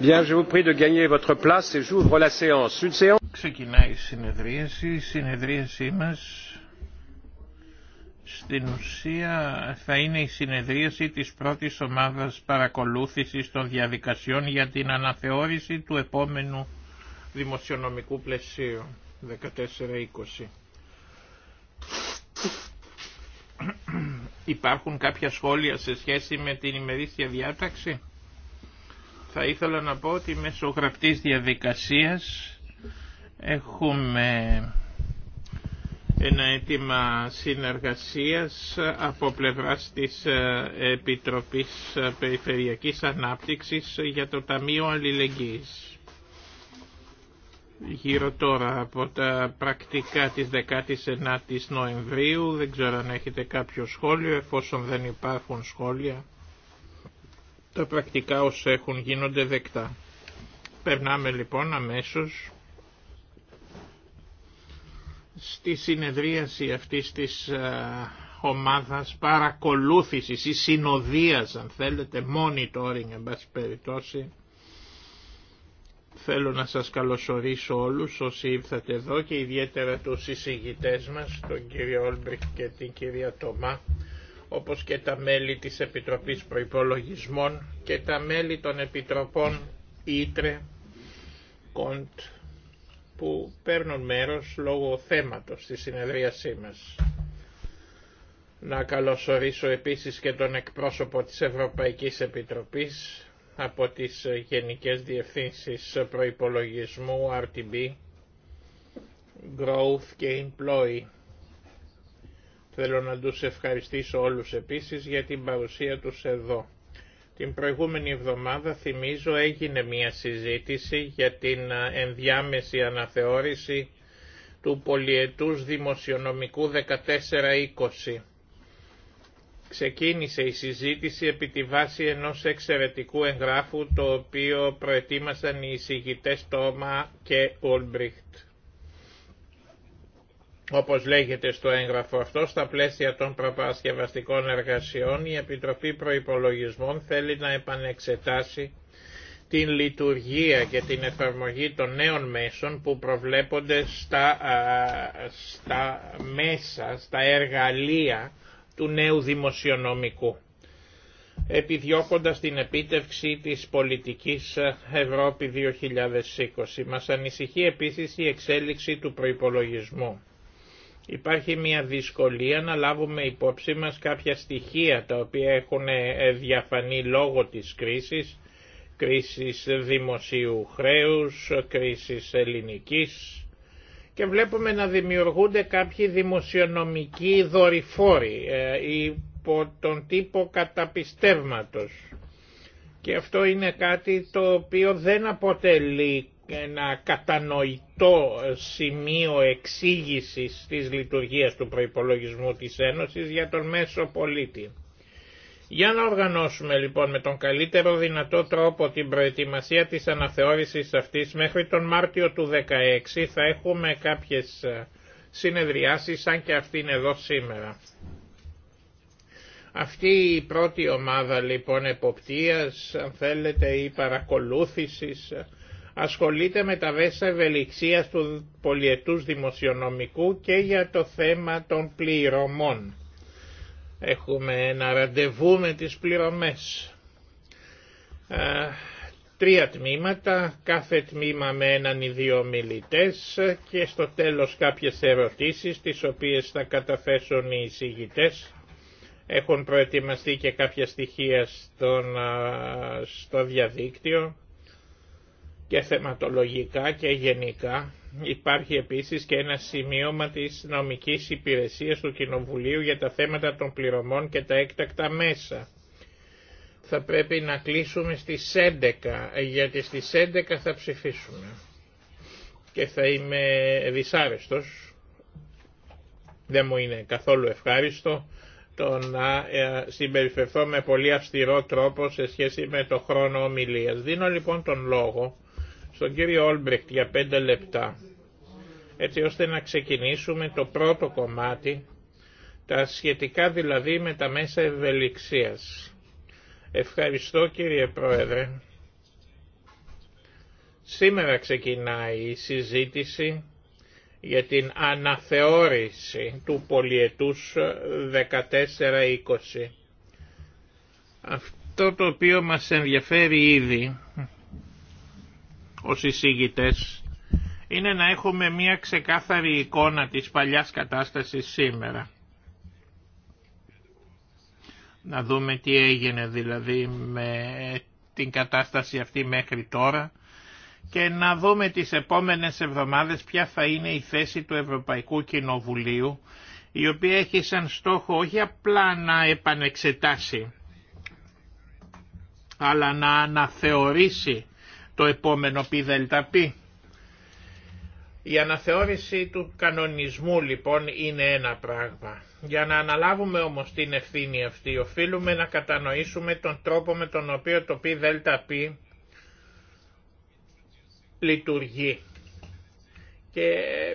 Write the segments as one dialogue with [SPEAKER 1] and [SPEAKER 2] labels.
[SPEAKER 1] Bien, je vous prie de gagner votre place et j'ouvre la séance. Une séance. Ξεκινάει η συνεδρίαση. Η συνεδρίασή μας στην ουσία θα είναι η συνεδρίαση της πρώτης ομάδας παρακολούθησης των διαδικασιών για την αναθεώρηση του επόμενου δημοσιονομικού πλαισίου 14-20. Υπάρχουν κάποια σχόλια σε σχέση με την ημερήσια διάταξη. Θα ήθελα να πω ότι μέσω γραπτής διαδικασίας έχουμε ένα αίτημα συνεργασίας από πλευράς της ε, Επιτροπής Περιφερειακής Ανάπτυξης για το Ταμείο Αλληλεγγύης γύρω τώρα από τα πρακτικά της 19ης Νοεμβρίου. Δεν ξέρω αν έχετε κάποιο σχόλιο, εφόσον δεν υπάρχουν σχόλια. Τα πρακτικά όσα έχουν γίνονται δεκτά. Περνάμε λοιπόν αμέσως στη συνεδρίαση αυτής της ομάδας παρακολούθησης ή συνοδείας αν θέλετε, monitoring εν πάση περιπτώσει, Θέλω να σας καλωσορίσω όλους όσοι ήρθατε εδώ και ιδιαίτερα τους εισηγητές μας, τον κύριο Όλμπριχ και την κυρία Τομά, όπως και τα μέλη της Επιτροπής Προϋπολογισμών και τα μέλη των Επιτροπών Ήτρε, Κοντ, που παίρνουν μέρος λόγω θέματος στη συνεδρίασή μας. Να καλωσορίσω επίσης και τον εκπρόσωπο της Ευρωπαϊκής Επιτροπής, από τις Γενικές Διευθύνσεις Προϋπολογισμού, RTB, Growth και Employ. Θέλω να τους ευχαριστήσω όλους επίσης για την παρουσία τους εδώ. Την προηγούμενη εβδομάδα, θυμίζω, έγινε μία συζήτηση για την ενδιάμεση αναθεώρηση του πολιετούς 1420 ξεκίνησε η συζήτηση επί τη βάση ενός εξαιρετικού εγγράφου το οποίο προετοίμασαν οι εισηγητές Τόμα και Ολμπριχτ. Όπως λέγεται στο έγγραφο αυτό, στα πλαίσια των προπαρασκευαστικών εργασιών η Επιτροπή Προϋπολογισμών θέλει να επανεξετάσει την λειτουργία και την εφαρμογή των νέων μέσων που προβλέπονται στα, στα μέσα, στα εργαλεία του νέου δημοσιονομικού επιδιώκοντας την επίτευξη της πολιτικής Ευρώπη 2020. Μας ανησυχεί επίσης η εξέλιξη του προϋπολογισμού. Υπάρχει μια δυσκολία να λάβουμε υπόψη μας κάποια στοιχεία τα οποία έχουν ε, διαφανεί λόγω της κρίσης, κρίσης δημοσίου χρέους, κρίσης ελληνικής, και βλέπουμε να δημιουργούνται κάποιοι δημοσιονομικοί δορυφόροι ε, υπό τον τύπο καταπιστεύματος. Και αυτό είναι κάτι το οποίο δεν αποτελεί ένα κατανοητό σημείο εξήγησης της λειτουργίας του προϋπολογισμού της Ένωσης για τον μέσο πολίτη. Για να οργανώσουμε λοιπόν με τον καλύτερο δυνατό τρόπο την προετοιμασία της αναθεώρησης αυτής μέχρι τον Μάρτιο του 2016 θα έχουμε κάποιες ε, συνεδριάσεις σαν και αυτήν εδώ σήμερα. Αυτή η πρώτη ομάδα λοιπόν εποπτείας, αν θέλετε, ή παρακολούθησης ε, ασχολείται με τα βέσα ευελιξίας του πολιετούς δημοσιονομικού και για το θέμα των πληρωμών. Έχουμε ένα ραντεβού με τις πληρωμές. Τρία τμήματα, κάθε τμήμα με έναν ή δύο μιλητές και στο τέλος κάποιες ερωτήσεις τις οποίες θα καταθέσουν οι εισηγητές. Έχουν προετοιμαστεί και κάποια στοιχεία στο διαδίκτυο και θεματολογικά και γενικά Υπάρχει επίσης και ένα σημείωμα της νομικής υπηρεσίας του Κοινοβουλίου για τα θέματα των πληρωμών και τα έκτακτα μέσα. Θα πρέπει να κλείσουμε στις 11, γιατί στις 11 θα ψηφίσουμε. Και θα είμαι δυσάρεστος, δεν μου είναι καθόλου ευχάριστο, το να ε, συμπεριφερθώ με πολύ αυστηρό τρόπο σε σχέση με το χρόνο ομιλίας. Δίνω λοιπόν τον λόγο στον κύριο Όλμπρεχτ για πέντε λεπτά, έτσι ώστε να ξεκινήσουμε το πρώτο κομμάτι, τα σχετικά δηλαδή με τα μέσα ευελιξίας. Ευχαριστώ κύριε Πρόεδρε. Σήμερα ξεκινάει η συζήτηση για την αναθεώρηση του πολιετούς 14-20. Αυτό το οποίο μας ενδιαφέρει ήδη ως εισηγητές είναι να έχουμε μια ξεκάθαρη εικόνα της παλιάς κατάστασης σήμερα. Να δούμε τι έγινε δηλαδή με την κατάσταση αυτή μέχρι τώρα και να δούμε τις επόμενες εβδομάδες ποια θα είναι η θέση του Ευρωπαϊκού Κοινοβουλίου η οποία έχει σαν στόχο όχι απλά να επανεξετάσει αλλά να αναθεωρήσει το επόμενο πι δελτα πι. Η αναθεώρηση του κανονισμού λοιπόν είναι ένα πράγμα. Για να αναλάβουμε όμως την ευθύνη αυτή οφείλουμε να κατανοήσουμε τον τρόπο με τον οποίο το πι δελτα λειτουργεί. Και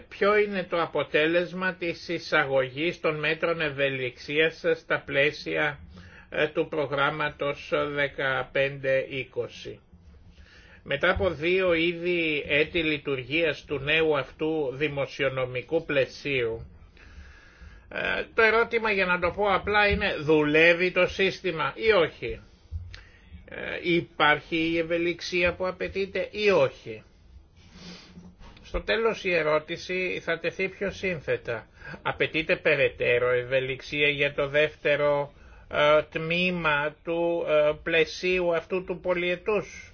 [SPEAKER 1] ποιο είναι το αποτέλεσμα της εισαγωγής των μέτρων ευελιξίας στα πλαίσια ε, του προγράμματος 15-20. Ε, μετά από δύο ήδη έτη λειτουργίας του νέου αυτού δημοσιονομικού πλαισίου, ε, το ερώτημα για να το πω απλά είναι δουλεύει το σύστημα ή όχι. Ε, υπάρχει η ευελιξία που απαιτείται ή όχι. Στο τέλος η ερώτηση θα τεθεί πιο σύνθετα. Απαιτείται περαιτέρω ευελιξία για το δεύτερο ε, τμήμα του πλαισίου αυτού του πολιετούς.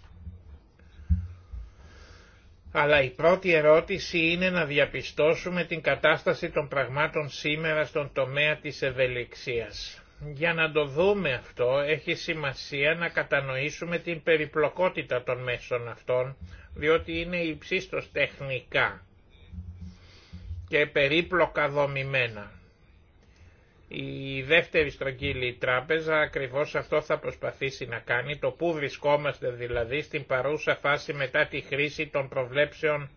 [SPEAKER 1] Αλλά η πρώτη ερώτηση είναι να διαπιστώσουμε την κατάσταση των πραγμάτων σήμερα στον τομέα της ευελιξίας. Για να το δούμε αυτό έχει σημασία να κατανοήσουμε την περιπλοκότητα των μέσων αυτών, διότι είναι υψίστως τεχνικά και περίπλοκα δομημένα. Η δεύτερη στρογγύλη τράπεζα ακριβώς αυτό θα προσπαθήσει να κάνει, το που βρισκόμαστε δηλαδή στην παρούσα φάση μετά τη χρήση των προβλέψεων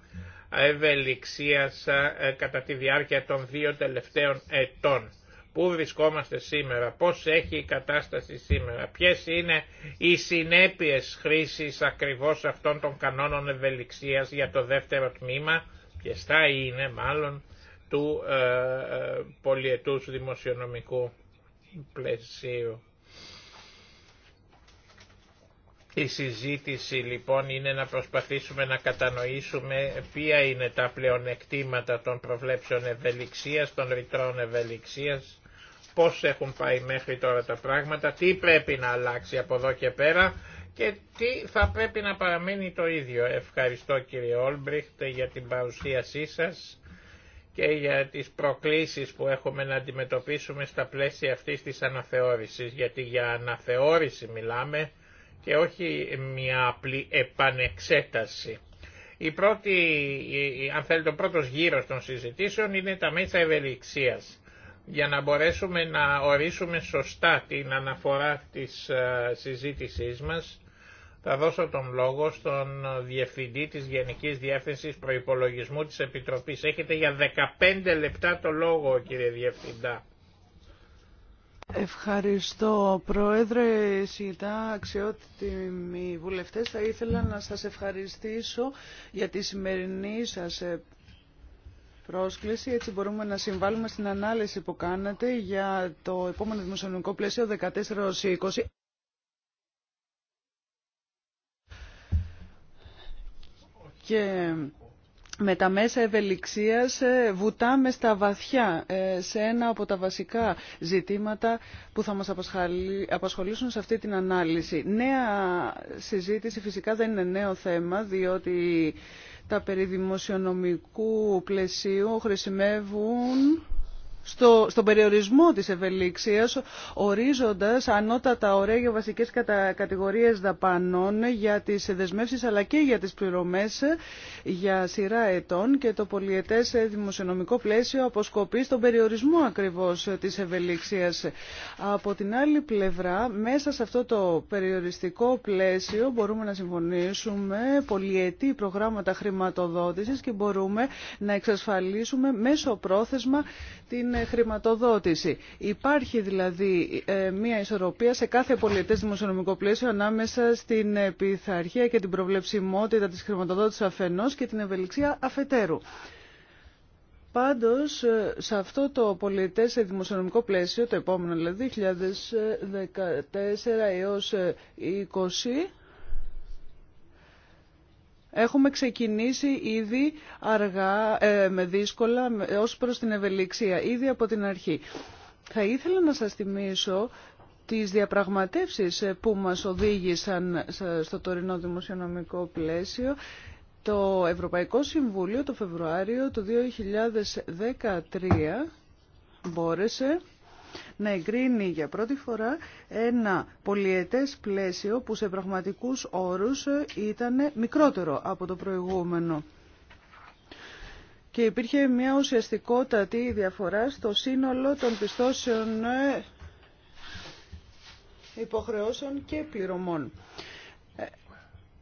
[SPEAKER 1] ευελιξίας ε, κατά τη διάρκεια των δύο τελευταίων ετών. Πού βρισκόμαστε σήμερα, πώς έχει η κατάσταση σήμερα, ποιες είναι οι συνέπειες χρήσης ακριβώς αυτών των κανόνων ευελιξίας για το δεύτερο τμήμα, ποιες θα είναι μάλλον, του ε, ε, πολιετούς δημοσιονομικού πλαισίου. Η συζήτηση λοιπόν είναι να προσπαθήσουμε να κατανοήσουμε ποια είναι τα πλεονεκτήματα των προβλέψεων ευελιξίας, των ρητρών ευελιξίας, πώς έχουν πάει μέχρι τώρα τα πράγματα, τι πρέπει να αλλάξει από εδώ και πέρα και τι θα πρέπει να παραμείνει το ίδιο. Ευχαριστώ κύριε Όλμπριχτ για την παρουσίασή σας και για τις προκλήσεις που έχουμε να αντιμετωπίσουμε στα πλαίσια αυτής της αναθεώρησης, γιατί για αναθεώρηση μιλάμε και όχι μια απλή επανεξέταση. Η πρώτη, αν θέλετε ο πρώτος γύρος των συζητήσεων είναι τα μέσα ευελιξίας. Για να μπορέσουμε να ορίσουμε σωστά την αναφορά της ε, συζήτησής μας, θα δώσω τον λόγο στον Διευθυντή της Γενικής Διεύθυνσης Προϋπολογισμού της Επιτροπής. Έχετε για 15 λεπτά το λόγο κύριε Διευθυντά.
[SPEAKER 2] Ευχαριστώ Πρόεδρε Σιτά, αξιότιμοι βουλευτές. Θα ήθελα να σας ευχαριστήσω για τη σημερινή σας ε, πρόσκληση. Έτσι μπορούμε να συμβάλλουμε στην ανάλυση που κάνατε για το επόμενο δημοσιονομικό πλαίσιο 14-20. και με τα μέσα ευελιξίας ε, βουτάμε στα βαθιά ε, σε ένα από τα βασικά ζητήματα που θα μας απασχολήσουν σε αυτή την ανάλυση. Νέα συζήτηση φυσικά δεν είναι νέο θέμα διότι τα περί δημοσιονομικού πλαισίου χρησιμεύουν στο, στον περιορισμό της ευελίξιας, ορίζοντας ανώτατα ωραία για βασικές κατα, κατηγορίες δαπανών για τις δεσμεύσεις αλλά και για τις πληρωμές για σειρά ετών και το πολιετές δημοσιονομικό πλαίσιο αποσκοπεί στον περιορισμό ακριβώς της ευελίξιας. Από την άλλη πλευρά, μέσα σε αυτό το περιοριστικό πλαίσιο μπορούμε να συμφωνήσουμε πολιετή προγράμματα χρηματοδότησης και μπορούμε να εξασφαλίσουμε μέσω πρόθεσμα την ε, χρηματοδότηση. Υπάρχει δηλαδή ε, μια ισορροπία σε κάθε πολιτές δημοσιονομικό πλαίσιο ανάμεσα στην ε, πειθαρχία και την προβλεψιμότητα της χρηματοδότησης αφενός και την ευελιξία αφετέρου. Πάντως, σε αυτό το πολιτές σε δημοσιονομικό πλαίσιο, το επόμενο δηλαδή, 2014 έως 2020, Έχουμε ξεκινήσει ήδη αργά, ε, με δύσκολα, ως προς την ευελιξία, ήδη από την αρχή. Θα ήθελα να σας θυμίσω τις διαπραγματεύσεις που μας οδήγησαν στο τωρινό δημοσιονομικό πλαίσιο. Το Ευρωπαϊκό Συμβούλιο το Φεβρουάριο του 2013 μπόρεσε να εγκρίνει για πρώτη φορά ένα πολιετές πλαίσιο που σε πραγματικούς όρους ήταν μικρότερο από το προηγούμενο. Και υπήρχε μια ουσιαστικότατη διαφορά στο σύνολο των πιστώσεων ε, υποχρεώσεων και πληρωμών. Ε,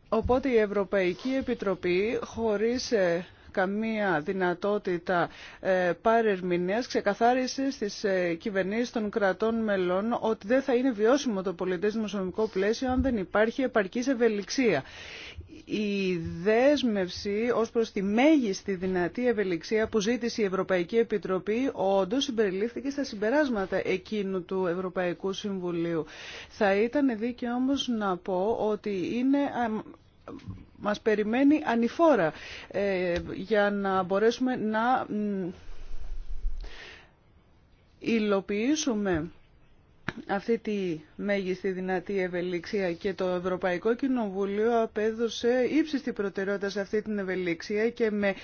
[SPEAKER 2] οπότε η Ευρωπαϊκή Επιτροπή, χωρίς ε, καμία δυνατότητα ε, παρερμηνίας, ξεκαθάρισε στις ε, κυβερνήσεις των κρατών μελών ότι δεν θα είναι βιώσιμο το πολιτές πλαίσιο αν δεν υπάρχει επαρκής ευελιξία. Η δέσμευση ως προς τη μέγιστη δυνατή ευελιξία που ζήτησε η Ευρωπαϊκή Επιτροπή όντως συμπεριλήφθηκε στα συμπεράσματα εκείνου του Ευρωπαϊκού Συμβουλίου. Θα ήταν δίκαιο όμως να πω ότι είναι μας περιμένει ανηφόρα ε, για να μπορέσουμε να υλοποιήσουμε αυτή τη μέγιστη δυνατή ευελιξία και το Ευρωπαϊκό Κοινοβούλιο απέδωσε ύψιστη προτεραιότητα σε αυτή την ευελιξία και με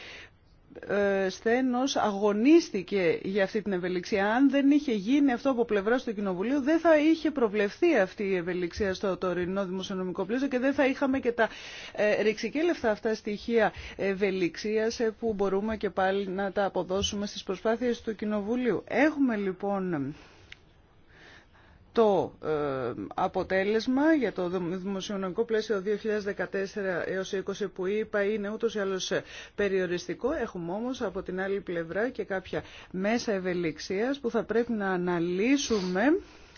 [SPEAKER 2] ε, στένος αγωνίστηκε για αυτή την ευελιξία. Αν δεν είχε γίνει αυτό από πλευρά του Κοινοβουλίου, δεν θα είχε προβλεφθεί αυτή η ευελιξία στο τωρινό δημοσιονομικό πλαίσιο και δεν θα είχαμε και τα ε, ρηξικέλευτα αυτά στοιχεία ευελιξίας ε, που μπορούμε και πάλι να τα αποδώσουμε στις προσπάθειες του Κοινοβουλίου. Έχουμε λοιπόν το ε, αποτέλεσμα για το δημοσιονομικό πλαίσιο 2014 έως 20 που είπα είναι ούτως ή άλλως ε, περιοριστικό. Έχουμε όμως από την άλλη πλευρά και κάποια μέσα ευελιξίας που θα πρέπει να αναλύσουμε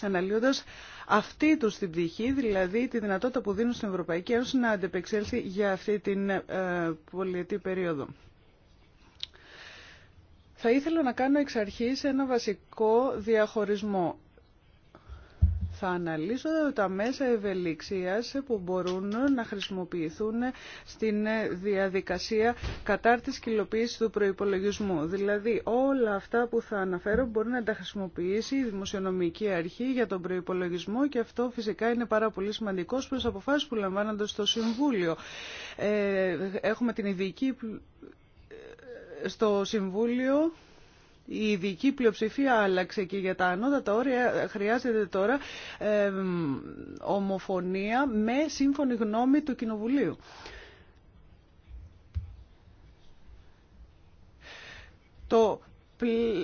[SPEAKER 2] αναλύοντας αυτή τους την πτυχή, δηλαδή τη δυνατότητα που δίνουν στην Ευρωπαϊκή Ένωση να αντεπεξέλθει για αυτή την ε, πολιτική περίοδο. Θα ήθελα να κάνω εξ αρχής ένα βασικό διαχωρισμό θα αναλύσω τα μέσα ευελιξίας που μπορούν να χρησιμοποιηθούν στην διαδικασία κατάρτισης κυλοποίηση του προϋπολογισμού. Δηλαδή όλα αυτά που θα αναφέρω μπορεί να τα χρησιμοποιήσει η Δημοσιονομική Αρχή για τον προϋπολογισμό και αυτό φυσικά είναι πάρα πολύ σημαντικό προς αποφάσεις που λαμβάνονται στο Συμβούλιο. Ε, έχουμε την ειδική ε, στο Συμβούλιο η ειδική πλειοψηφία άλλαξε και για τα ανώτατα όρια χρειάζεται τώρα ομοφωνία με σύμφωνη γνώμη του Κοινοβουλίου. Το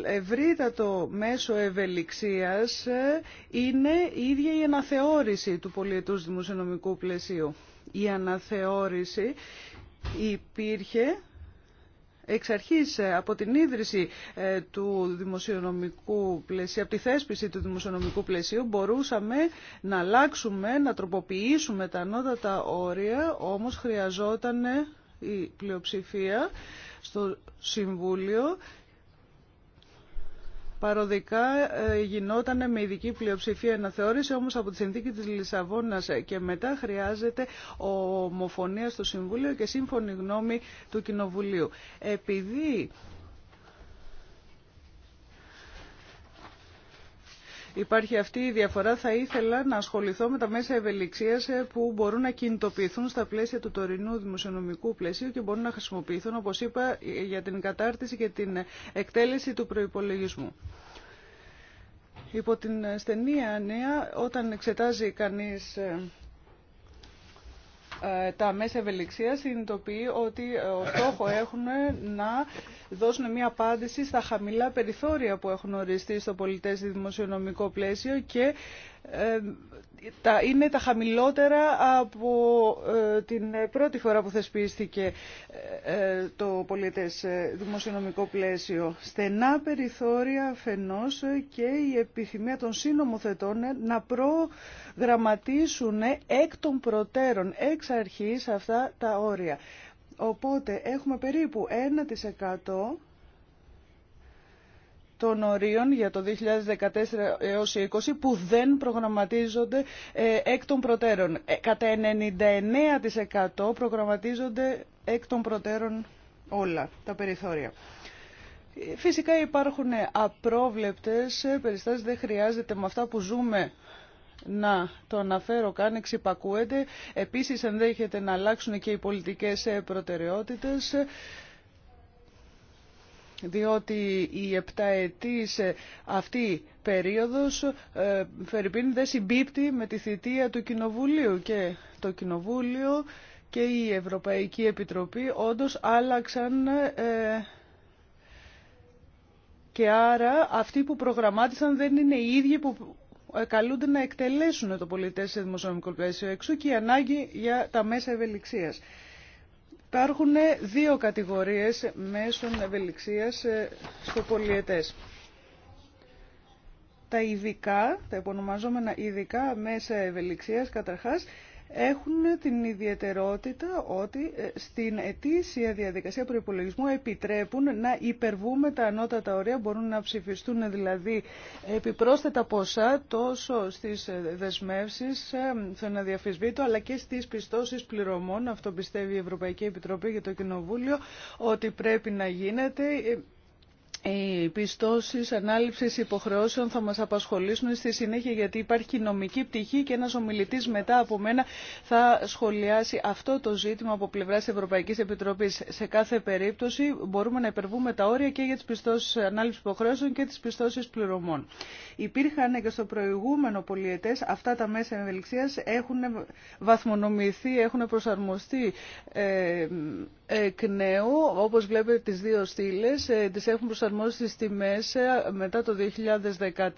[SPEAKER 2] ευρύτατο μέσο ευελιξίας ε, είναι η ίδια η αναθεώρηση του πολιετούς δημοσιονομικού πλαισίου. Η αναθεώρηση υπήρχε εξ αρχής ε, από την ίδρυση ε, του δημοσιονομικού πλαισίου, από τη θέσπιση του δημοσιονομικού πλαισίου μπορούσαμε να αλλάξουμε, να τροποποιήσουμε τα ανώτατα όρια, όμως χρειαζόταν η πλειοψηφία στο Συμβούλιο Παροδικά ε, γινόταν με ειδική πλειοψηφία αναθεώρηση, όμως από τη συνθήκη της Λισαβόνας και μετά χρειάζεται ομοφωνία στο Συμβούλιο και σύμφωνη γνώμη του Κοινοβουλίου. Επειδή υπάρχει αυτή η διαφορά, θα ήθελα να ασχοληθώ με τα μέσα ευελιξίας ε, που μπορούν να κινητοποιηθούν στα πλαίσια του τωρινού δημοσιονομικού πλαισίου και μπορούν να χρησιμοποιηθούν, όπως είπα, για την κατάρτιση και την εκτέλεση του προϋπολογισμού. Υπό την στενή ανέα, όταν εξετάζει κανείς ε, ε, τα μέσα ευελιξία συνειδητοποιεί ότι ε, ο στόχο έχουν να δώσουν μια απάντηση στα χαμηλά περιθώρια που έχουν οριστεί στο πολιτές δημοσιονομικό πλαίσιο και ε, είναι τα χαμηλότερα από ε, την πρώτη φορά που θεσπίστηκε ε, ε, το πολιτές δημοσιονομικό πλαίσιο. Στενά περιθώρια φαινός και η επιθυμία των σύνομοθετών να προγραμματίσουν εκ των προτέρων, εξ αρχής αυτά τα όρια. Οπότε έχουμε περίπου 1% των ορίων για το 2014 έως 2020 που δεν προγραμματίζονται ε, εκ των προτέρων. Ε, κατά 99% προγραμματίζονται εκ των προτέρων όλα τα περιθώρια. Ε, φυσικά υπάρχουν απρόβλεπτες περιστάσεις, δεν χρειάζεται με αυτά που ζούμε να το αναφέρω καν, εξυπακούεται. Επίσης ενδέχεται να αλλάξουν και οι πολιτικές προτεραιότητες διότι η επταετής ε, αυτή περίοδος ε, δεν συμπίπτει με τη θητεία του Κοινοβουλίου και το Κοινοβούλιο και η Ευρωπαϊκή Επιτροπή όντως άλλαξαν ε, και άρα αυτοί που προγραμμάτισαν δεν είναι οι ίδιοι που ε, καλούνται να εκτελέσουν το πολιτές σε δημοσιονομικό πλαίσιο εξού και η ανάγκη για τα μέσα ευελιξίας. Υπάρχουν δύο κατηγορίες μέσων ευελιξίας ε, στο πολιετές. Τα ειδικά, τα υπονομαζόμενα ειδικά μέσα ευελιξίας καταρχάς, έχουν την ιδιαιτερότητα ότι ε, στην ετήσια διαδικασία προπολογισμού επιτρέπουν να υπερβούμε τα ανώτατα ωραία. Μπορούν να ψηφιστούν δηλαδή επιπρόσθετα ποσά τόσο στις ε, δεσμεύσεις, ε, στον το, αλλά και στις πιστώσεις πληρωμών. Αυτό πιστεύει η Ευρωπαϊκή Επιτροπή για το Κοινοβούλιο ότι πρέπει να γίνεται. Οι πιστώσει ανάληψη υποχρεώσεων θα μας απασχολήσουν στη συνέχεια γιατί υπάρχει νομική πτυχή και ένας ομιλητής μετά από μένα θα σχολιάσει αυτό το ζήτημα από πλευράς Ευρωπαϊκή Επιτροπή. Σε κάθε περίπτωση μπορούμε να υπερβούμε τα όρια και για τις πιστώσει ανάληψη υποχρεώσεων και τι πιστώσει πληρωμών. Υπήρχαν και στο προηγούμενο πολιετέ αυτά τα μέσα ευελιξία έχουν βαθμονομηθεί, έχουν προσαρμοστεί ε, εκ νέου, όπως βλέπετε τις δύο στήλες, ε, τις έχουν προσαρμόσει στη μέσα μετά το 2013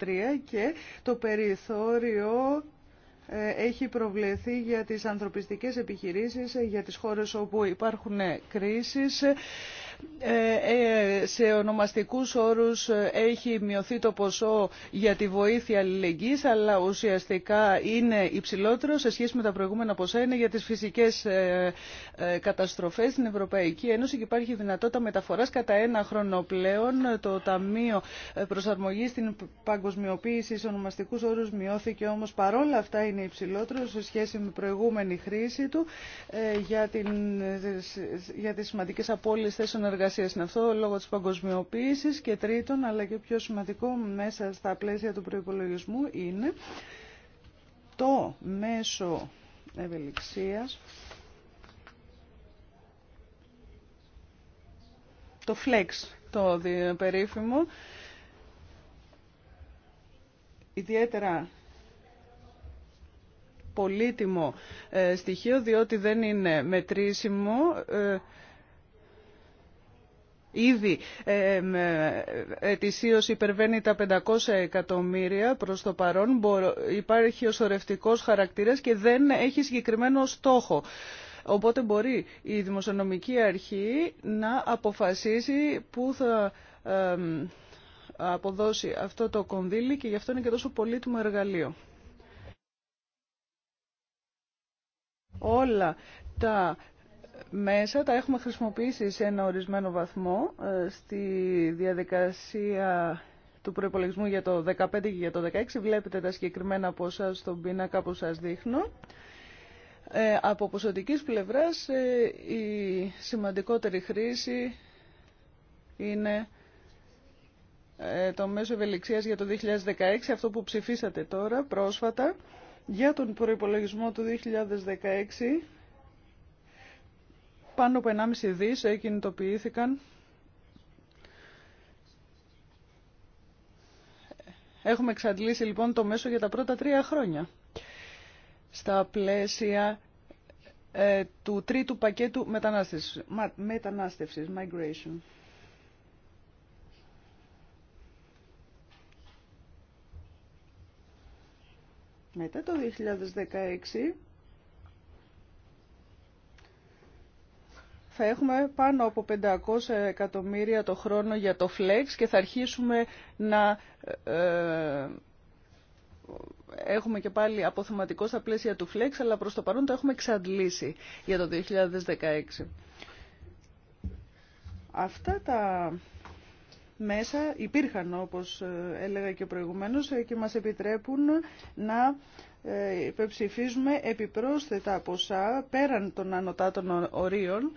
[SPEAKER 2] και το περιθώριο ε, έχει προβλεθεί για τις ανθρωπιστικές επιχειρήσεις, ε, για τις χώρες όπου υπάρχουν κρίσεις ε, ε, σε ονομαστικούς όρους ε, έχει μειωθεί το ποσό για τη βοήθεια αλληλεγγύης αλλά ουσιαστικά είναι υψηλότερο σε σχέση με τα προηγούμενα ποσά είναι για τις φυσικές καταστροφές στην Ευρωπαϊκή Ένωση και υπάρχει δυνατότητα μεταφοράς κατά ένα χρόνο πλέον το Ταμείο Προσαρμογής στην Παγκοσμιοποίηση σε ονομαστικούς όρους μειώθηκε όμως παρόλα αυτά είναι υψηλότερο σε σχέση με προηγούμενη χρήση του για, την, για τις σημαντικές απώλειες είναι αυτό, λόγω της παγκοσμιοποίηση και τρίτον, αλλά και πιο σημαντικό μέσα στα πλαίσια του προϋπολογισμού είναι το μέσο ευελιξίας, το flex, το περίφημο, ιδιαίτερα πολύτιμο ε, στοιχείο διότι δεν είναι μετρήσιμο ε, ήδη ε, ετησίω υπερβαίνει τα 500 εκατομμύρια προς το παρόν. Υπάρχει ο σωρευτικός χαρακτήρας και δεν έχει συγκεκριμένο στόχο. Οπότε μπορεί η Δημοσιονομική Αρχή να αποφασίσει πού θα αποδώσει αυτό το κονδύλι και γι' αυτό είναι και τόσο πολύτιμο εργαλείο. Όλα τα μέσα τα έχουμε χρησιμοποιήσει σε ένα ορισμένο βαθμό ε, στη διαδικασία του προϋπολογισμού για το 2015 και για το 2016. Βλέπετε τα συγκεκριμένα ποσά στον πίνακα που σας δείχνω. Ε, από ποσοτικής πλευράς ε, η σημαντικότερη χρήση είναι το μέσο ευελιξίας για το 2016, αυτό που ψηφίσατε τώρα πρόσφατα, για τον προϋπολογισμό του 2016 πάνω από 1,5 δις ε, κινητοποιήθηκαν. Έχουμε εξαντλήσει λοιπόν το μέσο για τα πρώτα τρία χρόνια. Στα πλαίσια ε, του τρίτου πακέτου μετανάστευσης, μετανάστευσης migration. Μετά το 2016 θα έχουμε πάνω από 500 εκατομμύρια το χρόνο για το flex και θα αρχίσουμε να ε, ε, έχουμε και πάλι αποθεματικό στα πλαίσια του flex, αλλά προς το παρόν το έχουμε εξαντλήσει για το 2016. Αυτά τα μέσα υπήρχαν όπως ε, έλεγα και προηγουμένως και μας επιτρέπουν να υπεψηφίζουμε επιπρόσθετα ποσά πέραν των ανωτάτων ορίων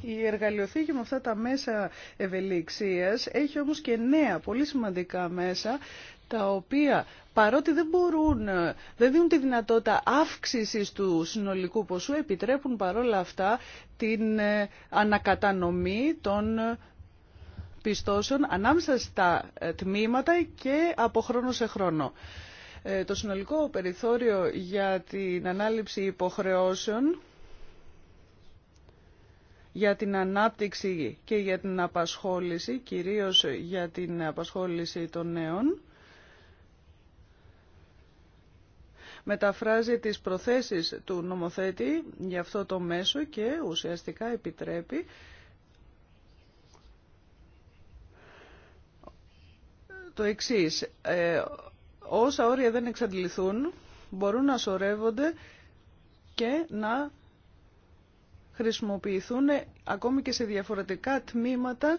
[SPEAKER 2] η εργαλειοθήκη με αυτά τα μέσα ευελιξίας έχει όμως και νέα πολύ σημαντικά μέσα τα οποία παρότι δεν μπορούν, δεν δίνουν τη δυνατότητα αύξησης του συνολικού ποσού, επιτρέπουν παρόλα αυτά την ε, ανακατανομή των πιστώσεων ανάμεσα στα ε, τμήματα και από χρόνο σε χρόνο. Ε, το συνολικό περιθώριο για την ανάληψη υποχρεώσεων για την ανάπτυξη και για την απασχόληση, κυρίως για την απασχόληση των νέων. Μεταφράζει τις προθέσεις του νομοθέτη για αυτό το μέσο και ουσιαστικά επιτρέπει το εξής. Ε, όσα όρια δεν εξαντληθούν μπορούν να σωρεύονται και να χρησιμοποιηθούν ακόμη και σε διαφορετικά τμήματα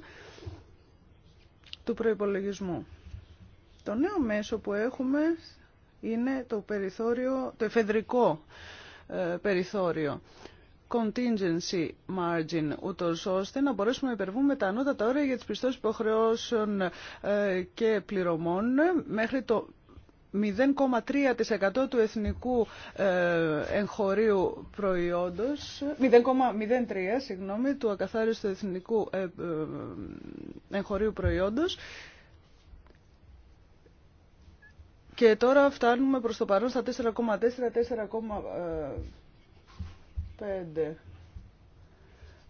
[SPEAKER 2] του προϋπολογισμού. Το νέο μέσο που έχουμε είναι το, περιθώριο, το εφεδρικό ε, περιθώριο contingency margin, ούτω ώστε να μπορέσουμε να υπερβούμε τα ανώτατα όρια για τις πιστώσεις υποχρεώσεων ε, και πληρωμών μέχρι το 0,3% του εθνικού ε, εγχωρίου προϊόντος, 0,03 συγγνώμη, του ακαθάριστου εθνικού ε, ε, εγχωρίου προϊόντος. Και τώρα φτάνουμε προς το παρόν στα 4,4-4,5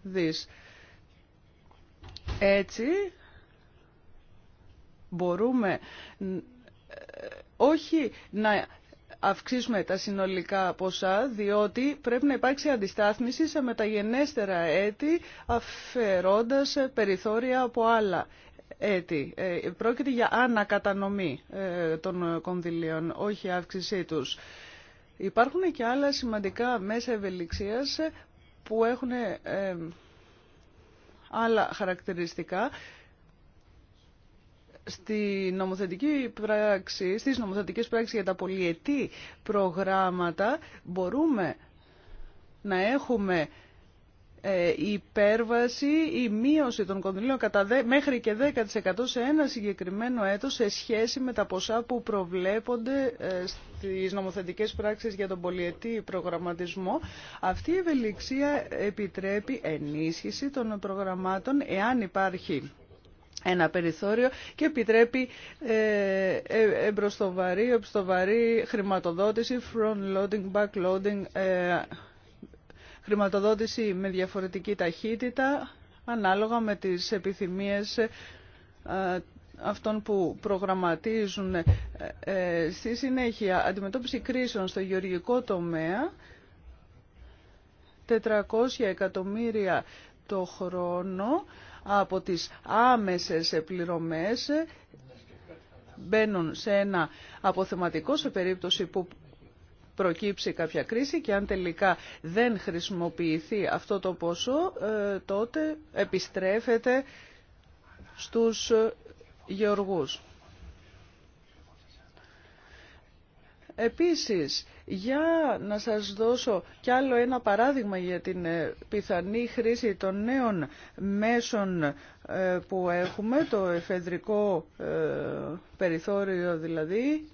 [SPEAKER 2] δις. Έτσι μπορούμε όχι να αυξήσουμε τα συνολικά ποσά, διότι πρέπει να υπάρξει αντιστάθμιση σε μεταγενέστερα έτη, αφαιρώντας περιθώρια από άλλα έτη. Ε, πρόκειται για ανακατανομή ε, των κονδυλίων, όχι αύξησή τους. Υπάρχουν και άλλα σημαντικά μέσα ευελιξίας που έχουν ε, άλλα χαρακτηριστικά στη νομοθετική πράξη, στις νομοθετικές πράξεις για τα πολυετή προγράμματα μπορούμε να έχουμε ε, υπέρβαση ή μείωση των κονδυλίων κατά μέχρι και 10% σε ένα συγκεκριμένο έτος σε σχέση με τα ποσά που προβλέπονται ε, στις νομοθετικές πράξεις για τον πολιετή προγραμματισμό. Αυτή η ευελιξία επιτρέπει ενίσχυση των προγραμμάτων εάν υπάρχει ένα περιθώριο και επιτρέπει εμπροστοβαρή, ε, εμπροστοβαρή χρηματοδότηση, front-loading, back-loading, ε, χρηματοδότηση με διαφορετική ταχύτητα, ανάλογα με τις επιθυμίες ε, αυτών που προγραμματίζουν. Ε, στη συνέχεια, αντιμετώπιση κρίσεων στο γεωργικό τομέα, 400 εκατομμύρια το χρόνο, από τις άμεσες πληρωμές μπαίνουν σε ένα αποθεματικό σε περίπτωση που προκύψει κάποια κρίση και αν τελικά δεν χρησιμοποιηθεί αυτό το ποσό, ε, τότε επιστρέφεται στους γεωργούς. Επίσης, για να σας δώσω κι άλλο ένα παράδειγμα για την ε, πιθανή χρήση των νέων μέσων ε, που έχουμε, το εφεδρικό ε, περιθώριο δηλαδή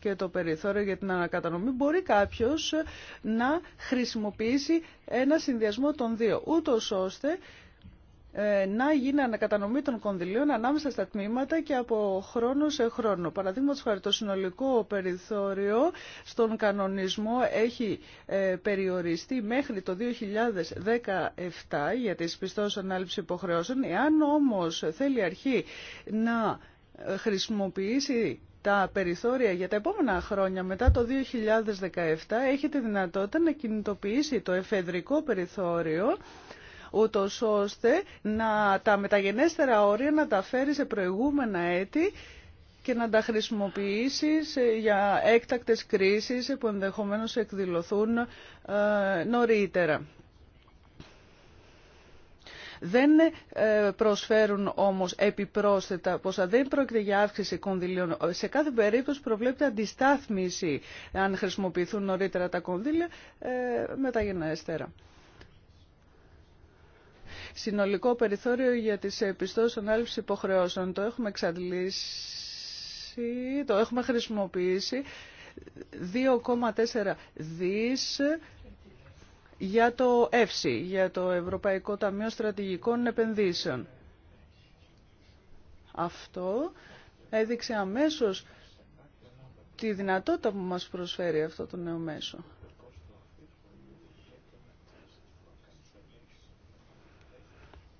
[SPEAKER 2] και το περιθώριο για την ανακατανομή, μπορεί κάποιος να χρησιμοποιήσει ένα συνδυασμό των δύο, ούτως ώστε ε, να γίνει ανακατανομή των κονδυλίων ανάμεσα στα τμήματα και από χρόνο σε χρόνο. Παραδείγματος χάρη το συνολικό περιθώριο στον κανονισμό έχει ε, περιοριστεί μέχρι το 2017 για τις πιστώσεις ανάληψη υποχρεώσεων. Εάν όμως θέλει αρχή να ε, χρησιμοποιήσει τα περιθώρια για τα επόμενα χρόνια μετά το 2017 έχει τη δυνατότητα να κινητοποιήσει το εφεδρικό περιθώριο ούτω ώστε να τα μεταγενέστερα όρια να τα φέρει σε προηγούμενα έτη και να τα χρησιμοποιήσει για έκτακτες κρίσεις που ενδεχομένως εκδηλωθούν ε, νωρίτερα. Δεν ε, προσφέρουν όμως επιπρόσθετα πόσα δεν πρόκειται για αύξηση κονδυλίων. Σε κάθε περίπτωση προβλέπεται αντιστάθμιση αν χρησιμοποιηθούν νωρίτερα τα κονδύλια ε, μεταγενέστερα συνολικό περιθώριο για τις επιστώσεις ανάληψης υποχρεώσεων. Το έχουμε εξαντλήσει, το έχουμε χρησιμοποιήσει 2,4 δις για το ΕΦΣΥ, για το Ευρωπαϊκό Ταμείο Στρατηγικών Επενδύσεων. Αυτό έδειξε αμέσως τη δυνατότητα που μας προσφέρει αυτό το νέο μέσο.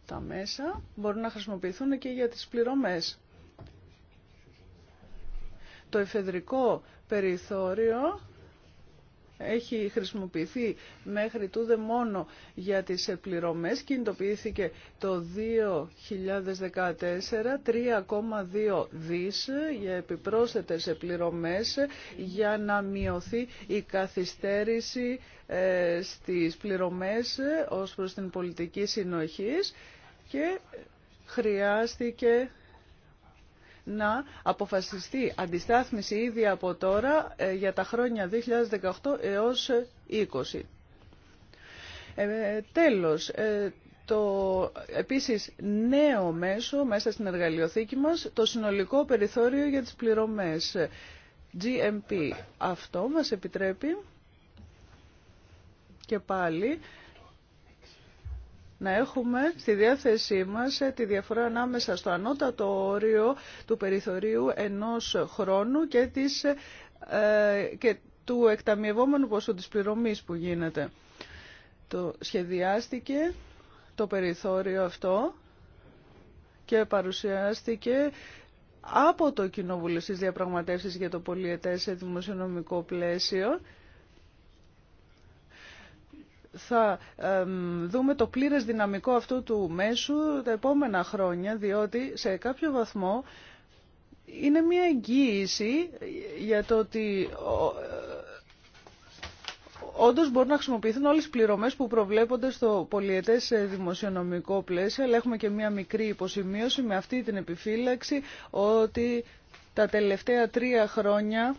[SPEAKER 2] τα μέσα μπορούν να χρησιμοποιηθούν και για τις πληρωμές. Το εφεδρικό περιθώριο έχει χρησιμοποιηθεί μέχρι τούδε μόνο για τις πληρωμές. Κινητοποιήθηκε το 2014 3,2 δις για επιπρόσθετες πληρωμές για να μειωθεί η καθυστέρηση ε, στις πληρωμές ε, ως προς την πολιτική συνοχής και χρειάστηκε να αποφασιστεί αντιστάθμιση ήδη από τώρα ε, για τα χρόνια 2018 έως 20. Ε, ε, τέλος, το επίσης νέο μέσο μέσα στην εργαλειοθήκη μας, το συνολικό περιθώριο για τις πληρωμές GMP. Αυτό μας επιτρέπει και πάλι να έχουμε στη διάθεσή μας ε, τη διαφορά ανάμεσα στο ανώτατο όριο του περιθωρίου ενός χρόνου και, της, ε, του εκταμιευόμενου ποσού της πληρωμής που γίνεται. Το σχεδιάστηκε το περιθώριο αυτό και παρουσιάστηκε από το Κοινοβούλιο στις διαπραγματεύσεις για το πολιετές σε δημοσιονομικό πλαίσιο θα δούμε το πλήρες δυναμικό αυτού του μέσου τα επόμενα χρόνια, διότι σε κάποιο βαθμό είναι μια εγγύηση για το ότι ε, όντω μπορούν να χρησιμοποιηθούν όλες τι πληρωμές που προβλέπονται στο πολιετές ε, δημοσιονομικό πλαίσιο, αλλά έχουμε και μία μικρή υποσημείωση με αυτή την επιφύλαξη ότι τα τελευταία τρία χρόνια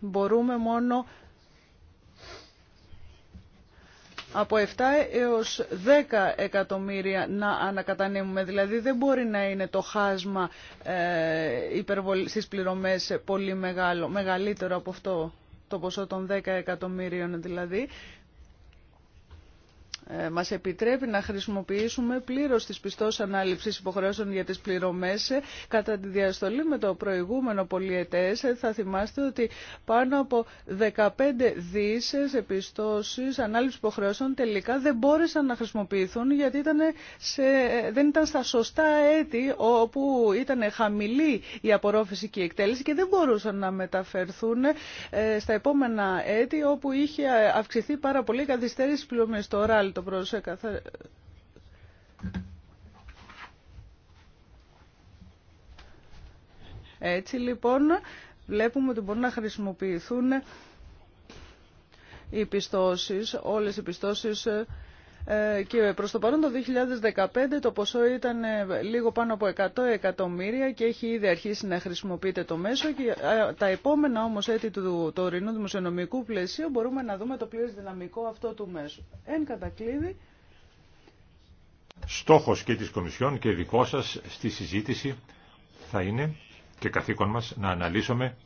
[SPEAKER 2] μπορούμε μόνο από 7 έως 10 εκατομμύρια να ανακατανέμουμε. Δηλαδή δεν μπορεί να είναι το χάσμα ε, στις πληρωμές πολύ μεγάλο, μεγαλύτερο από αυτό το ποσό των 10 εκατομμύριων δηλαδή. Ε, μας επιτρέπει να χρησιμοποιήσουμε πλήρως τις πιστώσεις ανάληψης υποχρεώσεων για τις πληρωμές ε, κατά τη διαστολή με το προηγούμενο πολιετές. Ε, θα θυμάστε ότι πάνω από 15 δις σε πιστώσεις ανάληψης υποχρεώσεων τελικά δεν μπόρεσαν να χρησιμοποιηθούν γιατί ήταν σε, δεν ήταν στα σωστά έτη όπου ήταν χαμηλή η απορρόφηση και η εκτέλεση και δεν μπορούσαν να μεταφερθούν στα επόμενα έτη όπου είχε αυξηθεί πάρα πολύ η καθυστέρηση πληρωμές. Το το Έτσι λοιπόν βλέπουμε ότι μπορούν να χρησιμοποιηθούν οι πιστώσεις, όλες οι πιστώσεις ε, ε, και προς το παρόν το 2015 το ποσό ήταν ε, λίγο πάνω από 100 εκατομμύρια και έχει ήδη αρχίσει να χρησιμοποιείται το μέσο και ε, τα επόμενα όμως έτη του τωρινού δημοσιονομικού πλαισίου μπορούμε να δούμε το πλήρες δυναμικό αυτό του μέσου. Εν κατακλείδη.
[SPEAKER 3] Στόχος και της Κομισιόν και δικό σας στη συζήτηση θα είναι και καθήκον μας να αναλύσουμε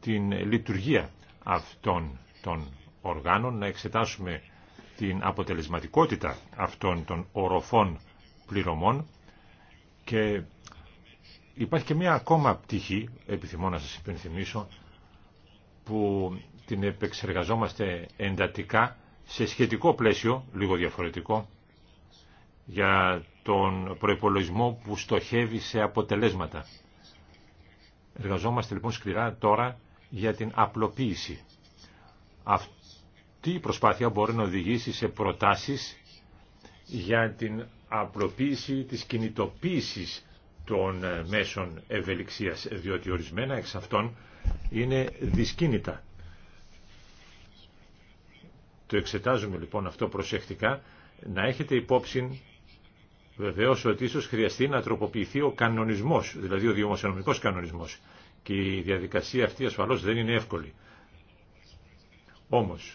[SPEAKER 3] την λειτουργία αυτών των οργάνων, να εξετάσουμε την αποτελεσματικότητα αυτών των οροφών πληρωμών και υπάρχει και μια ακόμα πτυχή, επιθυμώ να σας υπενθυμίσω, που την επεξεργαζόμαστε εντατικά σε σχετικό πλαίσιο, λίγο διαφορετικό, για τον προϋπολογισμό που στοχεύει σε αποτελέσματα. Εργαζόμαστε λοιπόν σκληρά τώρα για την απλοποίηση. Αυτό τι προσπάθεια μπορεί να οδηγήσει σε προτάσεις για την απλοποίηση της κινητοποίησης των ε, μέσων ευελιξίας, διότι ορισμένα εξ αυτών είναι δυσκίνητα. Το εξετάζουμε λοιπόν αυτό προσεκτικά, να έχετε υπόψη βεβαίως ότι ίσως χρειαστεί να τροποποιηθεί ο κανονισμός, δηλαδή ο δημοσιονομικός κανονισμός. Και η διαδικασία αυτή ασφαλώς δεν είναι εύκολη. Όμως,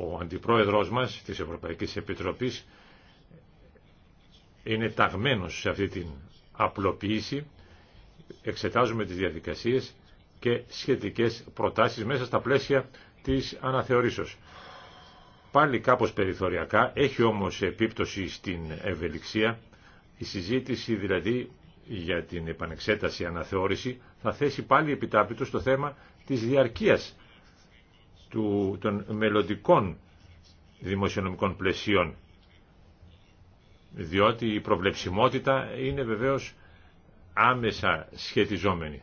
[SPEAKER 3] ο αντιπρόεδρος μας της Ευρωπαϊκής Επιτροπής είναι ταγμένος σε αυτή την απλοποίηση. Εξετάζουμε τις διαδικασίες και σχετικές προτάσεις μέσα στα πλαίσια της αναθεωρήσεως. Πάλι κάπως περιθωριακά, έχει όμως επίπτωση στην ευελιξία. Η συζήτηση δηλαδή για την επανεξέταση αναθεώρηση θα θέσει πάλι επιτάπητο στο θέμα της διαρκείας του, των μελλοντικών δημοσιονομικών πλαισίων διότι η προβλεψιμότητα είναι βεβαίως άμεσα σχετιζόμενη.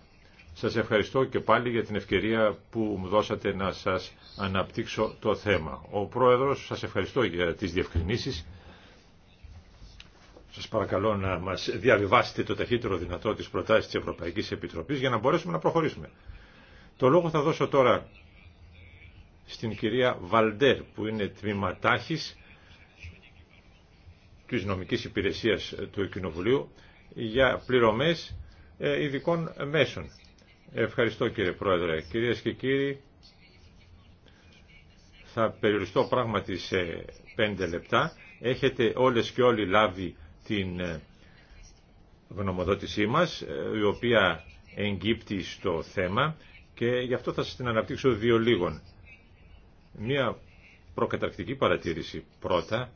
[SPEAKER 3] Σας ευχαριστώ και πάλι για την ευκαιρία που μου δώσατε να σας αναπτύξω το θέμα. Ο Πρόεδρος, σας ευχαριστώ για τις διευκρινήσεις. Σας παρακαλώ να μας διαβιβάσετε το ταχύτερο δυνατό της προτάσης της Ευρωπαϊκής Επιτροπής για να μπορέσουμε να προχωρήσουμε. Το λόγο θα δώσω τώρα στην κυρία Βαλντέρ που είναι τμήματάχης της νομικής υπηρεσίας του Κοινοβουλίου για πληρωμές ε, ειδικών μέσων. Ευχαριστώ κύριε Πρόεδρε. Κυρίες και κύριοι, θα περιοριστώ πράγματι σε πέντε λεπτά. Έχετε όλες και όλοι λάβει την ε, γνωμοδότησή μας, ε, η οποία εγκύπτει στο θέμα και γι' αυτό θα σας την αναπτύξω δύο λίγων. Μία προκαταρκτική παρατήρηση πρώτα.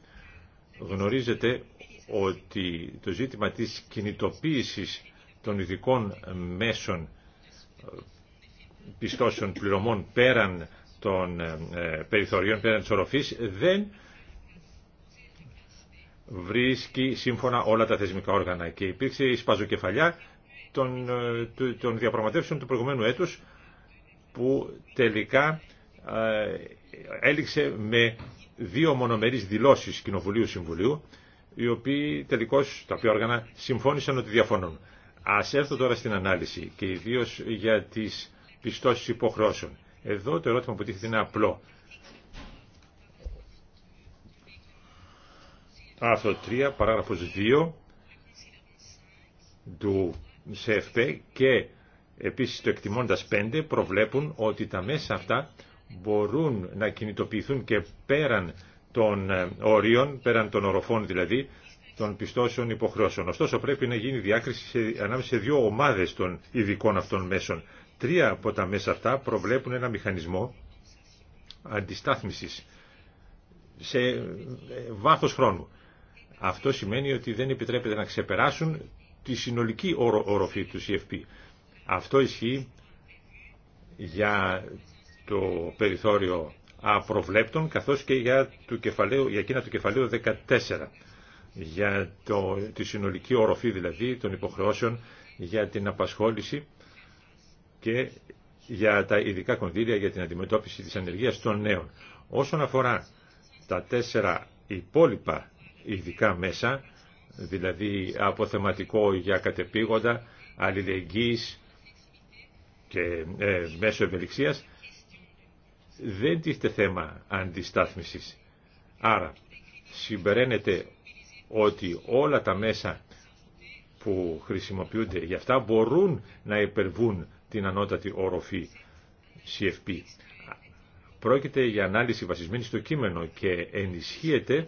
[SPEAKER 3] Γνωρίζετε ότι το ζήτημα της κινητοποίησης των ειδικών μέσων πιστώσεων πληρωμών πέραν των ε, περιθωριών, πέραν της οροφής, δεν βρίσκει σύμφωνα όλα τα θεσμικά όργανα. Και υπήρξε η σπαζοκεφαλιά των, ε, των διαπραγματεύσεων του προηγουμένου έτους που τελικά ε, έληξε με δύο μονομερείς δηλώσεις Κοινοβουλίου Συμβουλίου, οι οποίοι τελικώς τα οποία όργανα συμφώνησαν ότι διαφωνούν. Ας έρθω τώρα στην ανάλυση και ιδίω για τις πιστώσεις υποχρεώσεων. Εδώ το ερώτημα που τίθεται είναι απλό. Άρθρο 3, παράγραφος 2 του ΣΕΦΠΕ και επίσης το εκτιμώντας 5 προβλέπουν ότι τα μέσα αυτά μπορούν να κινητοποιηθούν και πέραν των όριων, ε, πέραν των οροφών δηλαδή, των πιστώσεων υποχρεώσεων. Ωστόσο πρέπει να γίνει διάκριση ανάμεσα σε δύο ομάδες των ειδικών αυτών μέσων. Τρία από τα μέσα αυτά προβλέπουν ένα μηχανισμό αντιστάθμισης σε ε, βάθος χρόνου. Αυτό σημαίνει ότι δεν επιτρέπεται να ξεπεράσουν τη συνολική οροφή του CFP. Αυτό ισχύει για το περιθώριο απροβλέπτων καθώς και για, το κεφαλαίο, για εκείνα του κεφαλαίου 14 για τη συνολική οροφή δηλαδή των υποχρεώσεων για την απασχόληση και για τα ειδικά κονδύλια για την αντιμετώπιση της ανεργίας των νέων. Όσον αφορά τα τέσσερα υπόλοιπα ειδικά μέσα, δηλαδή αποθεματικό για κατεπήγοντα, αλληλεγγύης και ε, μέσω ευελιξίας, δεν τίθεται θέμα αντιστάθμισης. Άρα, συμπεραίνεται ότι όλα τα μέσα που χρησιμοποιούνται για αυτά μπορούν να υπερβούν την ανώτατη οροφή CFP. Πρόκειται για ανάλυση βασισμένη στο κείμενο και ενισχύεται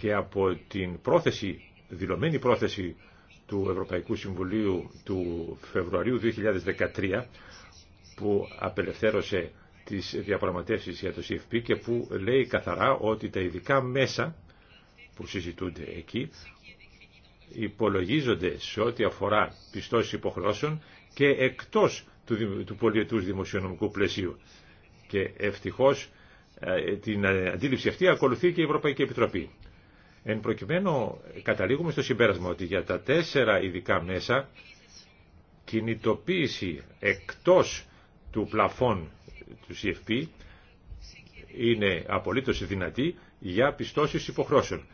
[SPEAKER 3] και από την πρόθεση, δηλωμένη πρόθεση του Ευρωπαϊκού Συμβουλίου του Φεβρουαρίου 2013 που απελευθέρωσε τις διαπραγματεύσεις για το CFP και που λέει καθαρά ότι τα ειδικά μέσα που συζητούνται εκεί υπολογίζονται σε ό,τι αφορά πιστώσεις υποχρεώσεων και εκτός του, του πολιετούς δημοσιονομικού πλαισίου. Και ευτυχώς ε, την ε, αντίληψη αυτή ακολουθεί και η Ευρωπαϊκή Επιτροπή. Εν προκειμένου καταλήγουμε στο συμπέρασμα ότι για τα τέσσερα ειδικά μέσα κινητοποίηση εκτός του πλαφών του CFP e είναι απολύτως δυνατή για πιστώσεις υποχρώσεων.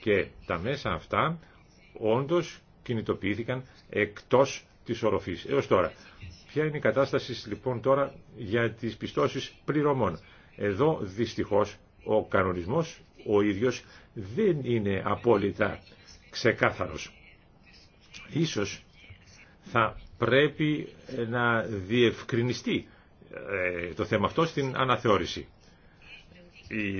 [SPEAKER 3] Και τα μέσα αυτά όντως κινητοποιήθηκαν εκτός της οροφής έως τώρα. Ποια είναι η κατάσταση λοιπόν τώρα για τις πιστώσεις πληρωμών. Εδώ δυστυχώς ο κανονισμός ο ίδιος δεν είναι απόλυτα ξεκάθαρος. Ίσως θα πρέπει να διευκρινιστεί ε, το θέμα αυτό στην αναθεώρηση.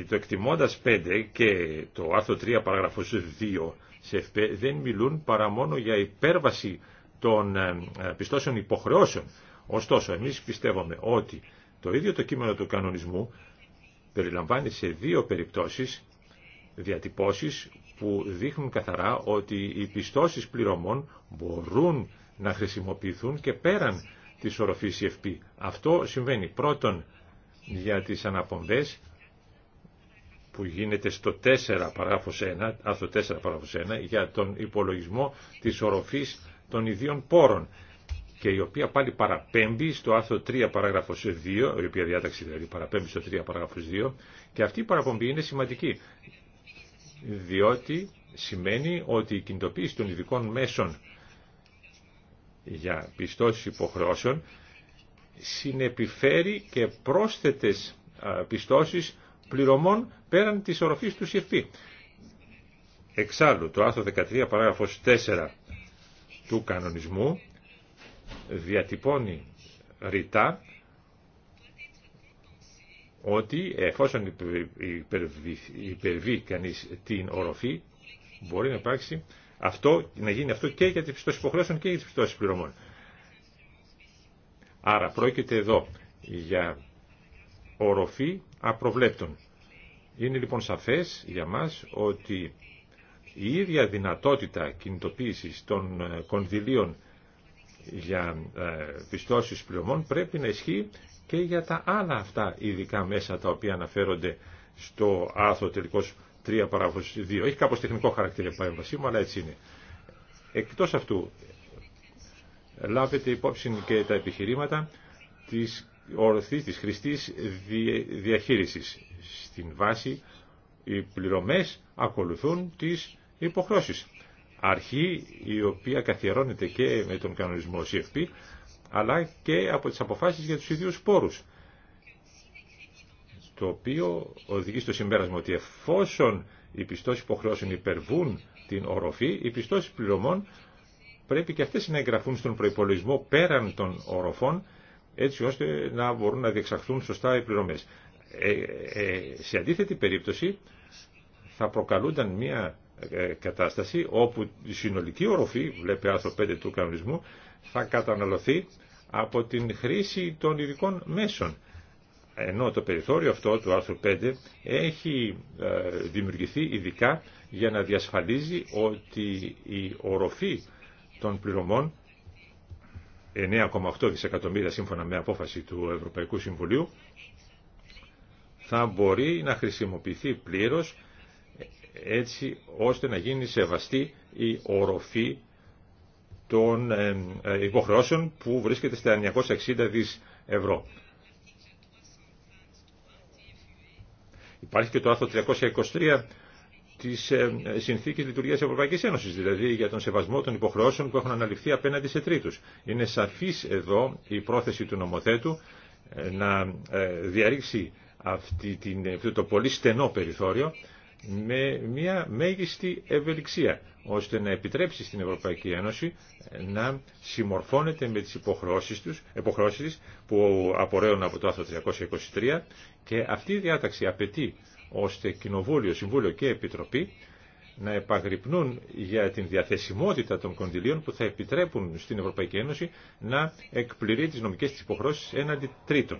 [SPEAKER 3] Το εκτιμώντας 5 και το άρθρο 3 παραγραφός 2 σε ΕΦΠΕ δεν μιλούν παρά μόνο για υπέρβαση των ε, πιστώσεων υποχρεώσεων. Ωστόσο, εμείς πιστεύουμε ότι το ίδιο το κείμενο του κανονισμού περιλαμβάνει σε δύο περιπτώσεις διατυπώσεις που δείχνουν καθαρά ότι οι πιστώσεις πληρωμών μπορούν να χρησιμοποιηθούν και πέραν της οροφής CFP. Αυτό συμβαίνει πρώτον για τις αναπομπές που γίνεται στο 4 παράγραφος 1, αυτό 4 παράγραφος 1, για τον υπολογισμό της οροφής των ιδίων πόρων και η οποία πάλι παραπέμπει στο άρθρο 3 παράγραφος 2, η οποία διάταξη δηλαδή παραπέμπει στο 3 παράγραφος 2 και αυτή η παραπομπή είναι σημαντική διότι σημαίνει ότι η κινητοποίηση των ειδικών μέσων για πιστώσεις υποχρεώσεων συνεπιφέρει και πρόσθετες πιστώσεις πληρωμών πέραν της οροφής του CFP. Εξάλλου, το άρθρο 13 παράγραφος 4 του κανονισμού διατυπώνει ρητά ότι εφόσον υπερβεί κανείς την οροφή μπορεί να υπάρξει αυτό, να γίνει αυτό και για τις πιστώσεις υποχρέωσεων και για τις πιστώσεις πληρωμών. Άρα πρόκειται εδώ για οροφή απροβλέπτων. Είναι λοιπόν σαφές για μας ότι η ίδια δυνατότητα κινητοποίησης των ε, κονδυλίων για ε, πιστώσεις πληρωμών πρέπει να ισχύει και για τα άλλα αυτά ειδικά μέσα τα οποία αναφέρονται στο άθρο τελικώς τρια δύο Έχει κάπω τεχνικό χαρακτήρα η παρέμβασή μου, αλλά έτσι είναι. εκτό αυτού, λάβετε υπόψη και τα επιχειρήματα της ορθής, της χρηστής διαχείριση. Στην βάση, οι πληρωμέ ακολουθούν τι υποχρώσεις. Αρχή η οποία καθιερώνεται και με τον κανονισμό CFP, αλλά και από τι αποφάσει για του ίδιου πόρου το οποίο οδηγεί στο συμπέρασμα ότι εφόσον οι πιστώσεις υποχρεώσεων υπερβούν την οροφή, οι πιστώσεις πληρωμών πρέπει και αυτές να εγγραφούν στον προϋπολογισμό πέραν των οροφών, έτσι ώστε να μπορούν να διεξαχθούν σωστά οι πληρωμές. Ε, ε, σε αντίθετη περίπτωση θα προκαλούνταν μια ε, κατάσταση όπου η συνολική οροφή, βλέπετε άρθρο 5 του κανονισμού, θα καταναλωθεί από την χρήση των ειδικών μέσων ενώ το περιθώριο αυτό του άρθρου 5 έχει ε, δημιουργηθεί ειδικά για να διασφαλίζει ότι η οροφή των πληρωμών 9,8 δισεκατομμύρια σύμφωνα με απόφαση του Ευρωπαϊκού Συμβουλίου θα μπορεί να χρησιμοποιηθεί πλήρως έτσι ώστε να γίνει σεβαστή η οροφή των ε, ε, υποχρεώσεων που βρίσκεται στα 960 δις ευρώ. Υπάρχει και το άρθρο 323 τη ε, συνθήκη λειτουργία Ευρωπαϊκής Ένωσης, δηλαδή για τον σεβασμό των υποχρεώσεων που έχουν αναλυφθεί απέναντι σε τρίτους. Είναι σαφής εδώ η πρόθεση του νομοθέτου ε, να ε, διαρρήξει αυτή την, αυτό το πολύ στενό περιθώριο με μια μέγιστη ευελιξία ώστε να επιτρέψει στην Ευρωπαϊκή Ένωση να συμμορφώνεται με τις υποχρεώσεις, τους, υποχρεώσεις της που απορρέουν από το άρθρο 323 και αυτή η διάταξη απαιτεί ώστε Κοινοβούλιο, Συμβούλιο και Επιτροπή να επαγρυπνούν για την διαθεσιμότητα των κονδυλίων που θα επιτρέπουν στην Ευρωπαϊκή Ένωση να εκπληρεί τις νομικές της υποχρεώσεις έναντι τρίτων.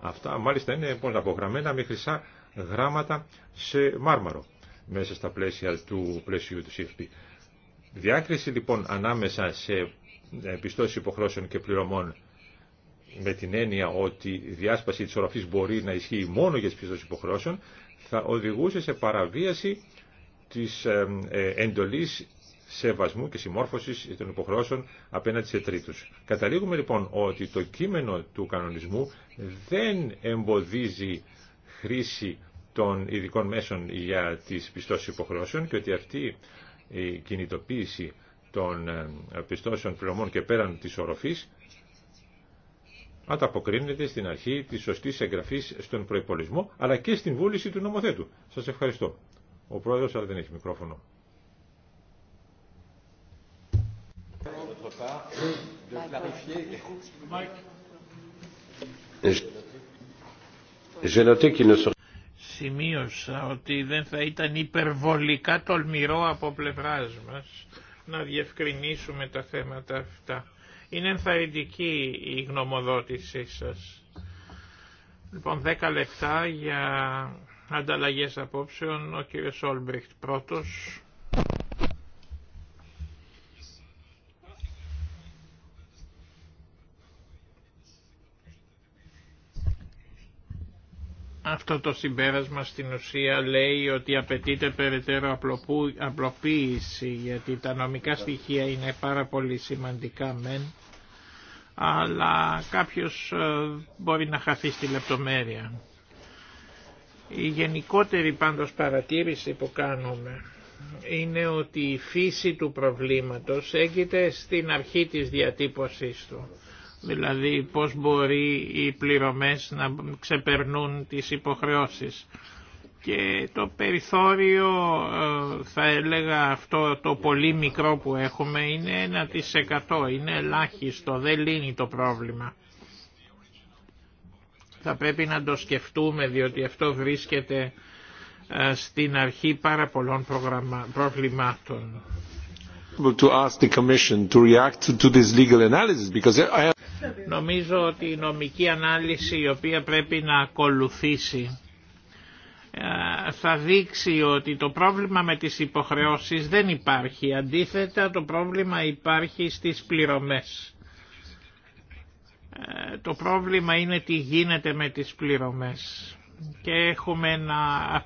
[SPEAKER 3] Αυτά μάλιστα είναι λοιπόν, απογραμμένα με χρυσά γράμματα σε μάρμαρο μέσα στα πλαίσια του πλαίσιου του CFP. Διάκριση λοιπόν ανάμεσα σε ε, πιστώσεις υποχρώσεων και πληρωμών με την έννοια ότι η διάσπαση της οροφής μπορεί να ισχύει μόνο για τις πιστώσεις υποχρώσεων θα οδηγούσε σε παραβίαση της ε, ε, εντολής σεβασμού και συμμόρφωσης των υποχρώσεων απέναντι σε τρίτους. Καταλήγουμε λοιπόν ότι το κείμενο του κανονισμού δεν εμποδίζει χρήση των ειδικών μέσων για τις πιστώσεις υποχρεώσεων και ότι αυτή η κινητοποίηση των ε, πιστώσεων πληρωμών και πέραν της οροφής ανταποκρίνεται στην αρχή της σωστής εγγραφής στον προϋπολισμό αλλά και στην βούληση του νομοθέτου. Σας ευχαριστώ. Ο πρόεδρος αλλά δεν έχει μικρόφωνο.
[SPEAKER 1] Σημείωσα ότι δεν θα ήταν υπερβολικά τολμηρό από πλευράς μας να διευκρινίσουμε τα θέματα αυτά. Είναι ενθαρρυντική η γνωμοδότησή σας. Λοιπόν, δέκα λεπτά για ανταλλαγές απόψεων. Ο κύριος Όλμπριχτ πρώτος. Αυτό το συμπέρασμα στην ουσία λέει ότι απαιτείται περαιτέρω απλοποίηση γιατί τα νομικά στοιχεία είναι πάρα πολύ σημαντικά μεν αλλά κάποιος ε, μπορεί να χαθεί στη λεπτομέρεια. Η γενικότερη πάντως παρατήρηση που κάνουμε είναι ότι η φύση του προβλήματος έγκυται στην αρχή της διατύπωσής του δηλαδή πώς μπορεί οι πληρωμές να ξεπερνούν τις υποχρεώσεις. Και το περιθώριο, ε, θα έλεγα αυτό το πολύ μικρό που έχουμε, είναι 1%, είναι ελάχιστο, δεν λύνει το πρόβλημα. Θα πρέπει να το σκεφτούμε διότι αυτό βρίσκεται ε, στην αρχή πάρα πολλών προβλημάτων. Νομίζω ότι η νομική ανάλυση η οποία πρέπει να ακολουθήσει ε, θα δείξει ότι το πρόβλημα με τις υποχρεώσεις δεν υπάρχει. Αντίθετα το πρόβλημα υπάρχει στις πληρωμές. Ε, το πρόβλημα είναι τι γίνεται με τις πληρωμές. Και έχουμε ένα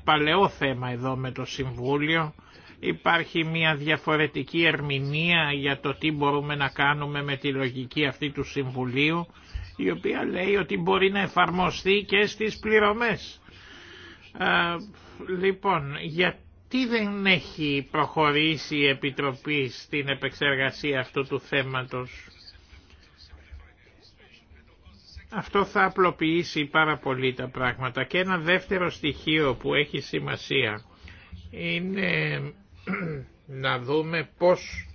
[SPEAKER 1] παλαιό θέμα εδώ με το Συμβούλιο Υπάρχει μια διαφορετική ερμηνεία για το τι μπορούμε να κάνουμε με τη λογική αυτή του Συμβουλίου η οποία λέει ότι μπορεί να εφαρμοστεί και στις πληρωμές. Ε, λοιπόν, γιατί δεν έχει προχωρήσει η Επιτροπή στην επεξεργασία αυτού του θέματος. Αυτό θα απλοποιήσει πάρα πολύ τα πράγματα. Και ένα δεύτερο στοιχείο που έχει σημασία είναι να δούμε πώς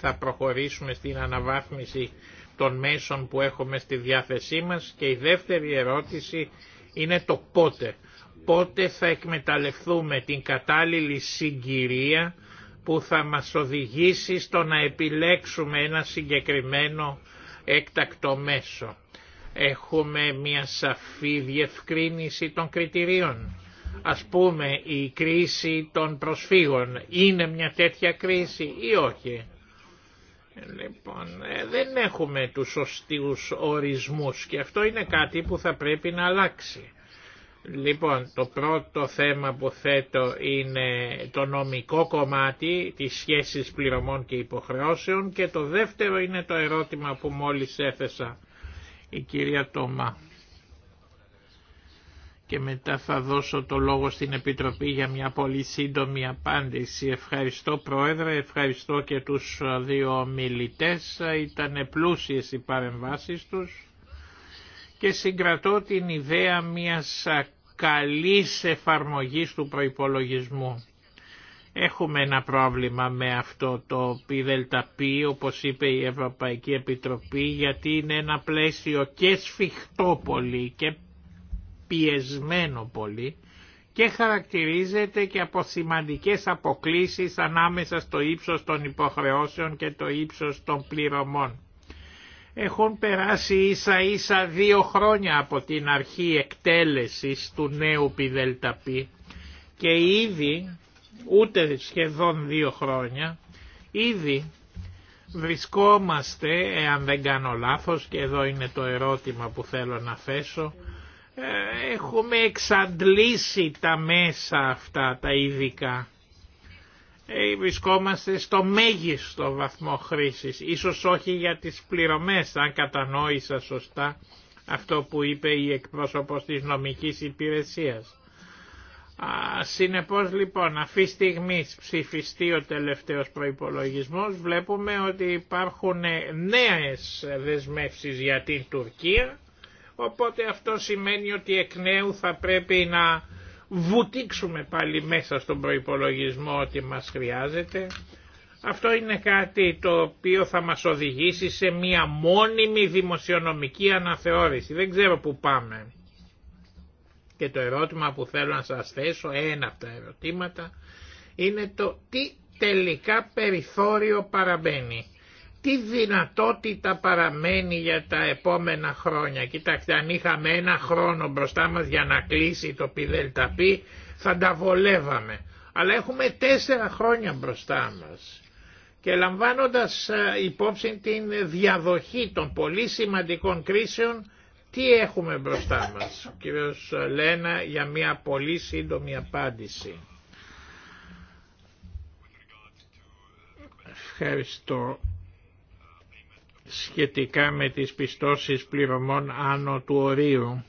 [SPEAKER 1] θα προχωρήσουμε στην αναβάθμιση των μέσων που έχουμε στη διάθεσή μας και η δεύτερη ερώτηση είναι το πότε. Πότε θα εκμεταλλευτούμε την κατάλληλη συγκυρία που θα μας οδηγήσει στο να επιλέξουμε ένα συγκεκριμένο έκτακτο μέσο. Έχουμε μια σαφή διευκρίνηση των κριτηρίων Ας πούμε η κρίση των προσφύγων είναι μια τέτοια κρίση ή όχι. Λοιπόν, ε, δεν έχουμε τους σωστούς ορισμούς και αυτό είναι κάτι που θα πρέπει να αλλάξει. Λοιπόν, το πρώτο θέμα που θέτω είναι το νομικό κομμάτι της σχέσης πληρωμών και υποχρεώσεων και το δεύτερο είναι το ερώτημα που μόλις έθεσα η κυρία Τόμα και μετά θα δώσω το λόγο στην Επιτροπή για μια πολύ σύντομη απάντηση. Ευχαριστώ Πρόεδρε, ευχαριστώ και τους δύο μιλητές. Ήταν πλούσιες οι παρεμβάσεις τους και συγκρατώ την ιδέα μιας καλής εφαρμογής του προϋπολογισμού. Έχουμε ένα πρόβλημα με αυτό το πι όπως είπε η Ευρωπαϊκή Επιτροπή, γιατί είναι ένα πλαίσιο και σφιχτό πολύ και πιεσμένο πολύ και χαρακτηρίζεται και από σημαντικές αποκλίσεις ανάμεσα στο ύψος των υποχρεώσεων και το ύψος των πληρωμών. Έχουν περάσει ίσα ίσα δύο χρόνια από την αρχή εκτέλεσης του νέου πιδελταπή και ήδη, ούτε σχεδόν δύο χρόνια, ήδη βρισκόμαστε, εάν δεν κάνω λάθος και εδώ είναι το ερώτημα που θέλω να θέσω, ε, έχουμε εξαντλήσει τα μέσα αυτά τα ειδικά. Ε, βρισκόμαστε στο μέγιστο βαθμό χρήσης, ίσως όχι για τις πληρωμές, αν κατανόησα σωστά αυτό που είπε η εκπρόσωπος της νομικής υπηρεσίας. Α, συνεπώς λοιπόν αυτή τη στιγμή ψηφιστεί ο τελευταίος προϋπολογισμός βλέπουμε ότι υπάρχουν νέες δεσμεύσεις για την Τουρκία Οπότε αυτό σημαίνει ότι εκ νέου θα πρέπει να βουτήξουμε πάλι μέσα στον προϋπολογισμό ότι μας χρειάζεται. Αυτό είναι κάτι το οποίο θα μας οδηγήσει σε μία μόνιμη δημοσιονομική αναθεώρηση. Δεν ξέρω πού πάμε. Και το ερώτημα που θέλω να σας θέσω, ένα από τα ερωτήματα, είναι το τι τελικά περιθώριο παραμένει τι δυνατότητα παραμένει για τα επόμενα χρόνια. Κοιτάξτε, αν είχαμε ένα χρόνο μπροστά μας για να κλείσει το πι θα τα βολεύαμε. Αλλά έχουμε τέσσερα χρόνια μπροστά μας. Και λαμβάνοντας ε, υπόψη την διαδοχή των πολύ σημαντικών κρίσεων, τι έχουμε μπροστά μας. κύριος Λένα για μια πολύ σύντομη απάντηση. Ευχαριστώ σχετικά με τις πιστώσεις πληρωμών άνω του ορίου.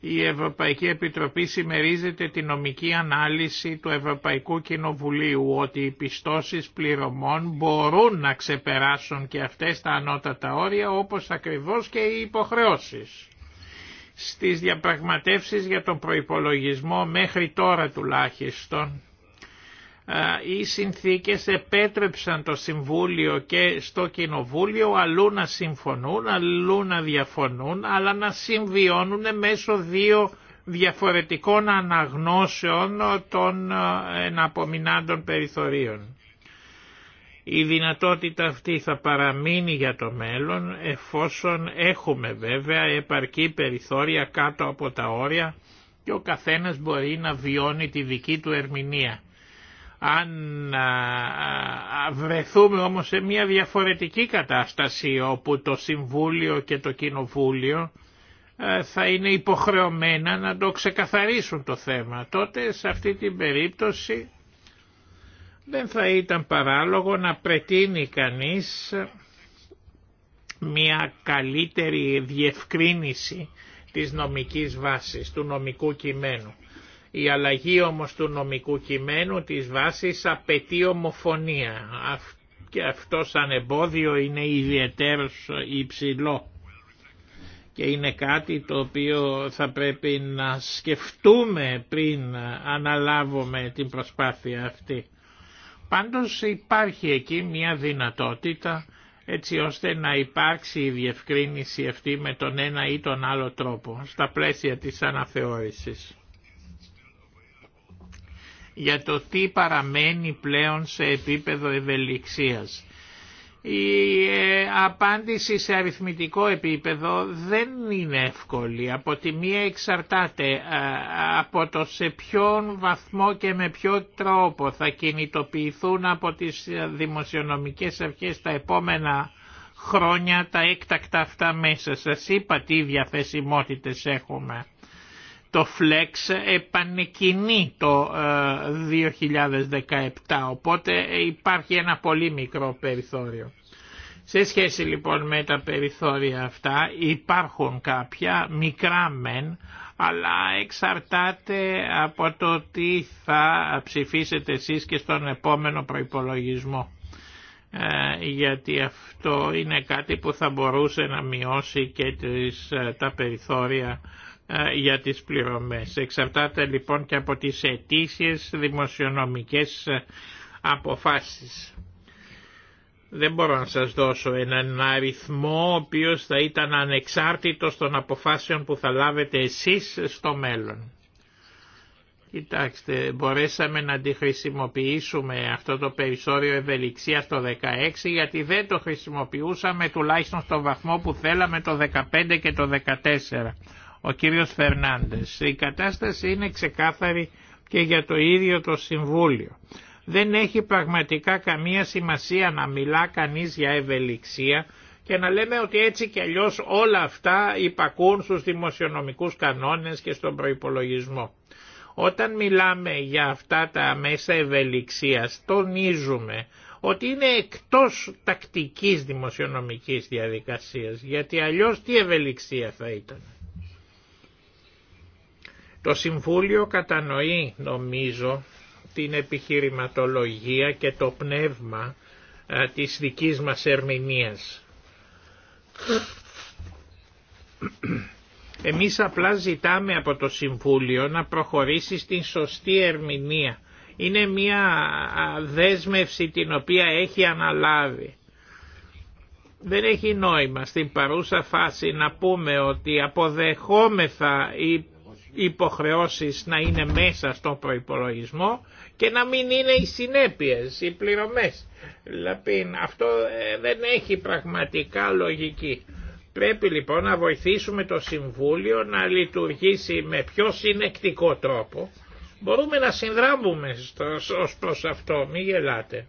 [SPEAKER 1] Η Ευρωπαϊκή Επιτροπή συμμερίζεται τη νομική ανάλυση του Ευρωπαϊκού Κοινοβουλίου ότι οι πιστώσεις πληρωμών μπορούν να ξεπεράσουν και αυτές τα ανώτατα όρια όπως ακριβώς και οι υποχρεώσεις. Στις διαπραγματεύσεις για τον προϋπολογισμό μέχρι τώρα τουλάχιστον οι συνθήκες επέτρεψαν το Συμβούλιο και στο Κοινοβούλιο αλλού να συμφωνούν, αλλού να διαφωνούν, αλλά να συμβιώνουν μέσω δύο διαφορετικών αναγνώσεων των ε, εναπομεινάντων περιθωρίων. Η δυνατότητα αυτή θα παραμείνει για το μέλλον εφόσον έχουμε βέβαια επαρκή περιθώρια κάτω από τα όρια και ο καθένας μπορεί να βιώνει τη δική του ερμηνεία. Αν βρεθούμε όμως σε μια διαφορετική κατάσταση όπου το Συμβούλιο και το Κοινοβούλιο θα είναι υποχρεωμένα να το ξεκαθαρίσουν το θέμα, τότε σε αυτή την περίπτωση δεν θα ήταν παράλογο να πρετείνει κανείς μια καλύτερη διευκρίνηση της νομικής βάσης, του νομικού κειμένου. Η αλλαγή όμως του νομικού κειμένου της βάσης απαιτεί ομοφωνία και αυτό σαν εμπόδιο είναι ιδιαίτερο υψηλό και είναι κάτι το οποίο θα πρέπει να σκεφτούμε πριν αναλάβουμε την προσπάθεια αυτή. Πάντως υπάρχει εκεί μια δυνατότητα έτσι ώστε να υπάρξει η διευκρίνηση αυτή με τον ένα ή τον άλλο τρόπο στα πλαίσια της αναθεώρησης για το τι παραμένει πλέον σε επίπεδο ευελιξίας. Η ε, απάντηση σε αριθμητικό επίπεδο δεν είναι εύκολη. Από τη μία εξαρτάται από το σε ποιον βαθμό και με ποιο τρόπο θα κινητοποιηθούν από τις δημοσιονομικές αρχές τα επόμενα χρόνια τα έκτακτα αυτά μέσα. Σας είπα τι διαθεσιμότητες έχουμε το Flex επανεκκινεί το 2017, ε, οπότε υπάρχει ένα πολύ μικρό περιθώριο. Σε σχέση λοιπόν με τα περιθώρια αυτά υπάρχουν κάποια μικρά μεν, αλλά εξαρτάται από το τι θα ψηφίσετε εσείς και στον επόμενο προϋπολογισμό. Ε, γιατί αυτό είναι κάτι που θα μπορούσε να μειώσει και τις, ε, τα περιθώρια για τις πληρωμές. Εξαρτάται λοιπόν και από τις αιτήσει δημοσιονομικές αποφάσεις. Δεν μπορώ να σας δώσω έναν αριθμό ο οποίος θα ήταν ανεξάρτητος των αποφάσεων που θα λάβετε εσείς στο μέλλον. Κοιτάξτε, μπορέσαμε να αντιχρησιμοποιήσουμε αυτό το περισσόριο ευελιξία το 16 γιατί δεν το χρησιμοποιούσαμε τουλάχιστον στο βαθμό που θέλαμε το 15 και το 14 ο κύριος Φερνάντες. Η κατάσταση είναι ξεκάθαρη και για το ίδιο το Συμβούλιο. Δεν έχει πραγματικά καμία σημασία να μιλά κανείς για ευελιξία και να λέμε ότι έτσι κι αλλιώς όλα αυτά υπακούν στους δημοσιονομικούς κανόνες και στον προϋπολογισμό. Όταν μιλάμε για αυτά τα μέσα ευελιξίας τονίζουμε ότι είναι εκτός τακτικής δημοσιονομικής διαδικασίας γιατί αλλιώς τι ευελιξία θα ήταν. Το Συμβούλιο κατανοεί, νομίζω, την επιχειρηματολογία και το πνεύμα ε, της δικής μας ερμηνείας. Εμείς απλά ζητάμε από το Συμβούλιο να προχωρήσει στην σωστή ερμηνεία. Είναι μια δέσμευση την οποία έχει αναλάβει. Δεν έχει νόημα στην παρούσα φάση να πούμε ότι αποδεχόμεθα ή υποχρεώσεις να είναι μέσα στο προϋπολογισμό και να μην είναι οι συνέπειες, οι πληρωμές. Δηλαδή αυτό ε, δεν έχει πραγματικά λογική. Πρέπει λοιπόν να βοηθήσουμε το Συμβούλιο να λειτουργήσει με πιο συνεκτικό τρόπο. Μπορούμε να συνδράμουμε ως προς αυτό, μην γελάτε.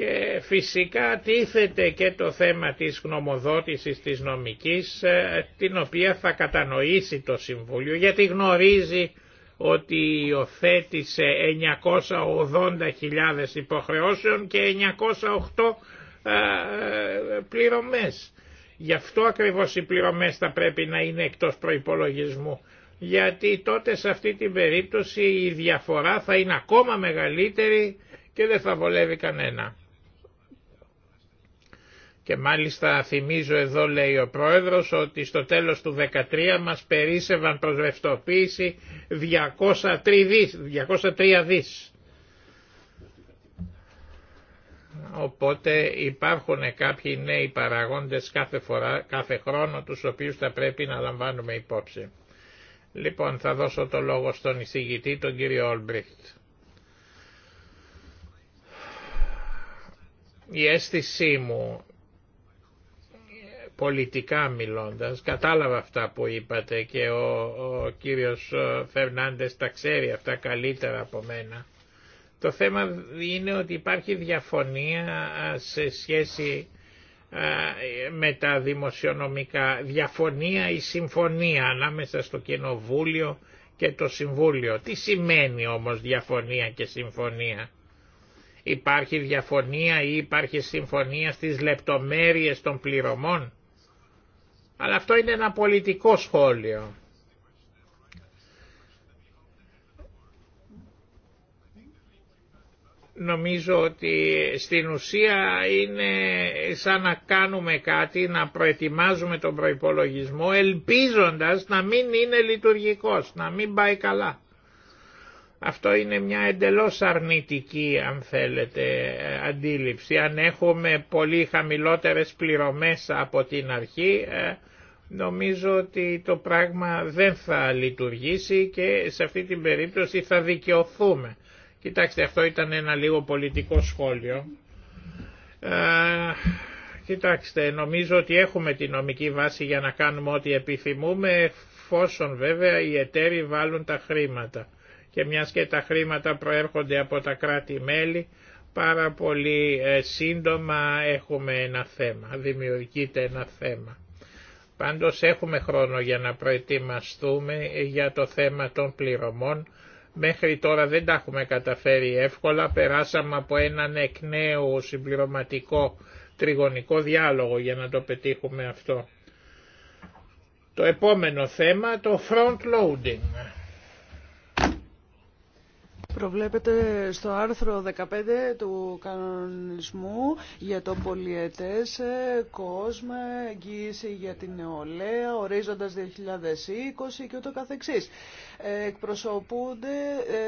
[SPEAKER 1] Και φυσικά τίθεται και το θέμα της γνωμοδότησης της νομικής, ε, την οποία θα κατανοήσει το Συμβούλιο, γιατί γνωρίζει ότι υιοθέτησε 980.000 υποχρεώσεων και 908 ε, ε, πληρωμές. Γι' αυτό ακριβώς οι πληρωμές θα πρέπει να είναι εκτός προϋπολογισμού. Γιατί τότε σε αυτή την περίπτωση η διαφορά θα είναι ακόμα μεγαλύτερη και δεν θα βολεύει κανένα. Και μάλιστα θυμίζω εδώ λέει ο πρόεδρος ότι στο τέλος του 2013 μας περίσευαν προς 203 δις, 203 δις. Οπότε υπάρχουν κάποιοι νέοι παραγόντες κάθε, φορά, κάθε χρόνο τους οποίους θα πρέπει να λαμβάνουμε υπόψη. Λοιπόν θα δώσω το λόγο στον εισηγητή τον κύριο Όλμπριχτ. Η αίσθησή μου πολιτικά μιλώντας, κατάλαβα αυτά που είπατε και ο, κύριος ε, Φερνάντες τα ξέρει αυτά καλύτερα από μένα. Το θέμα είναι ότι υπάρχει διαφωνία ε, σε σχέση ε, με τα δημοσιονομικά, διαφωνία ή συμφωνία ανάμεσα στο Κοινοβούλιο και το Συμβούλιο. Τι σημαίνει όμως διαφωνία και συμφωνία. Υπάρχει διαφωνία ή υπάρχει συμφωνία στις λεπτομέρειες των πληρωμών. Αλλά αυτό είναι ένα πολιτικό σχόλιο. Νομίζω ότι στην ουσία είναι σαν να κάνουμε κάτι, να προετοιμάζουμε τον προϋπολογισμό ελπίζοντας να μην είναι λειτουργικός, να μην πάει καλά. Αυτό είναι μια εντελώς αρνητική αν θέλετε αντίληψη. Αν έχουμε πολύ χαμηλότερες πληρωμές από την αρχή ε, νομίζω ότι το πράγμα δεν θα λειτουργήσει και σε αυτή την περίπτωση θα δικαιωθούμε. Κοιτάξτε, αυτό ήταν ένα λίγο πολιτικό σχόλιο. Ε, κοιτάξτε, νομίζω ότι έχουμε τη νομική βάση για να κάνουμε ό,τι επιθυμούμε, εφόσον βέβαια οι εταίροι βάλουν τα χρήματα. Και μιας και τα χρήματα προέρχονται από τα κράτη-μέλη, πάρα πολύ ε, σύντομα έχουμε ένα θέμα, δημιουργείται ένα θέμα. Πάντως έχουμε χρόνο για να προετοιμαστούμε για το θέμα των πληρωμών. Μέχρι τώρα δεν τα έχουμε καταφέρει εύκολα. Περάσαμε από έναν εκ νέου συμπληρωματικό τριγωνικό διάλογο για να το πετύχουμε αυτό. Το επόμενο θέμα το front loading.
[SPEAKER 2] Προβλέπετε στο άρθρο 15 του κανονισμού για το πολιετές ε, κόσμο, εγγύηση για την νεολαία, ορίζοντας 2020 και ούτω καθεξής. Ε, εκπροσωπούνται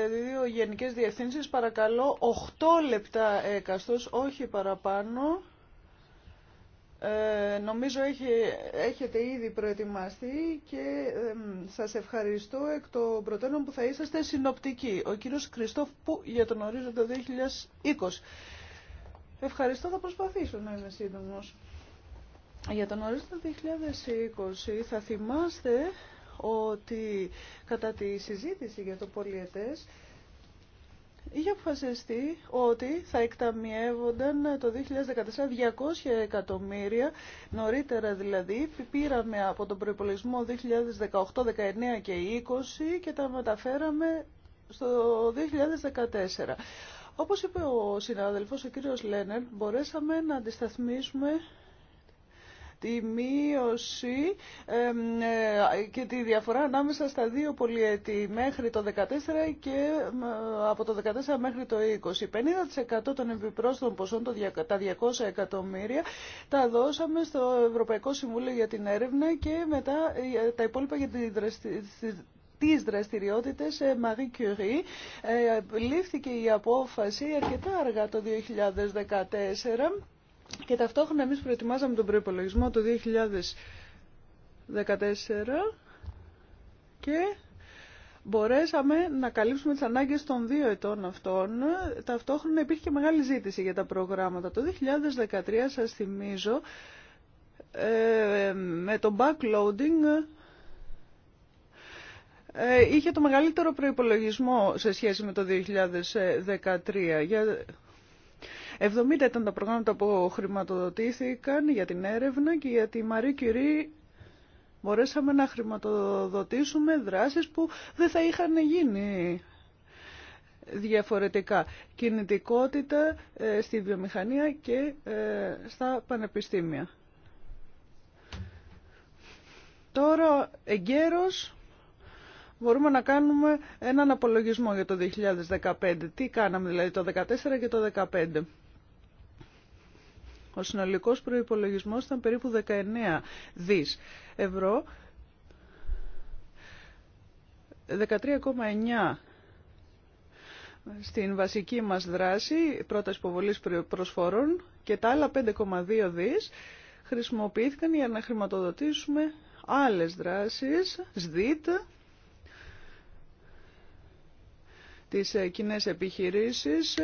[SPEAKER 2] ε, δύο γενικές διευθύνσεις, παρακαλώ 8 λεπτά έκαστος, όχι παραπάνω. Ε, νομίζω έχει, έχετε ήδη προετοιμαστεί και ε, σας ευχαριστώ εκ των προτέρων που θα είσαστε συνοπτικοί. Ο κύριος Κριστόφ που για τον ορίζοντα 2020. Ευχαριστώ, θα προσπαθήσω να είμαι σύντομος. Για τον ορίζοντα 2020 θα θυμάστε ότι κατά τη συζήτηση για το πολιετές είχε αποφασιστεί ότι θα εκταμιεύονταν το 2014 200 εκατομμύρια, νωρίτερα δηλαδή, πήραμε από τον προϋπολογισμό 2018, 19 και 20 και τα μεταφέραμε στο 2014. Όπως είπε ο συνάδελφος, ο κύριος Λένερ, μπορέσαμε να αντισταθμίσουμε τη μείωση ε, και τη διαφορά ανάμεσα στα δύο πολιέτη μέχρι το 2014 και από το 2014 μέχρι το 20. 50% των επιπρόσθετων ποσών, τα 200 εκατομμύρια, τα δώσαμε στο Ευρωπαϊκό Συμβούλιο για την Έρευνα και μετά ε, τα υπόλοιπα για τι δραστηριότητα τις δραστηριότητες ε, Marie Λήφθηκε η απόφαση αρκετά αργά το 2014 και ταυτόχρονα εμείς προετοιμάζαμε τον προϋπολογισμό το 2014 και μπορέσαμε να καλύψουμε τις ανάγκες των δύο ετών αυτών. Ταυτόχρονα υπήρχε και μεγάλη ζήτηση για τα προγράμματα. Το 2013 σας θυμίζω ε, με το backloading ε, είχε το μεγαλύτερο προϋπολογισμό σε σχέση με το 2013. 70 ήταν τα προγράμματα που χρηματοδοτήθηκαν για την έρευνα και για τη Μαρή Κυρή μπορέσαμε να χρηματοδοτήσουμε δράσεις που δεν θα είχαν γίνει διαφορετικά. Κινητικότητα ε, στη βιομηχανία και ε, στα πανεπιστήμια. Τώρα εγκαίρως μπορούμε να κάνουμε έναν απολογισμό για το 2015. Τι κάναμε δηλαδή το 2014 και το 2015. Ο συνολικός προϋπολογισμός ήταν περίπου 19 δις ευρώ, 13,9 στην βασική μας δράση, πρόταση υποβολής προσφορών και τα άλλα 5,2 δις χρησιμοποιήθηκαν για να χρηματοδοτήσουμε άλλες δράσεις, ΣΔΙΤ, τις ε, κοινέ επιχειρήσεις,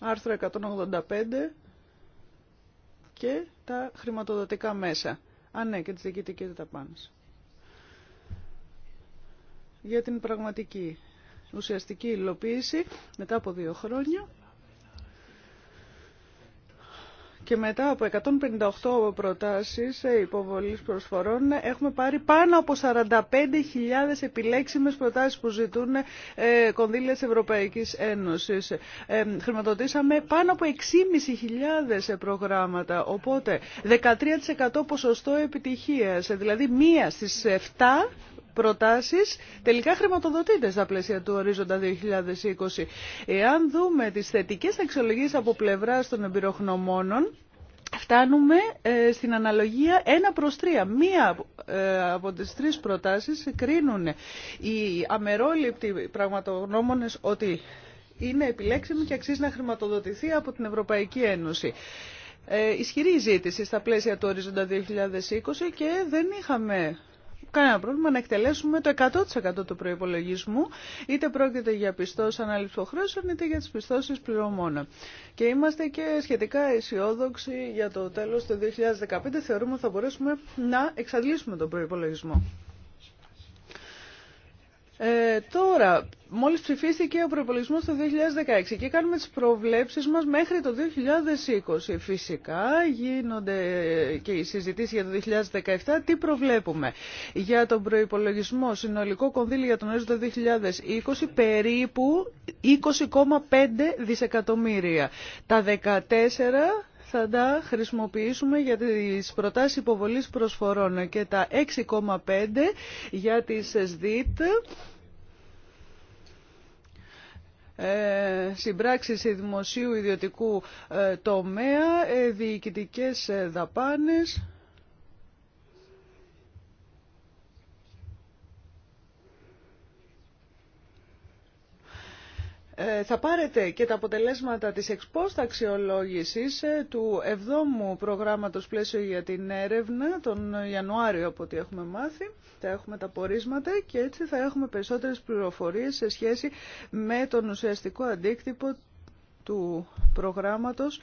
[SPEAKER 2] άρθρο 185, και τα χρηματοδοτικά μέσα. Α, ναι, και τις διοικητικές δαπάνες. Για την πραγματική ουσιαστική υλοποίηση μετά από δύο χρόνια και μετά από 158 προτάσεις ε, υποβολής προσφορών έχουμε πάρει πάνω από 45.000 επιλέξιμες προτάσεις που ζητούν ε, κονδύλια Ευρωπαϊκής Ένωσης. Ε, χρηματοδοτήσαμε πάνω από 6.500 προγράμματα, οπότε 13% ποσοστό επιτυχίας, δηλαδή μία στις 7 προτάσεις τελικά χρηματοδοτείται στα πλαίσια του ορίζοντα 2020. Εάν δούμε τις θετικές αξιολογίες από πλευρά των εμπειρογνωμόνων, φτάνουμε ε, στην αναλογία 1 προς 3. Μία ε, από τις τρεις προτάσεις κρίνουν οι αμερόληπτοι πραγματογνώμονες ότι είναι επιλέξιμη και αξίζει να χρηματοδοτηθεί από την Ευρωπαϊκή Ένωση. Ε, ισχυρή ζήτηση στα πλαίσια του ορίζοντα 2020 και δεν είχαμε κανένα πρόβλημα να εκτελέσουμε το 100% του προϋπολογισμού, είτε πρόκειται για πιστώσεις ανάληψης χρέων, είτε για τις πιστώσεις πληρωμών. Και είμαστε και σχετικά αισιόδοξοι για το τέλος του 2015. Θεωρούμε ότι θα μπορέσουμε να εξαντλήσουμε τον προϋπολογισμό. Ε, τώρα, μόλις ψηφίστηκε ο προπολογισμό το 2016 και κάνουμε τις προβλέψεις μας μέχρι το 2020. Φυσικά γίνονται και οι συζητήσεις για το 2017. Τι προβλέπουμε για τον προϋπολογισμό συνολικό κονδύλι για τον το 2020 περίπου 20,5 δισεκατομμύρια. Τα 14 θα τα χρησιμοποιήσουμε για τις προτάσεις υποβολής προσφορών και τα 6,5 για τις ΣΔΙΤ ε, συμπράξεις δημοσίου ιδιωτικού ε, τομέα, ε, διοικητικές δαπάνες Ε, θα πάρετε και τα αποτελέσματα της εξπόστα αξιολόγησης ε, του 7ου προγράμματος πλαίσιο για την έρευνα τον Ιανουάριο από ό,τι έχουμε μάθει. Θα έχουμε τα πορίσματα και έτσι θα έχουμε περισσότερες πληροφορίες σε σχέση με τον ουσιαστικό αντίκτυπο του προγράμματος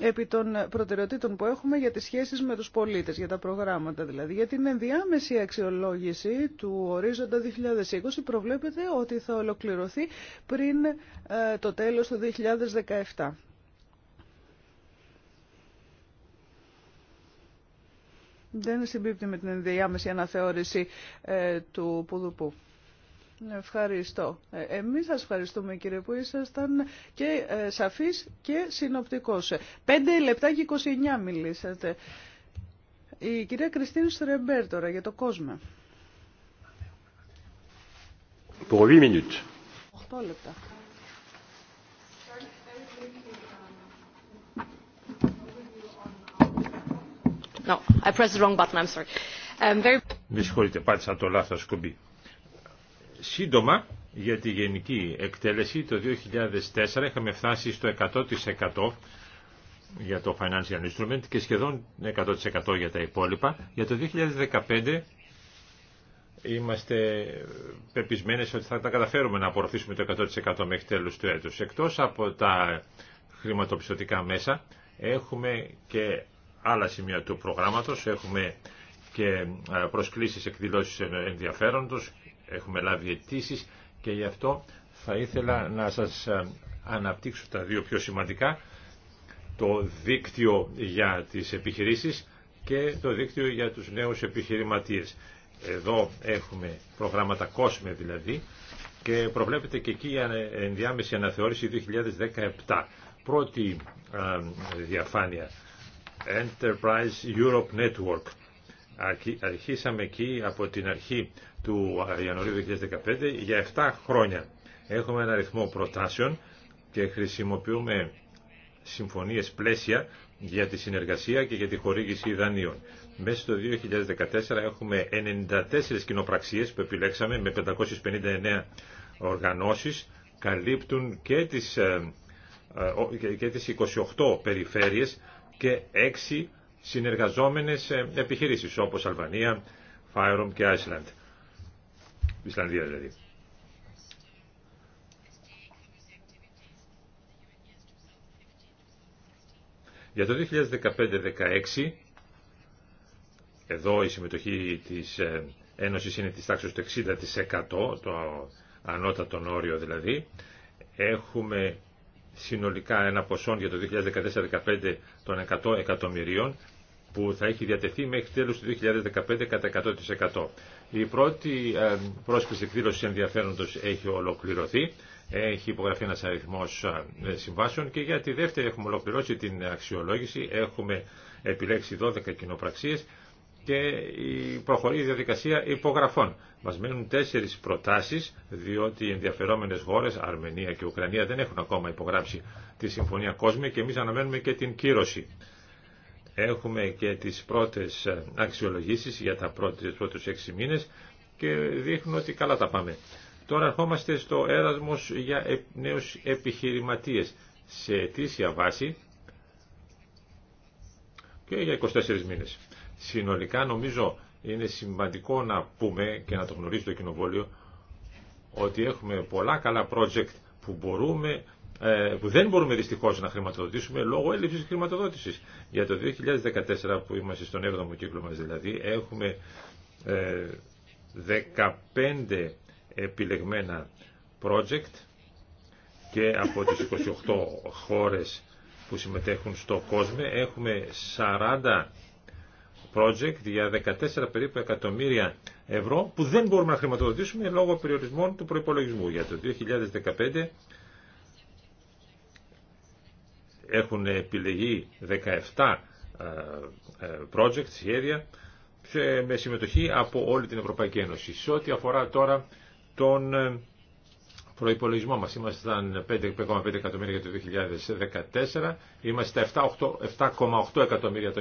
[SPEAKER 2] επί των προτεραιοτήτων που έχουμε για τις σχέσεις με τους πολίτες, για τα προγράμματα δηλαδή. Για την ενδιάμεση αξιολόγηση του ορίζοντα 2020 προβλέπεται ότι θα ολοκληρωθεί πριν ε, το τέλος του 2017. Δεν συμπίπτει με την ενδιάμεση αναθεώρηση ε, του Πουδουπού. Ναι, ευχαριστώ. Ε, εμείς σας ευχαριστούμε κύριε που ήσασταν και ε, σαφής και συνοπτικός. 5 λεπτά και 29 μιλήσατε. Η κυρία Κριστίνη Στρεμπέρ τώρα για το κόσμο.
[SPEAKER 3] 8 λεπτά. No, I pressed
[SPEAKER 4] the wrong button, I'm sorry.
[SPEAKER 1] Um, very...
[SPEAKER 3] Με συγχωρείτε, πάτησα το λάθος κουμπί. Σύντομα, για τη γενική εκτέλεση, το 2004 είχαμε φτάσει στο 100% για το financial instrument και σχεδόν 100% για τα υπόλοιπα. Για το 2015 είμαστε πεπισμένες ότι θα τα καταφέρουμε να απορροφήσουμε το 100% μέχρι τέλους του έτους. Εκτός από τα χρηματοπιστωτικά μέσα έχουμε και άλλα σημεία του προγράμματος, έχουμε και ε, προσκλήσεις εκδηλώσεις ενδιαφέροντος έχουμε λάβει αιτήσει και γι' αυτό θα ήθελα να σας ε, αναπτύξω τα δύο πιο σημαντικά, το δίκτυο για τις επιχειρήσεις και το δίκτυο για τους νέους επιχειρηματίες. Εδώ έχουμε προγράμματα COSME δηλαδή και προβλέπεται και εκεί η ενδιάμεση αναθεώρηση 2017. Πρώτη ε, διαφάνεια, Enterprise Europe Network. Αρχίσαμε εκεί από την αρχή του Ιανουαρίου 2015 για 7 χρόνια. Έχουμε ένα αριθμό προτάσεων και χρησιμοποιούμε συμφωνίες πλαίσια για τη συνεργασία και για τη χορήγηση δανείων. Μέσα στο 2014 έχουμε 94 κοινοπραξίες που επιλέξαμε με 559 οργανώσεις, καλύπτουν και τις, ε, ε, τις 28 περιφέρειες και 6 συνεργαζόμενες ε, επιχειρήσεις όπως Αλβανία, Φάιρομ και Άισλαντ. Ισλανδία δηλαδή. Για το 2015-16, εδώ η συμμετοχή της ε, Ένωσης είναι της τάξης του 60%, το ανώτατο όριο δηλαδή. Έχουμε συνολικά ένα ποσό για το 2014-2015 των 100 εκατομμυρίων που θα έχει διατεθεί μέχρι τέλος του 2015 κατά 100%. Η πρώτη ε, πρόσκληση εκδήλωση ενδιαφέροντος έχει ολοκληρωθεί. Έχει υπογραφεί ένας αριθμός ε, συμβάσεων και για τη δεύτερη έχουμε ολοκληρώσει την αξιολόγηση. Έχουμε επιλέξει 12 κοινοπραξίες και προχωρεί η διαδικασία υπογραφών. Μας μένουν τέσσερις προτάσεις, διότι οι ενδιαφερόμενες χώρες, Αρμενία και Ουκρανία, δεν έχουν ακόμα υπογράψει τη Συμφωνία Κόσμη και εμείς αναμένουμε και την κύρωση. Έχουμε και τις πρώτες ε, αξιολογήσεις για τα πρώτες, πρώτους έξι μήνες και δείχνουν ότι καλά τα πάμε. Τώρα ερχόμαστε στο έρασμος για ε, νέους επιχειρηματίες σε αιτήσια βάση και για 24 μήνες. Συνολικά νομίζω είναι σημαντικό να πούμε και να το γνωρίζει το κοινοβόλιο ότι έχουμε πολλά καλά project που μπορούμε ε, που δεν μπορούμε δυστυχώ να χρηματοδοτήσουμε λόγω έλλειψη χρηματοδότησης. Για το 2014 που είμαστε στον 7ο κύκλο μα δηλαδή έχουμε 15 ε, επιλεγμένα project και από τις 28 χώρες που συμμετέχουν στο κόσμο έχουμε 40 project για 14 περίπου εκατομμύρια ευρώ που δεν μπορούμε να χρηματοδοτήσουμε λόγω περιορισμών του προϋπολογισμού. Για το 2015 έχουν επιλεγεί 17 ε, ε, project, σχέδια, με συμμετοχή από όλη την Ευρωπαϊκή Ένωση. Σε ό,τι αφορά τώρα τον ε, προϋπολογισμό μας, ήμασταν 5,5 εκατομμύρια για το 2014, είμαστε 7,8 εκατομμύρια το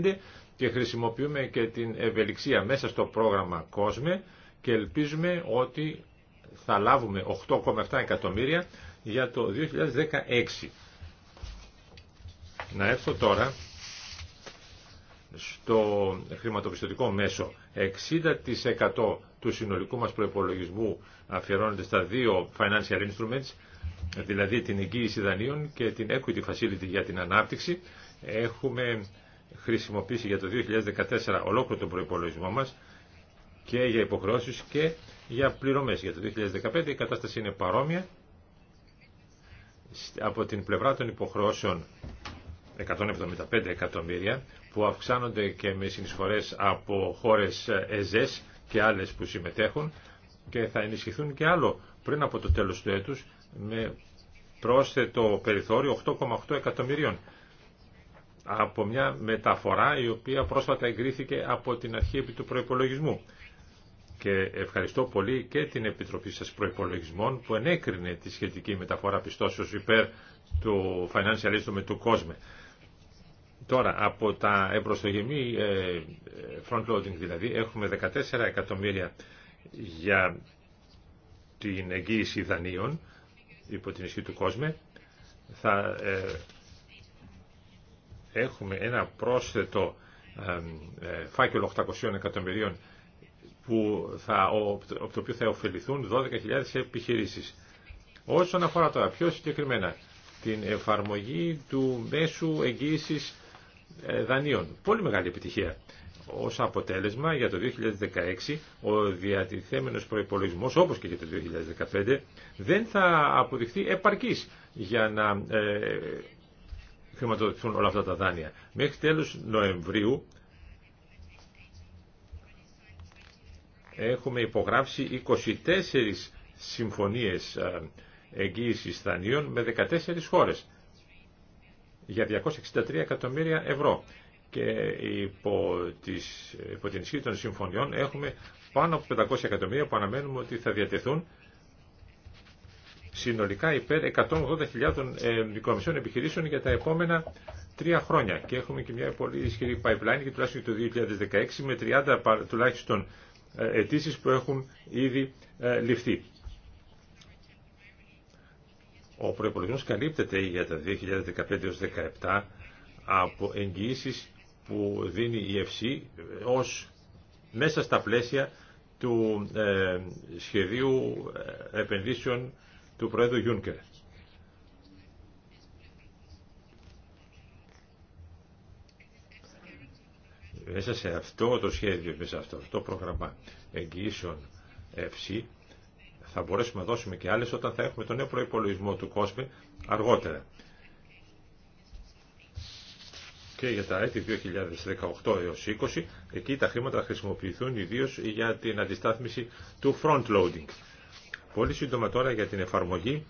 [SPEAKER 3] 2015 και χρησιμοποιούμε και την ευελιξία μέσα στο πρόγραμμα COSME και ελπίζουμε ότι θα λάβουμε 8,7 εκατομμύρια για το 2016. Να έρθω τώρα στο χρηματοπιστωτικό μέσο. 60% του συνολικού μας προϋπολογισμού αφιερώνεται στα δύο financial instruments, δηλαδή την εγγύηση δανείων και την equity facility για την ανάπτυξη. Έχουμε χρησιμοποιήσει για το 2014 ολόκληρο τον προϋπολογισμό μας και για υποχρεώσεις και για πληρωμές. Για το 2015 η κατάσταση είναι παρόμοια. Από την πλευρά των υποχρεώσεων 175 εκατομμύρια που αυξάνονται και με συνεισφορές από χώρες ΕΖΕΣ και άλλες που συμμετέχουν και θα ενισχυθούν και άλλο πριν από το τέλος του έτους με πρόσθετο περιθώριο 8,8 εκατομμυρίων από μια μεταφορά η οποία πρόσφατα εγκρίθηκε από την αρχή του προϋπολογισμού. Και ευχαριστώ πολύ και την Επιτροπή σας Προϋπολογισμών που ενέκρινε τη σχετική μεταφορά πιστώσεως υπέρ του Financial Instrument του κόσμου. Τώρα, από τα εμπροστογεμή ε, front-loading δηλαδή, έχουμε 14 εκατομμύρια για την εγγύηση δανείων υπό την ισχύ του κόσμου. Θα ε, έχουμε ένα πρόσθετο ε, φάκελο 800 εκατομμυρίων που θα, από το οποίο θα ωφεληθούν 12.000 επιχειρήσεις. Όσον αφορά τώρα πιο συγκεκριμένα την εφαρμογή του μέσου εγγύησης ε, δανείων. Πολύ μεγάλη επιτυχία. Ω αποτέλεσμα για το 2016 ο διατηθέμενος προϋπολογισμός όπως και για το 2015 δεν θα αποδειχθεί επαρκής για να ε, χρηματοδοτηθούν όλα αυτά τα δάνεια. Μέχρι τέλος Νοεμβρίου έχουμε υπογράψει 24 συμφωνίες ε, εγγύησης δανείων με 14 χώρες για 263 εκατομμύρια ευρώ. Και υπό, τις, υπό την ισχύ των συμφωνιών έχουμε πάνω από 500 εκατομμύρια που αναμένουμε ότι θα διατεθούν συνολικά υπέρ 180.000 ε, μικρομεσαίων επιχειρήσεων για τα επόμενα τρία χρόνια. Και έχουμε και μια πολύ ισχυρή pipeline και τουλάχιστον το 2016 με 30 τουλάχιστον ε, αιτήσει που έχουν ήδη ε, ληφθεί. Ο προπολογισμό καλύπτεται για τα 2015-2017 από εγγύησει που δίνει η ΕΦΣΥ ως μέσα στα πλαίσια του ε, σχεδίου ε, επενδύσεων του Πρόεδρου Γιούνκερ. Μέσα σε αυτό το σχέδιο, μέσα σε αυτό το πρόγραμμα εγγυήσεων ΕΦΣΥ θα μπορέσουμε να δώσουμε και άλλες όταν θα έχουμε τον νέο προϋπολογισμό του κόσμου αργότερα. Και για τα έτη 2018 έως 2020, εκεί τα χρήματα θα χρησιμοποιηθούν ιδίως για την αντιστάθμιση του front-loading. Πολύ σύντομα τώρα για την εφαρμογή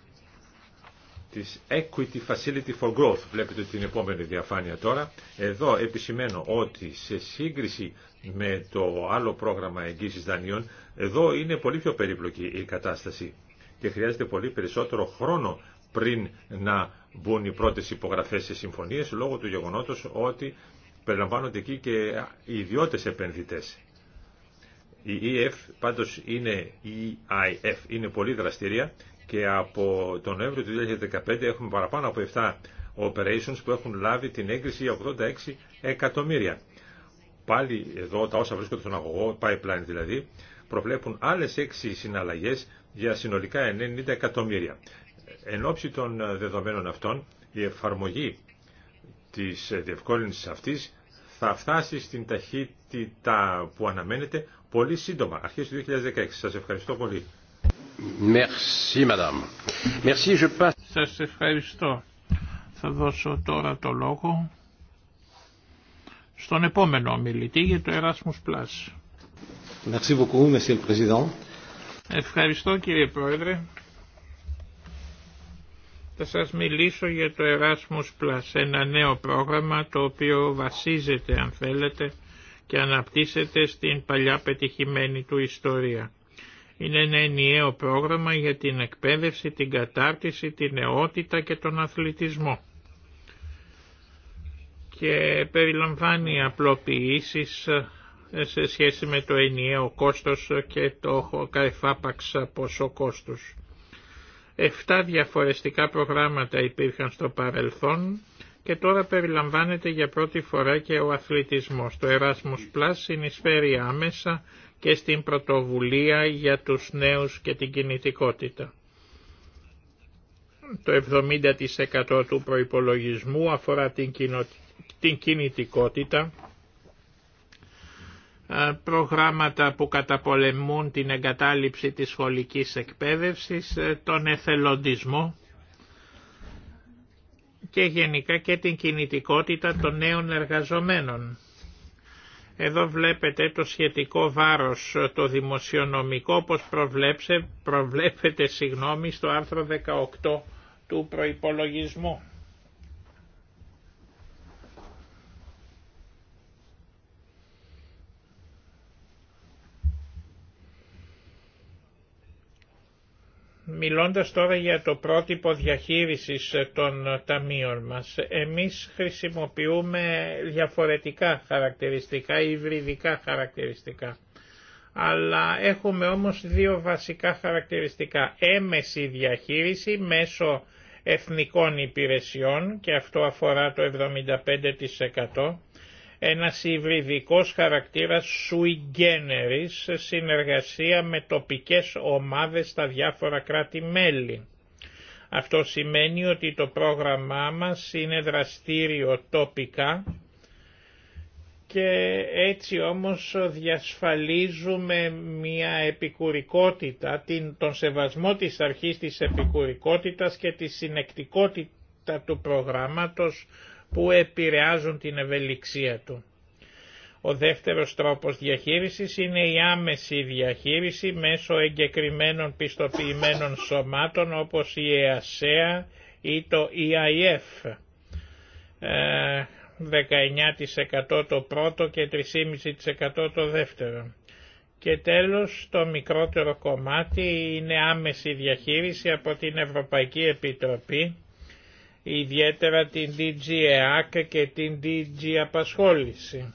[SPEAKER 3] της Equity Facility for Growth. Βλέπετε την επόμενη διαφάνεια τώρα. Εδώ επισημαίνω ότι σε σύγκριση με το άλλο πρόγραμμα εγγύησης δανείων, εδώ είναι πολύ πιο περίπλοκη η κατάσταση και χρειάζεται πολύ περισσότερο χρόνο πριν να μπουν οι πρώτες υπογραφές σε συμφωνίες λόγω του γεγονότος ότι περιλαμβάνονται εκεί και οι ιδιώτες επενδυτές. Η EF πάντως είναι EIF, είναι πολύ δραστηρία και από τον Νοέμβριο του 2015 έχουμε παραπάνω από 7 operations που έχουν λάβει την έγκριση για 86 εκατομμύρια. Πάλι εδώ τα όσα βρίσκονται στον αγωγό, pipeline δηλαδή, προβλέπουν άλλες 6 συναλλαγές για συνολικά 90 εκατομμύρια. Εν ώψη των δεδομένων αυτών, η εφαρμογή της διευκόλυνσης αυτής θα φτάσει στην ταχύτητα που αναμένεται πολύ σύντομα, αρχές του 2016. Σας ευχαριστώ πολύ.
[SPEAKER 1] Merci, Σας ευχαριστώ. Θα δώσω τώρα το λόγο στον επόμενο ομιλητή για το Erasmus Plus. Ευχαριστώ κύριε Πρόεδρε. Θα σας μιλήσω για το Erasmus Plus, ένα νέο πρόγραμμα το οποίο βασίζεται αν θέλετε και αναπτύσσεται στην παλιά πετυχημένη του ιστορία είναι ένα ενιαίο πρόγραμμα για την εκπαίδευση, την κατάρτιση, την νεότητα και τον αθλητισμό και περιλαμβάνει απλοποιήσεις ε, σε σχέση με το ενιαίο κόστος και το καεφάπαξα ποσό κόστους. Εφτά διαφορετικά προγράμματα υπήρχαν στο παρελθόν και τώρα περιλαμβάνεται για πρώτη φορά και ο αθλητισμός. Το Erasmus Plus συνεισφέρει άμεσα και στην πρωτοβουλία για τους νέους και την κινητικότητα. Το 70% του προϋπολογισμού αφορά την, την κινητικότητα, προγράμματα που καταπολεμούν την εγκατάλειψη της σχολικής εκπαίδευσης, ε, τον εθελοντισμό και γενικά και την κινητικότητα των νέων εργαζομένων. Εδώ βλέπετε το σχετικό βάρος, το δημοσιονομικό, όπως προβλέψε, προβλέπετε συγγνώμη, στο άρθρο 18 του προϋπολογισμού. Μιλώντας τώρα για το πρότυπο διαχείρισης των ταμείων μας, εμείς χρησιμοποιούμε διαφορετικά χαρακτηριστικά, υβριδικά χαρακτηριστικά. Αλλά έχουμε όμως δύο βασικά χαρακτηριστικά. Έμεση διαχείριση μέσω εθνικών υπηρεσιών και αυτό αφορά το 75% ένας υβριδικός χαρακτήρας sui generis, συνεργασία με τοπικές ομάδες στα διάφορα κράτη-μέλη. Αυτό σημαίνει ότι το πρόγραμμά μας είναι δραστήριο τοπικά και έτσι όμως διασφαλίζουμε μια επικουρικότητα, την, τον σεβασμό της αρχής της επικουρικότητας και τη συνεκτικότητα του προγράμματος που επηρεάζουν την ευελιξία του. Ο δεύτερος τρόπος διαχείρισης είναι η άμεση διαχείριση μέσω εγκεκριμένων πιστοποιημένων σωμάτων όπως η ΕΑΣΕΑ ή το EIF. 19% ε, το πρώτο και 3,5% το δεύτερο. Και τέλος το μικρότερο κομμάτι είναι άμεση διαχείριση από την Ευρωπαϊκή Επιτροπή ιδιαίτερα την DG ΕΑΚ και την DG Απασχόληση.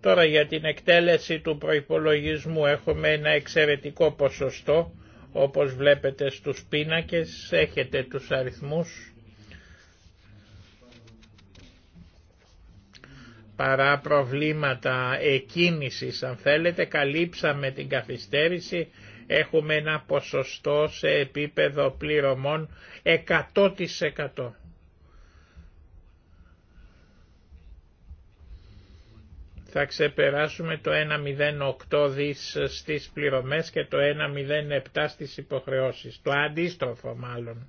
[SPEAKER 1] Τώρα για την εκτέλεση του προϋπολογισμού έχουμε ένα εξαιρετικό ποσοστό, όπως βλέπετε στους πίνακες, έχετε τους αριθμούς. Παρά προβλήματα εκκίνησης αν θέλετε, καλύψαμε την καθυστέρηση έχουμε ένα ποσοστό σε επίπεδο πληρωμών 100%. θα ξεπεράσουμε το 1,08 δις στις πληρωμές και το 1,07 στις υποχρεώσεις. Το αντίστροφο μάλλον.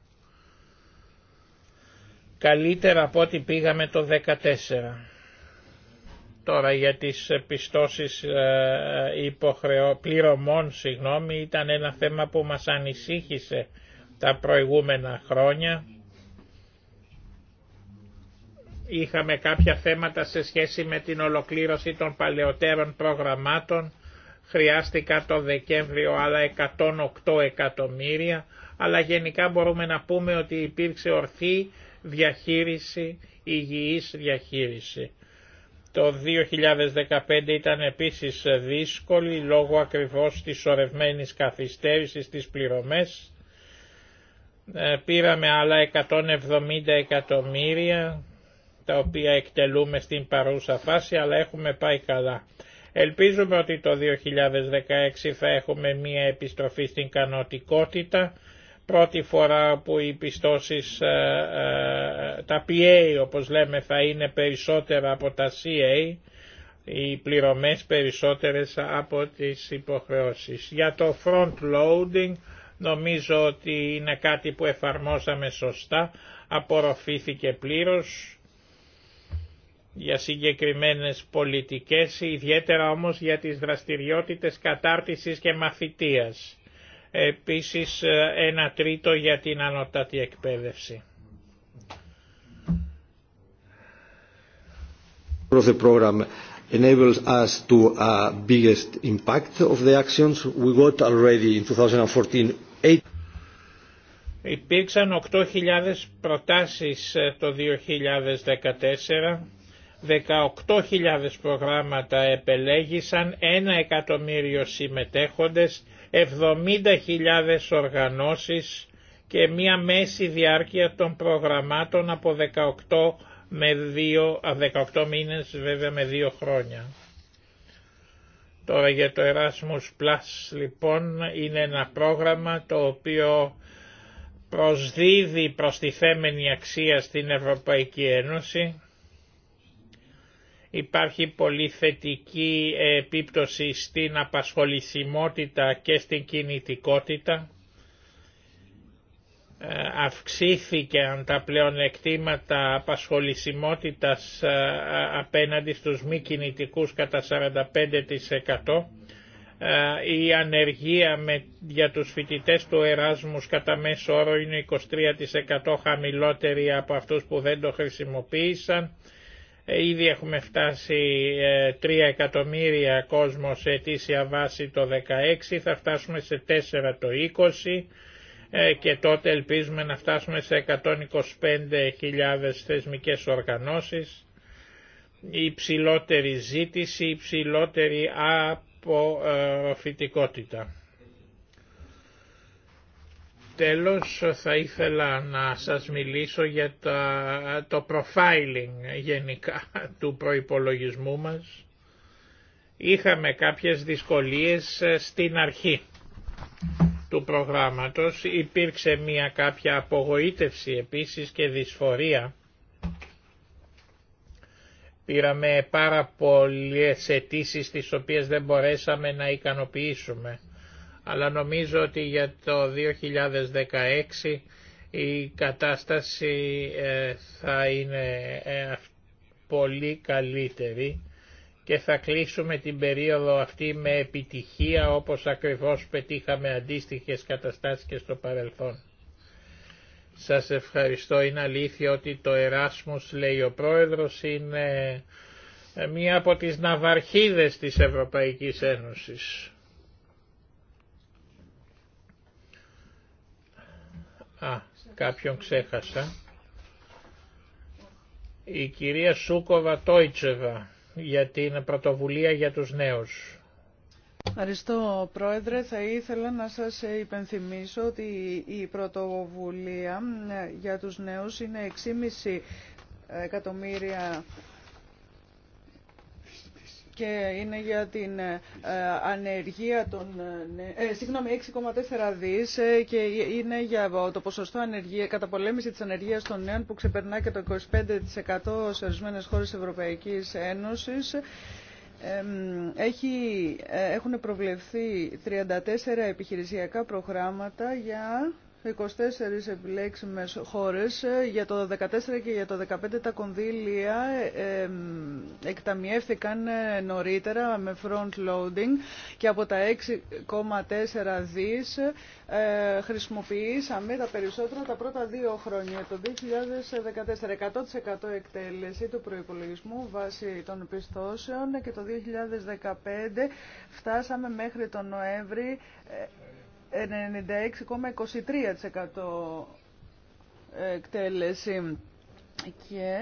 [SPEAKER 1] Καλύτερα από ό,τι πήγαμε το 14. Τώρα για τις πιστώσεις ε, υποχρεω... πληρωμών συγγνώμη, ήταν ένα θέμα που μας ανησύχησε τα προηγούμενα χρόνια. Είχαμε κάποια θέματα σε σχέση με την ολοκλήρωση των παλαιότερων προγραμμάτων. Χρειάστηκα το Δεκέμβριο άλλα 108 εκατομμύρια, αλλά γενικά μπορούμε να πούμε ότι υπήρξε ορθή διαχείριση, υγιής διαχείριση. Το 2015 ήταν επίσης δύσκολη λόγω ακριβώς της σορευμένης καθυστέρησης της πληρωμές. Ε, πήραμε άλλα 170 εκατομμύρια τα οποία εκτελούμε στην παρούσα φάση αλλά έχουμε πάει καλά. Ελπίζουμε ότι το 2016 θα έχουμε μία επιστροφή στην κανοτικότητα πρώτη φορά που οι πιστώσεις, ε, ε, τα PA όπως λέμε θα είναι περισσότερα από τα CA, οι πληρωμές περισσότερες από τις υποχρεώσεις. Για το front loading νομίζω ότι είναι κάτι που εφαρμόσαμε σωστά, απορροφήθηκε πλήρως για συγκεκριμένες πολιτικές, ιδιαίτερα όμως για τις δραστηριότητες κατάρτισης και μαθητείας επίσης ε, ένα τρίτο για την ανώτατη εκπαίδευση.
[SPEAKER 3] The program enables us to uh, biggest impact of the actions we got already in 2014.
[SPEAKER 1] Υπήρξαν 8.000 προτάσεις ε, το 2014 18.000 προγράμματα επελέγησαν, 1 εκατομμύριο συμμετέχοντες, 70.000 οργανώσεις και μία μέση διάρκεια των προγραμμάτων από 18, με 2, 18 μήνες βέβαια με 2 χρόνια. Τώρα για το Erasmus Plus λοιπόν είναι ένα πρόγραμμα το οποίο προσδίδει προστιθέμενη αξία στην Ευρωπαϊκή Ένωση Υπάρχει πολύ θετική επίπτωση στην απασχολησιμότητα και στην κινητικότητα. Ε, Αυξήθηκαν τα εκτήματα απασχολησιμότητας ε, απέναντι στους μη κινητικούς κατά 45%. Ε, η ανεργία για τους φοιτητές του Εράσμους κατά μέσο όρο είναι 23% χαμηλότερη από αυτούς που δεν το χρησιμοποίησαν ε, ήδη έχουμε φτάσει 3 ε, εκατομμύρια κόσμο σε αιτήσια βάση το 16, θα φτάσουμε σε 4 το 20 ε, και τότε ελπίζουμε να φτάσουμε σε 125.000 θεσμικές οργανώσεις. Η υψηλότερη ζήτηση, ψηλότερη υψηλότερη αποφυτικότητα τέλος θα ήθελα να σας μιλήσω για το profiling γενικά του προϋπολογισμού μας. Είχαμε κάποιες δυσκολίες ε, στην αρχή του προγράμματος. Υπήρξε μια κάποια απογοήτευση επίσης και δυσφορία. Πήραμε πάρα πολλές αιτήσει τις οποίες δεν μπορέσαμε να ικανοποιήσουμε αλλά νομίζω ότι για το 2016 η κατάσταση ε, θα είναι ε, πολύ καλύτερη και θα κλείσουμε την περίοδο αυτή με επιτυχία όπως ακριβώς πετύχαμε αντίστοιχες καταστάσεις και στο παρελθόν. Σας ευχαριστώ. Είναι αλήθεια ότι το Εράσμους, λέει ο Πρόεδρος, είναι ε, μία από τις ναυαρχίδες της Ευρωπαϊκής Ένωσης. Α, κάποιον ξέχασα. Η κυρία Σούκοβα Τόιτσεβα για την πρωτοβουλία για τους νέους.
[SPEAKER 2] Ευχαριστώ Πρόεδρε. Θα ήθελα να σας υπενθυμίσω ότι η πρωτοβουλία για τους νέους είναι 6,5 εκατομμύρια και είναι για την ε, ανεργία των... Ε, ναι, ε συγγνώμη, 6,4 δις ε, και είναι για το ποσοστό ανεργία, καταπολέμηση της ανεργίας των νέων που ξεπερνά και το 25% σε ορισμένες χώρες Ευρωπαϊκής Ένωσης. Έχει, έχουν προβλεφθεί 34 επιχειρησιακά προγράμματα για 24 επιλέξιμες χώρες. Ε, για το 2014 και για το 2015 τα κονδύλια ε, εκταμιεύθηκαν ε, νωρίτερα με front loading και από τα 6,4 δις χρησιμοποιήσαμε τα περισσότερα τα πρώτα δύο χρόνια. Το 2014 100% εκτέλεση του προϋπολογισμού βάσει των πιστώσεων και το 2015 φτάσαμε μέχρι τον Νοέμβρη 96,23% εκτέλεση. Και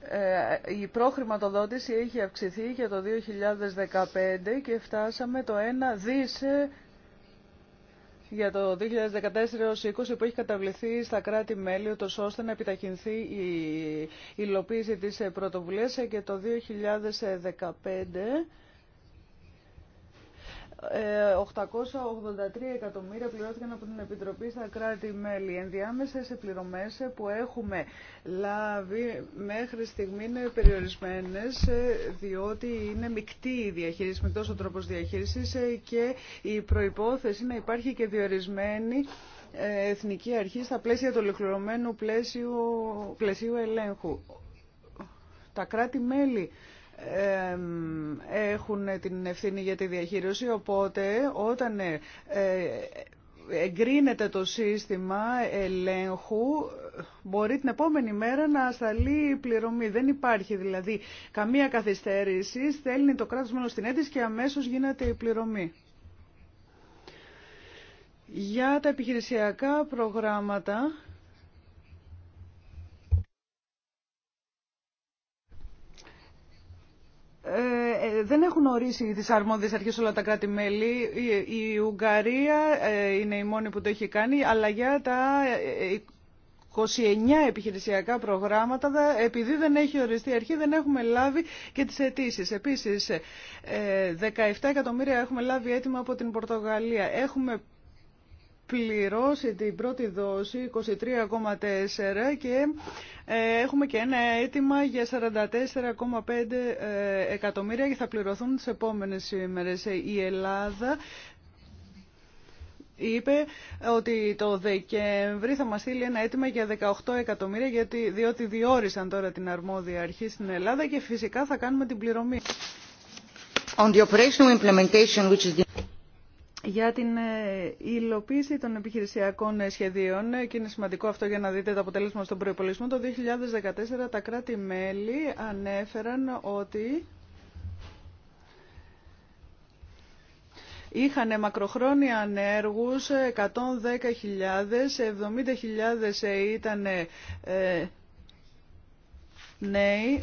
[SPEAKER 2] ε, η προχρηματοδότηση έχει αυξηθεί για το 2015 και φτάσαμε το 1 δις ε, για το 2014 2020 20 που έχει καταβληθεί στα κράτη-μέλη ώστε να επιταχυνθεί η υλοποίηση της πρωτοβουλίας και το 2015 883 ε, εκατομμύρια πληρώθηκαν από την Επιτροπή στα κράτη-μέλη. Ενδιάμεσες πληρωμές που έχουμε λάβει μέχρι στιγμή είναι περιορισμένες ε, διότι είναι μεικτή η διαχείριση, με τόσο τρόπος διαχείρισης ε, και η προϋπόθεση να υπάρχει και διορισμένη εθνική αρχή στα πλαίσια του ολοκληρωμένου πλαίσιου, πλαισίου ελέγχου. Τα κράτη-μέλη έχουν την ευθύνη για τη διαχείριση, οπότε όταν ε, εγκρίνεται το σύστημα ελέγχου, μπορεί την επόμενη μέρα να ασταλεί η πληρωμή. Δεν υπάρχει δηλαδή καμία καθυστέρηση, στέλνει το κράτος μόνο στην αίτηση και αμέσως γίνεται η πληρωμή. Για τα επιχειρησιακά προγράμματα Ε, ε, δεν έχουν ορίσει τις αρμόδιες αρχές όλα τα κράτη-μέλη. Η, Ουγγαρία ε, είναι η μόνη που το έχει κάνει, αλλά για τα 29 επιχειρησιακά προγράμματα, επειδή δεν έχει οριστεί αρχή, δεν έχουμε λάβει και τις αιτήσει. Επίσης, 17 εκατομμύρια έχουμε λάβει έτοιμα από την Πορτογαλία. Έχουμε πληρώσει την πρώτη δόση 23,4 και ε, έχουμε και ένα αίτημα για 44,5 ε, εκατομμύρια και θα πληρωθούν τις επόμενες ημέρες. Ε, η Ελλάδα είπε ότι το Δεκέμβρη θα μας στείλει ένα αίτημα για 18 εκατομμύρια γιατί, διότι διόρισαν τώρα την αρμόδια αρχή στην Ελλάδα και φυσικά θα κάνουμε την πληρωμή. On the για την ε, υλοποίηση των επιχειρησιακών ε, σχεδίων ε, και είναι σημαντικό αυτό για να δείτε το αποτέλεσμα στον προπολογισμό. Το 2014 τα κράτη-μέλη ανέφεραν ότι είχαν μακροχρόνια ανέργους 110.000, 70.000 ήταν νέοι,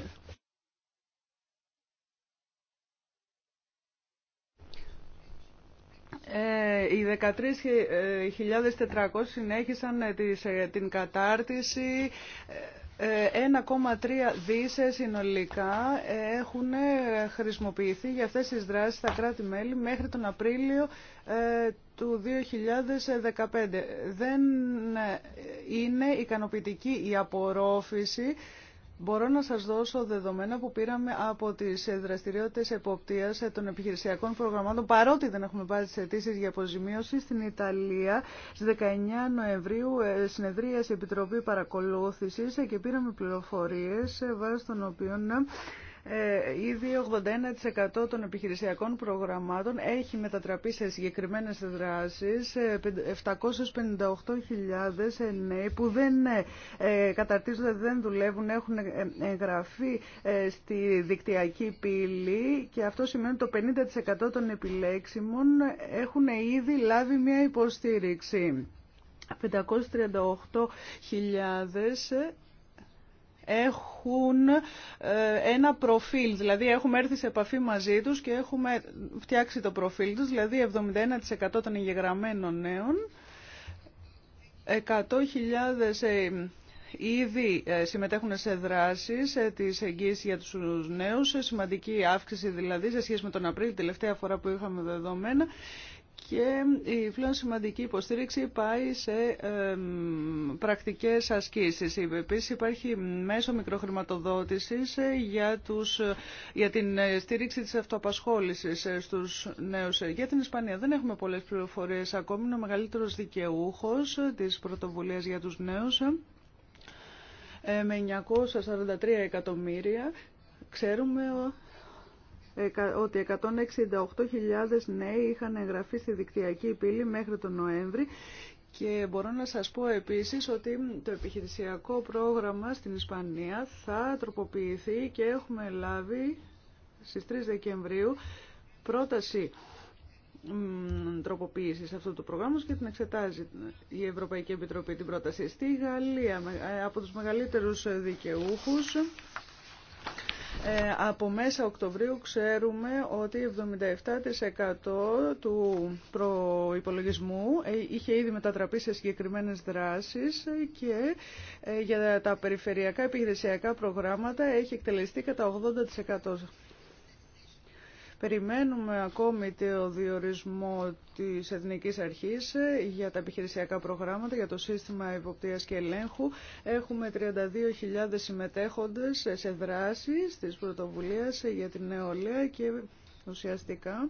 [SPEAKER 2] Ε, οι 13.400 ε, συνέχισαν ε, την κατάρτιση. 1,3 δίσε συνολικά έχουν χρησιμοποιηθεί για αυτές τις δράσεις στα κράτη-μέλη μέχρι τον Απρίλιο του 2015. Δεν είναι ικανοποιητική η απορρόφηση Μπορώ να σας δώσω δεδομένα που πήραμε από τις δραστηριότητες εποπτείας των επιχειρησιακών προγραμμάτων, παρότι δεν έχουμε πάρει τις αιτήσει για αποζημίωση στην Ιταλία. Στις 19 Νοεμβρίου ε, συνεδρίασε η Επιτροπή Παρακολούθησης και πήραμε πληροφορίες ε, βάσει των οποίων ε, ε, ήδη 81% των επιχειρησιακών προγραμμάτων έχει μετατραπεί σε συγκεκριμένες δράσεις 758.000 ε, νέοι που δεν ε, καταρτίζονται, δεν δουλεύουν, έχουν εγγραφεί στη δικτυακή πύλη και αυτό σημαίνει ότι το 50% των επιλέξιμων έχουν ήδη λάβει μια υποστήριξη. 538.000 έχουν ε, ένα προφίλ, δηλαδή έχουμε έρθει σε επαφή μαζί τους και έχουμε φτιάξει το προφίλ τους, δηλαδή 71% των εγγεγραμμένων νέων, 100.000 ε, Ήδη ε, συμμετέχουν σε δράσεις της εγγύησης για τους νέους, σημαντική αύξηση δηλαδή σε σχέση με τον Απρίλιο, τελευταία φορά που είχαμε δεδομένα και η πλέον σημαντική υποστήριξη πάει σε πρακτικές ασκήσεις. Επίσης υπάρχει μέσο μικροχρηματοδότησης ε, για, τους, ε, για την ε, στήριξη της αυτοαπασχόλησης στους νέους. Για την Ισπανία δεν έχουμε πολλές πληροφορίες ακόμη. Είναι ο μεγαλύτερος δικαιούχος της πρωτοβουλίας για τους νέους με 943 εκατομμύρια. Ξέρουμε ότι 168.000 νέοι είχαν εγγραφεί στη δικτυακή πύλη μέχρι τον Νοέμβρη και μπορώ να σας πω επίσης ότι το επιχειρησιακό πρόγραμμα στην Ισπανία θα τροποποιηθεί και έχουμε λάβει στις 3 Δεκεμβρίου πρόταση τροποποίηση αυτού του προγράμματος και την εξετάζει η Ευρωπαϊκή Επιτροπή την πρόταση στη Γαλλία ε, από τους μεγαλύτερους δικαιούχους ε, από μέσα Οκτωβρίου ξέρουμε ότι 77% του προϋπολογισμού ε, είχε ήδη μετατραπεί σε συγκεκριμένες δράσεις και ε, για τα περιφερειακά επιχειρησιακά προγράμματα έχει εκτελεστεί κατά 80%. Περιμένουμε ακόμη το διορισμό της Εθνικής Αρχής για τα επιχειρησιακά προγράμματα, για το σύστημα υποπτίας και ελέγχου. Έχουμε 32.000 συμμετέχοντες σε δράσεις της πρωτοβουλίες για την νεολαία και ουσιαστικά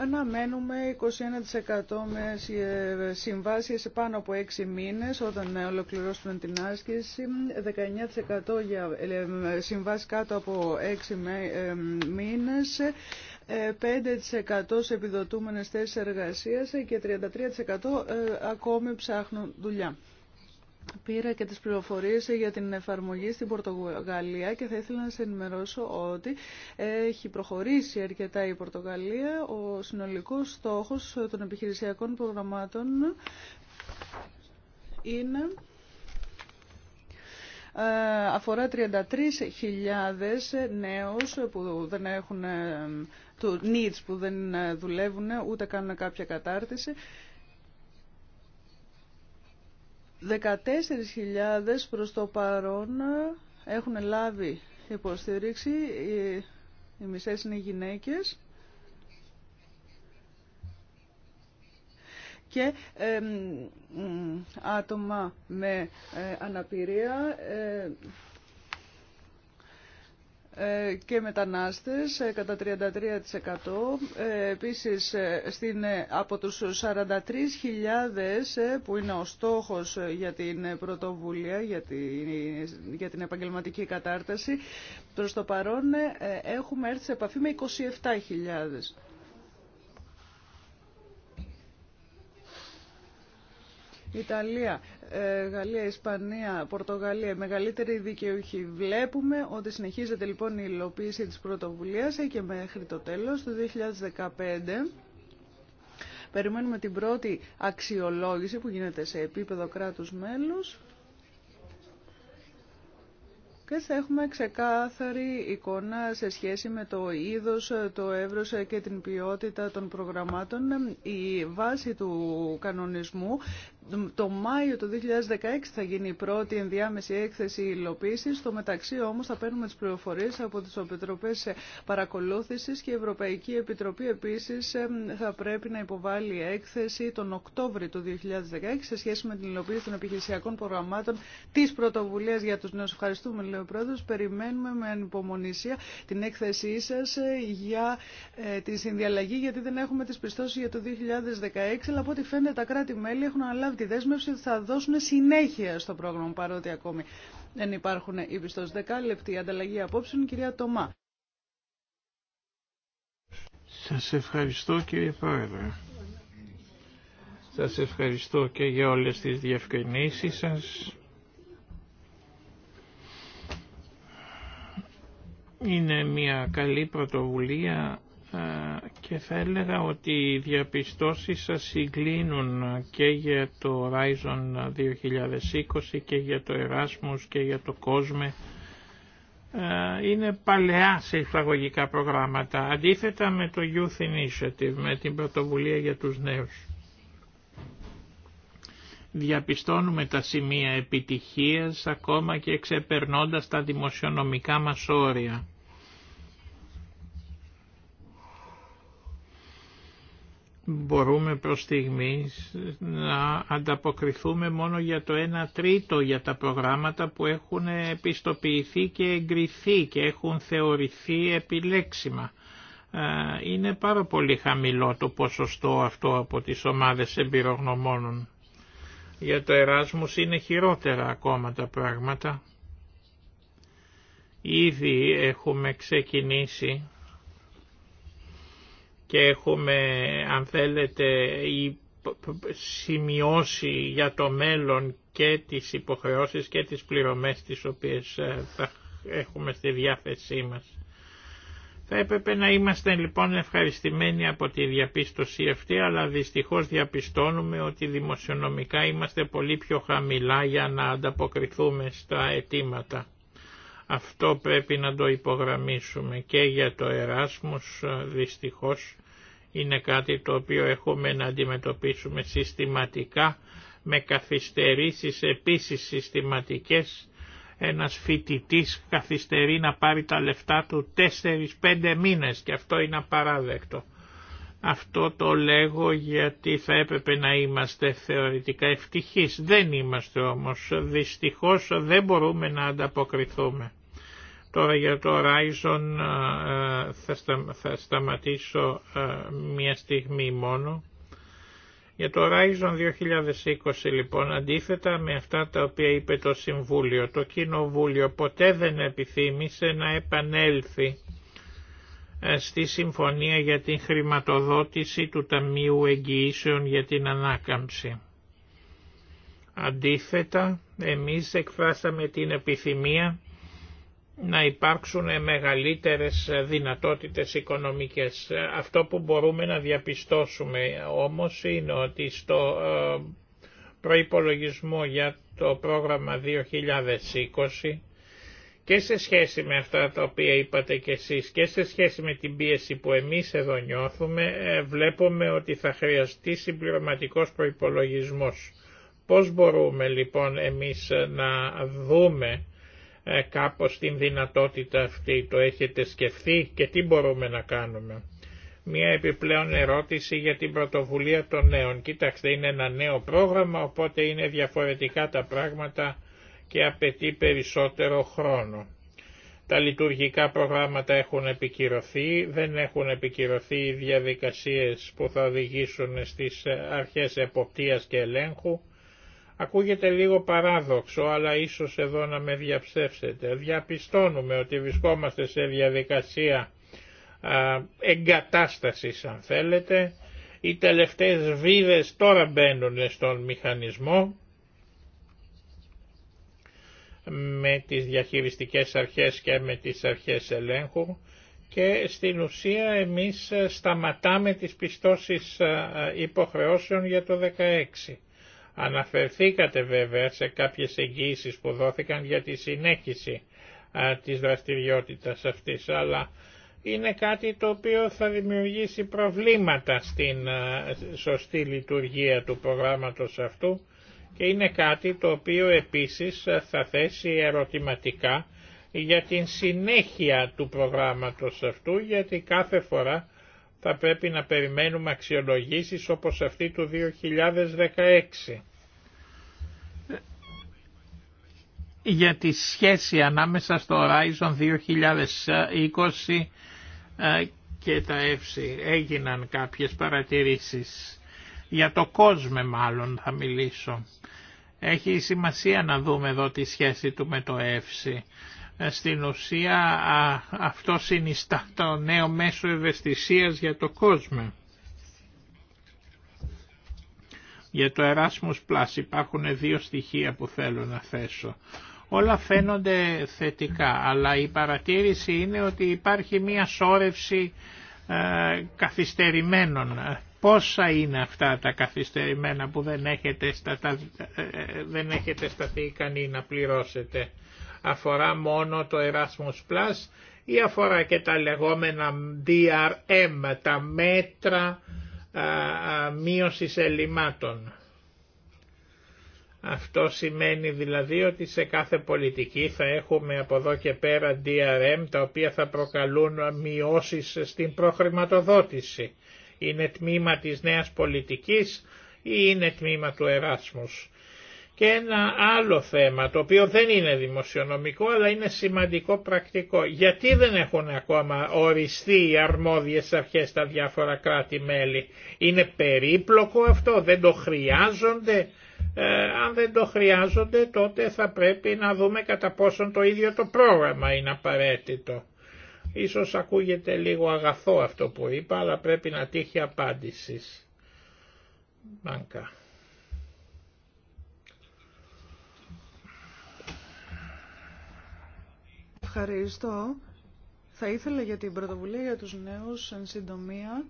[SPEAKER 2] Αναμένουμε 21% με ε, συμβάσεις πάνω από 6 μήνες όταν ε, ολοκληρώσουν την άσκηση, 19% για ε, συμβάσεις κάτω από 6 μήνες, 5% σε επιδοτούμενες θέσεις εργασίας και 33% ακόμη ψάχνουν δουλειά πήρα και τις πληροφορίες για την εφαρμογή στην Πορτογαλία και θα ήθελα να σε ενημερώσω ότι έχει προχωρήσει αρκετά η Πορτογαλία. Ο συνολικός στόχος των επιχειρησιακών προγραμμάτων είναι ε, αφορά 33.000 νέους που δεν έχουν ε, needs που δεν δουλεύουν ούτε κάνουν κάποια κατάρτιση 14.000 προς το παρόν έχουν λάβει υποστήριξη, οι, οι μισές είναι οι γυναίκες. και άτομα με ε, αναπηρία ε, και μετανάστες ε, κατά 33%. Ε, επίσης ε, στην, από τους 43.000 που είναι ο στόχος για την πρωτοβουλία, για την, για την επαγγελματική κατάρταση, προς το παρόν έχουμε έρθει σε επαφή με 27.000. Ιταλία, ε, Γαλλία, Ισπανία, Πορτογαλία, μεγαλύτερη δικαιούχοι. Βλέπουμε ότι συνεχίζεται λοιπόν η υλοποίηση της πρωτοβουλίας ε, και μέχρι το τέλος του 2015 Περιμένουμε την πρώτη αξιολόγηση που γίνεται σε επίπεδο κράτους μέλους και θα έχουμε ξεκάθαρη εικόνα σε σχέση με το είδος, το εύρος και την ποιότητα των προγραμμάτων. Η βάση του κανονισμού το Μάιο του 2016 θα γίνει η πρώτη ενδιάμεση έκθεση υλοποίηση. Στο μεταξύ όμω θα παίρνουμε τι πληροφορίε από τι Επιτροπές παρακολούθηση και η Ευρωπαϊκή Επιτροπή επίση θα πρέπει να υποβάλει έκθεση τον Οκτώβριο του 2016 σε σχέση με την υλοποίηση των επιχειρησιακών προγραμμάτων τη πρωτοβουλία για του νέου Ευχαριστούμε, λέει ο Περιμένουμε με ανυπομονησία την έκθεσή σα ε, για ε, τη συνδιαλλαγή γιατί δεν έχουμε τι πιστώσει για το 2016 αλλά από ό,τι φαίνεται τα κράτη-μέλη έχουν αναλάβει τη δέσμευση θα δώσουν συνέχεια στο πρόγραμμα, παρότι ακόμη δεν υπάρχουν πιστός. Δεκάλεπτη ανταλλαγή απόψεων, κυρία Τομά.
[SPEAKER 1] Σας ευχαριστώ κύριε Πρόεδρε. Σας ευχαριστώ και για όλες τις διευκρινήσεις σας. Είναι μια καλή πρωτοβουλία και θα έλεγα ότι οι διαπιστώσεις σας συγκλίνουν και για το Horizon 2020 και για το Erasmus και για το COSME. Είναι παλαιά σε εισαγωγικά προγράμματα, αντίθετα με το Youth Initiative, με την πρωτοβουλία για τους νέους. Διαπιστώνουμε τα σημεία επιτυχίας ακόμα και ξεπερνώντας τα δημοσιονομικά μας όρια. μπορούμε προς στιγμής να ανταποκριθούμε μόνο για το 1 τρίτο για τα προγράμματα που έχουν επιστοποιηθεί και εγκριθεί και έχουν θεωρηθεί επιλέξιμα. Ε, είναι πάρα πολύ χαμηλό το ποσοστό αυτό από τις ομάδες εμπειρογνωμόνων. Για το Εράσμους είναι χειρότερα ακόμα τα πράγματα. Ήδη έχουμε ξεκινήσει και έχουμε αν θέλετε σημειώσει για το μέλλον και τις υποχρεώσεις και τις πληρωμές τις οποίες ε, θα έχουμε στη διάθεσή μας. Θα έπρεπε να είμαστε λοιπόν ευχαριστημένοι από τη διαπίστωση αυτή, αλλά δυστυχώς διαπιστώνουμε ότι δημοσιονομικά είμαστε πολύ πιο χαμηλά για να ανταποκριθούμε στα αιτήματα. Αυτό πρέπει να το υπογραμμίσουμε και για το Εράσμους δυστυχώς είναι κάτι το οποίο έχουμε να αντιμετωπίσουμε συστηματικά με καθυστερήσεις επίσης συστηματικές. Ένας φοιτητής καθυστερεί να πάρει τα λεφτά του 4-5 μήνες και αυτό είναι απαράδεκτο. Αυτό το λέγω γιατί θα έπρεπε να είμαστε θεωρητικά ευτυχείς. Δεν είμαστε όμως. Δυστυχώς δεν μπορούμε να ανταποκριθούμε. Τώρα για το Horizon ε, ε, θα, σταματήσω ε, μια στιγμή μόνο. Για το Horizon 2020 λοιπόν, αντίθετα με αυτά τα οποία είπε το Συμβούλιο, το Κοινοβούλιο ποτέ δεν επιθύμησε να επανέλθει στη Συμφωνία για την Χρηματοδότηση του Ταμείου Εγγυήσεων για την Ανάκαμψη. Αντίθετα, εμείς εκφράσαμε την επιθυμία να υπάρξουν μεγαλύτερες δυνατότητες οικονομικές. Αυτό που μπορούμε να διαπιστώσουμε όμως είναι ότι στο ε, προϋπολογισμό για το πρόγραμμα 2020 και σε σχέση με αυτά τα οποία είπατε και εσείς και σε σχέση με την πίεση που εμείς εδώ νιώθουμε ε, βλέπουμε ότι θα χρειαστεί συμπληρωματικός προϋπολογισμός. Πώς μπορούμε λοιπόν εμείς να δούμε ε, κάπως την δυνατότητα αυτή. Το έχετε σκεφτεί και τι μπορούμε να κάνουμε. Μία επιπλέον ερώτηση για την πρωτοβουλία των νέων. Κοίταξτε είναι ένα νέο πρόγραμμα οπότε είναι διαφορετικά τα πράγματα και απαιτεί περισσότερο χρόνο. Τα λειτουργικά προγράμματα έχουν επικυρωθεί, δεν έχουν επικυρωθεί οι διαδικασίες που θα οδηγήσουν στις αρχές εποπτείας και ελέγχου Ακούγεται λίγο παράδοξο, αλλά ίσως εδώ να με διαψεύσετε. Διαπιστώνουμε ότι βρισκόμαστε σε διαδικασία εγκατάστασης, αν θέλετε. Οι τελευταίες βίδες τώρα μπαίνουν στον μηχανισμό με τις διαχειριστικές αρχές και με τις αρχές ελέγχου και στην ουσία εμείς σταματάμε τις πιστώσεις υποχρεώσεων για το 16. Αναφερθήκατε βέβαια σε κάποιες εγγύησεις που δόθηκαν για τη συνέχιση της δραστηριότητας αυτής, αλλά είναι κάτι το οποίο θα δημιουργήσει προβλήματα στην σωστή λειτουργία του προγράμματος αυτού και είναι κάτι το οποίο επίσης θα θέσει ερωτηματικά για την συνέχεια του προγράμματος αυτού γιατί κάθε φορά θα πρέπει να περιμένουμε αξιολογήσεις όπως αυτή του 2016. Για τη σχέση ανάμεσα στο Horizon 2020 ε, και τα ΕΦΣΗ έγιναν κάποιες παρατηρήσεις. Για το κόσμο μάλλον θα μιλήσω. Έχει σημασία να δούμε εδώ τη σχέση του με το ΕΦΣΗ στην ουσία αυτό συνιστά το νέο μέσο ευαισθησίας για το κόσμο. Για το Erasmus Plus υπάρχουν δύο στοιχεία που θέλω να θέσω. Όλα φαίνονται θετικά, αλλά η παρατήρηση είναι ότι υπάρχει μία σόρευση ε, καθυστερημένων. Πόσα είναι αυτά τα καθυστερημένα που δεν έχετε, στα, ε, ε, δεν έχετε σταθεί ικανοί να πληρώσετε αφορά μόνο το Erasmus Plus ή αφορά και τα λεγόμενα DRM, τα μέτρα μείωσης ελλημάτων. Αυτό σημαίνει δηλαδή ότι σε κάθε πολιτική θα έχουμε από εδώ και πέρα DRM τα οποία θα προκαλούν μειώσεις στην προχρηματοδότηση. Είναι τμήμα της νέας πολιτικής ή είναι τμήμα του Εράσμους. Και ένα άλλο θέμα το οποίο δεν είναι δημοσιονομικό αλλά είναι σημαντικό πρακτικό. Γιατί δεν έχουν ακόμα οριστεί οι αρμόδιες αρχές στα διάφορα κράτη-μέλη. Είναι περίπλοκο αυτό, δεν το χρειάζονται. Ε, αν δεν το χρειάζονται τότε θα πρέπει να δούμε κατά πόσον το ίδιο το πρόγραμμα είναι απαραίτητο. Ίσως ακούγεται λίγο αγαθό αυτό που είπα αλλά πρέπει να τύχει απάντησης.
[SPEAKER 2] Μάνκα. Ευχαριστώ. Θα ήθελα για την πρωτοβουλία για τους νέους, εν συντομία,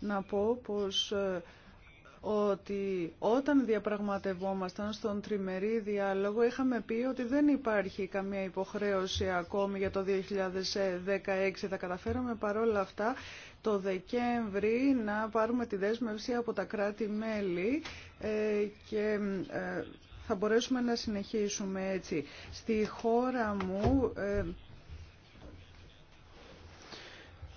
[SPEAKER 2] να πω πως ε, ότι όταν διαπραγματευόμασταν στον τριμερή διάλογο είχαμε πει ότι δεν υπάρχει καμία υποχρέωση ακόμη για το 2016. Θα καταφέραμε παρόλα αυτά το Δεκέμβρη να πάρουμε τη δέσμευση από τα κράτη-μέλη ε, και ε, θα μπορέσουμε να συνεχίσουμε έτσι. Στη χώρα μου... Ε,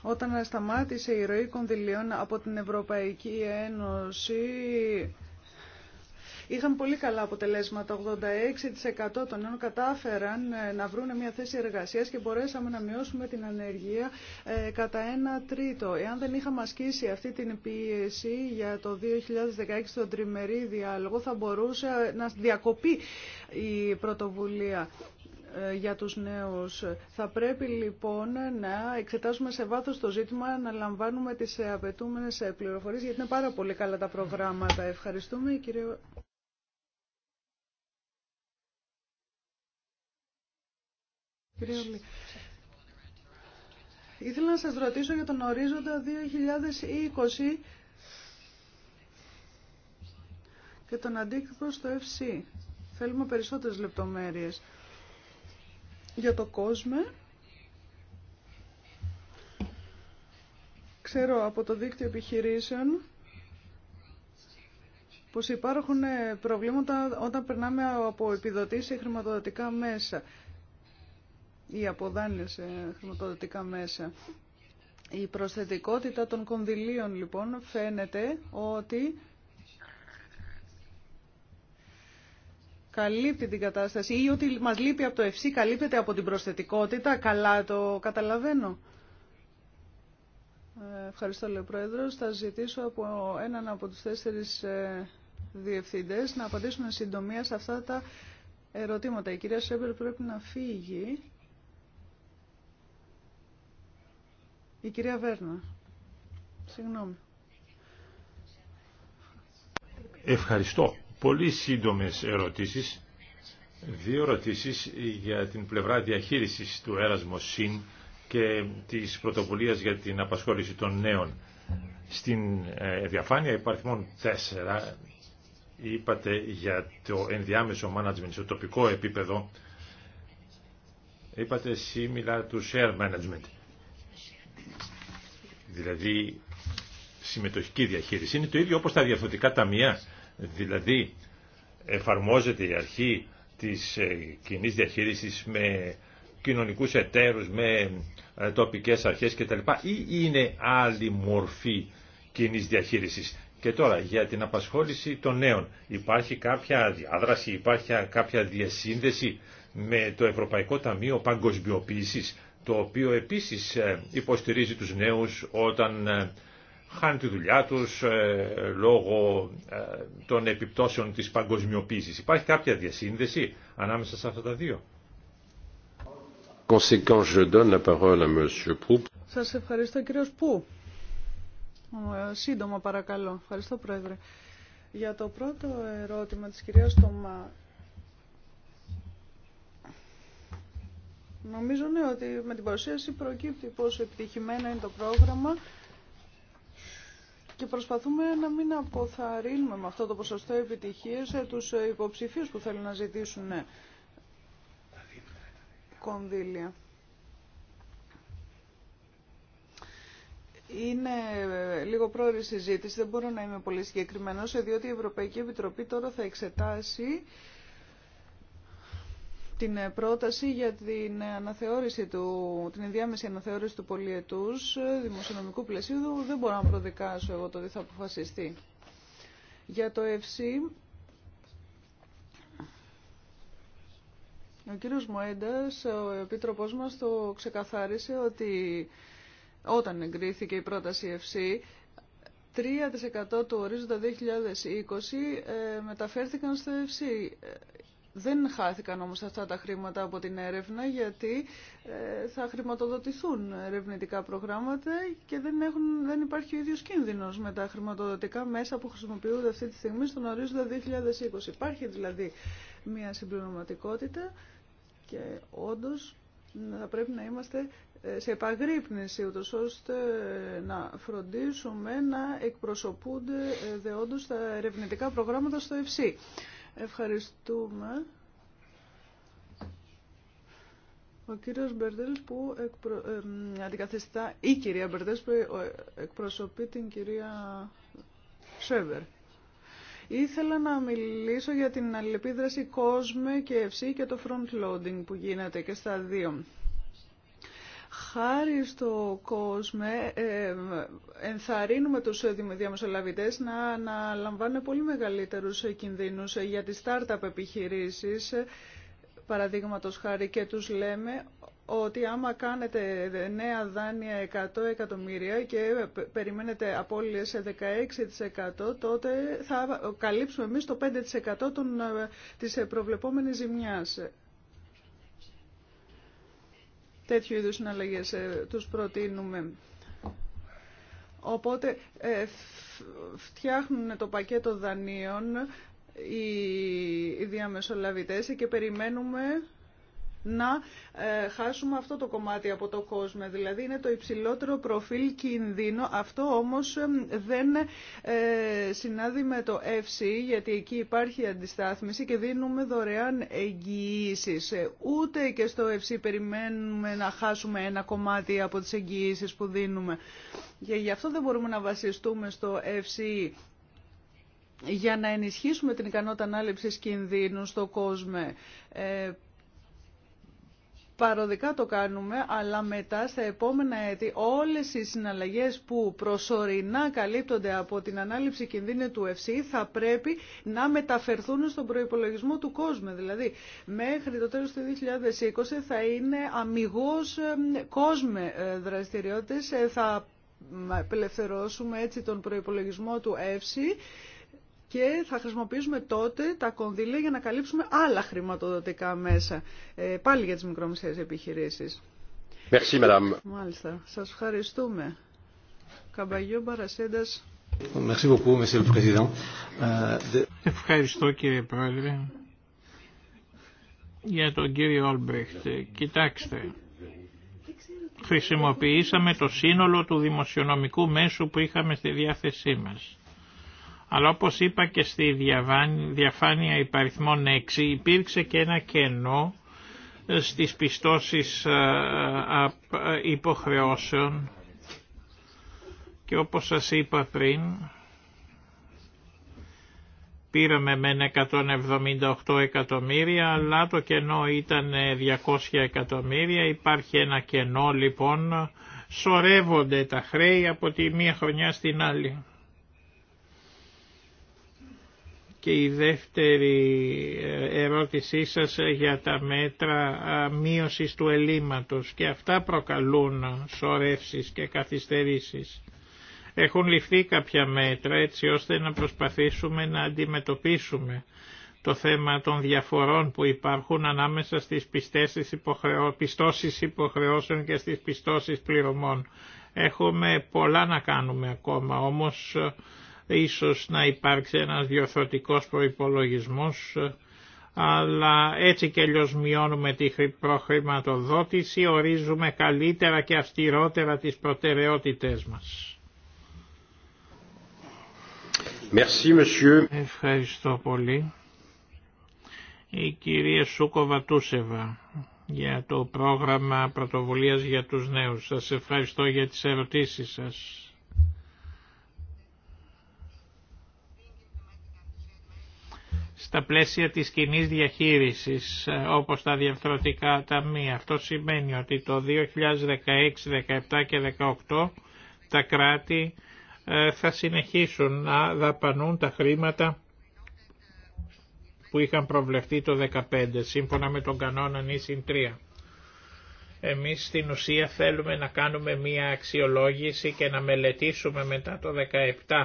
[SPEAKER 2] όταν σταμάτησε η ροή κονδυλίων από την Ευρωπαϊκή Ένωση Είχαν πολύ καλά αποτελέσματα. 86% των νέων κατάφεραν ε, να βρουν μια θέση εργασίας και μπορέσαμε να μειώσουμε την ανεργία ε, κατά ένα τρίτο. Εάν δεν είχαμε ασκήσει αυτή την πίεση για το 2016 στον τριμερή διάλογο θα μπορούσε να διακοπεί η πρωτοβουλία ε, για τους νέους. Θα πρέπει λοιπόν να εξετάσουμε σε βάθος το ζήτημα, να λαμβάνουμε τις απαιτούμενες πληροφορίες, γιατί είναι πάρα πολύ καλά τα προγράμματα. Ευχαριστούμε, κύριε ήθελα να σας ρωτήσω για τον ορίζοντα 2020 και τον αντίκτυπο στο FC. Θέλουμε περισσότερες λεπτομέρειες για το κόσμο. Ξέρω από το δίκτυο επιχειρήσεων πως υπάρχουν προβλήματα όταν περνάμε από επιδοτήσεις χρηματοδοτικά μέσα η αποδάνειες χρηματοδοτικά μέσα. Η προσθετικότητα των κονδυλίων λοιπόν φαίνεται ότι καλύπτει την κατάσταση ή ότι μας λείπει από το ευσύ, καλύπτεται από την προσθετικότητα. Καλά το καταλαβαίνω. Ε, ευχαριστώ, λέει Πρόεδρος. Θα ζητήσω από έναν από τους τέσσερις ε, διευθυντές να απαντήσουν συντομία σε αυτά τα ερωτήματα. Η κυρία την προσθετικοτητα καλα το καταλαβαινω ευχαριστω Λε προεδρος πρέπει να φύγει. Η κυρία Βέρνα. Συγγνώμη.
[SPEAKER 3] Ευχαριστώ. Πολύ σύντομες ερωτήσεις. Δύο ερωτήσεις για την πλευρά διαχείρισης του έρασμου Συν και της πρωτοβουλίας για την απασχόληση των νέων. Στην ε, διαφάνεια υπαριθμών τέσσερα. είπατε για το ενδιάμεσο management στο τοπικό επίπεδο είπατε similar του share management δηλαδή συμμετοχική διαχείριση. Είναι το ίδιο όπως τα διαφορετικά ταμεία, δηλαδή εφαρμόζεται η αρχή της ε, κοινή διαχείρισης με κοινωνικούς εταίρους, με ε, τοπικές αρχές κτλ. Ή είναι άλλη μορφή κοινή διαχείρισης. Και τώρα για την απασχόληση των νέων. Υπάρχει κάποια διάδραση, υπάρχει κάποια διασύνδεση με το Ευρωπαϊκό Ταμείο Παγκοσμιοποίησης το οποίο επίσης ε, υποστηρίζει τους νέους όταν ε, χάνει τη δουλειά τους ε, λόγω των επιπτώσεων της παγκοσμιοποίησης. Υπάρχει κάποια διασύνδεση ανάμεσα σε αυτά τα δύο.
[SPEAKER 2] Σας ευχαριστώ κύριος Πού. Σύντομα παρακαλώ. Ευχαριστώ πρόεδρε. Για το πρώτο ερώτημα της κυρίας Τωμά Νομίζω ναι, ότι με την παρουσίαση προκύπτει πόσο επιτυχημένο είναι το πρόγραμμα και προσπαθούμε να μην αποθαρρύνουμε με αυτό το ποσοστό επιτυχίες ε, τους ε, υποψηφίους που θέλουν να ζητήσουν ε, κονδύλια. Είναι λίγο πρόορη συζήτηση, δεν μπορώ να είμαι πολύ συγκεκριμένος, διότι η Ευρωπαϊκή Επιτροπή τώρα θα εξετάσει την πρόταση για την αναθεώρηση του, την ενδιάμεση αναθεώρηση του πολιετούς δημοσιονομικού πλαισίου δεν μπορώ να προδικάσω εγώ το τι θα αποφασιστεί. Για το ΕΦΣΥ, ο κύριο Μοέντας, ο επίτροπός μας, το ξεκαθάρισε ότι όταν εγκρίθηκε η πρόταση ΕΦΣΥ, 3% του ορίζοντα 2020 ε, μεταφέρθηκαν στο ΕΦΣΥ δεν χάθηκαν όμως αυτά τα χρήματα από την έρευνα γιατί ε, θα χρηματοδοτηθούν ερευνητικά προγράμματα και δεν, έχουν, δεν υπάρχει ο ίδιος κίνδυνος με τα χρηματοδοτικά μέσα που χρησιμοποιούνται αυτή τη στιγμή στον ορίζοντα 2020. Υπάρχει δηλαδή μια συμπληρωματικότητα και όντως θα πρέπει να είμαστε ε, σε επαγρύπνηση ώστε να φροντίσουμε να εκπροσωπούνται ε, δεόντως τα ερευνητικά προγράμματα στο ΕΦΣΥ. Ευχαριστούμε. Ο κύριος Μπερδέλ που εκπρο... ε, αντικαθιστά, η κυρία Μπερδέλ που ε, εκπροσωπεί την κυρία Σέβερ. Ήθελα να μιλήσω για την αλληλεπίδραση κόσμου και ευσύ και το front loading που γίνεται και στα δύο. Χάρη στο κόσμε ενθαρρύνουμε τους διαμεσολαβητές να, να λαμβάνουν πολύ μεγαλύτερους κινδύνους για τις startup επιχειρήσεις, παραδείγματος χάρη, και τους λέμε ότι άμα κάνετε νέα δάνεια 100 εκατομμύρια και περιμένετε απώλειες σε 16% τότε θα καλύψουμε εμείς το 5% των, ε, της προβλεπόμενης ζημιάς τέτοιου είδους συναλλαγές ε, τους προτείνουμε. Οπότε ε, φτιάχνουν το πακέτο δανείων οι διαμεσολαβητές και περιμένουμε να ε, χάσουμε αυτό το κομμάτι από το κόσμο. Δηλαδή είναι το υψηλότερο προφίλ κινδύνο. Αυτό όμως ε, δεν ε, συνάδει με το ΕΦΣΥ γιατί εκεί υπάρχει αντιστάθμιση και δίνουμε δωρεάν εγγυήσει. Ούτε και στο ΕΦΣΥ περιμένουμε να χάσουμε ένα κομμάτι από τις εγγυήσει που δίνουμε. Και γι' αυτό δεν μπορούμε να βασιστούμε στο FC για να ενισχύσουμε την ικανότητα ανάληψης κινδύνου στο κόσμο παροδικά το κάνουμε, αλλά μετά στα επόμενα έτη όλες οι συναλλαγές που προσωρινά καλύπτονται από την ανάληψη κινδύνου του ΕΦΣΥ θα πρέπει να μεταφερθούν στον προϋπολογισμό του κόσμου. Δηλαδή, μέχρι το τέλος του 2020 θα είναι αμυγός ε, κόσμε ε, δραστηριότητες, ε, θα απελευθερώσουμε έτσι τον προϋπολογισμό του ΕΦΣΥ και θα χρησιμοποιήσουμε τότε τα κονδύλια για να καλύψουμε άλλα χρηματοδοτικά μέσα, ε, πάλι για τις μικρομεσαίες επιχειρήσεις. Merci, Μάλιστα. Σας ευχαριστούμε. Καμπαγιό Μπαρασέντας.
[SPEAKER 1] Merci beaucoup, monsieur le président. Ε, Ευχαριστώ κύριε Πρόεδρε. Για τον κύριο Όλμπρεχτ, κοιτάξτε, χρησιμοποιήσαμε το σύνολο του δημοσιονομικού μέσου που είχαμε στη διάθεσή μας αλλά όπως είπα και στη διαφάνεια υπαριθμών 6 υπήρξε και ένα κενό ε, στις πιστώσεις ε, ε, υποχρεώσεων και όπως σας είπα πριν πήραμε με 178 εκατομμύρια αλλά το κενό ήταν 200 εκατομμύρια υπάρχει ένα κενό λοιπόν σορεύονται τα χρέη από τη μία χρονιά στην άλλη. Και η δεύτερη ε, ερώτησή σας για τα μέτρα μείωσης του ελλείμματος και αυτά προκαλούν σωρεύσεις και καθυστερήσεις. Έχουν ληφθεί κάποια μέτρα έτσι ώστε να προσπαθήσουμε να αντιμετωπίσουμε το θέμα των διαφορών που υπάρχουν ανάμεσα στις πιστώσεις υποχρεώ, πιστώσεις υποχρεώσεων και στις πιστώσεις πληρωμών. Έχουμε πολλά να κάνουμε ακόμα, όμως ίσως να υπάρξει ένας διορθωτικός προϋπολογισμός, αλλά έτσι και αλλιώς μειώνουμε τη προχρηματοδότηση, ορίζουμε καλύτερα και αυστηρότερα τις προτεραιότητές μας. Merci, Ευχαριστώ πολύ. Η κυρία Σούκοβα Τούσεβα για το πρόγραμμα πρωτοβουλίας για τους νέους. Σας ευχαριστώ για τις ερωτήσεις σας. στα πλαίσια της κοινή διαχείρισης ε, όπως τα διευθυντικά ταμεία. Αυτό σημαίνει ότι το 2016, 2017 και 18 τα κράτη ε, θα συνεχίσουν να δαπανούν τα χρήματα που είχαν προβλεφτεί το 2015 σύμφωνα με τον κανόνα νήσιν 3. Εμείς στην ουσία θέλουμε να κάνουμε μία αξιολόγηση και να μελετήσουμε μετά το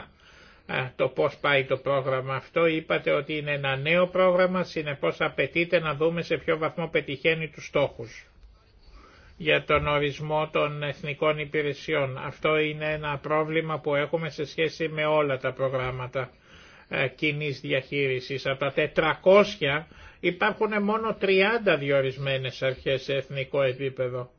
[SPEAKER 1] 2017 το πώς πάει το πρόγραμμα αυτό. Είπατε ότι είναι ένα νέο πρόγραμμα, συνεπώς απαιτείται να δούμε σε ποιο βαθμό πετυχαίνει τους στόχους για τον ορισμό των εθνικών υπηρεσιών. Αυτό είναι ένα πρόβλημα που έχουμε σε σχέση με όλα τα προγράμματα ε, κοινή διαχείρισης. Από τα 400 υπάρχουν μόνο 30 διορισμένες αρχές σε εθνικό επίπεδο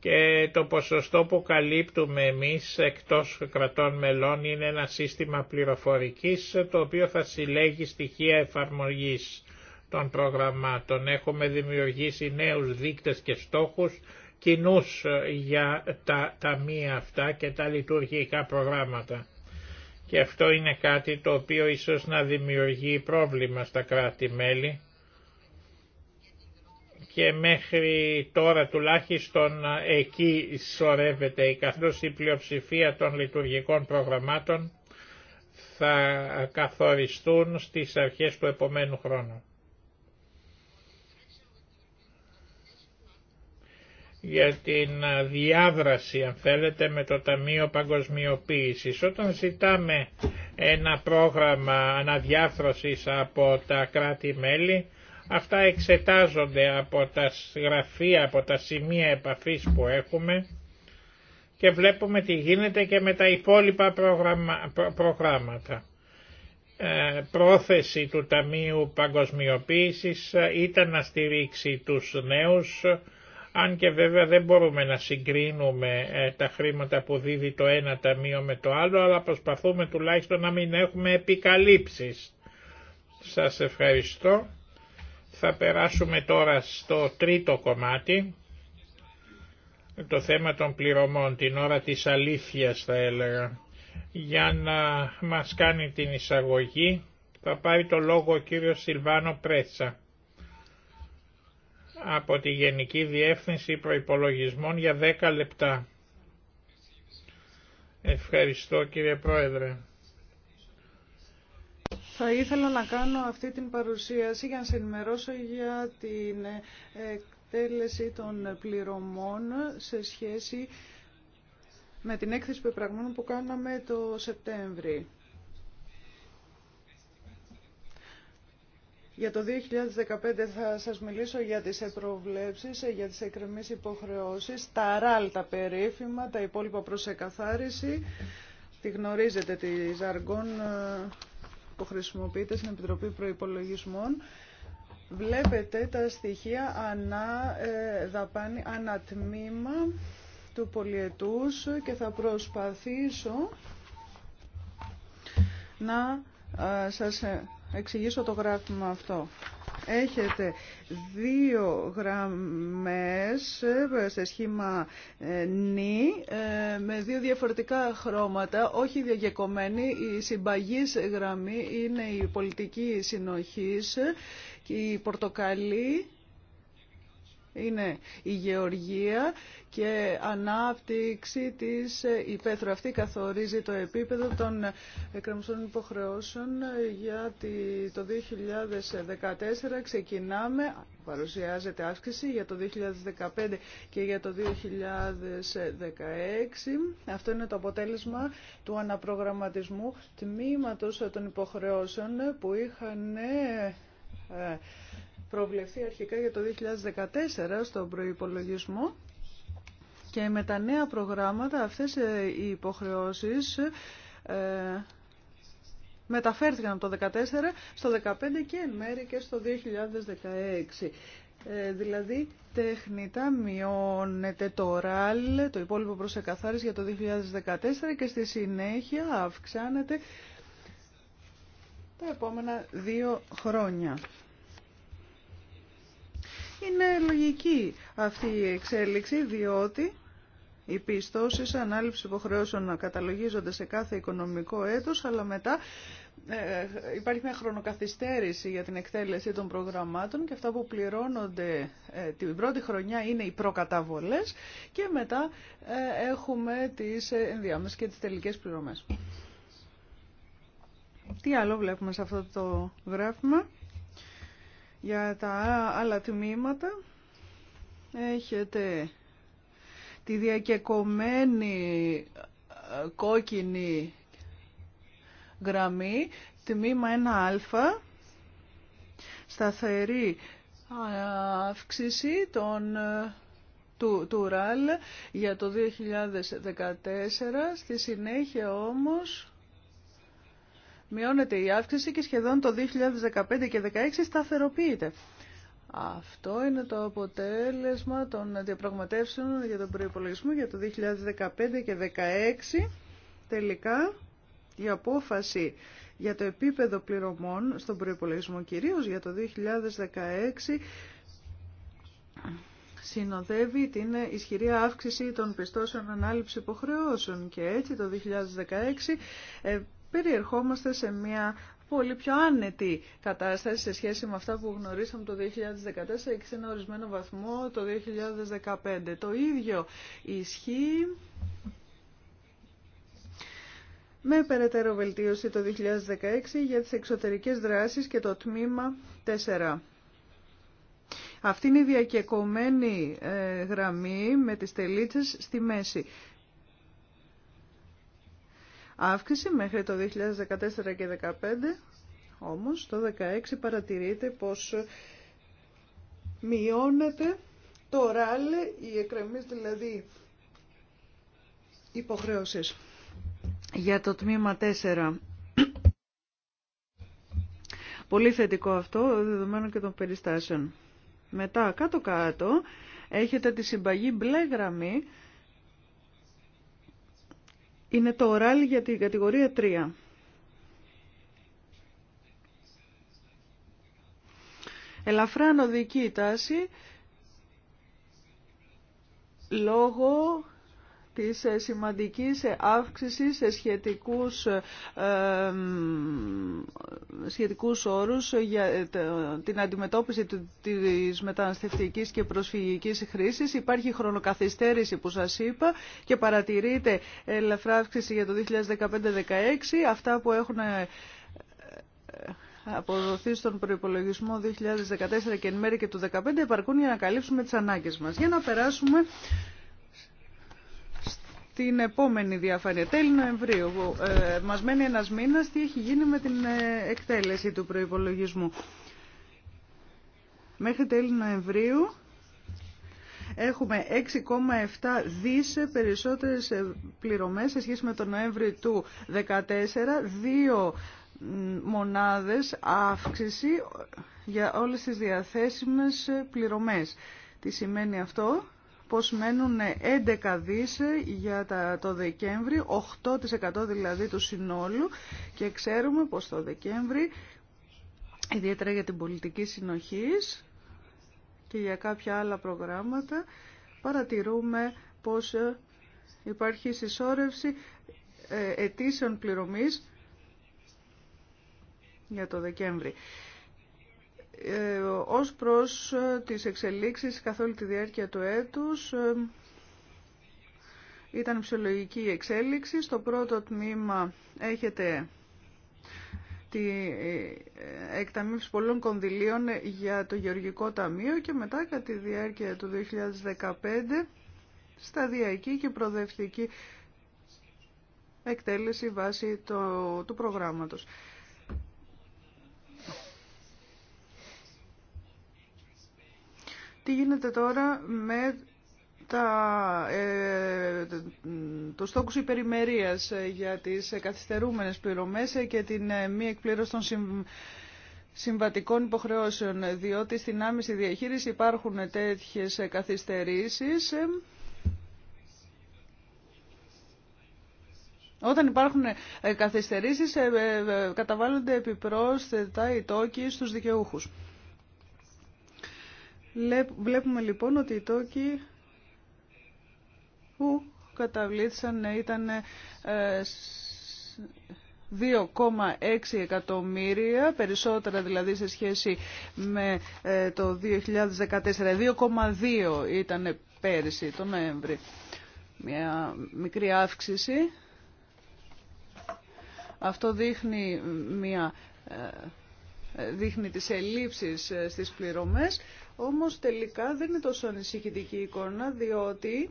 [SPEAKER 1] και το ποσοστό που καλύπτουμε εμείς εκτός κρατών μελών είναι ένα σύστημα πληροφορικής το οποίο θα συλλέγει στοιχεία εφαρμογής των προγραμμάτων. Έχουμε δημιουργήσει νέους δείκτες και στόχους κοινού για τα ταμεία αυτά και τα λειτουργικά προγράμματα. Και αυτό είναι κάτι το οποίο ίσως να δημιουργεί πρόβλημα στα κράτη-μέλη και μέχρι τώρα τουλάχιστον ε, εκεί σωρεύεται η καθώς η πλειοψηφία των λειτουργικών προγραμμάτων θα καθοριστούν στις αρχές του επομένου χρόνου. για την ε, διάδραση αν θέλετε με το Ταμείο Παγκοσμιοποίησης. Όταν ζητάμε ένα πρόγραμμα αναδιάθρωσης από τα κράτη-μέλη Αυτά εξετάζονται από τα γραφεία, από τα σημεία επαφής που έχουμε και βλέπουμε τι γίνεται και με τα υπόλοιπα προγράμματα. Ε, πρόθεση του Ταμείου Παγκοσμιοποίησης ε, ήταν να στηρίξει τους νέους, αν και βέβαια δεν μπορούμε να συγκρίνουμε ε, τα χρήματα που δίδει το ένα ταμείο με το άλλο, αλλά προσπαθούμε τουλάχιστον να μην έχουμε επικαλύψεις. Σας ευχαριστώ. Θα περάσουμε τώρα στο τρίτο κομμάτι, το θέμα των πληρωμών, την ώρα της αλήθειας θα έλεγα. Για να μας κάνει την εισαγωγή θα πάρει το λόγο ο κύριος Σιλβάνο Πρέτσα από τη Γενική Διεύθυνση Προϋπολογισμών για 10 λεπτά. Ευχαριστώ κύριε Πρόεδρε.
[SPEAKER 2] Θα ήθελα να κάνω αυτή την παρουσίαση για να σε ενημερώσω για την εκτέλεση των πληρωμών σε σχέση με την έκθεση πεπραγμένων που κάναμε το Σεπτέμβρη. Για το 2015 θα σας μιλήσω για τις προβλέψεις, για τις εκκρεμίες υποχρεώσεις, τα ράλ, τα περίφημα, τα υπόλοιπα προς εκαθάριση. Τη γνωρίζετε τη Ζαργκόν. Ε, που χρησιμοποιείται στην Επιτροπή Προϋπολογισμών βλέπετε τα στοιχεία ανά ε, δαπάνη, ανατμήμα του πολιετούς και θα προσπαθήσω να ε, σας ε, εξηγήσω το γράφημα αυτό. Έχετε δύο γραμμές ε, σε σχήμα ε, νη ε, με δύο διαφορετικά χρώματα, όχι διαγεκομένη. Η συμπαγής γραμμή είναι η πολιτική συνοχής και η πορτοκαλί είναι η γεωργία και ανάπτυξη της υπαίθρου. Αυτή καθορίζει το επίπεδο των εκκρεμιστών υποχρεώσεων γιατί το 2014. Ξεκινάμε, παρουσιάζεται αύξηση για το 2015 και για το 2016. Αυτό είναι το αποτέλεσμα του αναπρογραμματισμού τμήματος των υποχρεώσεων που είχαν ε, προβλεφθεί αρχικά για το 2014 στον προϋπολογισμό και με τα νέα προγράμματα αυτές ε, οι υποχρεώσεις ε, μεταφέρθηκαν από το 2014 στο 2015 και εν μέρη και στο 2016. Ε, δηλαδή τεχνητά μειώνεται το ραλ, το υπόλοιπο προς εκαθάριση για το 2014 και στη συνέχεια αυξάνεται τα επόμενα δύο χρόνια. Είναι λογική αυτή η εξέλιξη διότι οι πιστώσεις ανάληψη υποχρεώσεων καταλογίζονται σε κάθε οικονομικό έτος, αλλά μετά ε, υπάρχει μια χρονοκαθυστέρηση για την εκτέλεση των προγραμμάτων και αυτά που πληρώνονται ε, την πρώτη χρονιά είναι οι προκαταβολές και μετά ε, έχουμε τις ενδιάμεσες και τις τελικές πληρωμές. Τι άλλο βλέπουμε σε αυτό το γράφημα. Για τα άλλα τμήματα έχετε τη διακεκομένη ε, κόκκινη γραμμή, τμήμα 1α, σταθερή αύξηση των, ε, του, του ΡΑΛ για το 2014. Στη συνέχεια όμως μειώνεται η αύξηση και σχεδόν το 2015 και 2016 σταθεροποιείται. Αυτό είναι το αποτέλεσμα των διαπραγματεύσεων για τον προϋπολογισμό για το 2015 και 2016. Τελικά, η απόφαση για το επίπεδο πληρωμών στον προϋπολογισμό κυρίως για το 2016 συνοδεύει την ισχυρή αύξηση των πιστώσεων ανάληψη υποχρεώσεων και έτσι το 2016 περιερχόμαστε σε μια πολύ πιο άνετη κατάσταση σε σχέση με αυτά που γνωρίσαμε το 2014 και σε ένα ορισμένο βαθμό το 2015. Το ίδιο ισχύει με περαιτέρω βελτίωση το 2016 για τις εξωτερικές δράσεις και το τμήμα 4. Αυτή είναι η διακεκομένη ε, γραμμή με τις τελίτσες στη μέση αύξηση μέχρι το 2014 και 2015. Όμως το 2016 παρατηρείται πως μειώνεται το ράλε οι εκκρεμίες δηλαδή υποχρεώσεις για το τμήμα 4. Πολύ θετικό αυτό, δεδομένου και των περιστάσεων. Μετά, κάτω-κάτω, έχετε τη συμπαγή μπλε γραμμή είναι το οράλι για την κατηγορία 3. Ελαφρά ανωδική η τάση λόγω της σημαντικής αύξησης σε σχετικούς, ε, σχετικούς όρους για την αντιμετώπιση της μεταναστευτικής και προσφυγικής χρήσης. Υπάρχει χρονοκαθυστέρηση που σας είπα και παρατηρείται ελαφρά αύξηση για το 2015-2016. Αυτά που έχουν ε, ε, αποδοθεί στον προϋπολογισμό 2014 και εν μέρη και του 2015 επαρκούν για να καλύψουμε τις ανάγκες μας. Για να περάσουμε την επόμενη διαφάνεια. Τέλη Νοεμβρίου. Ε, μας μένει ένας μήνας τι έχει γίνει με την ε, εκτέλεση του προϋπολογισμού. Μέχρι τέλη Νοεμβρίου έχουμε 6,7 δις περισσότερες ε, πληρωμές σε σχέση με τον Νοέμβρη του 2014, δύο μονάδες αύξηση για όλες τις διαθέσιμες ε, πληρωμές. Τι σημαίνει αυτό? πως μένουν 11 δις για το Δεκέμβρη, 8% δηλαδή του συνόλου και ξέρουμε πως το Δεκέμβρη, ιδιαίτερα για την πολιτική συνοχής και για κάποια άλλα προγράμματα, παρατηρούμε πως ε, υπάρχει συσσόρευση ε, ετήσεων πληρωμής για το Δεκέμβρη. Ε, ως προς ε, τις εξελίξεις καθ' όλη τη διάρκεια του έτους ε, ήταν φυσιολογική η εξέλιξη. Στο πρώτο τμήμα έχετε τη εκταμείωση πολλών κονδυλίων για το Γεωργικό Ταμείο και μετά κατά τη διάρκεια του 2015 σταδιακή και προοδευτική εκτέλεση βάσει του προγράμματος. τι γίνεται τώρα με τα, ε, το στόχο υπερημερίας ε, για τις καθυστερούμενες πληρωμές ε, και την ε, μη εκπλήρωση των συμβατικών υποχρεώσεων, διότι στην άμεση διαχείριση υπάρχουν τέτοιες καθυστερήσεις. Όταν υπάρχουν καθυστερήσεις καταβάλλονται επιπρόσθετα οι τόκοι στους δικαιούχους. Βλέπουμε λοιπόν ότι οι τόκοι που καταβλήθησαν ε, ήταν 2,6 ε, εκατομμύρια, περισσότερα δηλαδή σε σχέση με ε, το 2014. 2,2 ήταν πέρυσι, το Νοέμβρη. Μια μικρή αύξηση. Αυτό δείχνει, μια, δείχνει τις ελλείψεις στις πληρωμές όμως τελικά δεν είναι τόσο ανησυχητική η εικόνα, διότι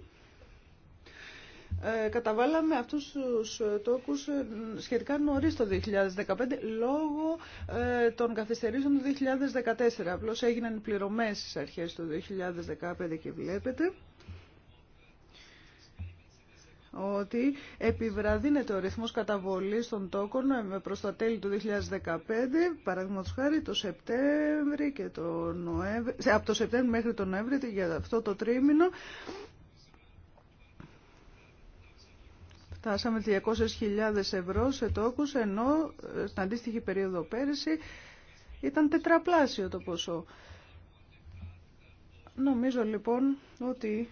[SPEAKER 2] ε, καταβάλαμε αυτούς τους ε, τόκους ε, σχετικά νωρίς το 2015 λόγω των καθυστερήσεων του 2014. Απλώς έγιναν οι πληρωμές στις αρχές του 2015 και βλέπετε ότι επιβραδύνεται ο ρυθμός καταβολής των τόκων ε, προς τα τέλη του 2015, παραδείγματος χάρη το Σεπτέμβρη και το Νοέμβρη, ε, από το Σεπτέμβρη μέχρι τον Νοέμβρη για αυτό το τρίμηνο, φτάσαμε 200.000 ευρώ σε τόκους, ενώ ε, στην αντίστοιχη περίοδο πέρυσι ήταν τετραπλάσιο το ποσό. Νομίζω λοιπόν ότι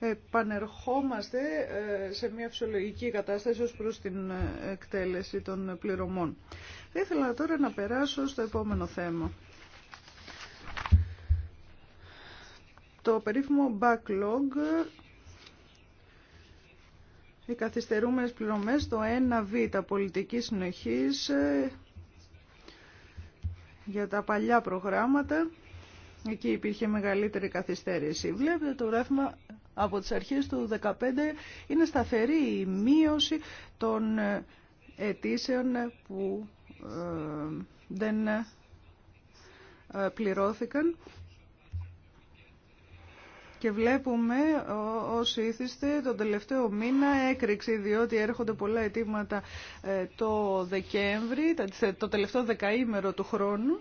[SPEAKER 2] επανερχόμαστε ε, σε μια φυσιολογική κατάσταση ως προς την ε, εκτέλεση των πληρωμών. Θα ήθελα τώρα να περάσω στο επόμενο θέμα. Το περίφημο backlog, οι καθυστερούμενες πληρωμές, το 1β πολιτική συνοχή ε, για τα παλιά προγράμματα. Εκεί υπήρχε μεγαλύτερη καθυστέρηση. Βλέπετε το γράφημα από τις αρχές του 2015 είναι σταθερή η μείωση των ε, αιτήσεων που ε, δεν ε, πληρώθηκαν και βλέπουμε ως ήθιστε τον τελευταίο μήνα έκρηξη διότι έρχονται πολλά αιτήματα το Δεκέμβρη, το τελευταίο δεκαήμερο του χρόνου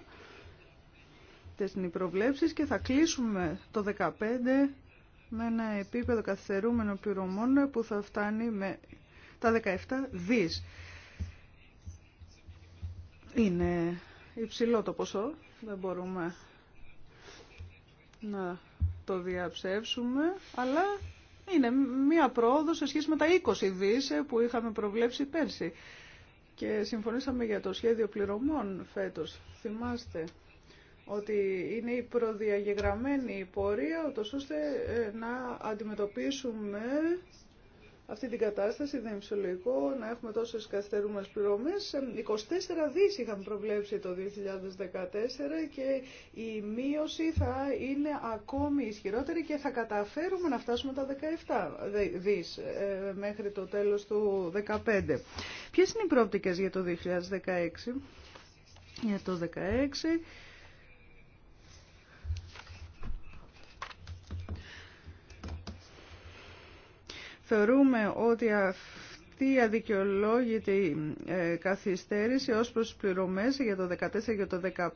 [SPEAKER 2] τις και θα κλείσουμε το 2015 με ένα επίπεδο καθυστερούμενο πληρωμών που θα φτάνει με τα 17 δις. Είναι υψηλό το ποσό, δεν μπορούμε να το διαψεύσουμε, αλλά είναι μία πρόοδο σε σχέση με τα 20 δις που είχαμε προβλέψει πέρσι. Και συμφωνήσαμε για το σχέδιο πληρωμών φέτος, θυμάστε ότι είναι η προδιαγεγραμμένη πορεία, ώστε ε, να αντιμετωπίσουμε αυτή την κατάσταση, δεν είναι να έχουμε τόσες καθυστερούμενες πληρωμές. 24 ε, δις είχαμε προβλέψει το 2014 και η μείωση θα είναι ακόμη ισχυρότερη και θα καταφέρουμε να φτάσουμε τα 17 δις ε, μέχρι το τέλος του 2015. Ποιες είναι οι πρόπτικες για το 2016? Για το 2016 Θεωρούμε ότι αυτή η αδικαιολόγητη ε, καθυστέρηση ως προς πληρωμές για το 2014 και το 2015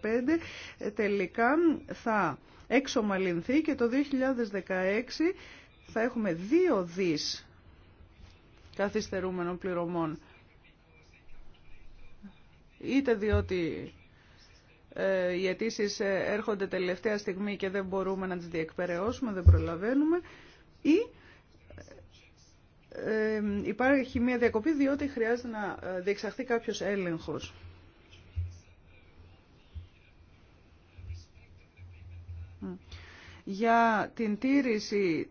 [SPEAKER 2] ε, τελικά θα εξομαλυνθεί και το 2016 θα έχουμε δύο δις καθυστερούμενων πληρωμών. Είτε διότι ε, οι αιτήσει έρχονται τελευταία στιγμή και δεν μπορούμε να τις διεκπαιρεώσουμε, δεν προλαβαίνουμε, ή υπάρχει μια διακοπή διότι χρειάζεται να ε, διεξαχθεί κάποιος έλεγχος. Για την τήρηση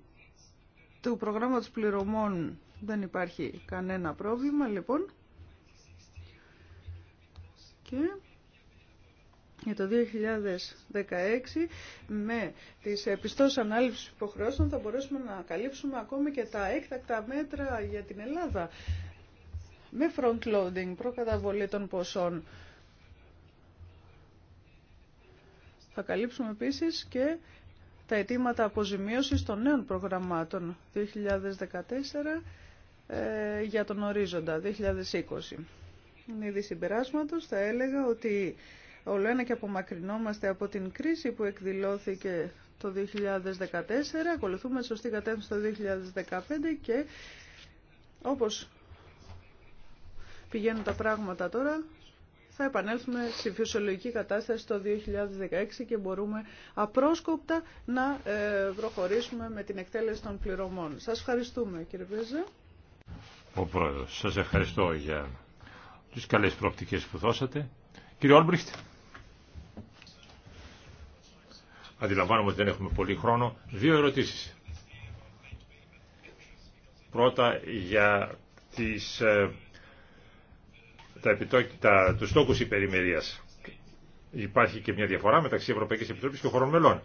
[SPEAKER 2] του προγράμματος πληρωμών δεν υπάρχει κανένα πρόβλημα, λοιπόν. Και για το 2016 με τις ε, πιστώσεις ανάληψης υποχρεώσεων θα μπορέσουμε να καλύψουμε ακόμη και τα έκτακτα μέτρα για την Ελλάδα με front-loading, προκαταβολή των ποσών. Θα καλύψουμε επίσης και τα αιτήματα αποζημίωσης των νέων προγραμμάτων 2014 ε, για τον ορίζοντα 2020. Είναι ήδη συμπεράσματος, θα έλεγα ότι όλο ένα και απομακρυνόμαστε από την κρίση που εκδηλώθηκε το 2014, ακολουθούμε σωστή κατεύθυνση το 2015 και όπως πηγαίνουν τα πράγματα τώρα, θα επανέλθουμε στη φυσιολογική κατάσταση το 2016 και μπορούμε απρόσκοπτα να ε, προχωρήσουμε με την εκτέλεση των πληρωμών. Σας ευχαριστούμε κύριε Βέζε.
[SPEAKER 3] Ο Πρόεδρος, σας ευχαριστώ για τις καλές προοπτικές που δώσατε. Κύριε Όλμπριχτ. Αντιλαμβάνομαι ότι δεν έχουμε πολύ χρόνο. Δύο ερωτήσεις. Πρώτα για τις, ε, τα, επιτόκια τους στόκους υπερημερίας. Υπάρχει και μια διαφορά μεταξύ Ευρωπαϊκής Επιτροπής και χωρών μελών.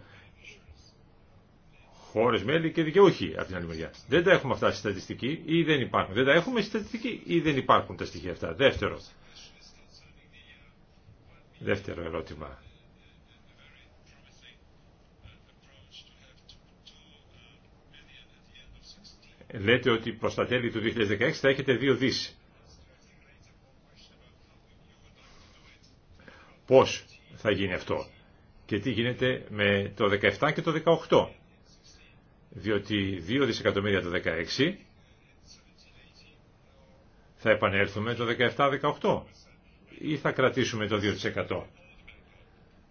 [SPEAKER 3] Χώρε μέλη και δικαιούχοι από την άλλη μεριά. Δεν τα έχουμε αυτά στη στατιστική ή δεν υπάρχουν. Δεν τα έχουμε στη στατιστική ή δεν υπάρχουν τα στοιχεία αυτά. Δεύτερο. Δεύτερο ερώτημα λέτε ότι προς τα τέλη του 2016 θα έχετε δύο δις. Πώς θα γίνει αυτό και τι γίνεται με το 17 και το 18. Διότι 2 δισεκατομμύρια το 16 θα επανέλθουμε το 17-18 ή θα κρατήσουμε το 2%.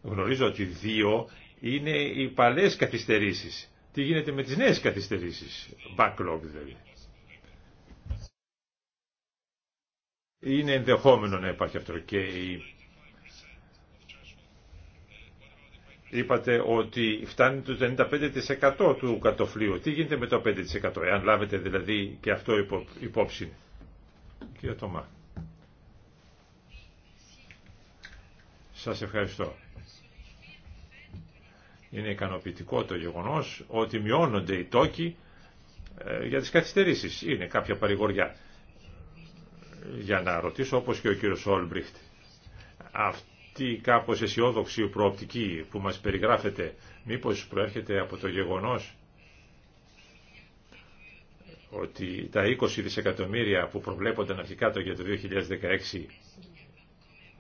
[SPEAKER 3] Γνωρίζω ότι 2 είναι οι παλές καθυστερήσεις τι γίνεται με τις νέες καθυστερήσεις, backlog δηλαδή. Είναι ενδεχόμενο να υπάρχει αυτό και είπατε ότι φτάνει το 95% του κατοφλίου. Τι γίνεται με το 5% εάν λάβετε δηλαδή και αυτό υπόψη. Κύριε Τωμά. Σας ευχαριστώ. Είναι ικανοποιητικό το γεγονός ότι μειώνονται οι τόκοι ε, για τις καθυστερήσεις. Είναι κάποια παρηγοριά. Για να ρωτήσω όπως και ο κύριος Όλμπριχτ. Αυτή η κάπως αισιόδοξη προοπτική που μας περιγράφεται μήπως προέρχεται από το γεγονός ότι τα 20 δισεκατομμύρια που προβλέπονταν αρχικά το για το 2016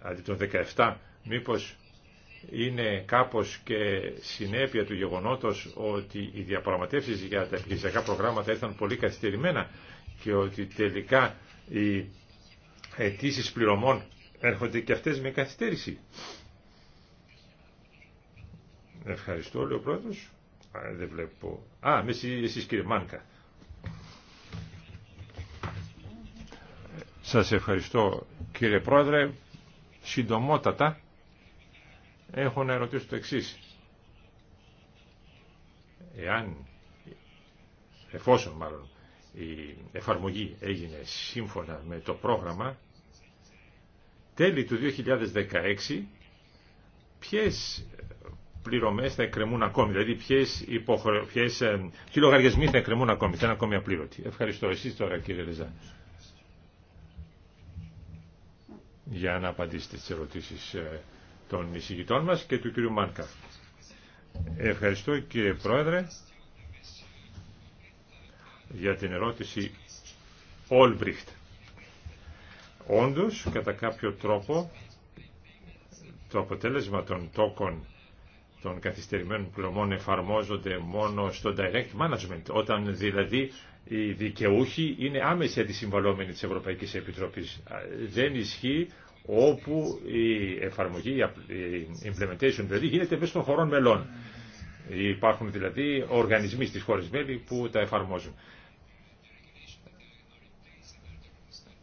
[SPEAKER 3] αντί των 17 μήπως είναι κάπως και συνέπεια του γεγονότος ότι οι διαπραγματεύσεις για τα επιχειρησιακά προγράμματα ήταν πολύ καθυστερημένα και ότι τελικά οι αιτήσει πληρωμών έρχονται και αυτές με καθυστέρηση. Ευχαριστώ, λέει ο πρόεδρος. Α, δεν βλέπω. Α, εσείς κύριε Μάνκα. Σας ευχαριστώ κύριε πρόεδρε. Συντομότατα έχω να ερωτήσω το εξής. Εάν, εφόσον μάλλον, η εφαρμογή έγινε σύμφωνα με το πρόγραμμα, τέλη του 2016, ποιες πληρωμές θα εκκρεμούν ακόμη, δηλαδή ποιες, υποχρε... ποιες ποιοι ε, λογαριασμοί θα εκκρεμούν ακόμη, θα είναι ακόμη απλήρωτοι. Ευχαριστώ εσείς τώρα κύριε Ρεζά. Για να απαντήσετε τις ερωτήσεις ε, των εισηγητών μας και του κύριου Μάνκα. Ευχαριστώ κύριε Πρόεδρε για την ερώτηση Όλμπριχτ. Όντως, κατά κάποιο τρόπο, το αποτέλεσμα των τόκων των καθυστερημένων πλωμών εφαρμόζονται μόνο στο direct management, όταν δηλαδή οι δικαιούχοι είναι άμεση αντισυμβαλόμενοι της Ευρωπαϊκής Επιτροπής. Δεν ισχύει όπου η εφαρμογή, η implementation δηλαδή γίνεται μέσα των χωρών μελών. Υπάρχουν δηλαδή οργανισμοί στις χώρες μέλη που τα εφαρμόζουν.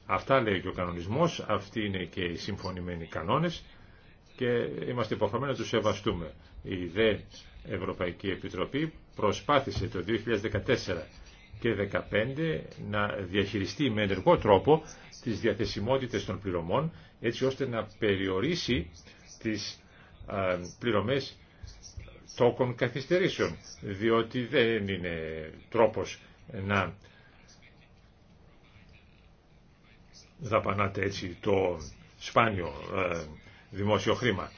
[SPEAKER 3] Αυτά λέει και ο κανονισμός, αυτοί είναι και οι συμφωνημένοι κανόνες και είμαστε υποχρεωμένοι να τους σεβαστούμε. Η δε Ευρωπαϊκή Επιτροπή προσπάθησε το 2014 και 2015 να διαχειριστεί με ενεργό τρόπο τις διαθεσιμότητες των πληρωμών έτσι ώστε να περιορίσει τις πληρωμές τόκων καθυστερήσεων, διότι δεν είναι τρόπος να δαπανάτε έτσι το σπάνιο δημόσιο χρήμα.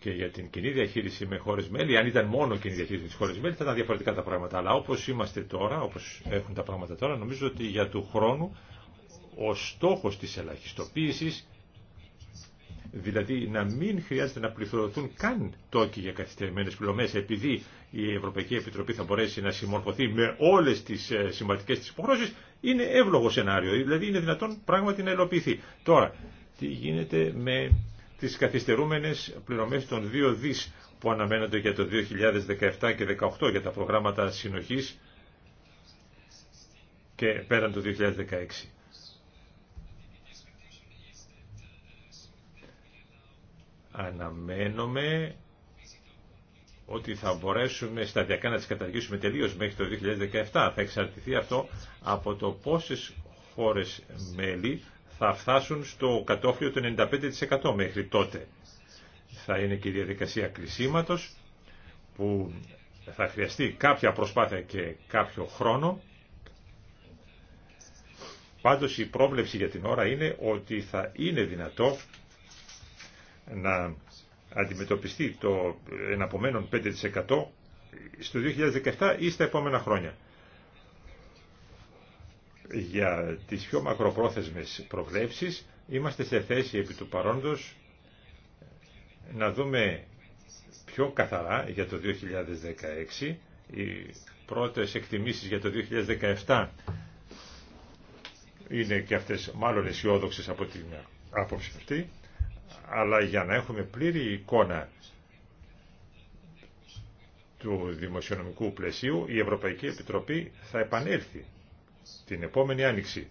[SPEAKER 3] και για την κοινή διαχείριση με χώρε μέλη, αν ήταν μόνο κοινή διαχείριση με μέλη, θα ήταν διαφορετικά τα πράγματα. Αλλά όπως είμαστε τώρα, όπως έχουν τα πράγματα τώρα, νομίζω ότι για του χρόνου ο στόχος της ελαχιστοποίησης, δηλαδή να μην χρειάζεται να πληθωρωθούν καν τόκοι για καθυστερημένες πληρωμές, επειδή η Ευρωπαϊκή Επιτροπή θα μπορέσει να συμμορφωθεί με όλες τις ε, σημαντικές της υποχρώσεις, είναι εύλογο σενάριο, δηλαδή είναι δυνατόν πράγματι να ελοπιθεί Τώρα, τι γίνεται με τις καθυστερούμενες πληρωμές των 2 δις που αναμένονται για το 2017 και 2018 για τα προγράμματα συνοχής και πέραν το 2016. Αναμένουμε ότι θα μπορέσουμε σταδιακά να τις καταργήσουμε τελείως μέχρι το 2017. Θα εξαρτηθεί αυτό από το πόσες χώρες μέλη θα φτάσουν στο κατόφλιο του 95% μέχρι τότε. Θα είναι και η διαδικασία κλεισίματος που θα χρειαστεί κάποια προσπάθεια και κάποιο χρόνο. Πάντως η πρόβλεψη για την ώρα είναι ότι θα είναι δυνατό να αντιμετωπιστεί το εναπομένων 5% στο 2017 ή στα επόμενα χρόνια. Για τις πιο μακροπρόθεσμες προβλέψεις είμαστε σε θέση επί του παρόντος να δούμε πιο καθαρά για το 2016 οι πρώτες εκτιμήσεις για το 2017 είναι και αυτές μάλλον αισιόδοξε από την άποψη αυτή αλλά για να έχουμε πλήρη εικόνα του δημοσιονομικού πλαισίου η Ευρωπαϊκή Επιτροπή θα επανέλθει την επόμενη άνοιξη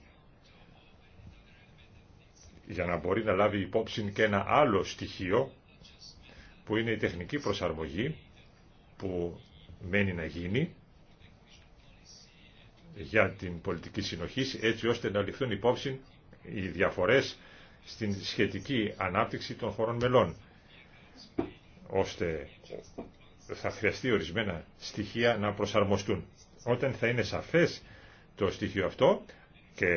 [SPEAKER 3] για να μπορεί να λάβει υπόψη και ένα άλλο στοιχείο που είναι η τεχνική προσαρμογή που μένει να γίνει για την πολιτική συνοχή έτσι ώστε να ληφθούν υπόψη οι διαφορές στην σχετική ανάπτυξη των χωρών μελών, ώστε θα χρειαστεί ορισμένα στοιχεία να προσαρμοστούν. Όταν θα είναι σαφές το στοιχείο αυτό και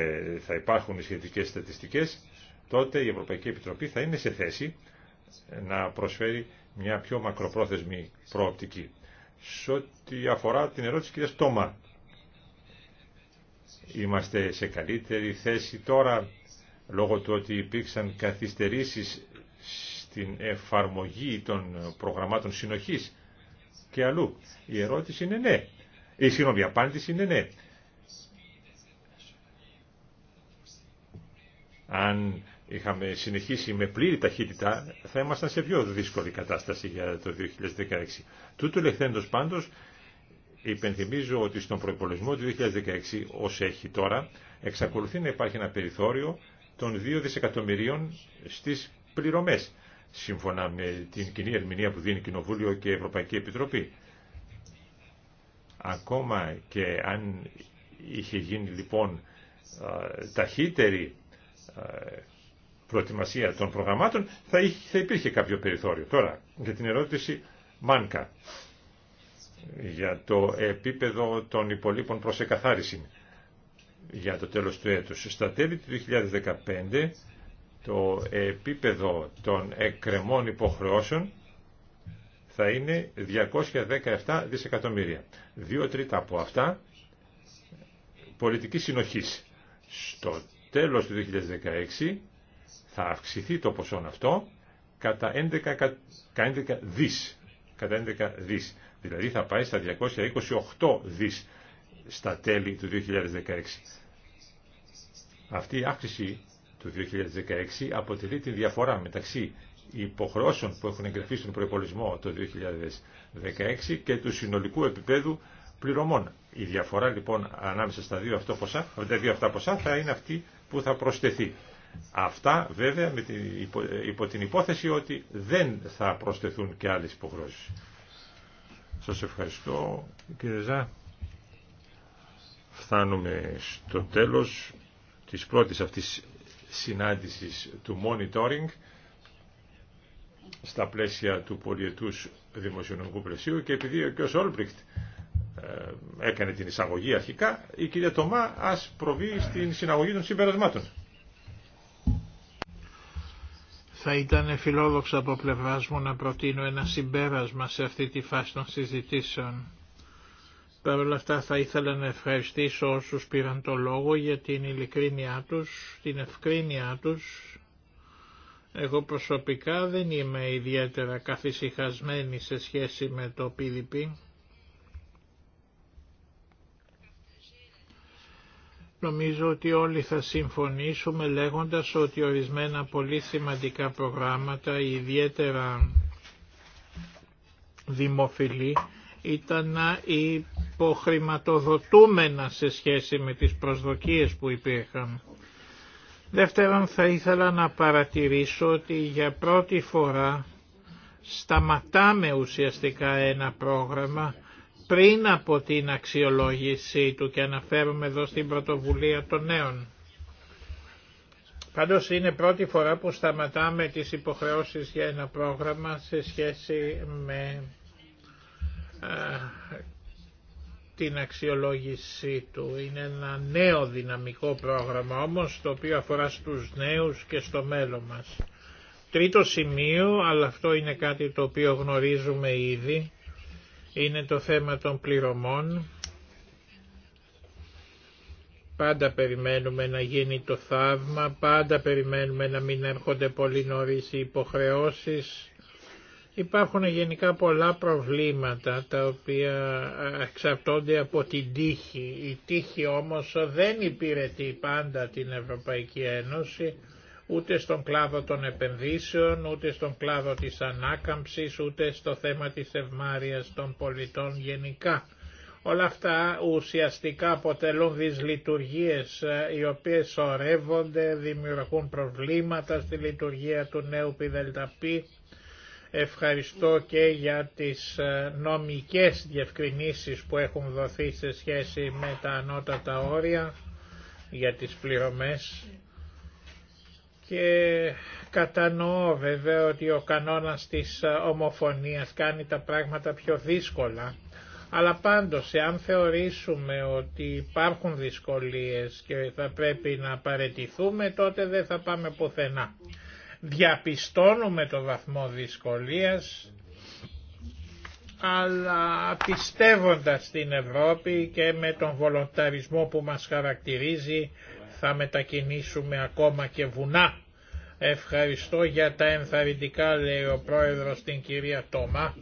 [SPEAKER 3] θα υπάρχουν οι σχετικές στατιστικές, τότε η Ευρωπαϊκή Επιτροπή θα είναι σε θέση να προσφέρει μια πιο μακροπρόθεσμη προοπτική. Σε ό,τι αφορά την ερώτηση κυρίας Τόμα, είμαστε σε καλύτερη θέση τώρα λόγω του ότι υπήρξαν καθυστερήσεις στην εφαρμογή των προγραμμάτων συνοχής και αλλού. Η ερώτηση είναι ναι. Ε, η συγγνώμη, απάντηση είναι ναι. Αν είχαμε συνεχίσει με πλήρη ταχύτητα, θα ήμασταν σε πιο δύσκολη κατάσταση για το 2016. Τούτου λεχθέντος πάντως, υπενθυμίζω ότι στον προϋπολογισμό του 2016, όσο έχει τώρα, εξακολουθεί να υπάρχει ένα περιθώριο των 2 δισεκατομμυρίων στις πληρωμές, σύμφωνα με την κοινή ερμηνεία που δίνει Κοινοβούλιο και Ευρωπαϊκή Επιτροπή. Ακόμα και αν είχε γίνει λοιπόν ταχύτερη προετοιμασία των προγραμμάτων, θα, θα υπήρχε κάποιο περιθώριο. Τώρα, για την ερώτηση Μάνκα, για το επίπεδο των υπολείπων προς εκαθάριση για το τέλος του έτους. Στα τέλη του 2015 το επίπεδο των εκκρεμών υποχρεώσεων θα είναι 217 δισεκατομμύρια. Δύο τρίτα από αυτά πολιτική συνοχής. Στο τέλος του 2016 θα αυξηθεί το ποσό αυτό κατά 11, 11 Κατά 11 δις. Δηλαδή θα πάει στα 228 δις στα τέλη του 2016. Αυτή η αύξηση του 2016 αποτελεί τη διαφορά μεταξύ υποχρεώσεων που έχουν εγγραφεί στον προπολογισμό το 2016 και του συνολικού επίπεδου πληρωμών. Η διαφορά λοιπόν ανάμεσα στα δύο, αυτό ποσά, τα δύο αυτά ποσά θα είναι αυτή που θα προσθεθεί. Αυτά βέβαια με την, υπό, υπό την υπόθεση ότι δεν θα προσθεθούν και άλλες υποχρεώσεις. Σας ευχαριστώ κύριε Ζά. Φτάνουμε στο τέλος της πρώτης αυτής συνάντησης του monitoring στα πλαίσια του πολιετούς δημοσιονομικού πλαισίου και επειδή ο κ. Όλμπριχτ ε, έκανε την εισαγωγή αρχικά, η κυρία Τωμά ας προβεί στην συναγωγή των συμπερασμάτων. Θα ήταν
[SPEAKER 1] φιλόδοξο από πλευρά μου να προτείνω ένα συμπέρασμα σε αυτή τη φάση των συζητήσεων. Παρ' όλα αυτά θα ήθελα να ευχαριστήσω όσους πήραν το λόγο για την ειλικρίνειά τους, την ευκρίνειά τους. Εγώ προσωπικά δεν είμαι ιδιαίτερα καθησυχασμένη σε σχέση με το PDP. Νομίζω ότι όλοι θα συμφωνήσουμε λέγοντας ότι ορισμένα πολύ σημαντικά προγράμματα, ιδιαίτερα δημοφιλή, ήταν υποχρηματοδοτούμενα σε σχέση με τις προσδοκίες που υπήρχαν. Δεύτερον θα ήθελα να παρατηρήσω ότι για πρώτη φορά σταματάμε ουσιαστικά ένα πρόγραμμα πριν από την αξιολόγησή του και αναφέρουμε εδώ στην πρωτοβουλία των νέων. Πάντως είναι πρώτη φορά που σταματάμε τις υποχρεώσεις για ένα πρόγραμμα σε σχέση με ε, την αξιολόγησή του. Είναι ένα νέο δυναμικό πρόγραμμα όμως το οποίο αφορά στους νέους και στο μέλλον μας. Τρίτο σημείο, αλλά αυτό είναι κάτι το οποίο γνωρίζουμε ήδη, είναι το θέμα των πληρωμών. Πάντα περιμένουμε να γίνει το θαύμα, πάντα περιμένουμε να μην έρχονται πολύ νωρίς οι υποχρεώσεις Υπάρχουν γενικά πολλά προβλήματα τα οποία ε, εξαρτώνται από την τύχη. Η τύχη όμως δεν υπηρετεί πάντα την Ευρωπαϊκή Ένωση ούτε στον κλάδο των επενδύσεων, ούτε στον κλάδο της ανάκαμψης, ούτε στο θέμα της ευμάρειας των πολιτών γενικά. Όλα αυτά ουσιαστικά αποτελούν δυσλειτουργίες ε, οι οποίες ορεύονται, δημιουργούν προβλήματα στη λειτουργία του νέου πιδελταπή Ευχαριστώ και για τις ε, νομικές διευκρινήσεις που έχουν δοθεί σε σχέση με τα ανώτατα όρια για τις πληρωμές και κατανοώ βέβαια ότι ο κανόνας της ε, ομοφωνίας κάνει τα πράγματα πιο δύσκολα αλλά πάντως αν θεωρήσουμε ότι υπάρχουν δυσκολίες και θα πρέπει να παρετηθούμε τότε δεν θα πάμε πουθενά διαπιστώνουμε το βαθμό δυσκολίας αλλά πιστεύοντας στην Ευρώπη και με τον βολονταρισμό που μας χαρακτηρίζει θα μετακινήσουμε ακόμα και βουνά. Ευχαριστώ για τα ενθαρρυντικά λέει ο πρόεδρος την κυρία Τόμα.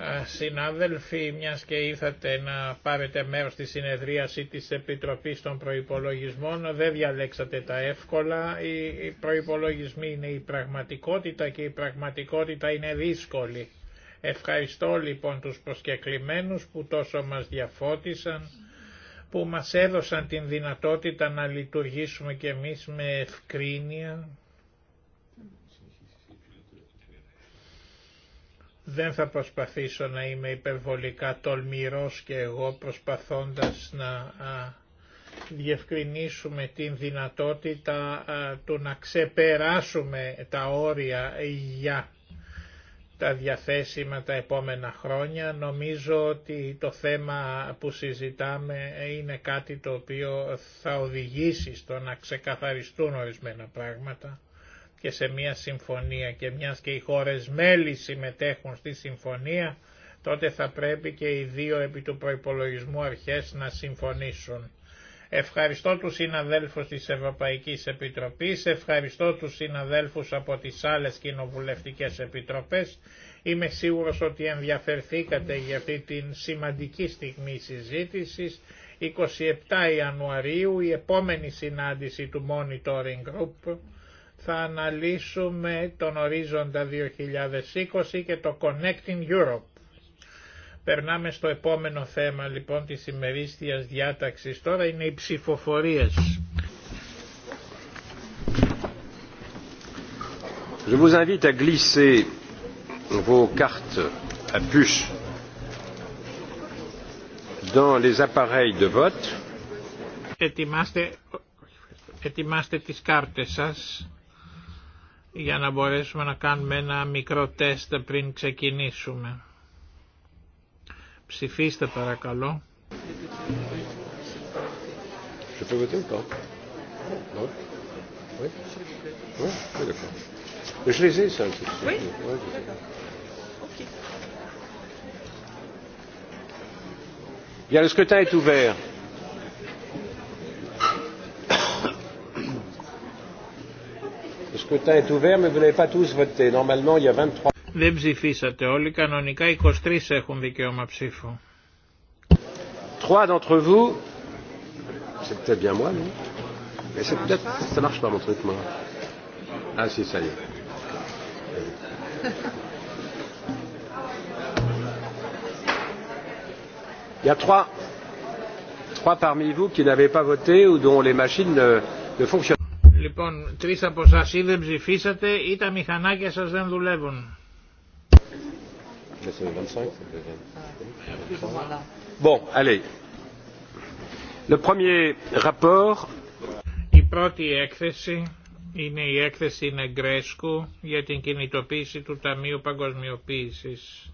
[SPEAKER 1] Ε, συνάδελφοι, μιας και ήρθατε να πάρετε μέρος στη συνεδρίαση της Επιτροπής των Προϋπολογισμών, δεν διαλέξατε τα εύκολα. Οι προϋπολογισμοί είναι η πραγματικότητα και η πραγματικότητα είναι δύσκολη. Ευχαριστώ λοιπόν τους προσκεκλημένους που τόσο μας διαφώτισαν, που μας έδωσαν την δυνατότητα να λειτουργήσουμε κι εμείς με ευκρίνεια, Δεν θα προσπαθήσω να είμαι υπερβολικά τολμηρός και εγώ προσπαθώντας να διευκρινίσουμε την δυνατότητα του να ξεπεράσουμε τα όρια για τα διαθέσιμα τα επόμενα χρόνια. Νομίζω ότι το θέμα που συζητάμε είναι κάτι το οποίο θα οδηγήσει στο να ξεκαθαριστούν ορισμένα πράγματα και σε μια συμφωνία και μιας και οι χώρες μέλη συμμετέχουν στη συμφωνία, τότε θα πρέπει και οι δύο επί του προϋπολογισμού αρχές να συμφωνήσουν. Ευχαριστώ τους συναδέλφους της Ευρωπαϊκής Επιτροπής, ευχαριστώ τους συναδέλφους από τις άλλες κοινοβουλευτικές επιτροπές. Είμαι σίγουρος ότι ενδιαφερθήκατε για αυτή την σημαντική στιγμή συζήτησης. 27 Ιανουαρίου η επόμενη συνάντηση του Monitoring Group θα αναλύσουμε τον ορίζοντα 2020 και το Connecting Europe. Περνάμε στο επόμενο θέμα λοιπόν της ημερίστιας διάταξης. Τώρα είναι οι ψηφοφορίες.
[SPEAKER 5] Je vous
[SPEAKER 3] invite à glisser vos cartes à dans les appareils de vote.
[SPEAKER 1] Ετοιμάστε, ετοιμάστε τις κάρτες σας για να μπορέσουμε να κάνουμε ένα μικρό τεστ πριν ξεκινήσουμε. Ψηφίστε παρακαλώ.
[SPEAKER 3] Bien, le scrutin est ouvert.
[SPEAKER 1] Δεν ψηφίσατε όλοι, κανονικά 23 έχουν δικαίωμα ψήφου.
[SPEAKER 3] Trois d'entre vous, c'est peut-être bien moi, non Mais c'est peut-être, ça marche pas mon truc, moi. Ah si, ça Il y a trois, parmi vous qui n'avaient pas voté ou dont les machines ne fonctionnent
[SPEAKER 1] Λοιπόν, τρει από εσά ή δεν ψηφίσατε ή τα μηχανάκια σα δεν δουλεύουν. Η πρώτη έκθεση είναι η έκθεση Νεγκρέσκου για την κινητοποίηση του Ταμείου Παγκοσμιοποίησης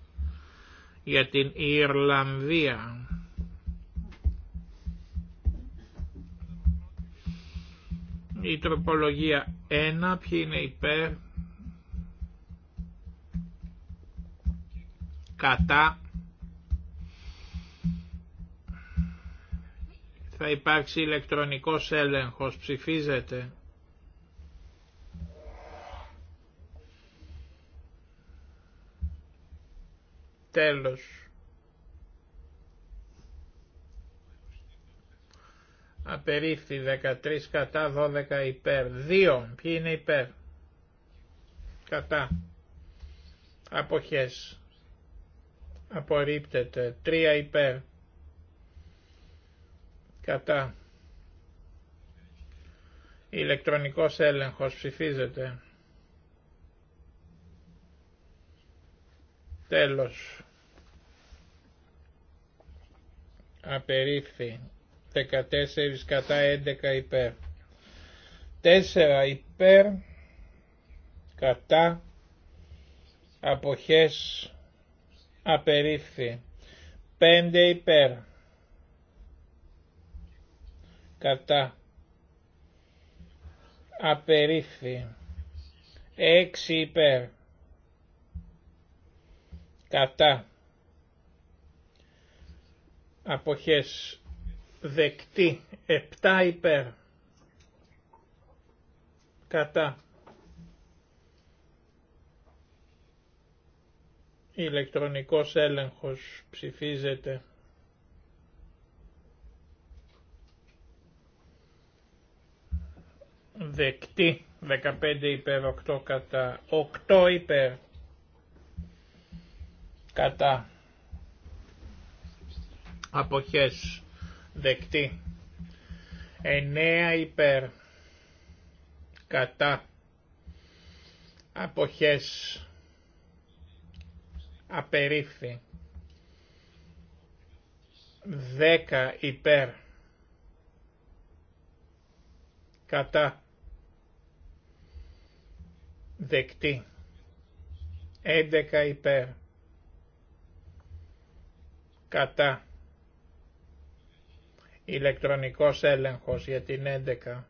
[SPEAKER 1] για την Ιρλανδία. Η τροπολογία 1, ποιοι είναι υπέρ, κατά, θα υπάρξει ηλεκτρονικός έλεγχος, ψηφίζεται. Τέλος. Απερίφθη 13 κατά 12 υπέρ. 2. Ποιοι είναι υπέρ. Κατά. Αποχές. Απορρίπτεται. 3 υπέρ. Κατά. Ηλεκτρονικός έλεγχος ψηφίζεται. Τέλος. Απερίφθη 14 κατά 11 υπέρ. 4 υπέρ κατά αποχές απερίφθη. 5 υπέρ κατά απερίφθη. 6 υπέρ κατά αποχές δεκτή 7 υπέρ κατά ηλεκτρονικός έλεγχος ψηφίζεται δεκτή 15 υπέρ 8 κατά 8 υπέρ κατά αποχές δεκτή. 9 υπέρ κατά αποχές απερίφθη. 10 υπέρ κατά δεκτή. 11 υπέρ κατά Ηλεκτρονικός έλεγχος για την 11.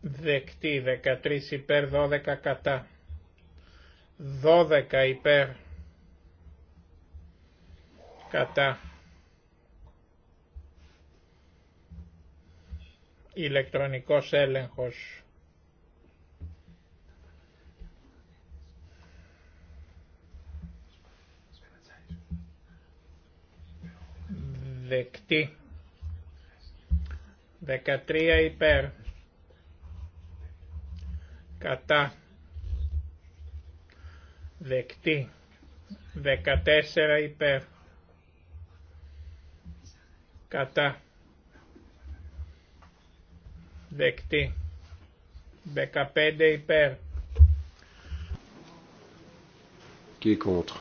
[SPEAKER 1] Δεκτή 13 υπέρ 12 κατά. 12 υπέρ κατά. Ηλεκτρονικός έλεγχος. δεκτή 13 υπέρ κατά δεκτή 14 υπέρ κατά δεκτή 15 υπέρ qui est contre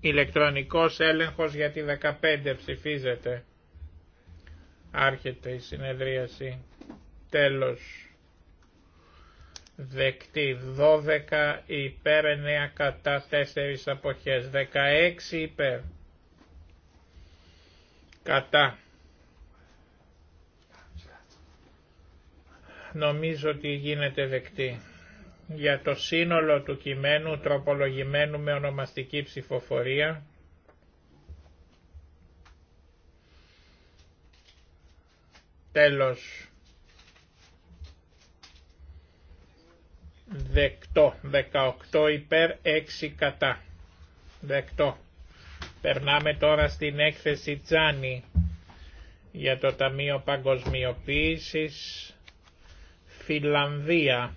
[SPEAKER 1] Ηλεκτρονικός έλεγχος για τη 15 ψηφίζεται. Άρχεται η συνεδρίαση. Τέλος. Δεκτή 12 υπέρ 9 κατά 4 αποχές. 16 υπέρ. Κατά. Νομίζω ότι γίνεται δεκτή για το σύνολο του κειμένου τροπολογημένου με ονομαστική ψηφοφορία. Τέλος. Δεκτό. 18 υπέρ 6 κατά. Δεκτό. Περνάμε τώρα στην έκθεση Τζάνι για το Ταμείο Παγκοσμιοποίησης Φιλανδία.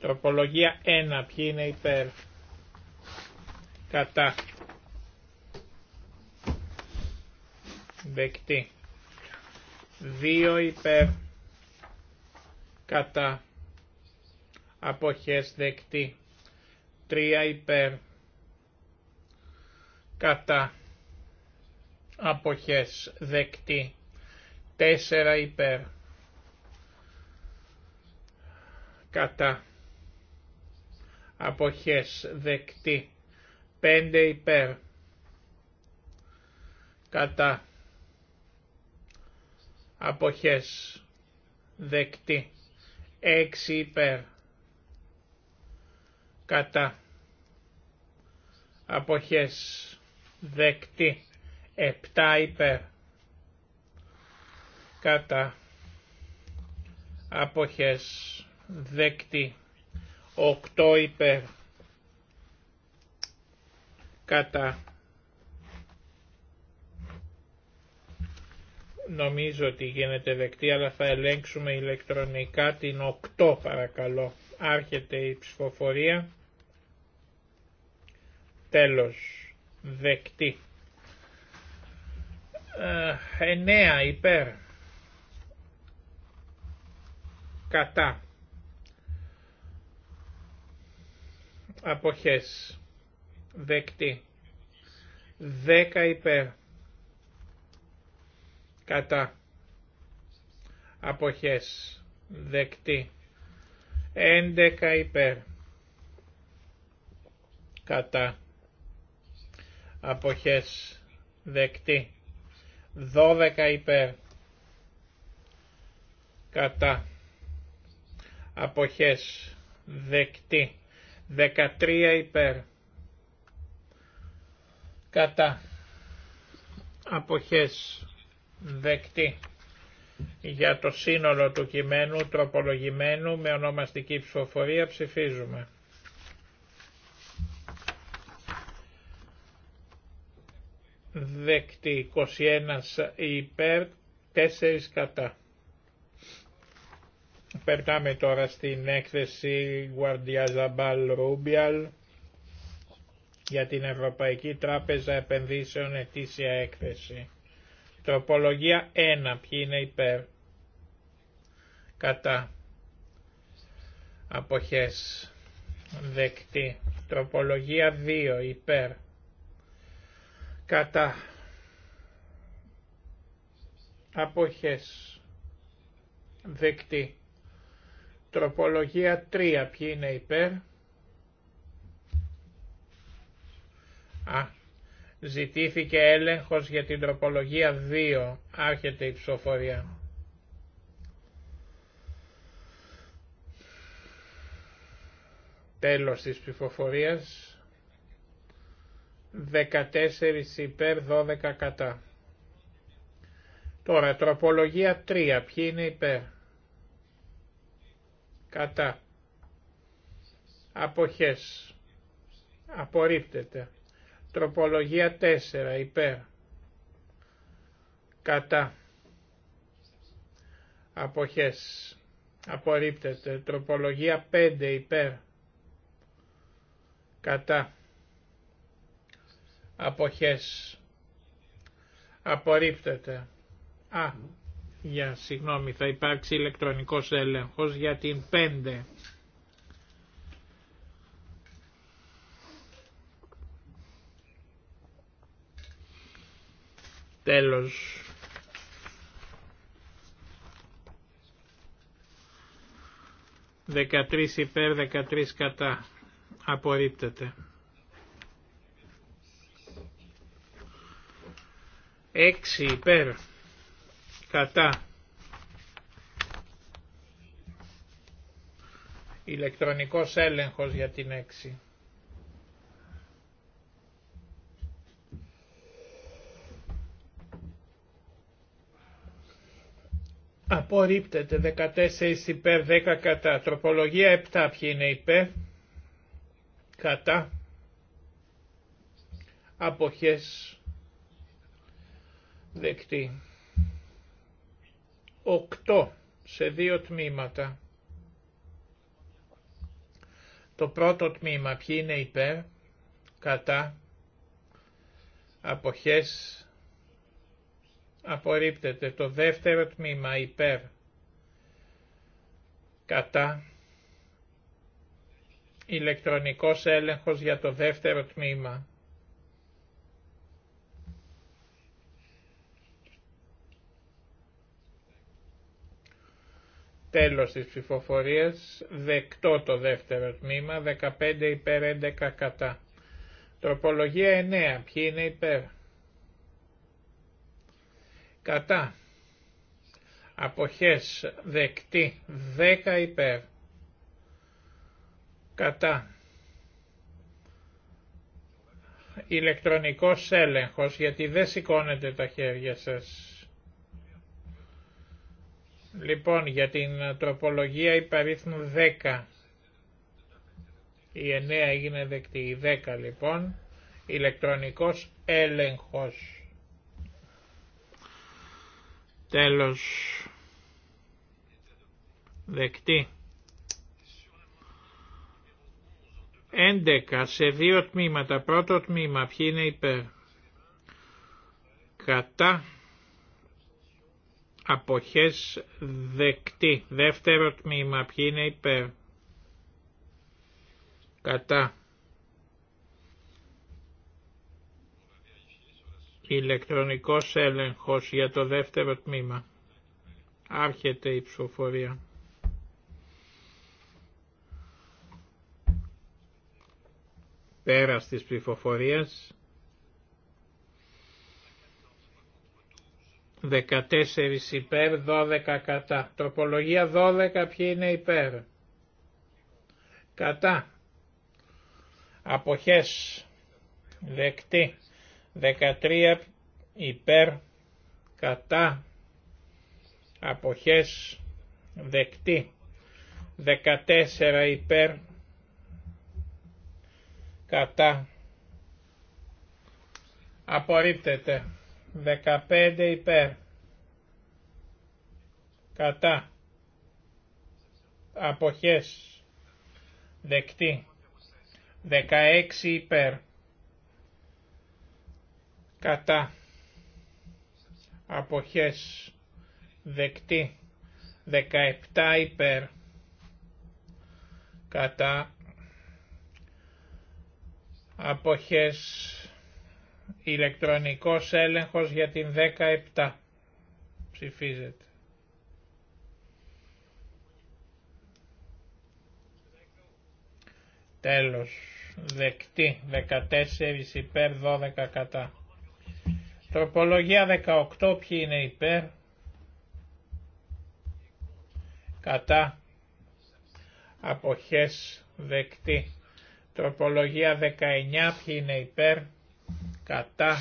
[SPEAKER 1] Τροπολογία 1. Ποιοι είναι υπέρ. Κατά. Δεκτή. 2 υπέρ. Κατά. Αποχές δεκτή. 3 υπέρ. Κατά. Αποχές δεκτή. 4 υπέρ. Κατά αποχές δεκτή πέντε υπέρ κατά αποχές δεκτή έξι υπέρ κατά αποχές δεκτή επτά υπέρ κατά αποχές δεκτή 8 υπέρ κατά νομίζω ότι γίνεται δεκτή αλλά θα ελέγξουμε ηλεκτρονικά την 8 παρακαλώ άρχεται η ψηφοφορία τέλος δεκτή 9 ε, υπέρ κατά αποχές δεκτή Δέκα υπέρ κατά αποχές δεκτή Εντέκα υπέρ κατά αποχές δεκτή Δώδεκα υπέρ κατά αποχές δεκτή 13 υπέρ. Κατά. Αποχές. Δεκτή. Για το σύνολο του κειμένου τροπολογημένου με ονομαστική ψηφοφορία ψηφίζουμε. Δεκτή 21 υπέρ, 4 κατά. Περτάμε τώρα στην έκθεση Zabal Rubial για την Ευρωπαϊκή Τράπεζα Επενδύσεων ετήσια έκθεση. Τροπολογία 1. Ποιοι είναι υπέρ. Κατά. Αποχές. Δεκτή. Τροπολογία 2. Υπέρ. Κατά. Αποχές. Δεκτή. Τροπολογία 3. Ποιοι είναι υπέρ. Α, ζητήθηκε έλεγχος για την τροπολογία 2. Άρχεται η ψηφοφορία. Τέλος της ψηφοφορίας. 14 υπέρ 12 κατά. Τώρα τροπολογία 3. Ποιοι είναι υπέρ κατά αποχές απορρίπτεται τροπολογία 4 υπέρ κατά αποχές απορρίπτεται τροπολογία 5 υπέρ κατά αποχές απορρίπτεται α για, συγγνώμη, θα υπάρξει ηλεκτρονικός έλεγχος για την 5. Τέλος. 13 υπέρ, δεκατρεις κατά. Απορρίπτεται. 6 υπέρ κατά ηλεκτρονικός έλεγχος για την 6. Απορρίπτεται 14 υπέρ 10 κατά. Τροπολογία 7 ποιοι είναι υπέρ. Κατά. Αποχές. Δεκτή. 8 σε δύο τμήματα. Το πρώτο τμήμα ποιοι είναι υπέρ, κατά, αποχές, απορρίπτεται. Το δεύτερο τμήμα υπέρ, κατά, ηλεκτρονικός έλεγχος για το δεύτερο τμήμα. Τέλος της ψηφοφορίας, δεκτό το δεύτερο τμήμα, 15 υπέρ 11 κατά. Τροπολογία 9, ποιοι είναι υπέρ. Κατά. Αποχές δεκτή, 10 υπέρ. Κατά. Ηλεκτρονικός έλεγχος, γιατί δεν σηκώνετε τα χέρια σας. Λοιπόν, για την τροπολογία υπαρίθμου 10. Η 9 έγινε δεκτή. Η 10 λοιπόν. Ηλεκτρονικός έλεγχος. Τέλος. Δεκτή. 11 σε δύο τμήματα. Πρώτο τμήμα. Ποιοι είναι υπέρ. Κατά αποχές δεκτή. Δεύτερο τμήμα ποιοι είναι υπέρ. Κατά. Ηλεκτρονικός έλεγχος για το δεύτερο τμήμα. Άρχεται η ψηφοφορία. Πέρας της ψηφοφορίας 14 υπέρ, 12 κατά. Τροπολογία 12 ποιοι είναι υπέρ. Κατά. Αποχές. Δεκτή. 13 υπέρ. Κατά. Αποχές. Δεκτή. 14 υπέρ. Κατά. Απορρίπτεται. 15 υπέρ. Κατά. Αποχές. Δεκτή. 16 υπέρ. Κατά. Αποχές. Δεκτή. 17 υπέρ. Κατά. Αποχές Ηλεκτρονικός έλεγχος για την 17. Ψηφίζεται. Τέλος. Δεκτή. 14 υπέρ 12 κατά. Τροπολογία 18. Ποιοι είναι υπέρ. Κατά. Αποχές. Δεκτή. Τροπολογία 19. Ποιοι είναι υπέρ κατά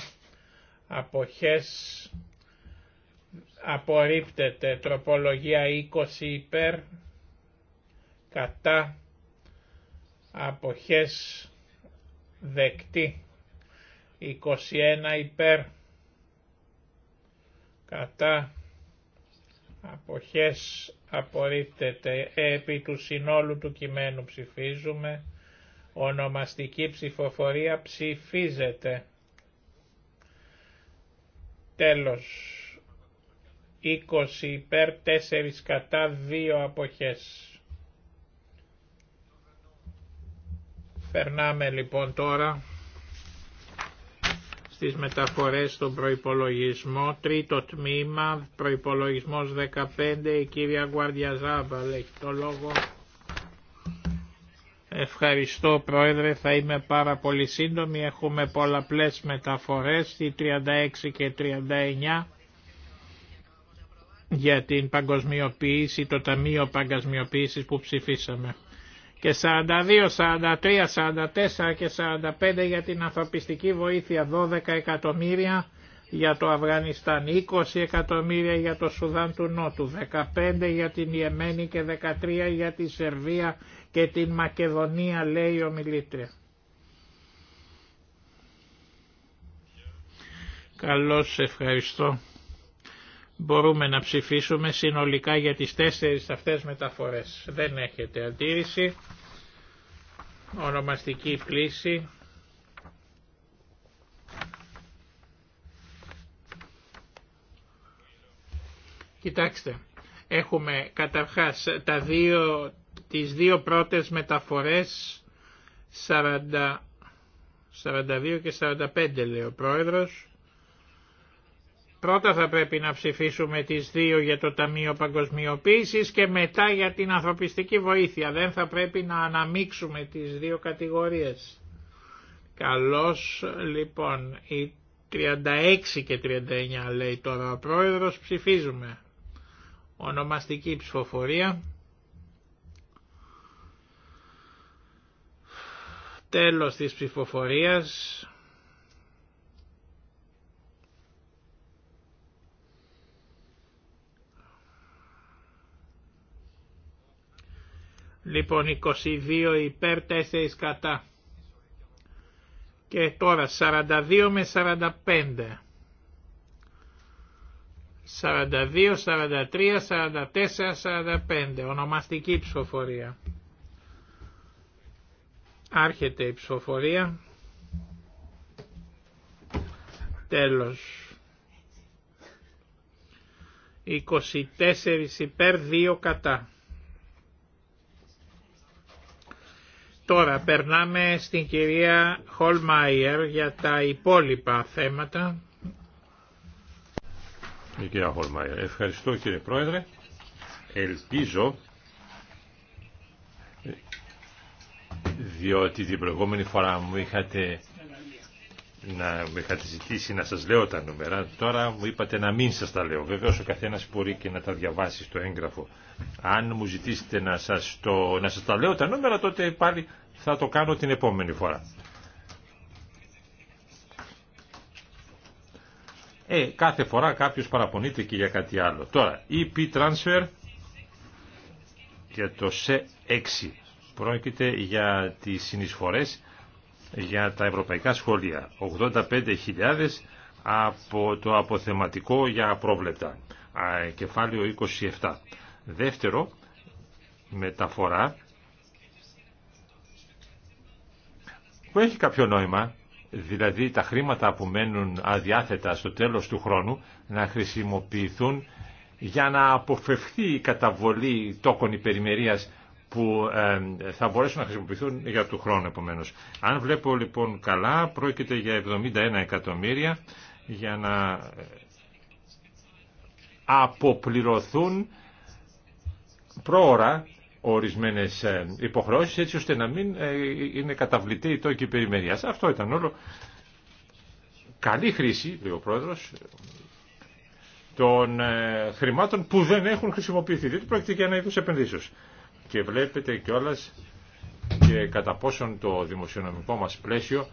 [SPEAKER 1] αποχές απορρίπτεται τροπολογία 20 υπέρ κατά αποχές δεκτή 21 υπέρ κατά αποχές απορρίπτεται επί του συνόλου του κειμένου ψηφίζουμε ονομαστική ψηφοφορία ψηφίζεται Τέλος. 20 υπέρ 4 κατά 2 αποχές. Περνάμε λοιπόν τώρα στις μεταφορές στον προϋπολογισμό. Τρίτο τμήμα, προϋπολογισμός 15, η κυρία Ζάβαλ έχει το λόγο. Ευχαριστώ Πρόεδρε, θα είμαι πάρα πολύ σύντομη. Έχουμε πολλαπλές μεταφορές, τη 36 και 39 για την παγκοσμιοποίηση, το Ταμείο Παγκοσμιοποίησης που ψηφίσαμε. Και 42, 43, 44 και 45 για την ανθρωπιστική βοήθεια 12 εκατομμύρια για το Αφγανιστάν, 20 εκατομμύρια για το Σουδάν του Νότου, 15 για την Ιεμένη και 13 για τη Σερβία και την Μακεδονία λέει ο Μιλήτρια. Καλώς, ευχαριστώ. Μπορούμε να ψηφίσουμε συνολικά για τις τέσσερις αυτές μεταφορές. Δεν έχετε αντίρρηση. Ονομαστική πλήση. Κοιτάξτε, έχουμε καταρχάς τα δύο, τις δύο πρώτες μεταφορές 40, 42 και 45 λέει ο Πρόεδρος. Πρώτα θα πρέπει να ψηφίσουμε τις δύο για το Ταμείο Παγκοσμιοποίησης και μετά για την ανθρωπιστική βοήθεια. Δεν θα πρέπει να αναμίξουμε τις δύο κατηγορίες. Καλώς λοιπόν η 36 και 39 λέει τώρα ο Πρόεδρος ψηφίζουμε. Ονομαστική ψηφοφορία. Τέλος της ψηφοφορίας. Λοιπόν 22 υπέρ 4 κατά. Και τώρα 42 με 45. 42, 43, 44, 45. Ονομαστική ψηφοφορία. Άρχεται η ψηφοφορία. Τέλος. 24 υπέρ 2 κατά. Τώρα περνάμε στην κυρία Χολμάιερ για τα υπόλοιπα θέματα.
[SPEAKER 3] Ευχαριστώ κύριε Πρόεδρε. Ελπίζω διότι την προηγούμενη φορά μου είχατε να μου είχατε ζητήσει να σας λέω τα νούμερα τώρα μου είπατε να μην σας τα λέω βεβαίως ο καθένας μπορεί και να τα διαβάσει στο έγγραφο αν μου ζητήσετε να σας, το, να σας τα λέω τα νούμερα τότε πάλι θα το κάνω την επόμενη φορά Ε, κάθε φορά κάποιος παραπονείται και για κάτι άλλο. Τώρα, EP Transfer και το σε 6 πρόκειται για τις συνεισφορές για τα ευρωπαϊκά σχολεία. 85.000 από το αποθεματικό για απρόβλεπτα. Κεφάλαιο 27. Δεύτερο, μεταφορά που έχει κάποιο νόημα δηλαδή τα χρήματα που μένουν αδιάθετα στο τέλος του χρόνου να χρησιμοποιηθούν για να αποφευχθεί η καταβολή τόκων υπερημερίας που ε, θα μπορέσουν να χρησιμοποιηθούν για του χρόνου επομένως. Αν βλέπω λοιπόν καλά πρόκειται για 71 εκατομμύρια για να ε, αποπληρωθούν πρόωρα ορισμένες ε, υποχρεώσεις έτσι ώστε να μην ε, είναι καταβλητή η τόκη περιμερίας. Αυτό ήταν όλο. Καλή χρήση, λέει ο Πρόεδρος, των ε, χρημάτων που δεν έχουν χρησιμοποιηθεί. Δεν πρόκειται για ένα είδους επενδύσεως. Και βλέπετε κιόλας και κατά πόσον το δημοσιονομικό μας πλαίσιο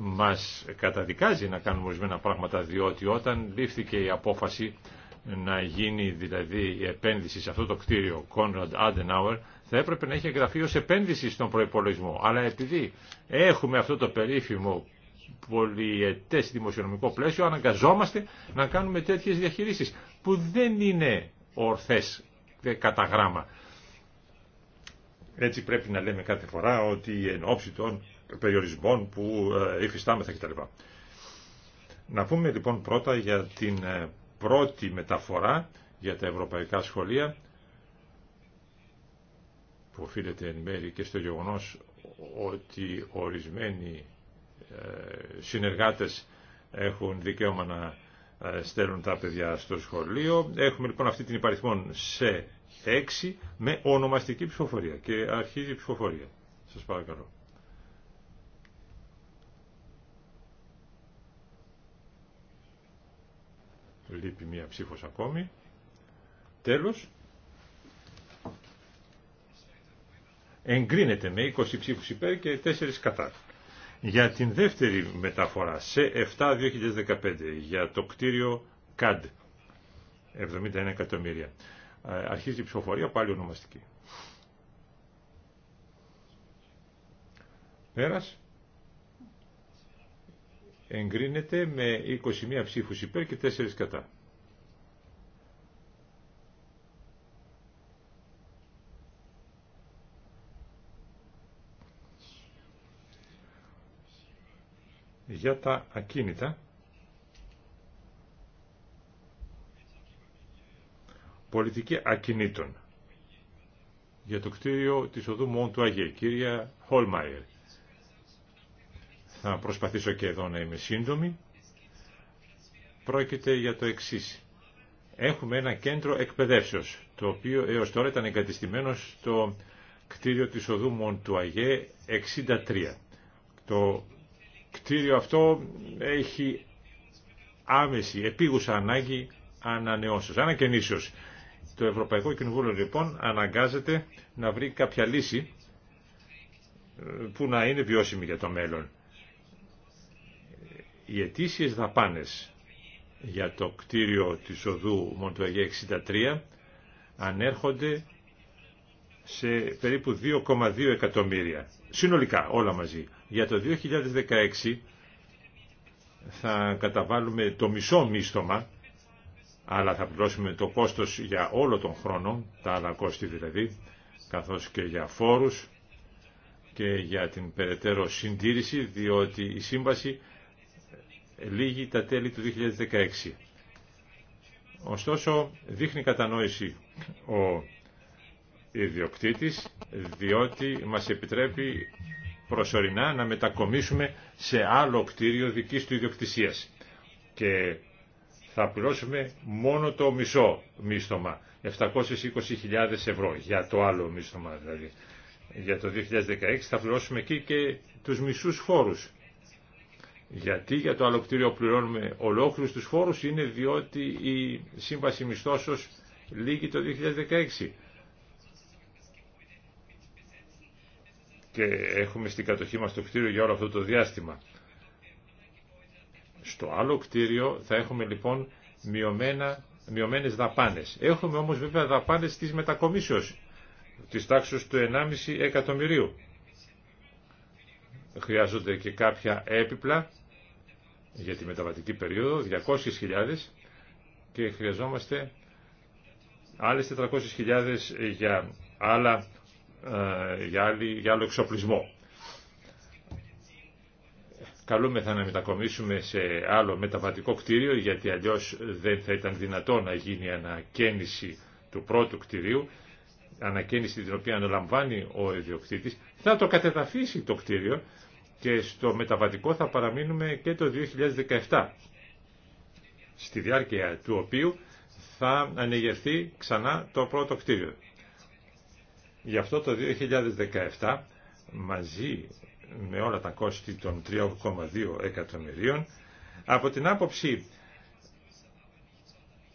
[SPEAKER 3] μας καταδικάζει να κάνουμε ορισμένα πράγματα διότι όταν λήφθηκε η απόφαση να γίνει δηλαδή η επένδυση σε αυτό το κτίριο Κόνραντ Αντενάουερ θα έπρεπε να έχει εγγραφεί ως επένδυση στον προϋπολογισμό. Αλλά επειδή έχουμε αυτό το περίφημο πολυετές δημοσιονομικό πλαίσιο αναγκαζόμαστε να κάνουμε τέτοιες διαχειρίσεις που δεν είναι ορθές κατά γράμμα. Έτσι πρέπει να λέμε κάθε φορά ότι εν ώψη των περιορισμών που ε, υφιστάμεθα κτλ. Να πούμε λοιπόν πρώτα για την ε, πρώτη μεταφορά για τα ευρωπαϊκά σχολεία που οφείλεται εν μέρη και στο γεγονός ότι ορισμένοι ε, συνεργάτες έχουν δικαίωμα να ε, στέλνουν τα παιδιά στο σχολείο. Έχουμε λοιπόν αυτή την υπαριθμό σε 6 με ονομαστική ψηφοφορία και αρχίζει η ψηφοφορία. Σας παρακαλώ. Λείπει μία ψήφος ακόμη. Τέλος. Εγκρίνεται με 20 ψήφους υπέρ και 4 κατά. Για την δεύτερη μεταφορά, σε 7 2015, για το κτίριο CAD, 71 εκατομμύρια. Αρχίζει η ψηφοφορία, πάλι ονομαστική. Πέρας εγκρίνεται με 21 ψήφους υπέρ και 4 κατά. Για τα ακίνητα, πολιτική ακινήτων, για το κτίριο της οδού Μόντου Αγία, κυρία Χολμάιερ. Θα προσπαθήσω και εδώ να είμαι σύντομη. Πρόκειται για το εξή. Έχουμε ένα κέντρο εκπαιδεύσεως, το οποίο έως τώρα ήταν εγκατεστημένο στο κτίριο της οδού ΑΓΕ 63. Το κτίριο αυτό έχει άμεση, επίγουσα ανάγκη ανανεώσεως, ανακαινήσεως. Το Ευρωπαϊκό Κοινοβούλιο λοιπόν αναγκάζεται να βρει κάποια λύση ε, που να είναι βιώσιμη για το μέλλον. Οι ετήσιες δαπάνες για το κτίριο της οδού Μοντουαγέ 63 ανέρχονται σε περίπου 2,2 εκατομμύρια. Συνολικά όλα μαζί. Για το 2016 θα καταβάλουμε το μισό μίστομα, αλλά θα πληρώσουμε το κόστος για όλο τον χρόνο, τα άλλα κόστη δηλαδή, καθώς και για φόρους και για την περαιτέρω συντήρηση, διότι η σύμβαση λίγοι τα τέλη του 2016. Ωστόσο, δείχνει κατανόηση ο ιδιοκτήτης, διότι μας επιτρέπει προσωρινά να μετακομίσουμε σε άλλο κτίριο δικής του ιδιοκτησίας. Και θα πληρώσουμε μόνο το μισό μίσθωμα, 720.000 ευρώ για το άλλο μίσθωμα δηλαδή. Για το 2016 θα πληρώσουμε εκεί και τους μισούς φόρους. Γιατί για το άλλο κτίριο πληρώνουμε ολόκληρους τους φόρους είναι διότι η σύμβαση μισθώσεως λήγει το 2016. Και έχουμε στην κατοχή μας το κτίριο για όλο αυτό το διάστημα. Στο άλλο κτίριο θα έχουμε λοιπόν μειωμένα, μειωμένες δαπάνες. Έχουμε όμως βέβαια δαπάνες της μετακομίσεως της τάξης του 1,5 εκατομμυρίου. Χρειάζονται και κάποια έπιπλα για τη μεταβατική περίοδο, 200.000 και χρειαζόμαστε άλλες 400.000 για, άλλα, ε, για, άλλο εξοπλισμό. Καλούμεθα να μετακομίσουμε σε άλλο μεταβατικό κτίριο γιατί αλλιώς δεν θα ήταν δυνατό να γίνει ανακαίνιση του πρώτου κτιρίου ανακαίνιση την οποία αναλαμβάνει ο ιδιοκτήτης, θα το κατεδαφίσει το κτίριο και στο μεταβατικό θα παραμείνουμε και το 2017, στη διάρκεια του οποίου θα ανεγερθεί ξανά το πρώτο κτίριο. Γι' αυτό το 2017, μαζί με όλα τα κόστη των 3,2 εκατομμυρίων, από την άποψη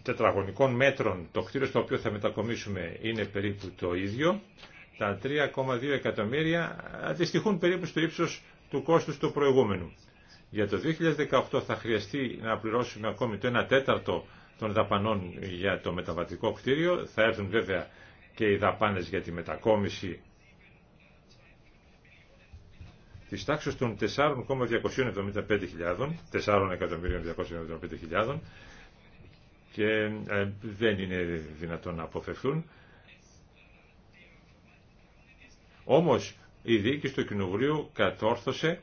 [SPEAKER 3] τετραγωνικών μέτρων, το κτίριο στο οποίο θα μετακομίσουμε είναι περίπου το ίδιο, τα 3,2 εκατομμύρια αντιστοιχούν περίπου στο ύψος του κόστους του προηγούμενου. Για το 2018 θα χρειαστεί να πληρώσουμε ακόμη το 1 τέταρτο των δαπανών για το μεταβατικό κτίριο. Θα έρθουν βέβαια και οι δαπάνες για τη μετακόμιση τη τάξη των 4,275.000, 4.275.000 και ε, δεν είναι δυνατόν να αποφευθούν. Όμως η διοίκηση του Κοινοβουλίου κατόρθωσε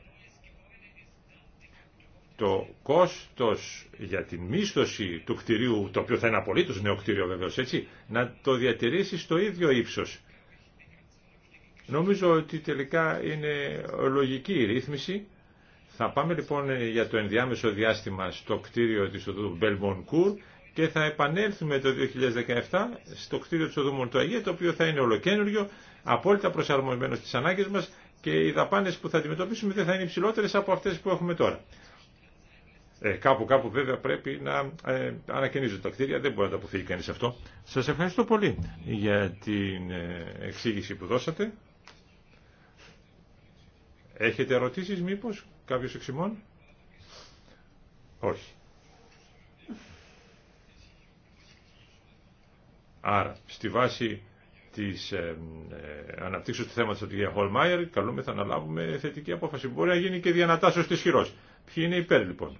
[SPEAKER 3] το κόστος για την μίσθωση του κτηρίου, το οποίο θα είναι απολύτως νέο κτηρίο βεβαίως έτσι, να το διατηρήσει στο ίδιο ύψος. Νομίζω ότι τελικά είναι λογική η ρύθμιση. Θα πάμε λοιπόν για το ενδιάμεσο διάστημα στο κτίριο της οδού Μπελμονκούρ και θα επανέλθουμε το 2017 στο κτίριο της οδού Μοντοαγία, το οποίο θα είναι ολοκένουργιο απόλυτα προσαρμοσμένο στις ανάγκες μας και οι δαπάνες που θα αντιμετωπίσουμε δεν θα είναι υψηλότερες από αυτές που έχουμε τώρα. Ε, κάπου κάπου βέβαια πρέπει να ε, ανακαινίζουν τα κτίρια, δεν μπορεί να τα αποφύγει κανείς αυτό. Σας ευχαριστώ πολύ για την ε, εξήγηση που δώσατε. Έχετε ερωτήσεις μήπως, κάποιος εξημών. Όχι. Άρα, στη βάση της ε, ε, θέμα του θέματος από θα Χολμάιερ, καλούμεθα να λάβουμε θετική απόφαση. Μπορεί να γίνει και διανατάσσεω τη χειρό. Ποιοι είναι υπέρ λοιπόν.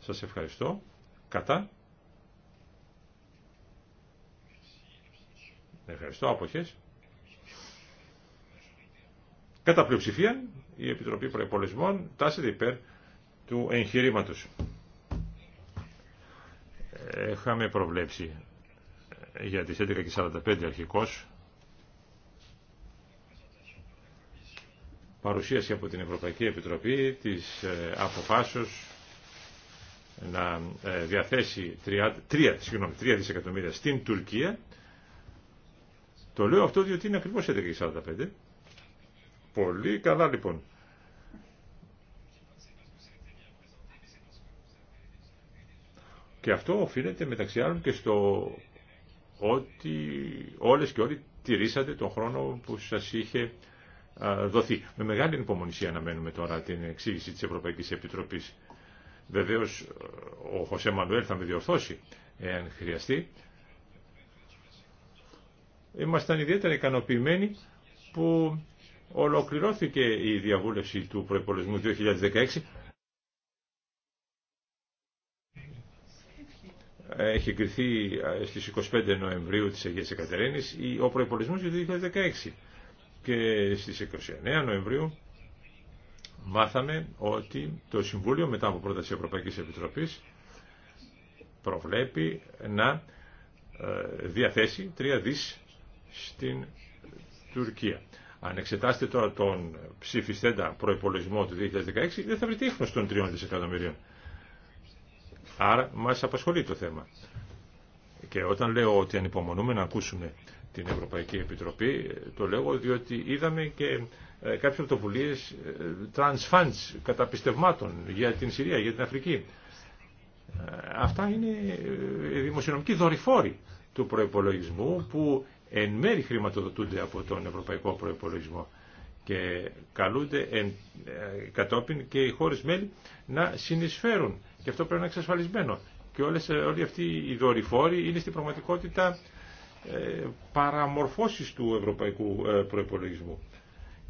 [SPEAKER 3] Σας ευχαριστώ. Κατά. Ευχαριστώ. Αποχέ. Κατά πλειοψηφία η Επιτροπή προεπολισμών τάσεται υπέρ του εγχειρήματο. Έχαμε προβλέψει για τις 11.45 αρχικός παρουσίαση από την Ευρωπαϊκή Επιτροπή της ε, αποφάσεως να ε, διαθέσει 3, 3, 3 δισεκατομμύρια στην Τουρκία. Το λέω αυτό διότι είναι ακριβώς 11.45. Πολύ καλά λοιπόν. Και αυτό οφείλεται μεταξύ άλλων και στο ότι όλες και όλοι τηρήσατε τον χρόνο που σας είχε δοθεί. Με μεγάλη υπομονησία αναμένουμε τώρα την εξήγηση της Ευρωπαϊκής Επιτροπής. Βεβαίως ο Χωσέ Μανουέλ θα με διορθώσει εάν χρειαστεί. Ήμασταν ιδιαίτερα ικανοποιημένοι που ολοκληρώθηκε η διαβούλευση του προϋπολογισμού 2016 έχει εγκριθεί ε, στις 25 Νοεμβρίου της Αγίας Εκατερίνης ο προϋπολογισμός του το 2016 και στις 29 Νοεμβρίου μάθαμε ότι το Συμβούλιο μετά από πρόταση Ευρωπαϊκής Επιτροπής προβλέπει να ε, διαθέσει 3 δις στην Τουρκία. Αν εξετάσετε τώρα τον ψηφιστέντα προϋπολογισμό του 2016 δεν θα βρείτε ίχνος των 3 δισεκατομμυρίων. Άρα μας απασχολεί το θέμα. Και όταν λέω ότι ανυπομονούμε να ακούσουμε την Ευρωπαϊκή Επιτροπή, το λέω διότι είδαμε και ε, κάποιες πρωτοβουλίε ε, trans funds καταπιστευμάτων για την Συρία, για την Αφρική. Ε, αυτά είναι δημοσιονομικοί δορυφόροι του προϋπολογισμού που εν μέρη χρηματοδοτούνται από τον Ευρωπαϊκό Προϋπολογισμό και καλούνται εν, ε, κατόπιν και οι χώρες μέλη να συνεισφέρουν και αυτό πρέπει να είναι εξασφαλισμένο και όλες, ε, όλοι αυτοί οι δορυφόροι είναι στην πραγματικότητα ε, παραμορφώσεις του ευρωπαϊκού ε,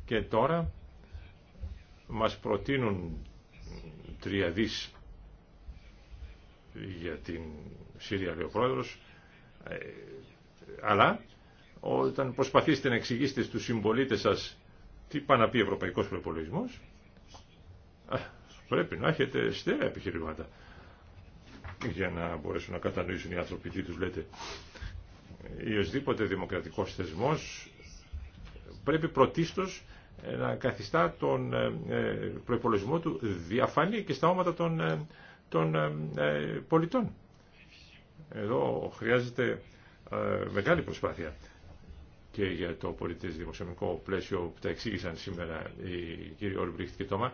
[SPEAKER 3] και τώρα μας προτείνουν τρία για την Σύρια λέει ο ε, αλλά όταν προσπαθήσετε να εξηγήσετε στους συμπολίτες σας τι πάει να πει ευρωπαϊκός προϋπολογισμός. Πρέπει να έχετε στέρεα επιχειρήματα για να μπορέσουν να κατανοήσουν οι άνθρωποι τι τους λέτε. Ή οσδήποτε δημοκρατικός θεσμός πρέπει πρωτίστως ε, να καθιστά τον ε, ε, προϋπολογισμό του διαφανή και στα όματα των, των πολιτών. Εδώ χρειάζεται μεγάλη προσπάθεια και για το πολιτέ δημοσιονομικό πλαίσιο που τα εξήγησαν σήμερα οι κύριοι Ολμπρίχτ και Τόμα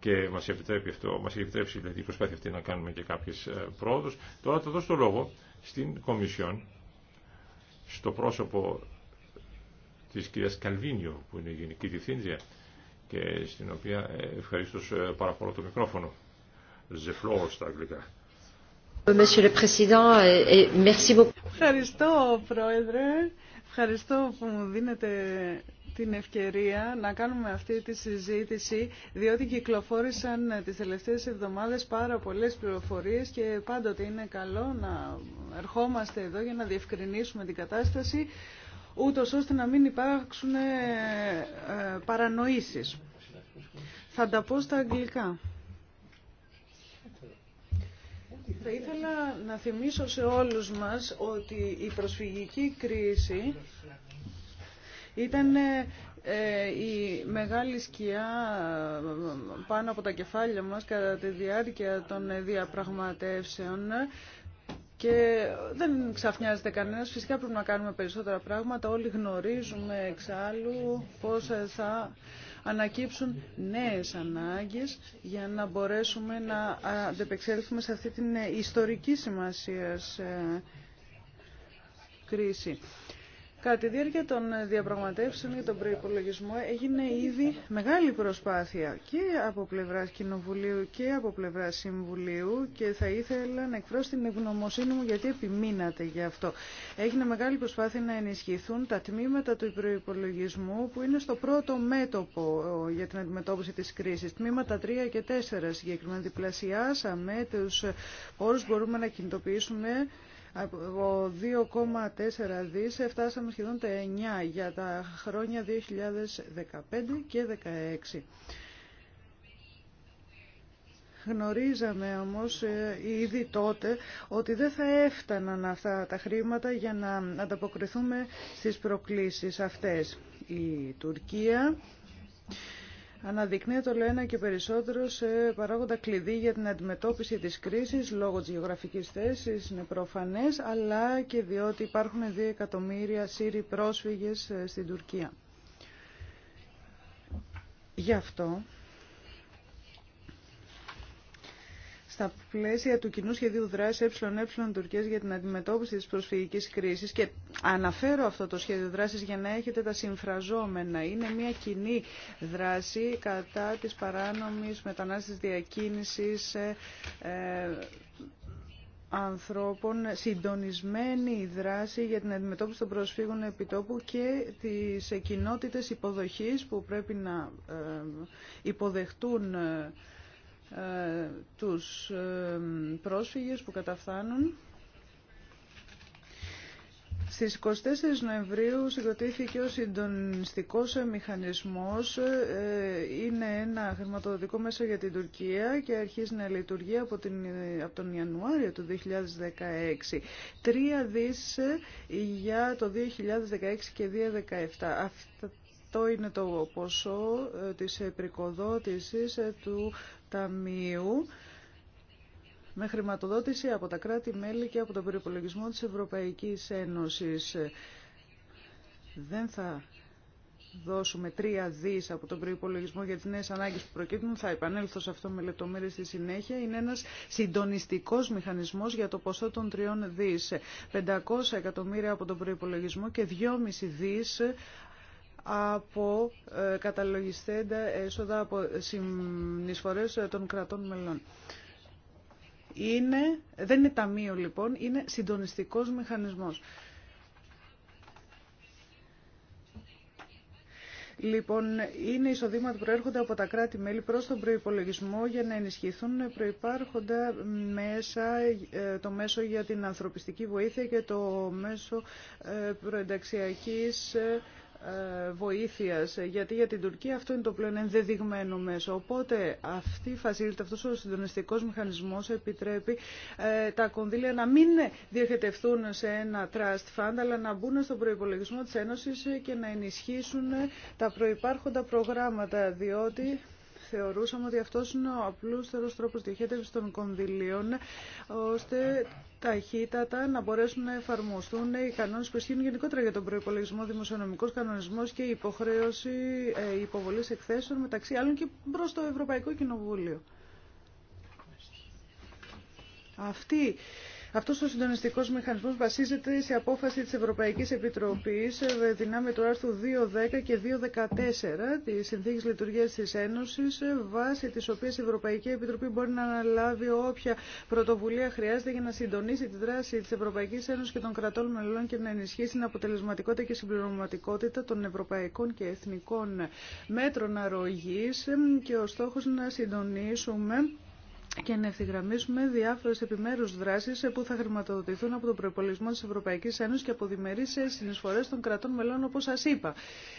[SPEAKER 3] και μα επιτρέπει αυτό, μα έχει επιτρέψει δηλαδή, η προσπάθεια αυτή να κάνουμε και κάποιε πρόοδου. Τώρα θα δώσω το λόγο στην Κομισιόν, στο πρόσωπο τη κύρια Καλβίνιο που είναι η Γενική Διευθύντρια και στην οποία ε, ευχαρίστω ε, παραπολώ το μικρόφωνο. The floor στα αγγλικά.
[SPEAKER 2] Ευχαριστώ, Πρόεδρε. Ευχαριστώ που μου δίνετε την ευκαιρία να κάνουμε αυτή τη συζήτηση, διότι κυκλοφόρησαν τις τελευταίες εβδομάδες πάρα πολλές πληροφορίες και πάντοτε είναι καλό να ερχόμαστε εδώ για να διευκρινίσουμε την κατάσταση, ούτως ώστε να μην υπάρξουν ε, παρανοήσεις. Θα τα πω στα αγγλικά. Θα ήθελα να θυμίσω σε όλους μας ότι η προσφυγική κρίση ήταν ε, η μεγάλη σκιά ε, πάνω από τα κεφάλια μας κατά τη διάρκεια των διαπραγματεύσεων και δεν ξαφνιάζεται κανένας. Φυσικά πρέπει να κάνουμε περισσότερα πράγματα. Όλοι γνωρίζουμε εξάλλου πώς θα ανακύψουν νέες ανάγκες για να μπορέσουμε να αντεπεξέλθουμε σε αυτή την ε, ιστορική σημασία ε, κρίση. Κατά τη διάρκεια των διαπραγματεύσεων για τον προπολογισμό έγινε ήδη μεγάλη προσπάθεια και από πλευρά Κοινοβουλίου και από πλευρά Συμβουλίου και θα ήθελα να εκφράσω την ευγνωμοσύνη μου γιατί επιμείνατε γι' αυτό. Έγινε μεγάλη προσπάθεια να ενισχυθούν τα τμήματα του προπολογισμού που είναι στο πρώτο μέτωπο ε, για την αντιμετώπιση τη κρίση. Τμήματα 3 και 4 συγκεκριμένα διπλασιάσαμε του πόρου μπορούμε να κινητοποιήσουμε από 2,4 δις φτάσαμε σχεδόν τα 9 για τα χρόνια 2015 και 2016. Γνωρίζαμε όμως ε, ήδη τότε ότι δεν θα έφταναν αυτά τα χρήματα για να ανταποκριθούμε στις προκλήσεις αυτές. Η Τουρκία αναδεικνύεται το ένα και περισσότερο σε παράγοντα κλειδί για την αντιμετώπιση της κρίσης λόγω της γεωγραφικής θέσης, είναι προφανές, αλλά και διότι υπάρχουν 2 εκατομμύρια Σύριοι πρόσφυγες ε, στην Τουρκία. Γι' αυτό στα πλαίσια του κοινού σχεδίου δράση ΕΕ Τουρκία για την αντιμετώπιση τη προσφυγική κρίση. Και αναφέρω αυτό το σχέδιο δράση για να έχετε τα συμφραζόμενα. Είναι μια κοινή δράση κατά τη παράνομη μετανάστευση διακίνηση. Ε, ε, ανθρώπων, συντονισμένη δράση για την αντιμετώπιση των προσφύγων επιτόπου και τις κοινότητες υποδοχής που πρέπει να ε, υποδεχτούν ε, τους ε, πρόσφυγες που καταφθάνουν. Στις 24 Νοεμβρίου συγκροτήθηκε ο συντονιστικός μηχανισμός. Ε, είναι ένα χρηματοδοτικό μέσο για την Τουρκία και αρχίζει να λειτουργεί από, την, από τον Ιανουάριο του 2016. Τρία δις για το 2016 και 2017. Αυτά αυτό είναι το ποσό ε, της επρικοδότησης ε, του Ταμείου με χρηματοδότηση από τα κράτη-μέλη και από τον περιπολογισμό της Ευρωπαϊκής Ένωσης. Δεν θα δώσουμε τρία δις από τον προϋπολογισμό για τις νέες ανάγκες που προκύπτουν. Θα επανέλθω σε αυτό με λεπτομέρειες στη συνέχεια. Είναι ένας συντονιστικός μηχανισμός για το ποσό των τριών δις. 500 εκατομμύρια από τον προϋπολογισμό και 2,5 δις από ε, καταλογιστέντα έσοδα από συνεισφορές ε, των κρατών μελών. Είναι, δεν είναι ταμείο λοιπόν, είναι συντονιστικός μηχανισμός. Λοιπόν, είναι εισοδήματα που προέρχονται από τα κράτη-μέλη προς τον προϋπολογισμό για να ενισχυθούν προϋπάρχοντα μέσα, ε, το μέσο για την ανθρωπιστική βοήθεια και το μέσο προενταξιακής ε, βοήθειας, γιατί για την Τουρκία αυτό είναι το πλέον ενδεδειγμένο μέσο. Οπότε αυτή η φασίλητα, αυτός ο συντονιστικός μηχανισμός επιτρέπει ε, τα κονδύλια να μην διοχετευτούν σε ένα trust fund, αλλά να μπουν στον προϋπολογισμό της Ένωσης και να ενισχύσουν τα προϋπάρχοντα προγράμματα, διότι θεωρούσαμε ότι αυτό είναι ο απλούστερος τρόπος διοχέτευσης των κονδυλίων, ώστε ταχύτατα να μπορέσουν να εφαρμοστούν οι κανόνες που ισχύουν γενικότερα για τον προϋπολογισμό, δημοσιονομικός κανονισμός και η υποχρέωση ε, υποβολής εκθέσεων μεταξύ άλλων και προς το Ευρωπαϊκό Κοινοβούλιο. Αυτή αυτό ο συντονιστικό μηχανισμό βασίζεται σε απόφαση της Ευρωπαϊκής Επιτροπής ε, δυνάμει του άρθρου 2.10 και 2.14 τη Συνθήκη Λειτουργία τη Ένωση, ε, βάσει τη οποία η Ευρωπαϊκή Επιτροπή μπορεί να αναλάβει όποια πρωτοβουλία χρειάζεται για να συντονίσει τη δράση τη Ευρωπαϊκή Ένωση και των κρατών μελών και να ενισχύσει την αποτελεσματικότητα και συμπληρωματικότητα των ευρωπαϊκών και εθνικών μέτρων αρρωγή. Ε, και ο στόχο να συντονίσουμε και να ευθυγραμμίσουμε διάφορες επιμέρους δράσεις που θα χρηματοδοτηθούν από τον προπολογισμό της ευρωπαϊκή Ένωσης και από διμερείς συνεισφορές των κρατών μελών, όπως σας είπα.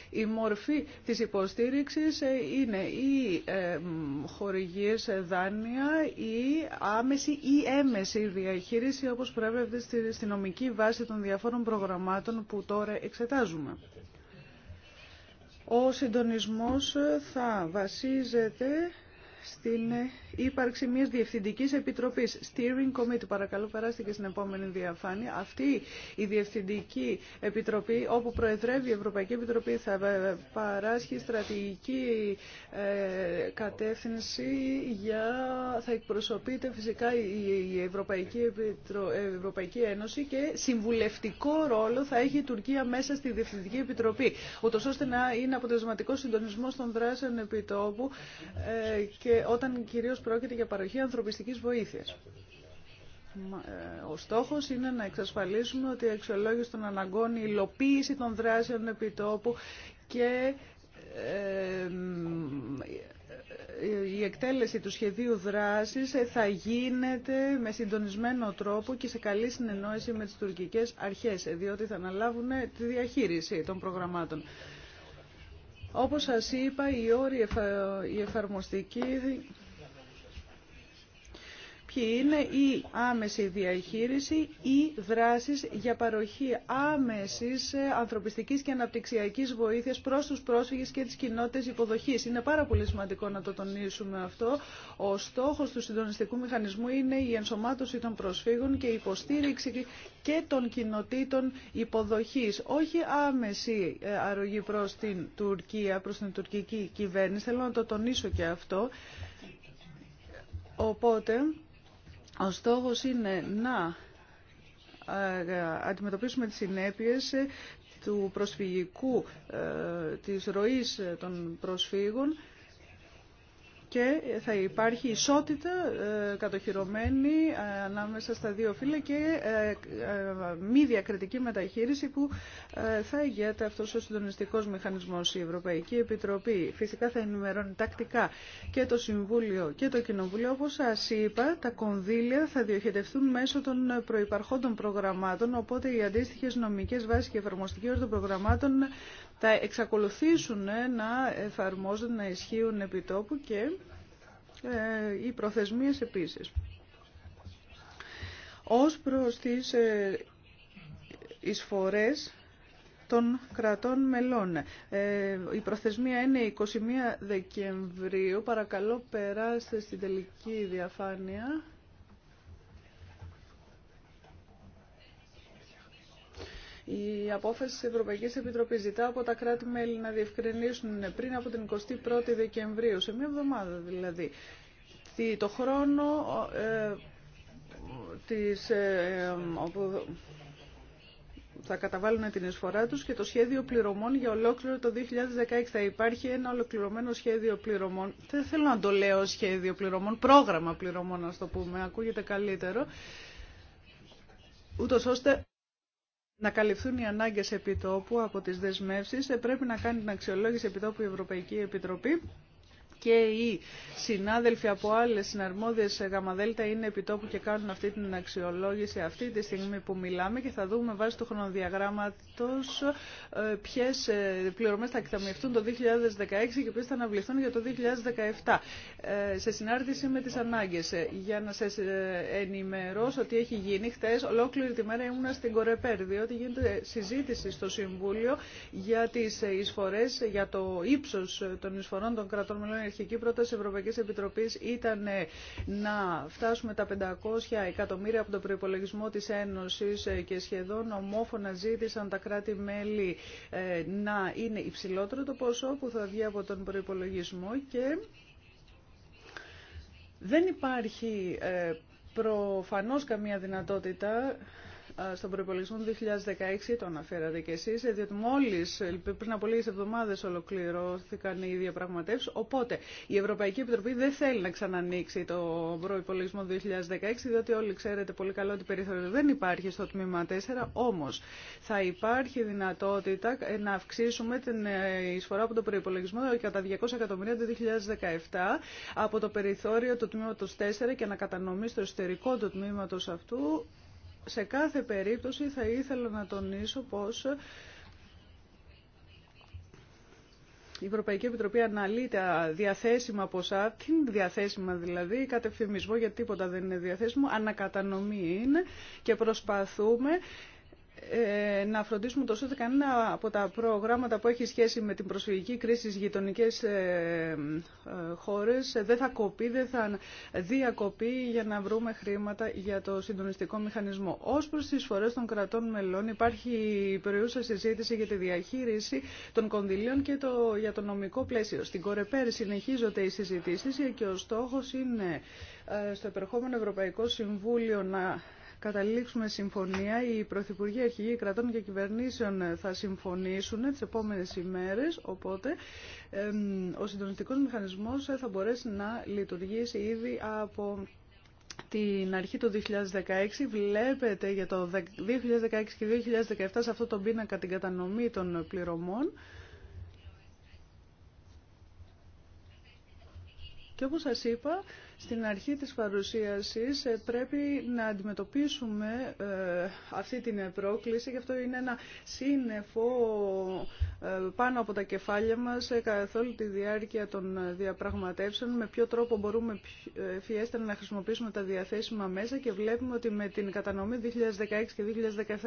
[SPEAKER 2] Η μορφή της υποστήριξης ε, είναι ή ε, χορηγίες δάνεια ή άμεση ή έμεση διαχείριση, όπως στη, στη νομική βάση των διαφόρων προγραμμάτων που τώρα εξετάζουμε. Ο συντονισμός θα βασίζεται στην ύπαρξη μια διευθυντική επιτροπή. Steering Committee, παρακαλώ περάστε και στην επόμενη διαφάνεια. Αυτή η διευθυντική επιτροπή, όπου προεδρεύει η Ευρωπαϊκή Επιτροπή, θα ε, παράσχει στρατηγική ε, κατεύθυνση για... θα εκπροσωπείται φυσικά η Ευρωπαϊκή, Επιτρο... Ε, Ευρωπαϊκή Ένωση και συμβουλευτικό ρόλο θα έχει η Τουρκία μέσα στη Διευθυντική Επιτροπή, ούτω ώστε να είναι αποτελεσματικό συντονισμό των δράσεων επιτόπου και όταν κυρίως πρόκειται για παροχή ανθρωπιστικής βοήθειας. Ε, ο στόχος είναι να εξασφαλίσουμε ότι η αξιολόγηση των αναγκών, η υλοποίηση των δράσεων επιτόπου και ε, ε, η εκτέλεση του σχεδίου δράσης θα γίνεται με συντονισμένο τρόπο και σε καλή συνεννόηση με τις τουρκικές αρχές, διότι θα αναλάβουν τη διαχείριση των προγραμμάτων. Όπως σας είπα, η όρη η εφαρμοστική είναι η άμεση διαχείριση ή δράσεις για παροχή άμεσης ανθρωπιστικής και αναπτυξιακής βοήθειας προς τους πρόσφυγες και τις κοινότητες υποδοχής. Είναι πάρα πολύ σημαντικό να το τονίσουμε αυτό. Ο στόχος του συντονιστικού μηχανισμού είναι η ενσωμάτωση των προσφύγων και η υποστήριξη και των κοινοτήτων υποδοχής. Όχι άμεση ε, αρρωγή προς την Τουρκία, προς την τουρκική κυβέρνηση. Θέλω να το τονίσω και αυτό. Οπότε ο στόχος είναι να ε, αντιμετωπίσουμε τις συνέπειες ε, του προσφυγικού, ε, της ροής των προσφύγων και θα υπάρχει ισότητα ε, κατοχυρωμένη ε, ανάμεσα στα δύο φύλλα και ε, μη διακριτική μεταχείριση που θα ηγέται αυτός ο συντονιστικός μηχανισμός η Ευρωπαϊκή Επιτροπή. Φυσικά θα ενημερώνει τακτικά και το Συμβούλιο και το Κοινοβούλιο. Όπως σας είπα, τα κονδύλια θα διοχετευτούν μέσω των προϋπαρχόντων προγραμμάτων, οπότε οι αντίστοιχες νομικές βάσεις και εφαρμοστική των προγραμμάτων θα εξακολουθήσουν ε, να εφαρμόζονται, να ισχύουν επιτόπου και ε, οι προθεσμίες επίσης. Ως προς τις ε, εισφορές των κρατών μελών. η προθεσμία είναι 21 Δεκεμβρίου. Παρακαλώ περάστε στην τελική διαφάνεια. Η απόφαση της Ευρωπαϊκής Επιτροπής ζητά από τα κράτη-μέλη να διευκρινίσουν πριν από την 21η Δεκεμβρίου, σε μία εβδομάδα δηλαδή, το χρόνο ε, της, ε, όπου θα καταβάλουν την εισφορά τους και το σχέδιο πληρωμών για ολόκληρο το 2016. Θα υπάρχει ένα ολοκληρωμένο σχέδιο πληρωμών. Δεν θέλω να το λέω σχέδιο πληρωμών, πρόγραμμα πληρωμών, να το πούμε, ακούγεται καλύτερο, ούτως να καλυφθούν οι ανάγκες επιτόπου από τις δεσμεύσεις, ε, πρέπει να κάνει την αξιολόγηση επιτόπου η Ευρωπαϊκή Επιτροπή και οι συνάδελφοι από άλλε συναρμόδιε γαμαδέλτα είναι επιτόπου και κάνουν αυτή την αξιολόγηση αυτή τη στιγμή που μιλάμε και θα δούμε βάσει του χρονοδιαγράμματο ε, ποιε πληρωμέ θα εκταμιευτούν το 2016 και ποιε θα αναβληθούν για το 2017 ε, σε συνάρτηση με τι ανάγκε. Ε, για να σα ενημερώσω ότι έχει γίνει, χθε, ολόκληρη τη μέρα ήμουνα στην Κορεπέρ, διότι γίνεται συζήτηση στο Συμβούλιο για τι εισφορέ, για το ύψο των εισφορών των κρατών μελών αρχική πρόταση Ευρωπαϊκή Επιτροπή ήταν ε, να φτάσουμε τα 500 εκατομμύρια από τον προπολογισμό της Ένωσης ε, και σχεδόν ομόφωνα ζήτησαν τα κράτη-μέλη ε, να είναι υψηλότερο το ποσό που θα βγει από τον προπολογισμό και δεν υπάρχει προφανώς καμία δυνατότητα ε, στον προπολογισμό του 2016, το αναφέρατε κι εσείς, διότι μόλι, ε, πριν από λίγες εβδομάδες ολοκληρώθηκαν οι διαπραγματεύσεις, οπότε η Ευρωπαϊκή Επιτροπή δεν θέλει να ξανανοίξει το προπολογισμό του 2016, διότι όλοι ξέρετε πολύ καλό ότι περιθώριο δεν υπάρχει στο τμήμα 4, όμως θα υπάρχει δυνατότητα ε, να αυξήσουμε την εισφορά από τον προπολογισμό κατά 200 εκατομμύρια το 2017 από το περιθώριο του τμήματος 4 και να κατανομήσει το εσωτερικό του τμήματος αυτού σε κάθε περίπτωση θα ήθελα να τονίσω πως η Ευρωπαϊκή Επιτροπή αναλύει διαθέσιμα ποσά, την διαθέσιμα δηλαδή, κατευθυμισμό γιατί τίποτα δεν είναι διαθέσιμο, ανακατανομή είναι και προσπαθούμε ε, να φροντίσουμε τόσο ότι κανένα από τα προγράμματα που έχει σχέση με την προσφυγική κρίση στις γειτονικές ε, ε, χώρες δεν θα κοπεί, δεν θα διακοπεί για να βρούμε χρήματα για το συντονιστικό μηχανισμό. Ως προς τις φορές των κρατών μελών υπάρχει περιούσα συζήτηση για τη διαχείριση των κονδυλίων και το, για το νομικό πλαίσιο. Στην Κορεπέρ συνεχίζονται οι συζητήσεις και ο στόχος είναι στο επερχόμενο Ευρωπαϊκό Συμβούλιο να καταλήξουμε συμφωνία. Οι Πρωθυπουργοί, Αρχηγοί Κρατών και Κυβερνήσεων θα συμφωνήσουν τις επόμενες ημέρες, οπότε ο συντονιστικός μηχανισμός θα μπορέσει να λειτουργήσει ήδη από την αρχή του 2016 βλέπετε για το 2016 και 2017 σε αυτό το πίνακα την κατανομή των πληρωμών. Και όπως σας είπα, στην αρχή της παρουσίασης ε, πρέπει να αντιμετωπίσουμε ε, αυτή την ε, πρόκληση και αυτό είναι ένα σύννεφο πάνω από τα κεφάλια μας καθ' όλη τη διάρκεια των διαπραγματεύσεων με ποιο τρόπο μπορούμε φιέστερα να χρησιμοποιήσουμε τα διαθέσιμα μέσα και βλέπουμε ότι με την κατανομή 2016 και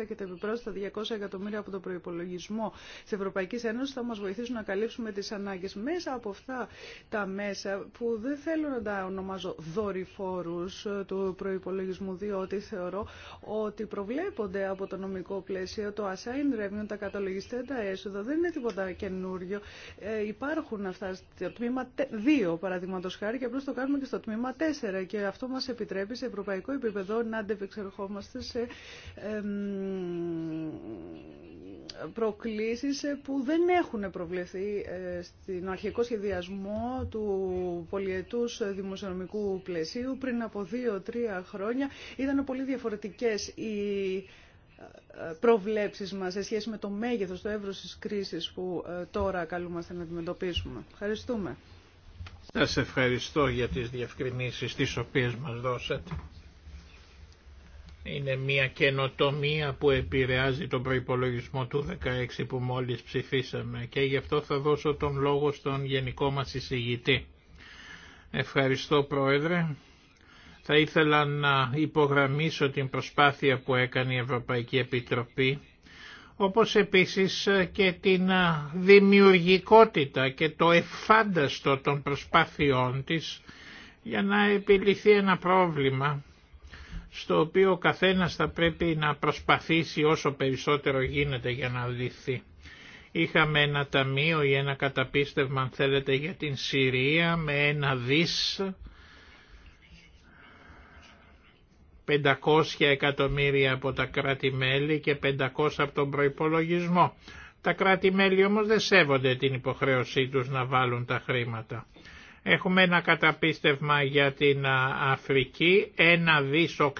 [SPEAKER 2] 2017 και τα επιπρόσθετα 200 εκατομμύρια από το προϋπολογισμό της Ευρωπαϊκής Ένωσης θα μας βοηθήσουν να καλύψουμε τις ανάγκες μέσα από αυτά τα μέσα που δεν θέλω να τα ονομάζω ονομάζω δορυφόρους ε, του προϋπολογισμού, διότι θεωρώ ότι προβλέπονται από το νομικό πλαίσιο το assigned revenue, τα καταλογιστέντα έσοδα, δεν είναι τίποτα καινούριο. Ε, υπάρχουν αυτά στο τμήμα 2, παραδείγματο χάρη, και απλώ το κάνουμε και στο τμήμα 4. Και αυτό μας επιτρέπει σε ευρωπαϊκό επίπεδο να αντεπεξερχόμαστε σε... Ε, προκλήσεις ε, που δεν έχουν προβλεφθεί ε, στην αρχικό σχεδιασμό του πολιετούς δημοσιονομικού πλαισίου πριν από δύο-τρία χρόνια. Ήταν πολύ διαφορετικές οι ε, προβλέψεις μας σε σχέση με το μέγεθος, το εύρος της κρίσης που τώρα καλούμαστε να αντιμετωπίσουμε. Ευχαριστούμε.
[SPEAKER 1] Σας ευχαριστώ για τις διευκρινήσεις τις οποίες μας δώσατε. Είναι μια καινοτομία που επηρεάζει τον προϋπολογισμό του 16 που μόλις ψηφίσαμε και γι' αυτό θα δώσω τον λόγο στον γενικό μας εισηγητή. Ευχαριστώ Πρόεδρε. Θα ήθελα να υπογραμμίσω την προσπάθεια που έκανε η Ευρωπαϊκή Επιτροπή όπως επίσης και την δημιουργικότητα και το εφάνταστο των προσπάθειών της για να επιληθεί ένα πρόβλημα στο οποίο ο καθένας θα πρέπει να προσπαθήσει όσο περισσότερο γίνεται για να λυθεί. Είχαμε ένα ταμείο ή ένα καταπίστευμα αν θέλετε για την Συρία με ένα δις 500 εκατομμύρια από τα κράτη-μέλη και 500 από τον προϋπολογισμό. Τα κράτη-μέλη όμως δεν σέβονται την υποχρέωσή τους να βάλουν τα χρήματα. Έχουμε ένα καταπίστευμα για την Αφρική, ένα δις 800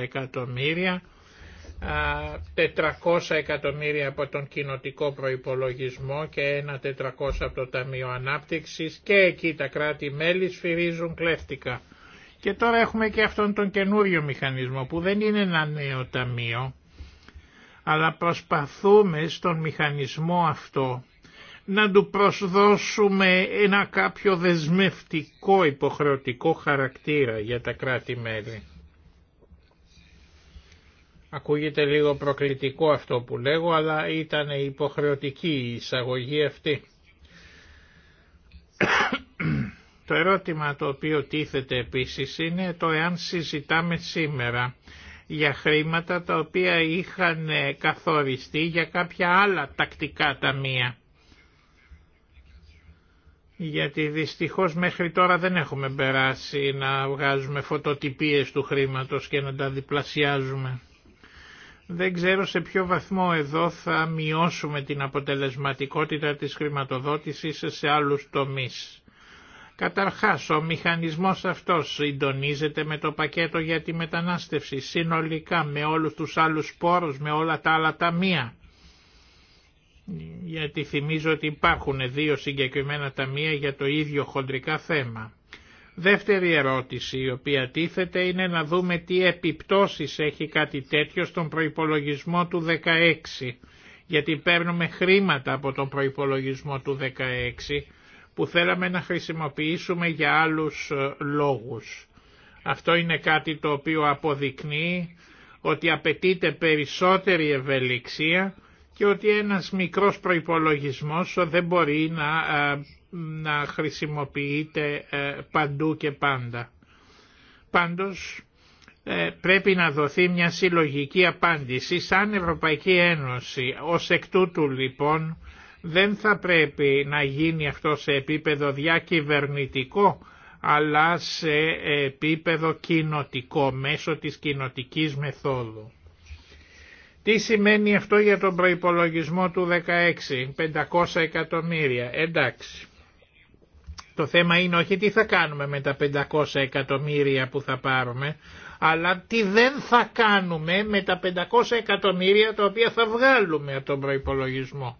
[SPEAKER 1] εκατομμύρια, 400 εκατομμύρια από τον κοινοτικό προϋπολογισμό και ένα 400 από το Ταμείο Ανάπτυξης και εκεί τα κράτη-μέλη σφυρίζουν κλέφτικα. Και τώρα έχουμε και αυτόν τον καινούριο μηχανισμό που δεν είναι ένα νέο ταμείο, αλλά προσπαθούμε στον μηχανισμό αυτό να του προσδώσουμε ένα κάποιο δεσμευτικό υποχρεωτικό χαρακτήρα για τα κράτη-μέλη. Ακούγεται λίγο προκλητικό αυτό που λέγω, αλλά ήταν υποχρεωτική η εισαγωγή αυτή. το ερώτημα το οποίο τίθεται επίσης είναι το εάν συζητάμε σήμερα για χρήματα τα οποία είχαν καθοριστεί για κάποια άλλα τακτικά ταμεία γιατί δυστυχώς μέχρι τώρα δεν έχουμε περάσει να βγάζουμε φωτοτυπίες του χρήματος και να τα διπλασιάζουμε. Δεν ξέρω σε ποιο βαθμό εδώ θα μειώσουμε την αποτελεσματικότητα της χρηματοδότησης σε άλλους τομείς. Καταρχάς, ο μηχανισμός αυτός συντονίζεται με το πακέτο για τη μετανάστευση συνολικά με όλους τους άλλους σπόρους, με όλα τα άλλα ταμεία γιατί θυμίζω ότι υπάρχουν δύο συγκεκριμένα ταμεία για το ίδιο χοντρικά θέμα. Δεύτερη ερώτηση η οποία τίθεται είναι να δούμε τι επιπτώσεις έχει κάτι τέτοιο στον προϋπολογισμό του 16 γιατί παίρνουμε χρήματα από τον προϋπολογισμό του 16 που θέλαμε να χρησιμοποιήσουμε για άλλους ε, λόγους. Αυτό είναι κάτι το οποίο αποδεικνύει ότι απαιτείται περισσότερη ευελιξία και ότι ένας μικρός προϋπολογισμός δεν μπορεί να, ε, να χρησιμοποιείται ε, παντού και πάντα. Πάντως ε, πρέπει να δοθεί μια συλλογική απάντηση σαν Ευρωπαϊκή Ένωση. Ως εκ τούτου λοιπόν δεν θα πρέπει να γίνει αυτό σε επίπεδο διακυβερνητικό αλλά σε επίπεδο κοινοτικό μέσω της κοινοτικής μεθόδου. Τι σημαίνει αυτό για τον προϋπολογισμό του 16, 500 εκατομμύρια, εντάξει. Το θέμα είναι όχι τι θα κάνουμε με τα 500 εκατομμύρια που θα πάρουμε, αλλά τι δεν θα κάνουμε με τα 500 εκατομμύρια τα οποία θα βγάλουμε από τον προϋπολογισμό.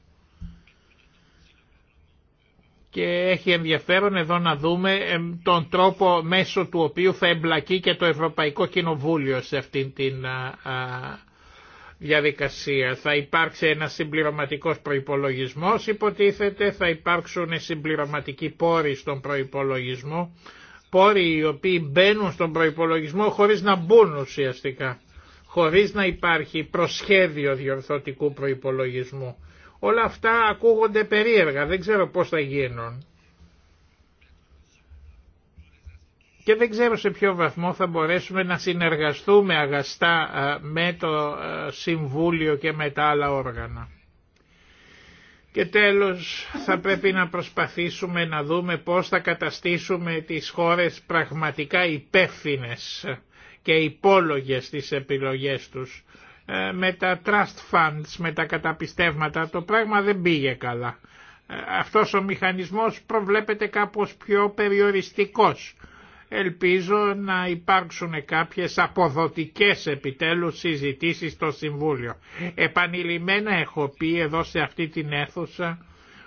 [SPEAKER 1] Και έχει ενδιαφέρον εδώ να δούμε τον τρόπο μέσω του οποίου θα εμπλακεί και το Ευρωπαϊκό Κοινοβούλιο σε αυτήν την διαδικασία. Θα υπάρξει ένας συμπληρωματικός προϋπολογισμός, υποτίθεται, θα υπάρξουν συμπληρωματικοί πόροι στον προϋπολογισμό, πόροι οι οποίοι μπαίνουν στον προϋπολογισμό χωρίς να μπουν ουσιαστικά, χωρίς να υπάρχει προσχέδιο διορθωτικού προϋπολογισμού. Όλα αυτά ακούγονται περίεργα, δεν ξέρω πώς θα γίνουν. και δεν ξέρω σε ποιο βαθμό θα μπορέσουμε να συνεργαστούμε αγαστά ε, με το ε, Συμβούλιο και με τα άλλα όργανα. Και τέλος θα πρέπει να προσπαθήσουμε να δούμε πώς θα καταστήσουμε τις χώρες πραγματικά υπεύθυνε και υπόλογες στις επιλογές τους. Ε, με τα trust funds, με τα καταπιστεύματα το πράγμα δεν πήγε καλά. Αυτός ο μηχανισμός προβλέπεται κάπως πιο περιοριστικός Ελπίζω να υπάρξουν κάποιες αποδοτικές επιτέλους συζητήσεις στο Συμβούλιο. Επανειλημμένα έχω πει εδώ σε αυτή την αίθουσα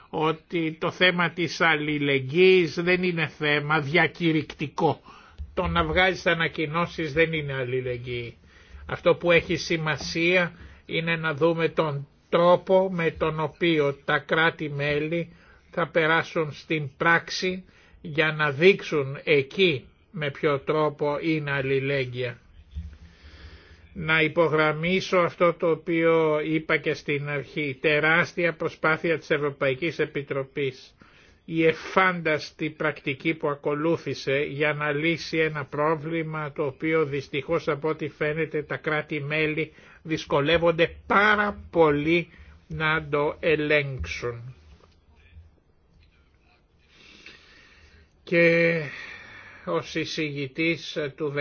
[SPEAKER 1] ότι το θέμα της αλληλεγγύης δεν είναι θέμα διακηρυκτικό. Το να βγάζεις ανακοινώσει δεν είναι αλληλεγγύη. Αυτό που έχει σημασία είναι να δούμε τον τρόπο με τον οποίο τα κράτη-μέλη θα περάσουν στην πράξη για να δείξουν εκεί με ποιο τρόπο είναι αλληλέγγυα. Να υπογραμμίσω αυτό το οποίο είπα και στην αρχή, τεράστια προσπάθεια της Ευρωπαϊκής Επιτροπής, η εφάνταστη πρακτική που ακολούθησε για να λύσει ένα πρόβλημα το οποίο δυστυχώς από ό,τι φαίνεται τα κράτη-μέλη δυσκολεύονται πάρα πολύ να το ελέγξουν. Και ως εισηγητής του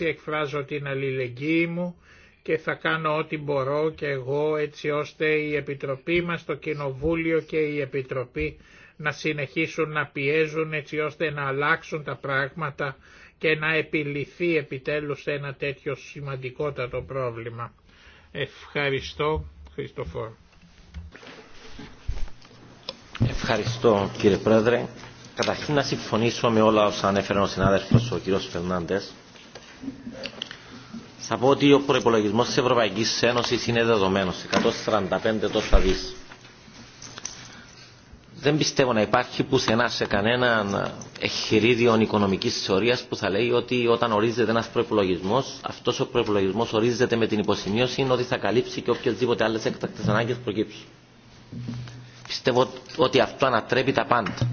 [SPEAKER 1] 16 εκφράζω την αλληλεγγύη μου και θα κάνω ό,τι μπορώ και εγώ έτσι ώστε η Επιτροπή μας, το Κοινοβούλιο και η Επιτροπή να συνεχίσουν να πιέζουν έτσι ώστε να αλλάξουν τα πράγματα και να επιληθεί επιτέλους ένα τέτοιο σημαντικότατο πρόβλημα. Ευχαριστώ, Χριστοφόρ.
[SPEAKER 4] Ευχαριστώ κύριε Πρόεδρε. Καταρχήν να συμφωνήσω με όλα όσα ανέφερε ο συνάδελφο ο κ. Φερνάντε. Θα πω ότι ο προπολογισμό τη Ευρωπαϊκή Ένωση είναι δεδομένο, 145 τόσα δι. Δεν πιστεύω να υπάρχει πουθενά σε κανέναν εχειρίδιο οικονομική θεωρία που θα λέει ότι όταν ορίζεται ένα προπολογισμό, αυτό ο προπολογισμό ορίζεται με την υποσημείωση ότι θα καλύψει και οποιασδήποτε άλλε έκτακτε ανάγκε προκύψουν. Πιστεύω ότι αυτό ανατρέπει τα πάντα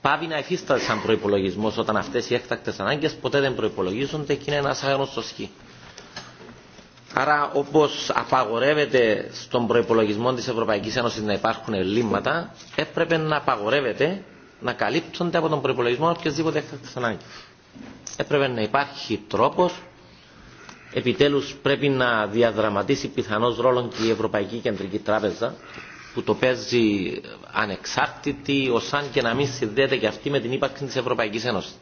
[SPEAKER 4] Πάβει να εφίσταται σαν προπολογισμό όταν αυτέ οι έκτακτε ανάγκε ποτέ δεν προπολογίζονται και είναι ένα άγνωστο σχή. Άρα, όπω απαγορεύεται στον προπολογισμό τη Ευρωπαϊκή Ένωση να υπάρχουν ελλείμματα, έπρεπε να απαγορεύεται να καλύπτονται από τον προπολογισμό οποιασδήποτε έκτακτε ανάγκε. Έπρεπε να υπάρχει τρόπο, επιτέλου πρέπει να διαδραματίσει πιθανό ρόλο και η Ευρωπαϊκή Κεντρική Τράπεζα, που το παίζει ανεξάρτητη, ως αν και να μην συνδέεται και αυτή με την ύπαρξη της Ευρωπαϊκής Ένωσης.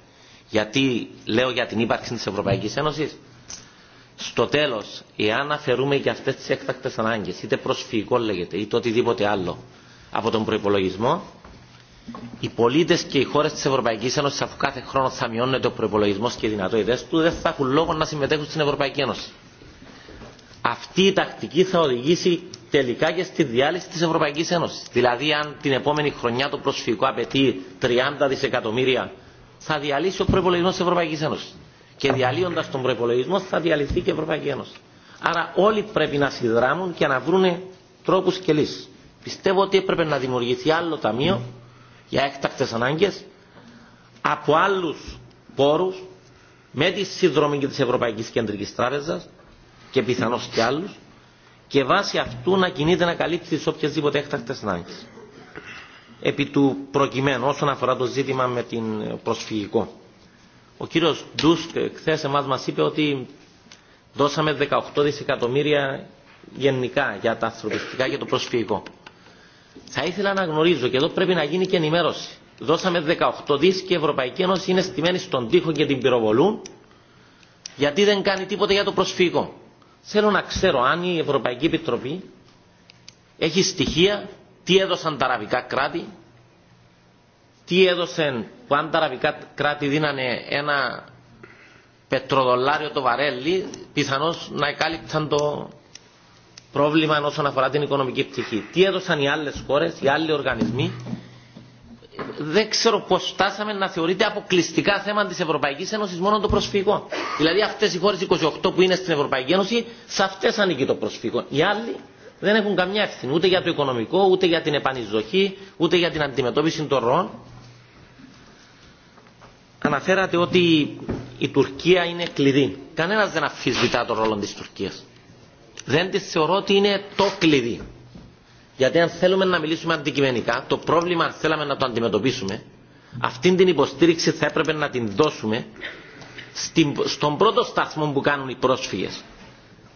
[SPEAKER 4] Γιατί λέω για την ύπαρξη της Ευρωπαϊκής Ένωσης. Στο τέλος, εάν αφαιρούμε και αυτές τις έκτακτες ανάγκες, είτε προσφυγικό λέγεται, είτε οτιδήποτε άλλο, από τον προπολογισμό, οι πολίτες και οι χώρες της Ευρωπαϊκής Ένωσης, αφού κάθε χρόνο θα μειώνεται ο προπολογισμό και οι δυνατότητες του, δεν θα έχουν λόγο να συμμετέχουν στην Ευρωπαϊκή Ένωση. Αυτή η τακτική θα οδηγήσει τελικά και στη διάλυση της Ευρωπαϊκής Ένωσης. Δηλαδή αν την επόμενη χρονιά το προσφυγικό απαιτεί 30 δισεκατομμύρια θα διαλύσει ο προπολογισμό της Ευρωπαϊκής Ένωσης. Και διαλύοντας τον προπολογισμό θα διαλυθεί και η Ευρωπαϊκή Ένωση. Άρα όλοι πρέπει να συνδράμουν και να βρουν τρόπους και λύσεις. Πιστεύω ότι έπρεπε να δημιουργηθεί άλλο ταμείο για έκτακτες ανάγκες από άλλους πόρους με τη συνδρομή της Ευρωπαϊκής Κεντρικής Τράπεζας και πιθανώς και άλλους και βάσει αυτού να κινείται να καλύψει τι οποιασδήποτε έκτακτε ανάγκε. Επί του προκειμένου όσον αφορά το ζήτημα με την προσφυγικό. Ο κύριο Ντούσκ χθε εμά μα είπε ότι δώσαμε 18 δισεκατομμύρια γενικά για τα ανθρωπιστικά και το προσφυγικό. Θα ήθελα να γνωρίζω και εδώ πρέπει να γίνει και ενημέρωση. Δώσαμε 18 δις και η Ευρωπαϊκή Ένωση είναι στημένη στον τοίχο και την πυροβολούν γιατί δεν κάνει τίποτα για το προσφυγικό. Θέλω να ξέρω αν η Ευρωπαϊκή Επιτροπή έχει στοιχεία τι έδωσαν τα αραβικά κράτη, τι έδωσαν που αν τα αραβικά κράτη δίνανε ένα πετροδολάριο το βαρέλι, πιθανώς να εκάλυψαν το πρόβλημα όσον αφορά την οικονομική πτυχή. Τι έδωσαν οι άλλες χώρες, οι άλλοι οργανισμοί δεν ξέρω πώς φτάσαμε να θεωρείται αποκλειστικά θέμα τη Ευρωπαϊκή Ένωση μόνο το προσφυγικό. Δηλαδή αυτέ οι χώρε 28 που είναι στην Ευρωπαϊκή Ένωση, σε αυτέ ανήκει το προσφυγικό. Οι άλλοι δεν έχουν καμιά ευθύνη ούτε για το οικονομικό, ούτε για την επανεισδοχή, ούτε για την αντιμετώπιση των ροών. Αναφέρατε ότι η Τουρκία είναι κλειδί. Κανένα δεν αφισβητά τον ρόλο τη Τουρκία. Δεν τη θεωρώ ότι είναι το κλειδί γιατί αν θέλουμε να μιλήσουμε αντικειμενικά, το πρόβλημα αν θέλαμε να το αντιμετωπίσουμε, αυτή την υποστήριξη θα έπρεπε να την δώσουμε στον πρώτο σταθμό που κάνουν οι πρόσφυγες,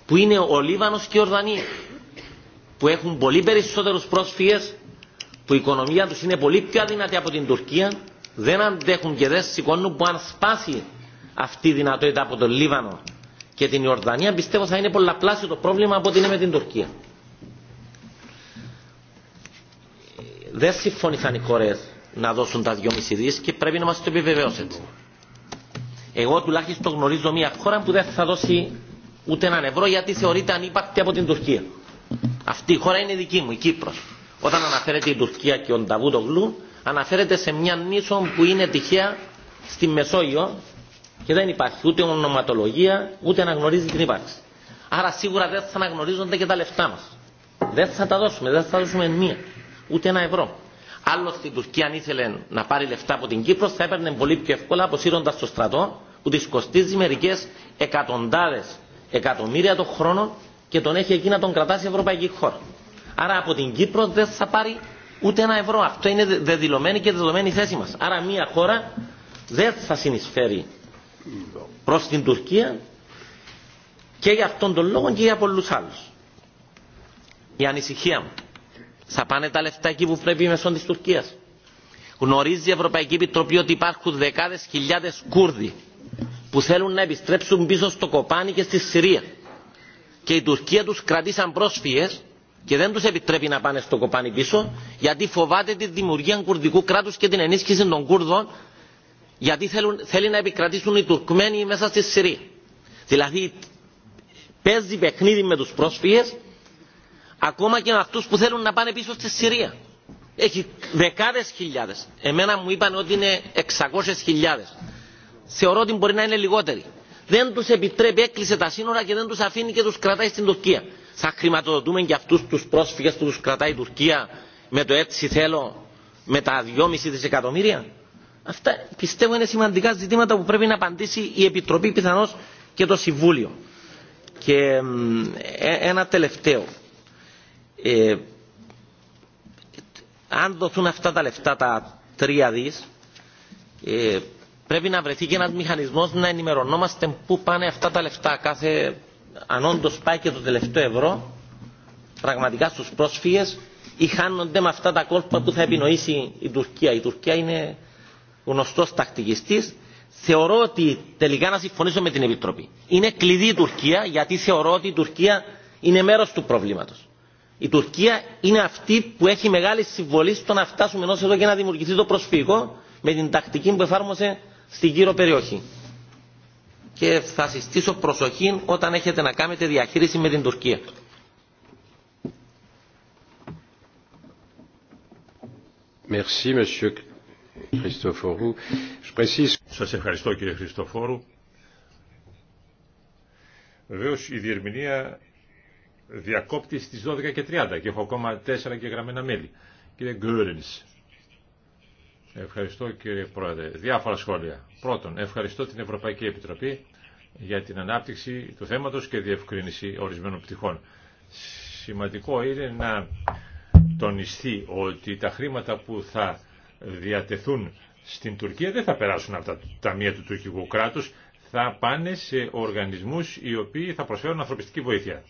[SPEAKER 4] που είναι ο Λίβανος και η Ορδανία, που έχουν πολύ περισσότερους πρόσφυγες, που η οικονομία τους είναι πολύ πιο αδυνατή από την Τουρκία, δεν αντέχουν και δεν σηκώνουν που αν σπάσει αυτή η δυνατότητα από τον Λίβανο και την Ιορδανία, πιστεύω θα είναι πολλαπλάσιο το πρόβλημα από ότι είναι με την Τουρκία. δεν συμφώνησαν οι χώρε να δώσουν τα 2,5 δι και πρέπει να μα το επιβεβαιώσετε. Εγώ τουλάχιστον γνωρίζω μια χώρα που δεν θα δώσει ούτε έναν ευρώ γιατί θεωρείται ανύπαρκτη από την Τουρκία. Αυτή η χώρα είναι δική μου, η Κύπρο. Όταν αναφέρεται η Τουρκία και ο Γλου αναφέρεται σε μια νήσο που είναι τυχαία στη Μεσόγειο και δεν υπάρχει ούτε ονοματολογία ούτε αναγνωρίζει την ύπαρξη. Άρα σίγουρα δεν θα αναγνωρίζονται και τα λεφτά μα. Δεν θα τα δώσουμε, δεν θα δώσουμε μία ούτε ένα ευρώ. Άλλωστε η Τουρκία αν ήθελε να πάρει λεφτά από την Κύπρο θα έπαιρνε πολύ πιο εύκολα αποσύροντα το στρατό που τη κοστίζει μερικέ εκατοντάδε εκατομμύρια το χρόνο και τον έχει εκεί να τον κρατά η ευρωπαϊκή χώρα. Άρα από την Κύπρο δεν θα πάρει ούτε ένα ευρώ. Αυτό είναι δεδηλωμένη και δεδομένη θέση μα. Άρα μια χώρα δεν θα συνεισφέρει προ την Τουρκία και για αυτόν τον λόγο και για πολλού άλλου. Η ανησυχία μου θα πάνε τα λεφτά εκεί που πρέπει μέσω τη Τουρκία. Γνωρίζει η Ευρωπαϊκή Επιτροπή ότι υπάρχουν δεκάδε χιλιάδε Κούρδοι που θέλουν να επιστρέψουν πίσω στο Κοπάνι και στη Συρία. Και η Τουρκία του κρατεί σαν πρόσφυγε και δεν του επιτρέπει να πάνε στο Κοπάνι πίσω γιατί φοβάται τη δημιουργία κουρδικού κράτου και την ενίσχυση των Κούρδων γιατί θέλουν, θέλει να επικρατήσουν οι Τουρκμένοι μέσα στη Συρία. Δηλαδή παίζει παιχνίδι με του πρόσφυγε ακόμα και με αυτού που θέλουν να πάνε πίσω στη Συρία. Έχει δεκάδε χιλιάδε. Εμένα μου είπαν ότι είναι εξακόσε χιλιάδες. Θεωρώ ότι μπορεί να είναι λιγότεροι. Δεν του επιτρέπει, έκλεισε τα σύνορα και δεν του αφήνει και του κρατάει στην Τουρκία. Θα χρηματοδοτούμε και αυτού του πρόσφυγε που του κρατάει η Τουρκία με το έτσι θέλω, με τα 2,5 δισεκατομμύρια. Αυτά πιστεύω είναι σημαντικά ζητήματα που πρέπει να απαντήσει η Επιτροπή πιθανώ και το Συμβούλιο. Και ε, ένα τελευταίο ε, αν δοθούν αυτά τα λεφτά τα τρία δις ε, πρέπει να βρεθεί και ένας μηχανισμός να ενημερωνόμαστε πού πάνε αυτά τα λεφτά κάθε αν όντως πάει και το τελευταίο ευρώ πραγματικά στους πρόσφυγες ή χάνονται με αυτά τα κόλπα που θα επινοήσει η Τουρκία. Η Τουρκία είναι γνωστός τακτικιστής. Θεωρώ ότι τελικά να συμφωνήσω με την Επιτροπή. Είναι κλειδί η Τουρκία γιατί θεωρώ ότι η Τουρκία είναι μέρος του προβλήματος η Τουρκία είναι αυτή που έχει μεγάλη συμβολή στο να φτάσουμε ενό εδώ και να δημιουργηθεί το προσφυγικό με την τακτική που εφάρμοσε στην γύρω περιοχή. Και θα συστήσω προσοχή όταν έχετε να κάνετε διαχείριση με την Τουρκία.
[SPEAKER 3] Merci, Σας ευχαριστώ κύριε Χριστοφόρου. Βεβαίως η διερμηνία διακόπτη στι 12.30 και έχω ακόμα και γραμμένα μέλη. Κύριε Γκούρινς, ευχαριστώ κύριε Πρόεδρε. Διάφορα σχόλια. Πρώτον, ευχαριστώ την Ευρωπαϊκή Επιτροπή για την ανάπτυξη του θέματος και διευκρίνηση ορισμένων πτυχών. Σημαντικό είναι να τονιστεί ότι τα χρήματα που θα διατεθούν στην Τουρκία δεν θα περάσουν από τα ταμεία του τουρκικού κράτους, θα πάνε σε οργανισμούς οι οποίοι θα προσφέρουν ανθρωπιστική βοήθεια.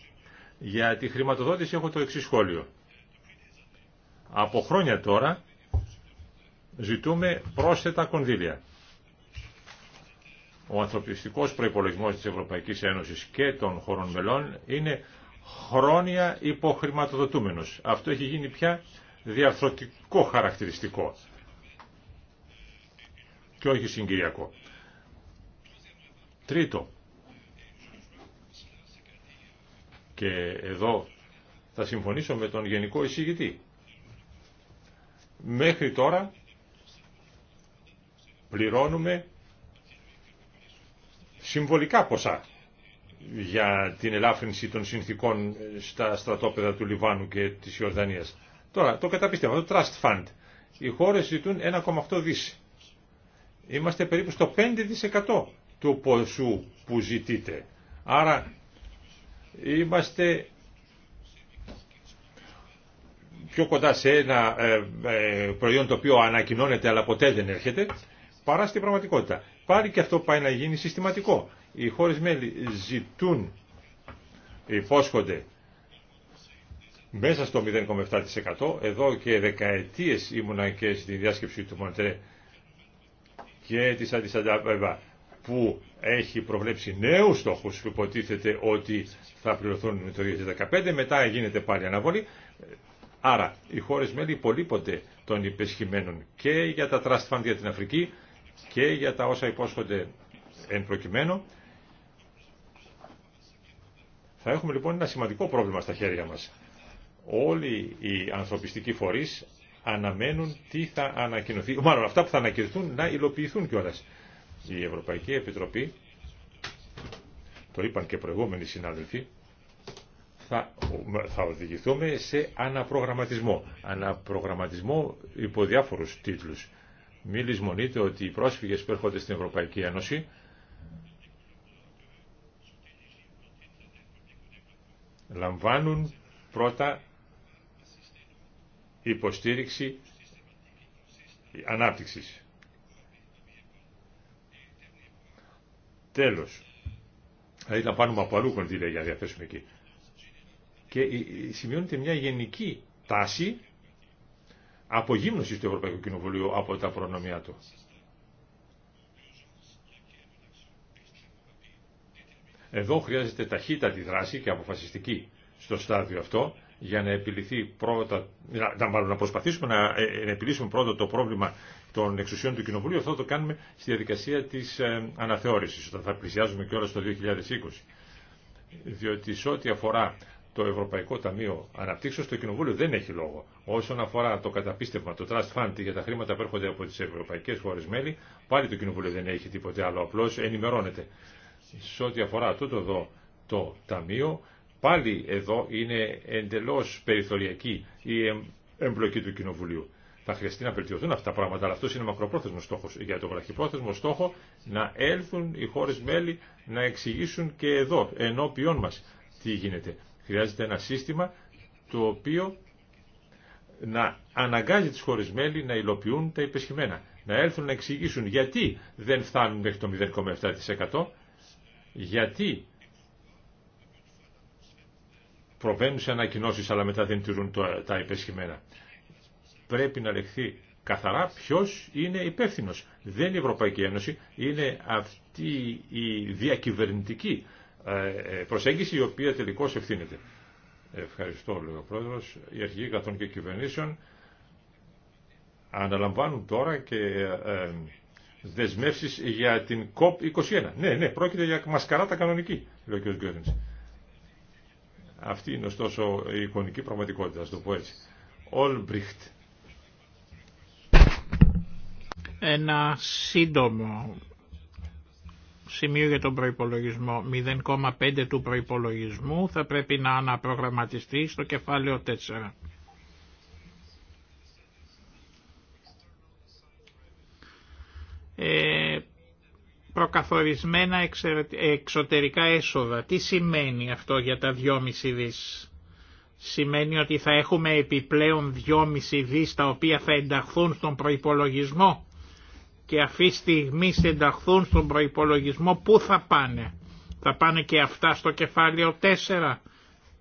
[SPEAKER 3] Για τη χρηματοδότηση έχω το εξή σχόλιο. Από χρόνια τώρα ζητούμε πρόσθετα κονδύλια. Ο ανθρωπιστικός προϋπολογισμός της Ευρωπαϊκής Ένωσης και των χωρών μελών είναι χρόνια υποχρηματοδοτούμενος. Αυτό έχει γίνει πια διαρθρωτικό χαρακτηριστικό και όχι συγκυριακό. Τρίτο, Και εδώ θα συμφωνήσω με τον Γενικό Εισηγητή. Μέχρι τώρα πληρώνουμε συμβολικά ποσά για την ελάφρυνση των συνθήκων στα στρατόπεδα του Λιβάνου και της Ιορδανίας. Τώρα, το καταπιστεύω, το Trust Fund. Οι χώρες ζητούν 1,8 δις. Είμαστε περίπου στο 5% του ποσού που ζητείτε. Άρα Είμαστε πιο κοντά σε ένα ε, ε, προϊόν το οποίο ανακοινώνεται αλλά ποτέ δεν έρχεται παρά στην πραγματικότητα. Πάλι και αυτό πάει να γίνει συστηματικό. Οι χώρες μέλη ζητούν, υπόσχονται μέσα στο 0,7% εδώ και δεκαετίες ήμουνα και στη διάσκεψη του Μοντρέ και της Αντισανταβέβα που έχει προβλέψει νέους στόχους που υποτίθεται ότι θα πληρωθούν με το 2015, μετά γίνεται πάλι αναβολή. Άρα οι χώρες μέλη υπολείπονται των υπεσχημένων και για τα trust fund για την Αφρική και για τα όσα υπόσχονται εν προκειμένου. Θα έχουμε λοιπόν ένα σημαντικό πρόβλημα στα χέρια μας. Όλοι οι ανθρωπιστικοί φορείς αναμένουν τι θα ανακοινωθεί, μάλλον αυτά που θα ανακοινωθούν να υλοποιηθούν κιόλας. Η Ευρωπαϊκή Επιτροπή, το είπαν και προηγούμενοι συνάδελφοι, θα, θα οδηγηθούμε σε αναπρογραμματισμό. Αναπρογραμματισμό υπό διάφορους τίτλους. Μη λησμονείτε ότι οι πρόσφυγες που έρχονται στην Ευρωπαϊκή Ένωση λαμβάνουν πρώτα υποστήριξη ανάπτυξης. Τέλος, δηλαδή πάρουμε από αλλού κονδύλια για να διαθέσουμε εκεί. Και σημειώνεται μια γενική τάση απογύμνωσης του Ευρωπαϊκού Κοινοβουλίου από τα προνομιά του. Εδώ χρειάζεται ταχύτατη δράση και αποφασιστική στο στάδιο αυτό για να επιληθεί πρώτα, να, να προσπαθήσουμε να, ε, ε, να επιλύσουμε πρώτα το πρόβλημα των εξουσιών του Κοινοβουλίου, αυτό το κάνουμε στη διαδικασία της ε, αναθεώρησης, όταν θα πλησιάζουμε και όλα στο 2020. Διότι σε ό,τι αφορά το Ευρωπαϊκό Ταμείο Αναπτύξεως, το Κοινοβούλιο δεν έχει λόγο. Όσον αφορά το καταπίστευμα, το Trust Fund για τα χρήματα που έρχονται από τις ευρωπαϊκές χώρες μέλη, πάλι το Κοινοβούλιο δεν έχει τίποτε άλλο, απλώς ενημερώνεται. Σε ό,τι αφορά τούτο εδώ το Ταμείο, πάλι εδώ είναι εντελώς περιθωριακή η εμπλοκή του Κοινοβουλίου. Θα χρειαστεί να βελτιωθούν αυτά τα πράγματα, αλλά αυτό είναι ο μακροπρόθεσμο στόχο. Για το βραχυπρόθεσμο στόχο να έλθουν οι χώρε μέλη να εξηγήσουν και εδώ, ενώπιον μα, τι γίνεται. Χρειάζεται ένα σύστημα το οποίο να αναγκάζει τι χώρε μέλη να υλοποιούν τα υπεσχημένα. Να έλθουν να εξηγήσουν γιατί δεν φτάνουν μέχρι το 0,7%, γιατί προβαίνουν σε ανακοινώσει αλλά μετά δεν τηρούν τα υπεσχημένα. Πρέπει να λεχθεί καθαρά Ποιο είναι υπεύθυνο. Δεν είναι η Ευρωπαϊκή Ένωση, είναι αυτή η διακυβερνητική ε, ε, προσέγγιση η οποία τελικώ ευθύνεται. Ευχαριστώ, λέει ο Πρόεδρος. Οι αρχηγοί καθών και κυβερνήσεων αναλαμβάνουν τώρα και ε, δεσμεύσει για την COP21. Ναι, ναι, πρόκειται για μασκαρά τα κανονική, λέει ο κ. Γκέρνης. Αυτή είναι ωστόσο η εικονική πραγματικότητα, α το πω έτσι. Ολμπριχτ.
[SPEAKER 1] Ένα σύντομο σημείο για τον προϋπολογισμό. 0,5 του προϋπολογισμού θα πρέπει να αναπρογραμματιστεί στο κεφάλαιο 4. Ε, προκαθορισμένα εξωτερικά έσοδα. Τι σημαίνει αυτό για τα 2,5 δις. Σημαίνει ότι θα έχουμε επιπλέον 2,5 δις τα οποία θα ενταχθούν στον προϋπολογισμό και αυτή τη στιγμή ενταχθούν στον προϋπολογισμό πού θα πάνε. Θα πάνε και αυτά στο κεφάλαιο 4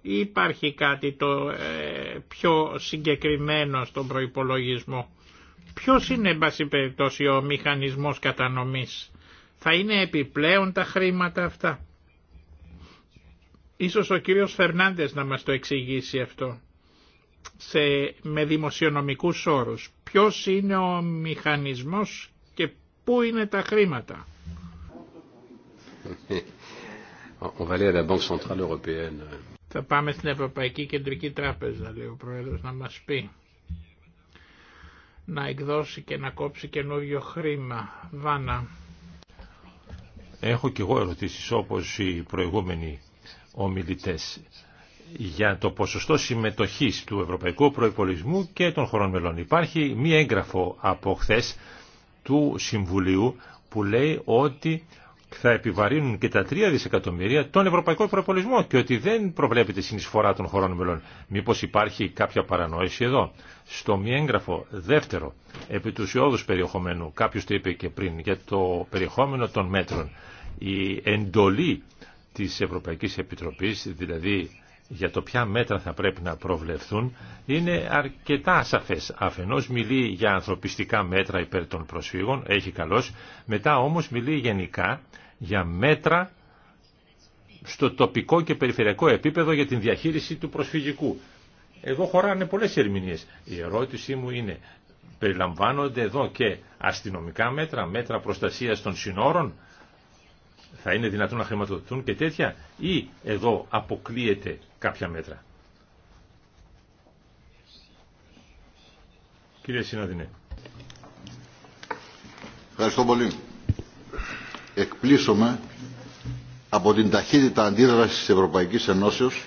[SPEAKER 1] ή υπάρχει κάτι το ε, πιο συγκεκριμένο στον προϋπολογισμό. Ποιος είναι εν πάση περιπτώσει ο μηχανισμός κατανομής θα είναι επιπλέον τα χρήματα αυτά. Ίσως ο κύριος Φερνάντες να μας το εξηγήσει αυτό σε, με δημοσιονομικούς όρους. Ποιος είναι ο μηχανισμός και πού είναι τα χρήματα. Θα πάμε στην Ευρωπαϊκή Κεντρική Τράπεζα, λέει ο Πρόεδρος, να μας πει. Να εκδώσει και να κόψει καινούριο χρήμα. Βάνα.
[SPEAKER 3] Έχω και εγώ ερωτήσεις όπως οι προηγούμενοι ομιλητές για το ποσοστό συμμετοχής του Ευρωπαϊκού Προϋπολισμού και των χωρών μελών. Υπάρχει μία έγγραφο από χθε του Συμβουλίου που λέει ότι θα επιβαρύνουν και τα 3 δισεκατομμύρια τον ευρωπαϊκό προπολισμό και ότι δεν προβλέπεται συνεισφορά των χωρών μελών. Μήπως υπάρχει κάποια παρανόηση εδώ. Στο μη έγγραφο δεύτερο, επί του περιεχομένου, κάποιος το είπε και πριν, για το περιεχόμενο των μέτρων, η εντολή της Ευρωπαϊκής Επιτροπής, δηλαδή για το ποια μέτρα θα πρέπει να προβλεφθούν, είναι αρκετά σαφές. Αφενός μιλεί για ανθρωπιστικά μέτρα υπέρ των προσφύγων, έχει καλώς, μετά όμως μιλεί γενικά για μέτρα στο τοπικό και περιφερειακό επίπεδο για την διαχείριση του προσφυγικού. Εδώ χωράνε πολλές ερμηνείες. Η ερώτησή μου είναι, περιλαμβάνονται εδώ και αστυνομικά μέτρα, μέτρα προστασίας των συνόρων, θα είναι δυνατόν να χρηματοδοτούν και τέτοια, ή εδώ αποκλείεται κάποια μέτρα.
[SPEAKER 5] Κύριε Συναδινέ. Ευχαριστώ πολύ εκπλήσωμαι από την ταχύτητα αντίδρασης της Ευρωπαϊκής Ενώσεως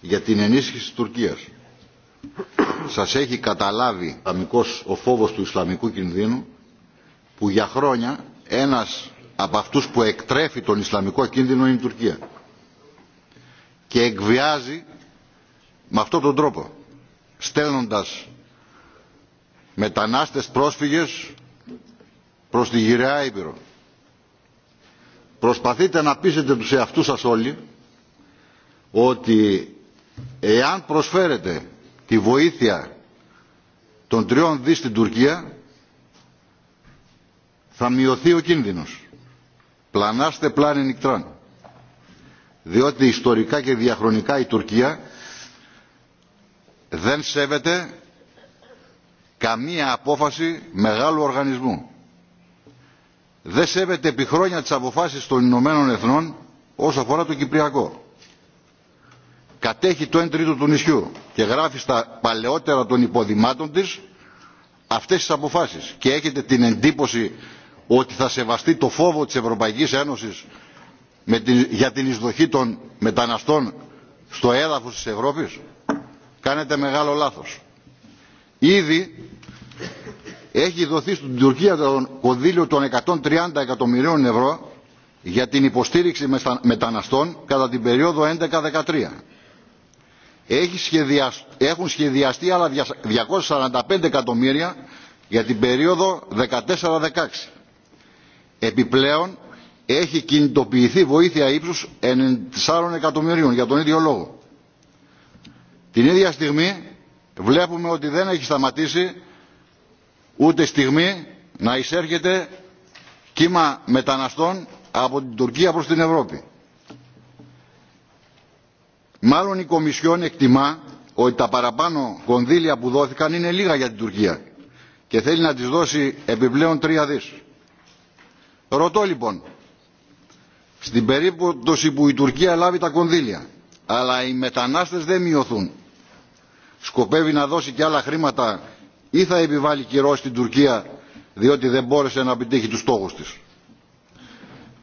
[SPEAKER 5] για την ενίσχυση της Τουρκίας. Σας έχει καταλάβει αμικός ο φόβος του Ισλαμικού κινδύνου που για χρόνια ένας από αυτούς που εκτρέφει τον Ισλαμικό κίνδυνο είναι η Τουρκία και εκβιάζει με αυτόν τον τρόπο στέλνοντας μετανάστες πρόσφυγες προς τη γυραιά Ήπειρο προσπαθείτε να πείσετε τους εαυτούς σας όλοι ότι εάν προσφέρετε τη βοήθεια των τριών δις στην Τουρκία θα μειωθεί ο κίνδυνος. Πλανάστε πλάνη νικτράν. Διότι ιστορικά και διαχρονικά η Τουρκία δεν σέβεται καμία απόφαση μεγάλου οργανισμού δεν σέβεται επί χρόνια τις αποφάσεις των Ηνωμένων Εθνών όσο αφορά το Κυπριακό. Κατέχει το 1 τρίτο του νησιού και γράφει στα παλαιότερα των υποδημάτων της αυτές τις αποφάσεις και έχετε την εντύπωση ότι θα σεβαστεί το φόβο της Ευρωπαϊκής Ένωσης για την εισδοχή των μεταναστών στο έδαφος της Ευρώπης. Κάνετε μεγάλο λάθος. Ήδη έχει δοθεί στην Τουρκία το κονδύλιο των 130 εκατομμυρίων ευρώ για την υποστήριξη μεταναστών κατά την περίοδο 11-13. Έχουν σχεδιαστεί άλλα 245 εκατομμύρια για την περίοδο 14-16. Επιπλέον έχει κινητοποιηθεί βοήθεια ύψους 94 εκατομμυρίων για τον ίδιο λόγο. Την ίδια στιγμή βλέπουμε ότι δεν έχει σταματήσει ούτε στιγμή να εισέρχεται κύμα μεταναστών από την Τουρκία προς την Ευρώπη. Μάλλον η Κομισιόν εκτιμά ότι τα παραπάνω κονδύλια που δόθηκαν είναι λίγα για την Τουρκία και θέλει να τις δώσει επιπλέον τρία δις. Ρωτώ λοιπόν, στην περίπτωση που η Τουρκία λάβει τα κονδύλια, αλλά οι μετανάστες δεν μειωθούν, σκοπεύει να δώσει και άλλα χρήματα ή θα επιβάλλει κυρώσει στην Τουρκία διότι δεν μπόρεσε να επιτύχει τους στόχους της.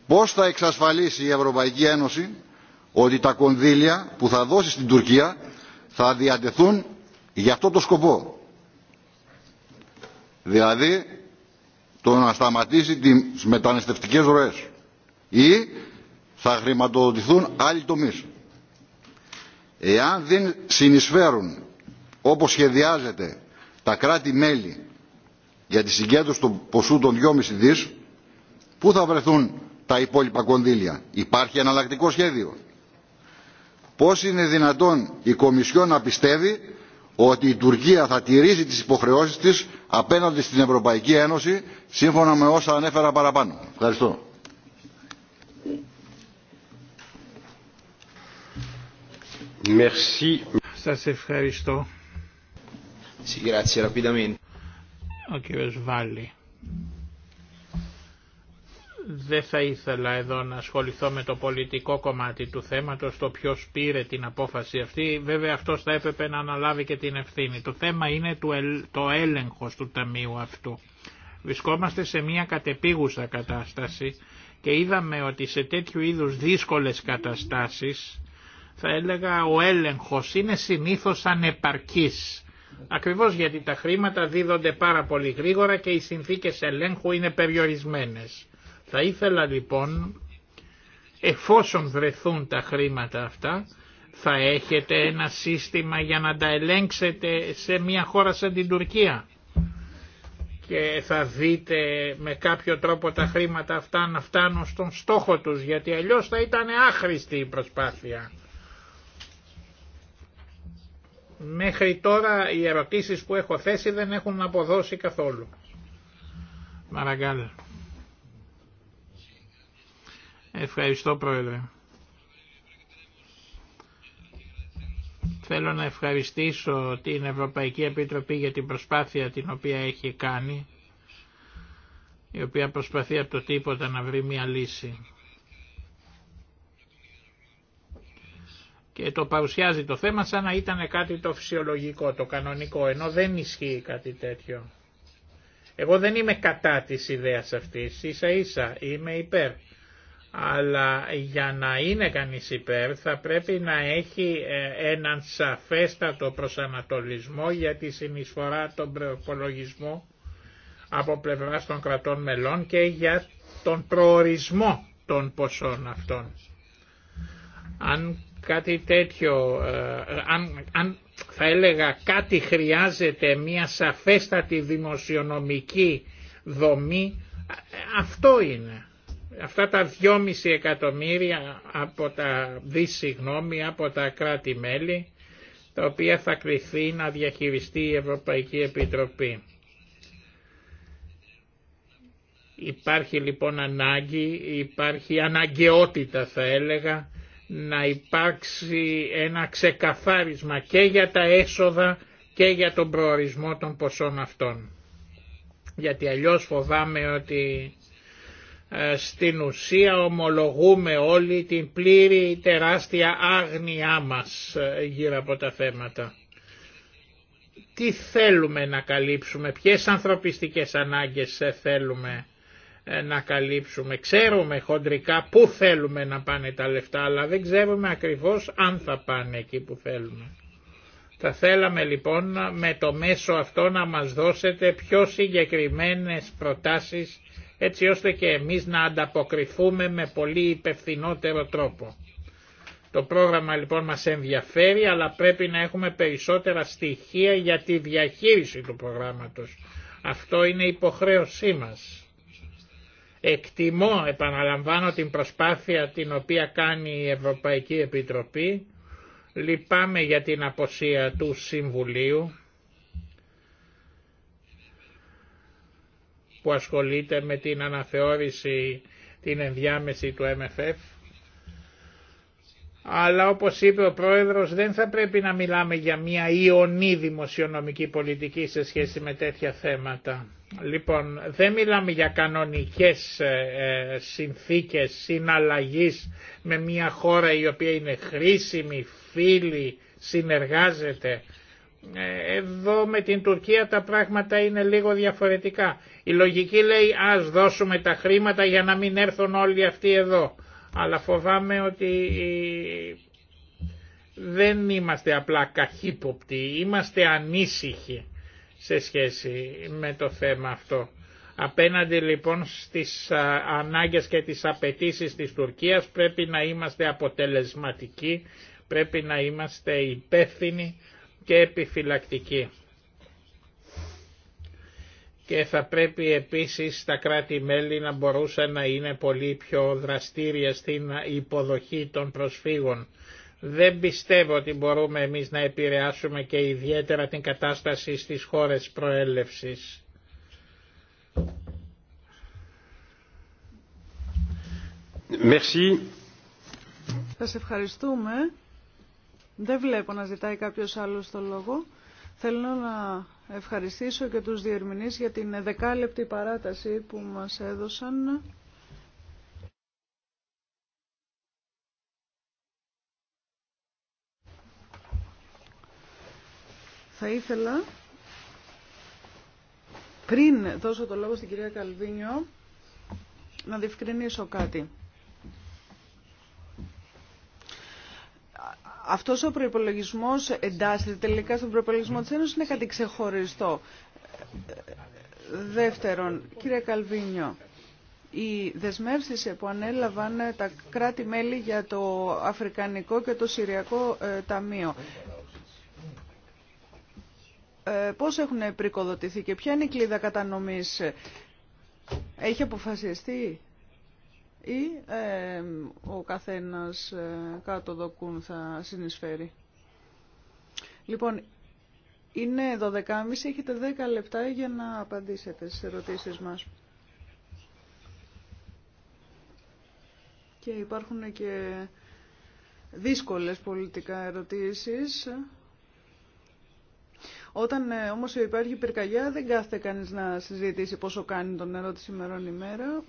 [SPEAKER 5] Πώς θα εξασφαλίσει η θα επιβαλλει κυρωσεις στην τουρκια διοτι δεν Ένωση ότι τα κονδύλια που θα δώσει στην Τουρκία θα διατεθούν για αυτό το σκοπό. Δηλαδή το να σταματήσει τις μεταναστευτικές ροές ή θα χρηματοδοτηθούν άλλοι τομείς. Εάν δεν συνεισφέρουν όπως σχεδιάζεται κράτη-μέλη για τη συγκέντρωση του ποσού των 2,5 δις, πού θα βρεθούν τα υπόλοιπα κονδύλια. Υπάρχει εναλλακτικό σχέδιο. Πώς είναι δυνατόν η Κομισιόν να πιστεύει ότι η Τουρκία θα τηρήσει τις υποχρεώσεις της απέναντι στην Ευρωπαϊκή Ένωση σύμφωνα με όσα ανέφερα παραπάνω. Ευχαριστώ.
[SPEAKER 1] ευχαριστώ. Ο κύριος Βάλλη. Δεν θα ήθελα εδώ να ασχοληθώ με το πολιτικό κομμάτι του θέματος, το ποιος πήρε την απόφαση αυτή. Βέβαια αυτός θα έπρεπε να αναλάβει και την ευθύνη. Το θέμα είναι το έλεγχος του ταμείου αυτού. Βρισκόμαστε σε μια κατεπίγουσα κατάσταση και είδαμε ότι σε τέτοιου είδους δύσκολες καταστάσεις θα έλεγα ο έλεγχος είναι συνήθως ανεπαρκής Ακριβώς γιατί τα χρήματα δίδονται πάρα πολύ γρήγορα και οι συνθήκες ελέγχου είναι περιορισμένες. Θα ήθελα λοιπόν, εφόσον βρεθούν τα χρήματα αυτά, θα έχετε ένα σύστημα για να τα ελέγξετε σε μια χώρα σαν την Τουρκία και θα δείτε με κάποιο τρόπο τα χρήματα αυτά να φτάνουν στον στόχο τους γιατί αλλιώς θα ήταν άχρηστη η προσπάθεια. Μέχρι τώρα οι ερωτήσεις που έχω θέσει δεν έχουν αποδώσει καθόλου. Μαραγκάλ. Ευχαριστώ Πρόεδρε. Θέλω να ευχαριστήσω την Ευρωπαϊκή Επιτροπή για την προσπάθεια την οποία έχει κάνει, η οποία προσπαθεί από το τίποτα να βρει μια λύση. και το παρουσιάζει το θέμα σαν να ήταν κάτι το φυσιολογικό, το κανονικό, ενώ δεν ισχύει κάτι τέτοιο. Εγώ δεν είμαι κατά της ιδέας αυτής, ίσα ίσα είμαι υπέρ. Αλλά για να είναι κανείς υπέρ θα πρέπει να έχει ε, έναν σαφέστατο προσανατολισμό για τη συνεισφορά των προπολογισμού από πλευρά των κρατών μελών και για τον προορισμό των ποσών αυτών. Αν κάτι τέτοιο, ε, αν, θα έλεγα κάτι χρειάζεται μια σαφέστατη δημοσιονομική δομή, αυτό είναι. Αυτά τα 2,5 εκατομμύρια από τα δις από τα κράτη-μέλη, τα οποία θα κριθεί να διαχειριστεί η Ευρωπαϊκή Επιτροπή. Υπάρχει λοιπόν ανάγκη, υπάρχει αναγκαιότητα θα έλεγα, να υπάρξει ένα ξεκαθάρισμα και για τα έσοδα και για τον προορισμό των ποσών αυτών. Γιατί αλλιώς φοβάμαι ότι ε, στην ουσία ομολογούμε όλοι την πλήρη τεράστια άγνοιά μας ε, γύρω από τα θέματα. Τι θέλουμε να καλύψουμε, ποιες ανθρωπιστικές ανάγκες ε, θέλουμε ε, να καλύψουμε. Ξέρουμε χοντρικά πού θέλουμε να πάνε τα λεφτά, αλλά δεν ξέρουμε ακριβώς αν θα πάνε εκεί που θέλουμε. Θα θέλαμε λοιπόν με το μέσο αυτό να μας δώσετε πιο συγκεκριμένες προτάσεις έτσι ώστε και εμείς να ανταποκριθούμε με πολύ υπευθυνότερο τρόπο. Το πρόγραμμα λοιπόν μας ενδιαφέρει αλλά πρέπει να έχουμε περισσότερα στοιχεία για τη διαχείριση του προγράμματος. Αυτό είναι υποχρέωσή μας. Εκτιμώ, επαναλαμβάνω, την προσπάθεια την οποία κάνει η Ευρωπαϊκή Επιτροπή. Λυπάμαι για την αποσία του Συμβουλίου που ασχολείται με την αναθεώρηση την ενδιάμεση του MFF. Αλλά όπως είπε ο Πρόεδρος δεν θα πρέπει να μιλάμε για μια ιονή δημοσιονομική πολιτική σε σχέση με τέτοια θέματα. Λοιπόν, δεν μιλάμε για κανονικές ε, ε, συνθήκες συναλλαγής με μια χώρα η οποία είναι χρήσιμη, φίλη, συνεργάζεται. Ε, εδώ με την Τουρκία τα πράγματα είναι λίγο διαφορετικά. Η λογική λέει ας δώσουμε τα χρήματα για να μην έρθουν όλοι αυτοί εδώ. Αλλά φοβάμαι ότι δεν είμαστε απλά καχύποπτοι, είμαστε ανήσυχοι σε σχέση με το θέμα αυτό. Απέναντι λοιπόν στις ανάγκες και τις απαιτήσεις της Τουρκίας πρέπει να είμαστε αποτελεσματικοί, πρέπει να είμαστε υπεύθυνοι και επιφυλακτικοί. Και θα πρέπει επίσης τα κράτη-μέλη να μπορούσαν να είναι πολύ πιο δραστήρια στην υποδοχή των προσφύγων δεν πιστεύω ότι μπορούμε εμείς να επηρεάσουμε και ιδιαίτερα την κατάσταση στις χώρες προέλευσης.
[SPEAKER 3] Merci.
[SPEAKER 2] Σας ευχαριστούμε. Δεν βλέπω να ζητάει κάποιος άλλος το λόγο. Θέλω να ευχαριστήσω και τους διερμηνείς για την δεκάλεπτη παράταση που μας έδωσαν. Θα ήθελα, πριν δώσω το λόγο στην κυρία Καλβίνιο, να διευκρινίσω κάτι. Αυτός ο προπολογισμό εντάσσεται τελικά στον προπολογισμό τη Ένωση. είναι κάτι ξεχωριστό. Δεύτερον, κυρία Καλβίνιο, οι δεσμεύσει που ανέλαβαν τα κράτη-μέλη για το Αφρικανικό και το Συριακό ε, Ταμείο ε, πώς έχουν πρικοδοτηθεί και ποια είναι η κλίδα κατανομής. Έχει αποφασιστεί ή ε, ο καθένας ε, κάτω δοκούν θα συνεισφέρει. Λοιπόν, είναι 12.30, έχετε 10 λεπτά για να απαντήσετε στις ερωτήσεις μας. Και υπάρχουν και δύσκολες πολιτικά ερωτήσεις. Όταν ε, όμως υπάρχει πυρκαγιά δεν κάθεται κανείς να συζητήσει πόσο κάνει το νερό τη ημερών ημέρα.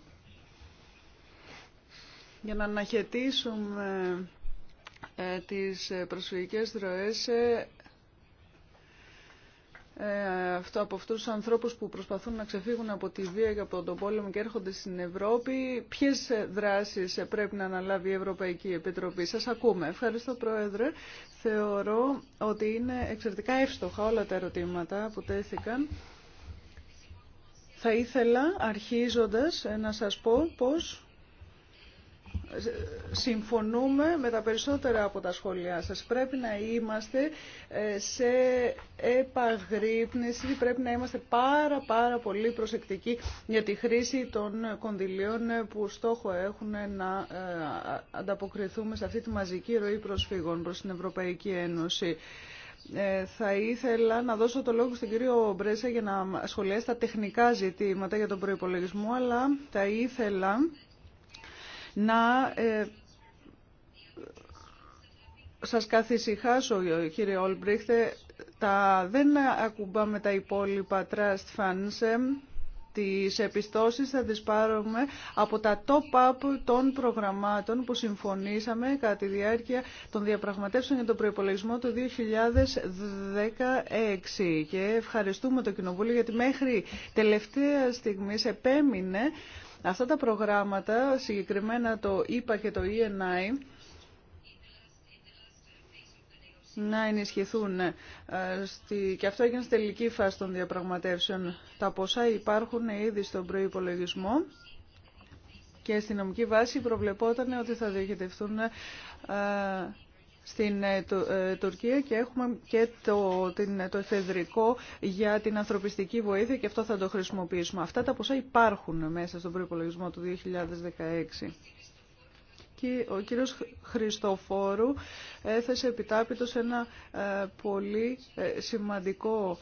[SPEAKER 2] Για να αναχαιτήσουμε ε, τις προσφυγικές δροές ε, ε, αυτό, από αυτούς τους ανθρώπους που προσπαθούν να ξεφύγουν από τη βία και από τον πόλεμο και έρχονται στην Ευρώπη. Ποιες δράσεις πρέπει να αναλάβει η Ευρωπαϊκή Επιτροπή. Σας ακούμε. Ευχαριστώ Πρόεδρε. Θεωρώ ότι είναι εξαιρετικά εύστοχα όλα τα ερωτήματα που τέθηκαν. Θα ήθελα αρχίζοντας να σας πω πως συμφωνούμε με τα περισσότερα από τα σχόλιά σας. Πρέπει να είμαστε ε, σε επαγρύπνηση, πρέπει να είμαστε πάρα πάρα πολύ προσεκτικοί για τη χρήση των κονδυλίων που στόχο έχουν να ε, ανταποκριθούμε σε αυτή τη μαζική ροή προσφύγων προς την Ευρωπαϊκή Ένωση. Ε, θα ήθελα να δώσω το λόγο στον κύριο Μπρέσα για να σχολιάσει τα τεχνικά ζητήματα για τον προϋπολογισμό, αλλά θα ήθελα να ε, σας καθησυχάσω, κύριε Όλμπριχτε, τα, δεν ακουμπάμε τα υπόλοιπα trust funds. Ε, τις επιστώσεις θα τις πάρουμε από τα top-up των προγραμμάτων που συμφωνήσαμε κατά τη διάρκεια των διαπραγματεύσεων για τον προϋπολογισμό του 2016. Και ευχαριστούμε το Κοινοβούλιο γιατί μέχρι τελευταία στιγμή επέμεινε Αυτά τα προγράμματα, συγκεκριμένα το ΕΠΑ και το ENI, να ενισχυθούν. Ε, και αυτό έγινε στη τελική φάση των διαπραγματεύσεων. Τα ποσά υπάρχουν ήδη στον προϋπολογισμό και στην νομική βάση προβλεπόταν ότι θα διοικητευτούν ε, στην ε, ε, Τουρκία και έχουμε και το, την, το εφεδρικό για την ανθρωπιστική βοήθεια και αυτό θα το χρησιμοποιήσουμε. Αυτά τα ποσά υπάρχουν μέσα στον προϋπολογισμό του 2016. Και ο κύριος Χριστοφόρου έθεσε επιτάπητος ένα ε, πολύ σημαντικό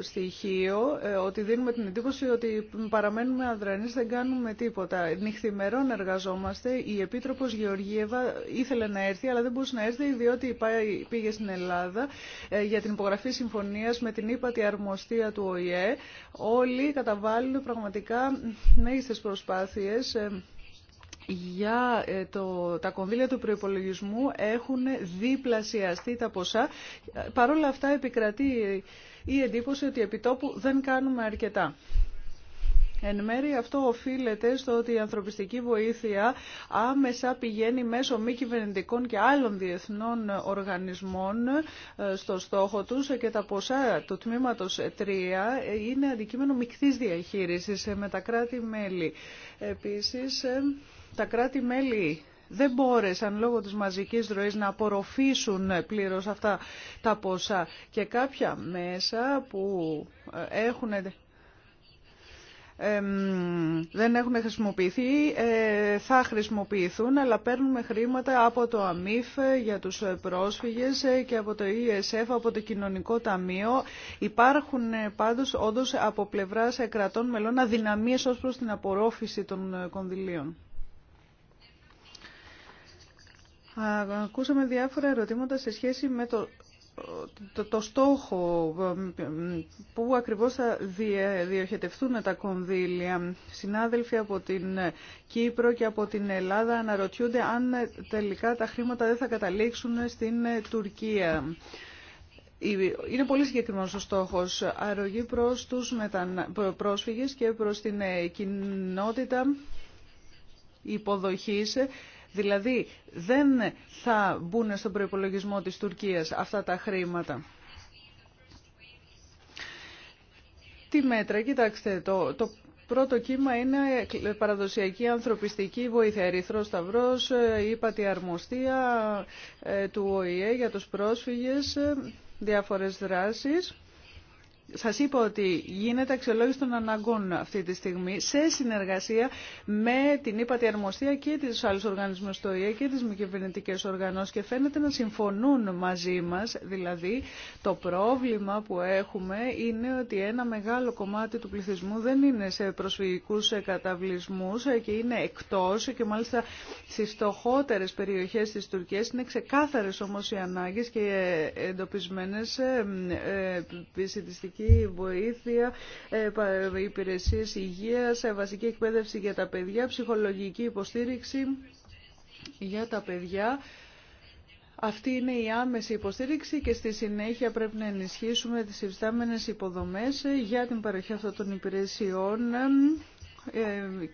[SPEAKER 2] στοιχείο ε, ότι δίνουμε την εντύπωση ότι παραμένουμε αδρανείς, δεν κάνουμε τίποτα. Νυχθημερών εργαζόμαστε. Η Επίτροπος Γεωργίευα ήθελε να έρθει, αλλά δεν μπορούσε να έρθει διότι πήγε στην Ελλάδα ε, για την υπογραφή συμφωνίας με την ύπατη αρμοστία του ΟΗΕ. Όλοι καταβάλουν πραγματικά μέγιστες προσπάθειες ε, για τα κονδύλια του προϋπολογισμού έχουν διπλασιαστεί τα ποσά. Παρ' όλα αυτά επικρατεί η εντύπωση ότι επιτόπου δεν κάνουμε αρκετά. Εν μέρει αυτό οφείλεται στο ότι η ανθρωπιστική βοήθεια άμεσα πηγαίνει μέσω μη κυβερνητικών και άλλων διεθνών οργανισμών ε, στο στόχο τους και τα ποσά του τμήματος 3 είναι αντικείμενο μικτής διαχείρισης ε, με τα κράτη-μέλη. Επίσης, ε, τα κράτη-μέλη δεν μπόρεσαν λόγω της μαζικής ροής να απορροφήσουν πλήρως αυτά τα ποσά. Και κάποια μέσα που ε, έχουν δεν έχουν χρησιμοποιηθεί, ε, θα χρησιμοποιηθούν, αλλά παίρνουμε χρήματα από το ΑΜΙΦ για τους πρόσφυγες ε, και από το ESF, από το Κοινωνικό Ταμείο. Υπάρχουν πάντως όντως από πλευράς κρατών μελών αδυναμίες ως προς την απορρόφηση των κονδυλίων. Ακούσαμε διάφορα ερωτήματα σε σχέση με το, το, στόχο ε, που ακριβώς θα διοχετευτούν τα κονδύλια. Συνάδελφοι από την Κύπρο και από την Ελλάδα αναρωτιούνται αν τελικά τα χρήματα δεν θα καταλήξουν στην Τουρκία. Είναι πολύ συγκεκριμένος ο στόχος αρρωγή προς τους μετανα... πρόσφυγες και προς την ε, κοινότητα υποδοχής Δηλαδή δεν θα μπουν στον προϋπολογισμό της Τουρκίας αυτά τα χρήματα. Τι μέτρα, κοιτάξτε, το, το πρώτο κύμα είναι παραδοσιακή ανθρωπιστική βοήθεια. Ερυθρός Σταυρός, ε, τη αρμοστία ε, του ΟΗΕ για τους πρόσφυγες, ε, διάφορες δράσεις. Σα είπα ότι γίνεται αξιολόγηση των αναγκών αυτή τη στιγμή σε συνεργασία με την ΥΠΑΤΗ Αρμοστία και τις άλλου οργανισμού του ΙΕ και τι μη κυβερνητικέ οργανώσει και φαίνεται να συμφωνούν μαζί μα. Δηλαδή το πρόβλημα που έχουμε είναι ότι ένα μεγάλο κομμάτι του πληθυσμού δεν είναι σε προσφυγικού καταβλισμού και είναι εκτό και μάλιστα στι φτωχότερε περιοχέ τη Τουρκία είναι ξεκάθαρε όμω οι ανάγκε και εντοπισμένες ε, ε, ε η βοήθεια, ε, ε, υπηρεσίες υγείας, ε, βασική εκπαίδευση για τα παιδιά, ψυχολογική υποστήριξη για τα παιδιά. Αυτή είναι η άμεση υποστήριξη και στη συνέχεια πρέπει να ενισχύσουμε τις υφιστάμενες υποδομές για την παροχή αυτών των υπηρεσιών ε,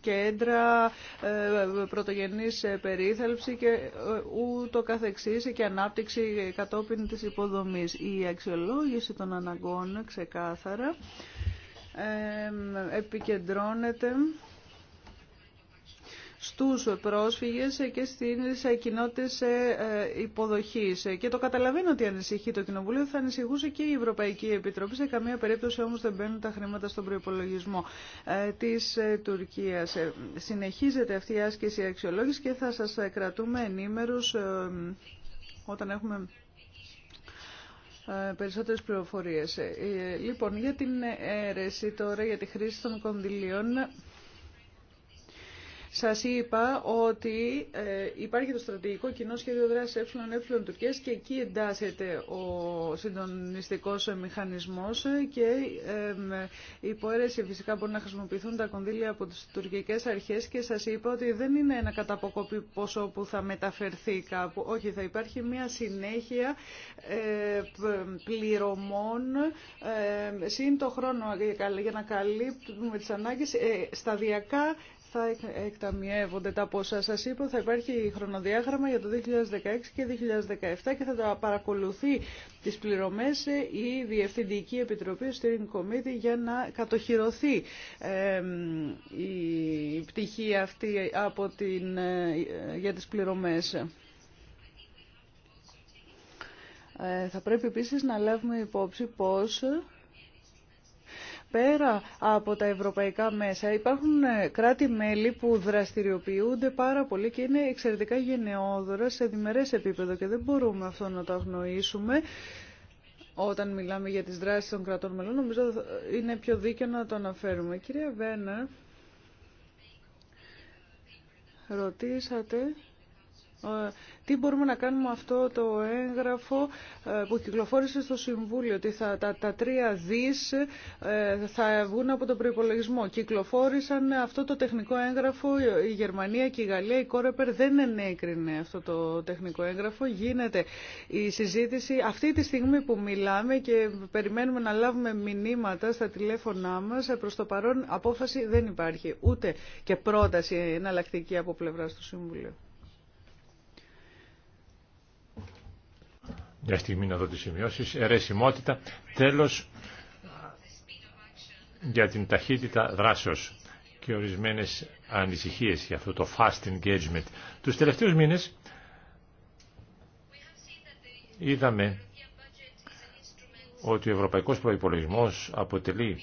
[SPEAKER 2] κέντρα, ε, πρωτογενής ε, περίθαλψη και ούτω καθεξής και ανάπτυξη κατόπιν της υποδομής. Η αξιολόγηση των αναγκών ξεκάθαρα επικεντρώνεται στους πρόσφυγες και στις κοινότητες ε, υποδοχής. Και το καταλαβαίνω ότι ανησυχεί το Κοινοβούλιο, θα ανησυχούσε και η Ευρωπαϊκή Επιτροπή, σε καμία περίπτωση όμως δεν μπαίνουν τα χρήματα στον προϋπολογισμό ε, της ε, Τουρκίας. Συνεχίζεται αυτή η άσκηση αξιολόγηση και θα σας κρατούμε ενήμερους όταν έχουμε περισσότερες πληροφορίες. Λοιπόν, για την αίρεση τώρα, για τη χρήση των κονδυλίων, σας είπα ότι ε, υπάρχει το στρατηγικό κοινό σχέδιο δράσης ΕΕ Τουρκίας και εκεί εντάσσεται ο συντονιστικός μηχανισμός και υπό αίρεση φυσικά μπορούν να χρησιμοποιηθούν τα κονδύλια από τις τουρκικές αρχές και σας είπα ότι δεν είναι ένα καταποκοπή ποσό που θα μεταφερθεί κάπου. Όχι, θα υπάρχει μια συνέχεια πληρωμών σύν το χρόνο για να καλύπτουμε τις ανάγκες σταδιακά θα εκταμιεύονται τα ποσά. Σας είπα θα υπάρχει χρονοδιάγραμμα για το 2016 και 2017 και θα τα παρακολουθεί τις πληρωμές η Διευθυντική Επιτροπή Steering Committee για να κατοχυρωθεί η πτυχή αυτή από την, ε, για τις πληρωμές. Ε, θα πρέπει επίσης να λάβουμε υπόψη πως πέρα από τα ευρωπαϊκά μέσα. Υπάρχουν ε, κράτη-μέλη που δραστηριοποιούνται πάρα πολύ και είναι εξαιρετικά γενναιόδωρα σε διμερές επίπεδο και δεν μπορούμε αυτό να το αγνοήσουμε. Όταν μιλάμε για τις δράσεις των κρατών μελών, νομίζω είναι πιο δίκαιο να το αναφέρουμε. Κυρία Βένα, ρωτήσατε ε, τι μπορούμε να κάνουμε αυτό το έγγραφο ε, που κυκλοφόρησε στο Συμβούλιο, ότι τα, τα τρία δις ε, θα βγουν από τον προϋπολογισμό. Κυκλοφόρησαν αυτό το τεχνικό έγγραφο, η Γερμανία και η Γαλλία, η Κόρεπερ δεν ενέκρινε αυτό το τεχνικό έγγραφο. Γίνεται η συζήτηση αυτή τη στιγμή που μιλάμε και περιμένουμε να λάβουμε μηνύματα στα τηλέφωνά μας. Προς το παρόν απόφαση δεν υπάρχει, ούτε και πρόταση εναλλακτική από πλευρά του Συμβουλίου.
[SPEAKER 3] Μια στιγμή να δω τις σημειώσεις. Ερεσιμότητα. Τέλος, για την ταχύτητα δράσεως και ορισμένες ανησυχίες για αυτό το fast engagement. Τους τελευταίους μήνες είδαμε ότι ο Ευρωπαϊκός Προϋπολογισμός αποτελεί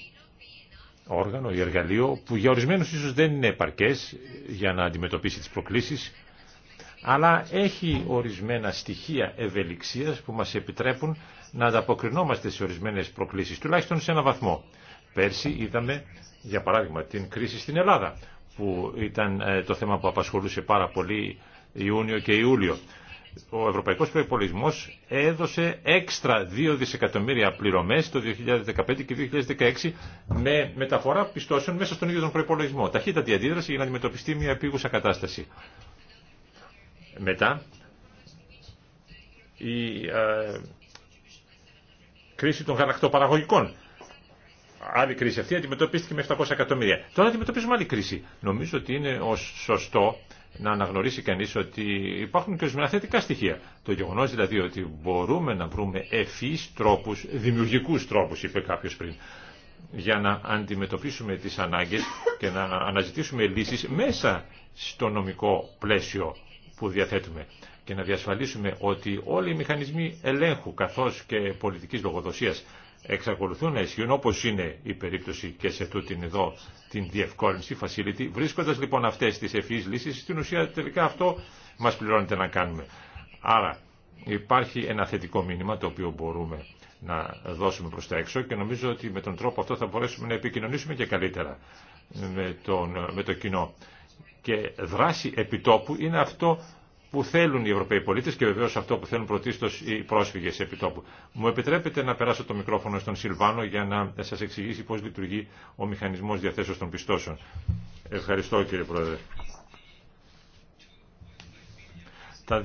[SPEAKER 3] όργανο ή εργαλείο που για ορισμένους ίσως δεν είναι επαρκές για να αντιμετωπίσει τις προκλήσεις αλλά έχει ορισμένα στοιχεία ευελιξίας που μας επιτρέπουν να ανταποκρινόμαστε σε ορισμένες προκλήσεις, τουλάχιστον σε ένα βαθμό. Πέρσι είδαμε, για παράδειγμα, την κρίση στην Ελλάδα, που ήταν ε, το θέμα που απασχολούσε πάρα πολύ Ιούνιο και Ιούλιο. Ο Ευρωπαϊκός Προϋπολογισμός έδωσε έξτρα 2 δισεκατομμύρια πληρωμές το 2015 και 2016 με μεταφορά πιστώσεων μέσα στον ίδιο τον προϋπολογισμό. Ταχύτατη αντίδραση για να αντιμετωπιστεί μια επίγουσα κατάσταση. Μετά, η ε, κρίση των γαλακτοπαραγωγικών. Άλλη κρίση αυτή αντιμετωπίστηκε με 700 εκατομμύρια. Τώρα αντιμετωπίζουμε άλλη κρίση. Νομίζω ότι είναι ω σωστό να αναγνωρίσει κανεί ότι υπάρχουν και ορισμένα θετικά στοιχεία. Το γεγονό δηλαδή ότι μπορούμε να βρούμε ευφύς τρόπους, δημιουργικούς τρόπους είπε κάποιο πριν, για να αντιμετωπίσουμε τι ανάγκε και να αναζητήσουμε λύσει μέσα στο νομικό πλαίσιο που διαθέτουμε και να διασφαλίσουμε ότι όλοι οι μηχανισμοί ελέγχου καθώς και πολιτικής λογοδοσίας εξακολουθούν να ισχύουν όπως είναι η περίπτωση και σε τούτην εδώ την διευκόλυνση facility βρίσκοντας λοιπόν αυτές τις ευφυείς λύσεις στην ουσία τελικά αυτό μας πληρώνεται να κάνουμε. Άρα υπάρχει ένα θετικό μήνυμα το οποίο μπορούμε να δώσουμε προς τα έξω και νομίζω ότι με τον τρόπο αυτό θα μπορέσουμε να επικοινωνήσουμε και καλύτερα με, τον, με το κοινό και δράση επιτόπου είναι αυτό που θέλουν οι Ευρωπαίοι πολίτε και βεβαίω αυτό που θέλουν πρωτίστως οι πρόσφυγες επιτόπου. Μου επιτρέπετε να περάσω το μικρόφωνο στον Σιλβάνο για να σας εξηγήσει πώ λειτουργεί ο μηχανισμό διαθέσεως των πιστώσεων. Ευχαριστώ κύριε Πρόεδρε. Τα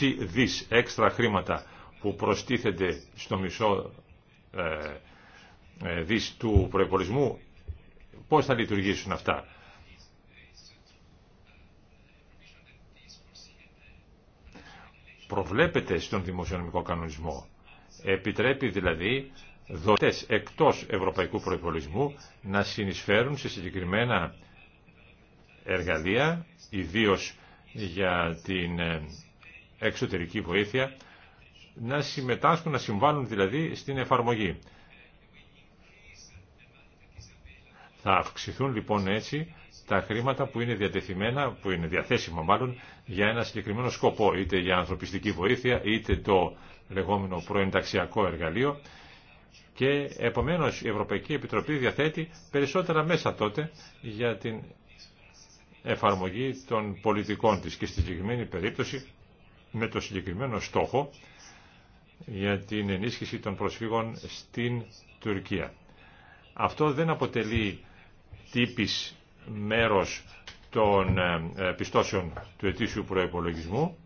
[SPEAKER 3] 2,5 δις έξτρα χρήματα που προστίθενται στο μισό ε, ε δις του προϋπολισμού, πώς θα λειτουργήσουν αυτά. προβλέπεται στον δημοσιονομικό κανονισμό. Επιτρέπει δηλαδή δοτές εκτός ευρωπαϊκού προϋπολογισμού να συνεισφέρουν σε συγκεκριμένα εργαλεία, ιδίως για την ε, εξωτερική βοήθεια, να συμμετάσχουν, να συμβάλλουν δηλαδή στην εφαρμογή. Θα αυξηθούν λοιπόν έτσι τα χρήματα που είναι διατεθειμένα, που είναι διαθέσιμα μάλλον, για ένα συγκεκριμένο σκοπό, είτε για ανθρωπιστική βοήθεια, είτε το λεγόμενο προενταξιακό εργαλείο. Και επομένως η Ευρωπαϊκή Επιτροπή διαθέτει περισσότερα μέσα τότε για την εφαρμογή των πολιτικών της και στη συγκεκριμένη περίπτωση με το συγκεκριμένο στόχο για την ενίσχυση των προσφύγων στην Τουρκία. Αυτό δεν αποτελεί τύπης μέρος των ε, ε, πιστώσεων του ετήσιου προϋπολογισμού,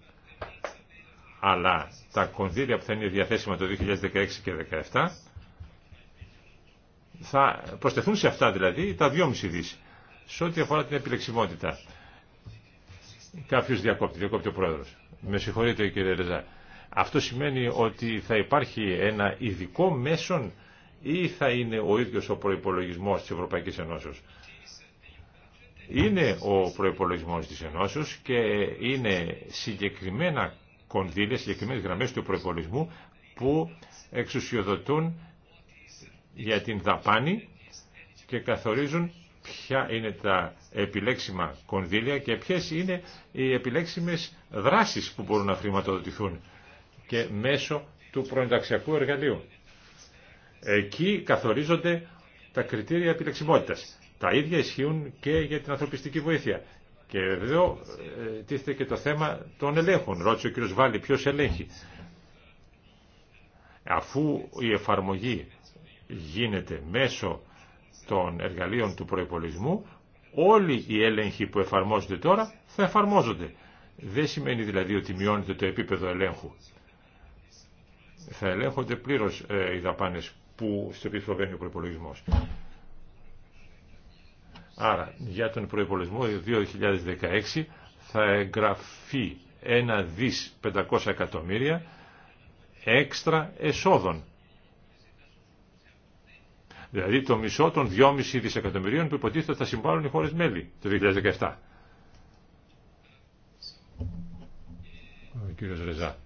[SPEAKER 3] αλλά τα κονδύλια που θα είναι διαθέσιμα το 2016 και 2017 θα προσθεθούν σε αυτά δηλαδή τα 2,5 δις σε ό,τι αφορά την επιλεξιμότητα. κάποιος διακόπτει, διακόπτει ο πρόεδρος Με συγχωρείτε κύριε Ρεζά. Αυτό σημαίνει ότι θα υπάρχει ένα ειδικό μέσον ή θα είναι ο ίδιος ο προϋπολογισμός της Ευρωπαϊκής Ενώσεως είναι ο προϋπολογισμός της Ενώσεως και είναι συγκεκριμένα κονδύλια, συγκεκριμένες γραμμές του προϋπολογισμού που εξουσιοδοτούν για την δαπάνη και καθορίζουν ποια είναι τα επιλέξιμα κονδύλια και ποιες είναι οι επιλέξιμες δράσεις που μπορούν να χρηματοδοτηθούν και μέσω του προενταξιακού εργαλείου. Εκεί καθορίζονται τα κριτήρια επιλεξιμότητας. Τα ίδια ισχύουν και για την ανθρωπιστική βοήθεια. Και εδώ ε, τίθεται και το θέμα των ελέγχων. Ρώτησε ο κ. Βάλλη ποιο ελέγχει. Αφού η εφαρμογή γίνεται μέσω των εργαλείων του προϋπολισμού, όλοι οι έλεγχοι που εφαρμόζονται τώρα θα εφαρμόζονται. Δεν σημαίνει δηλαδή ότι μειώνεται το επίπεδο ελέγχου. Θα ελέγχονται πλήρως ε, οι δαπάνες που, στο οποίο ο προϋπολογισμός. Άρα για τον προϋπολογισμό 2016 θα εγγραφεί ένα δις 500 εκατομμύρια έξτρα εσόδων. Δηλαδή το μισό των 2,5 δισεκατομμυρίων που υποτίθεται θα συμβάλλουν οι χώρες μέλη το 2017. Ο κύριος Ρεζά.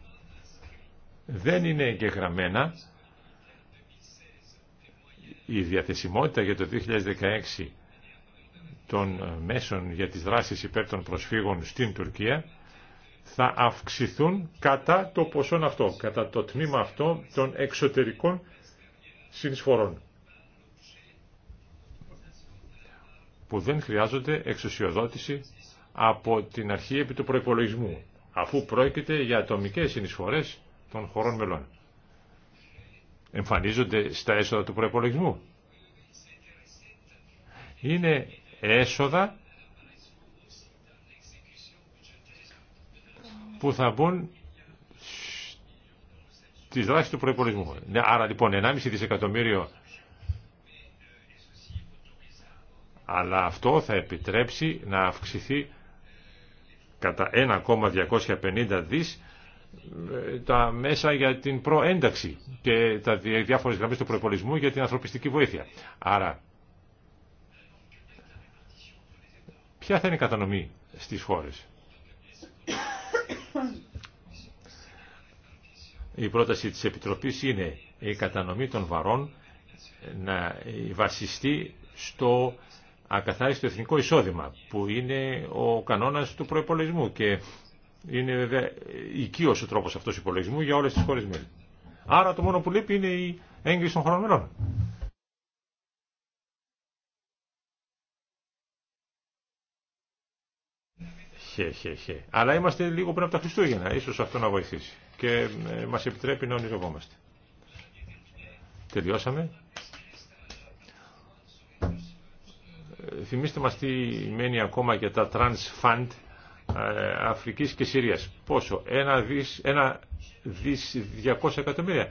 [SPEAKER 3] Δεν είναι εγγεγραμμένα η διαθεσιμότητα για το 2016 των ε, μέσων για τις δράσεις υπέρ των προσφύγων στην Τουρκία θα αυξηθούν κατά το ποσόν αυτό, κατά το τμήμα αυτό των εξωτερικών συνεισφορών που δεν χρειάζονται εξουσιοδότηση από την αρχή επί του προϋπολογισμού αφού πρόκειται για ατομικές συνεισφορές των χωρών μελών. Εμφανίζονται στα έσοδα του προϋπολογισμού. Είναι έσοδα που θα μπουν στις δράσεις του προϋπολογισμού. Ναι, άρα λοιπόν 1,5 δισεκατομμύριο αλλά αυτό θα επιτρέψει να αυξηθεί κατά 1,250 δις ε, τα μέσα για την προένταξη και τα διάφορες γραμμές του προπολισμού για την ανθρωπιστική βοήθεια. Άρα Ποια θα είναι η κατανομή στις χώρες. Η πρόταση της Επιτροπής είναι η κατανομή των βαρών να βασιστεί στο ακαθάριστο εθνικό εισόδημα που είναι ο κανόνας του προϋπολογισμού και είναι βέβαια οικείος ο τρόπος αυτός υπολογισμού για όλες τις χώρες μέλη. Άρα το μόνο που λείπει είναι η έγκριση των χρονομερών. Χε, χε, χε. Αλλά είμαστε λίγο πριν από τα Χριστούγεννα. Ίσως αυτό να βοηθήσει. Και ε, μας επιτρέπει να ονειρευόμαστε. Τελειώσαμε. Ε, θυμήστε μας τι μένει ακόμα για τα Trans Fund ε, Αφρικής και Συρίας. Πόσο. Ένα δις, ένα δις 200 εκατομμύρια.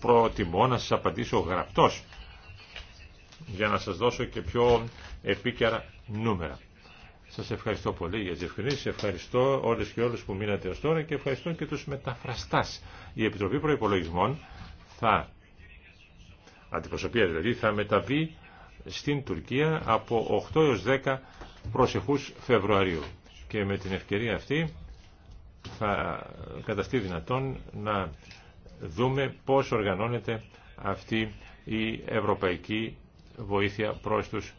[SPEAKER 3] Προτιμώ να σας απαντήσω γραπτός για να σας δώσω και πιο επίκαιρα νούμερα. Σας ευχαριστώ πολύ για τις ευκρινήσεις, ευχαριστώ όλες και όλους που μείνατε ως τώρα και ευχαριστώ και τους μεταφραστάς. Η Επιτροπή Προϋπολογισμών θα, αντιπροσωπεία δηλαδή, θα μεταβεί στην Τουρκία από 8 έως 10 προσεχούς Φεβρουαρίου. Και με την ευκαιρία αυτή θα καταστεί δυνατόν να δούμε πώς οργανώνεται αυτή η ευρωπαϊκή βοήθεια προς τους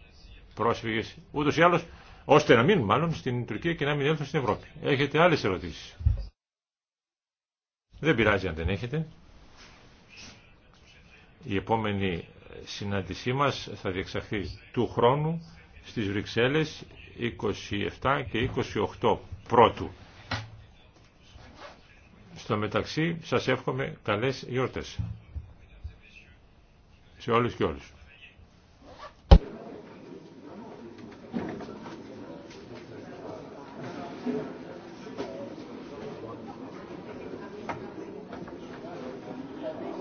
[SPEAKER 3] πρόσφυγες. Ούτως ή άλλως ώστε να μείνουν μάλλον στην Τουρκία και να μην έλθουν στην Ευρώπη. Έχετε άλλες ερωτήσεις. Δεν πειράζει αν δεν έχετε. Η επόμενη συνάντησή μας θα διεξαχθεί του χρόνου στις Βρυξέλλες 27 και 28 πρώτου. Στο μεταξύ σας εύχομαι καλές γιορτές. Σε όλους και όλους.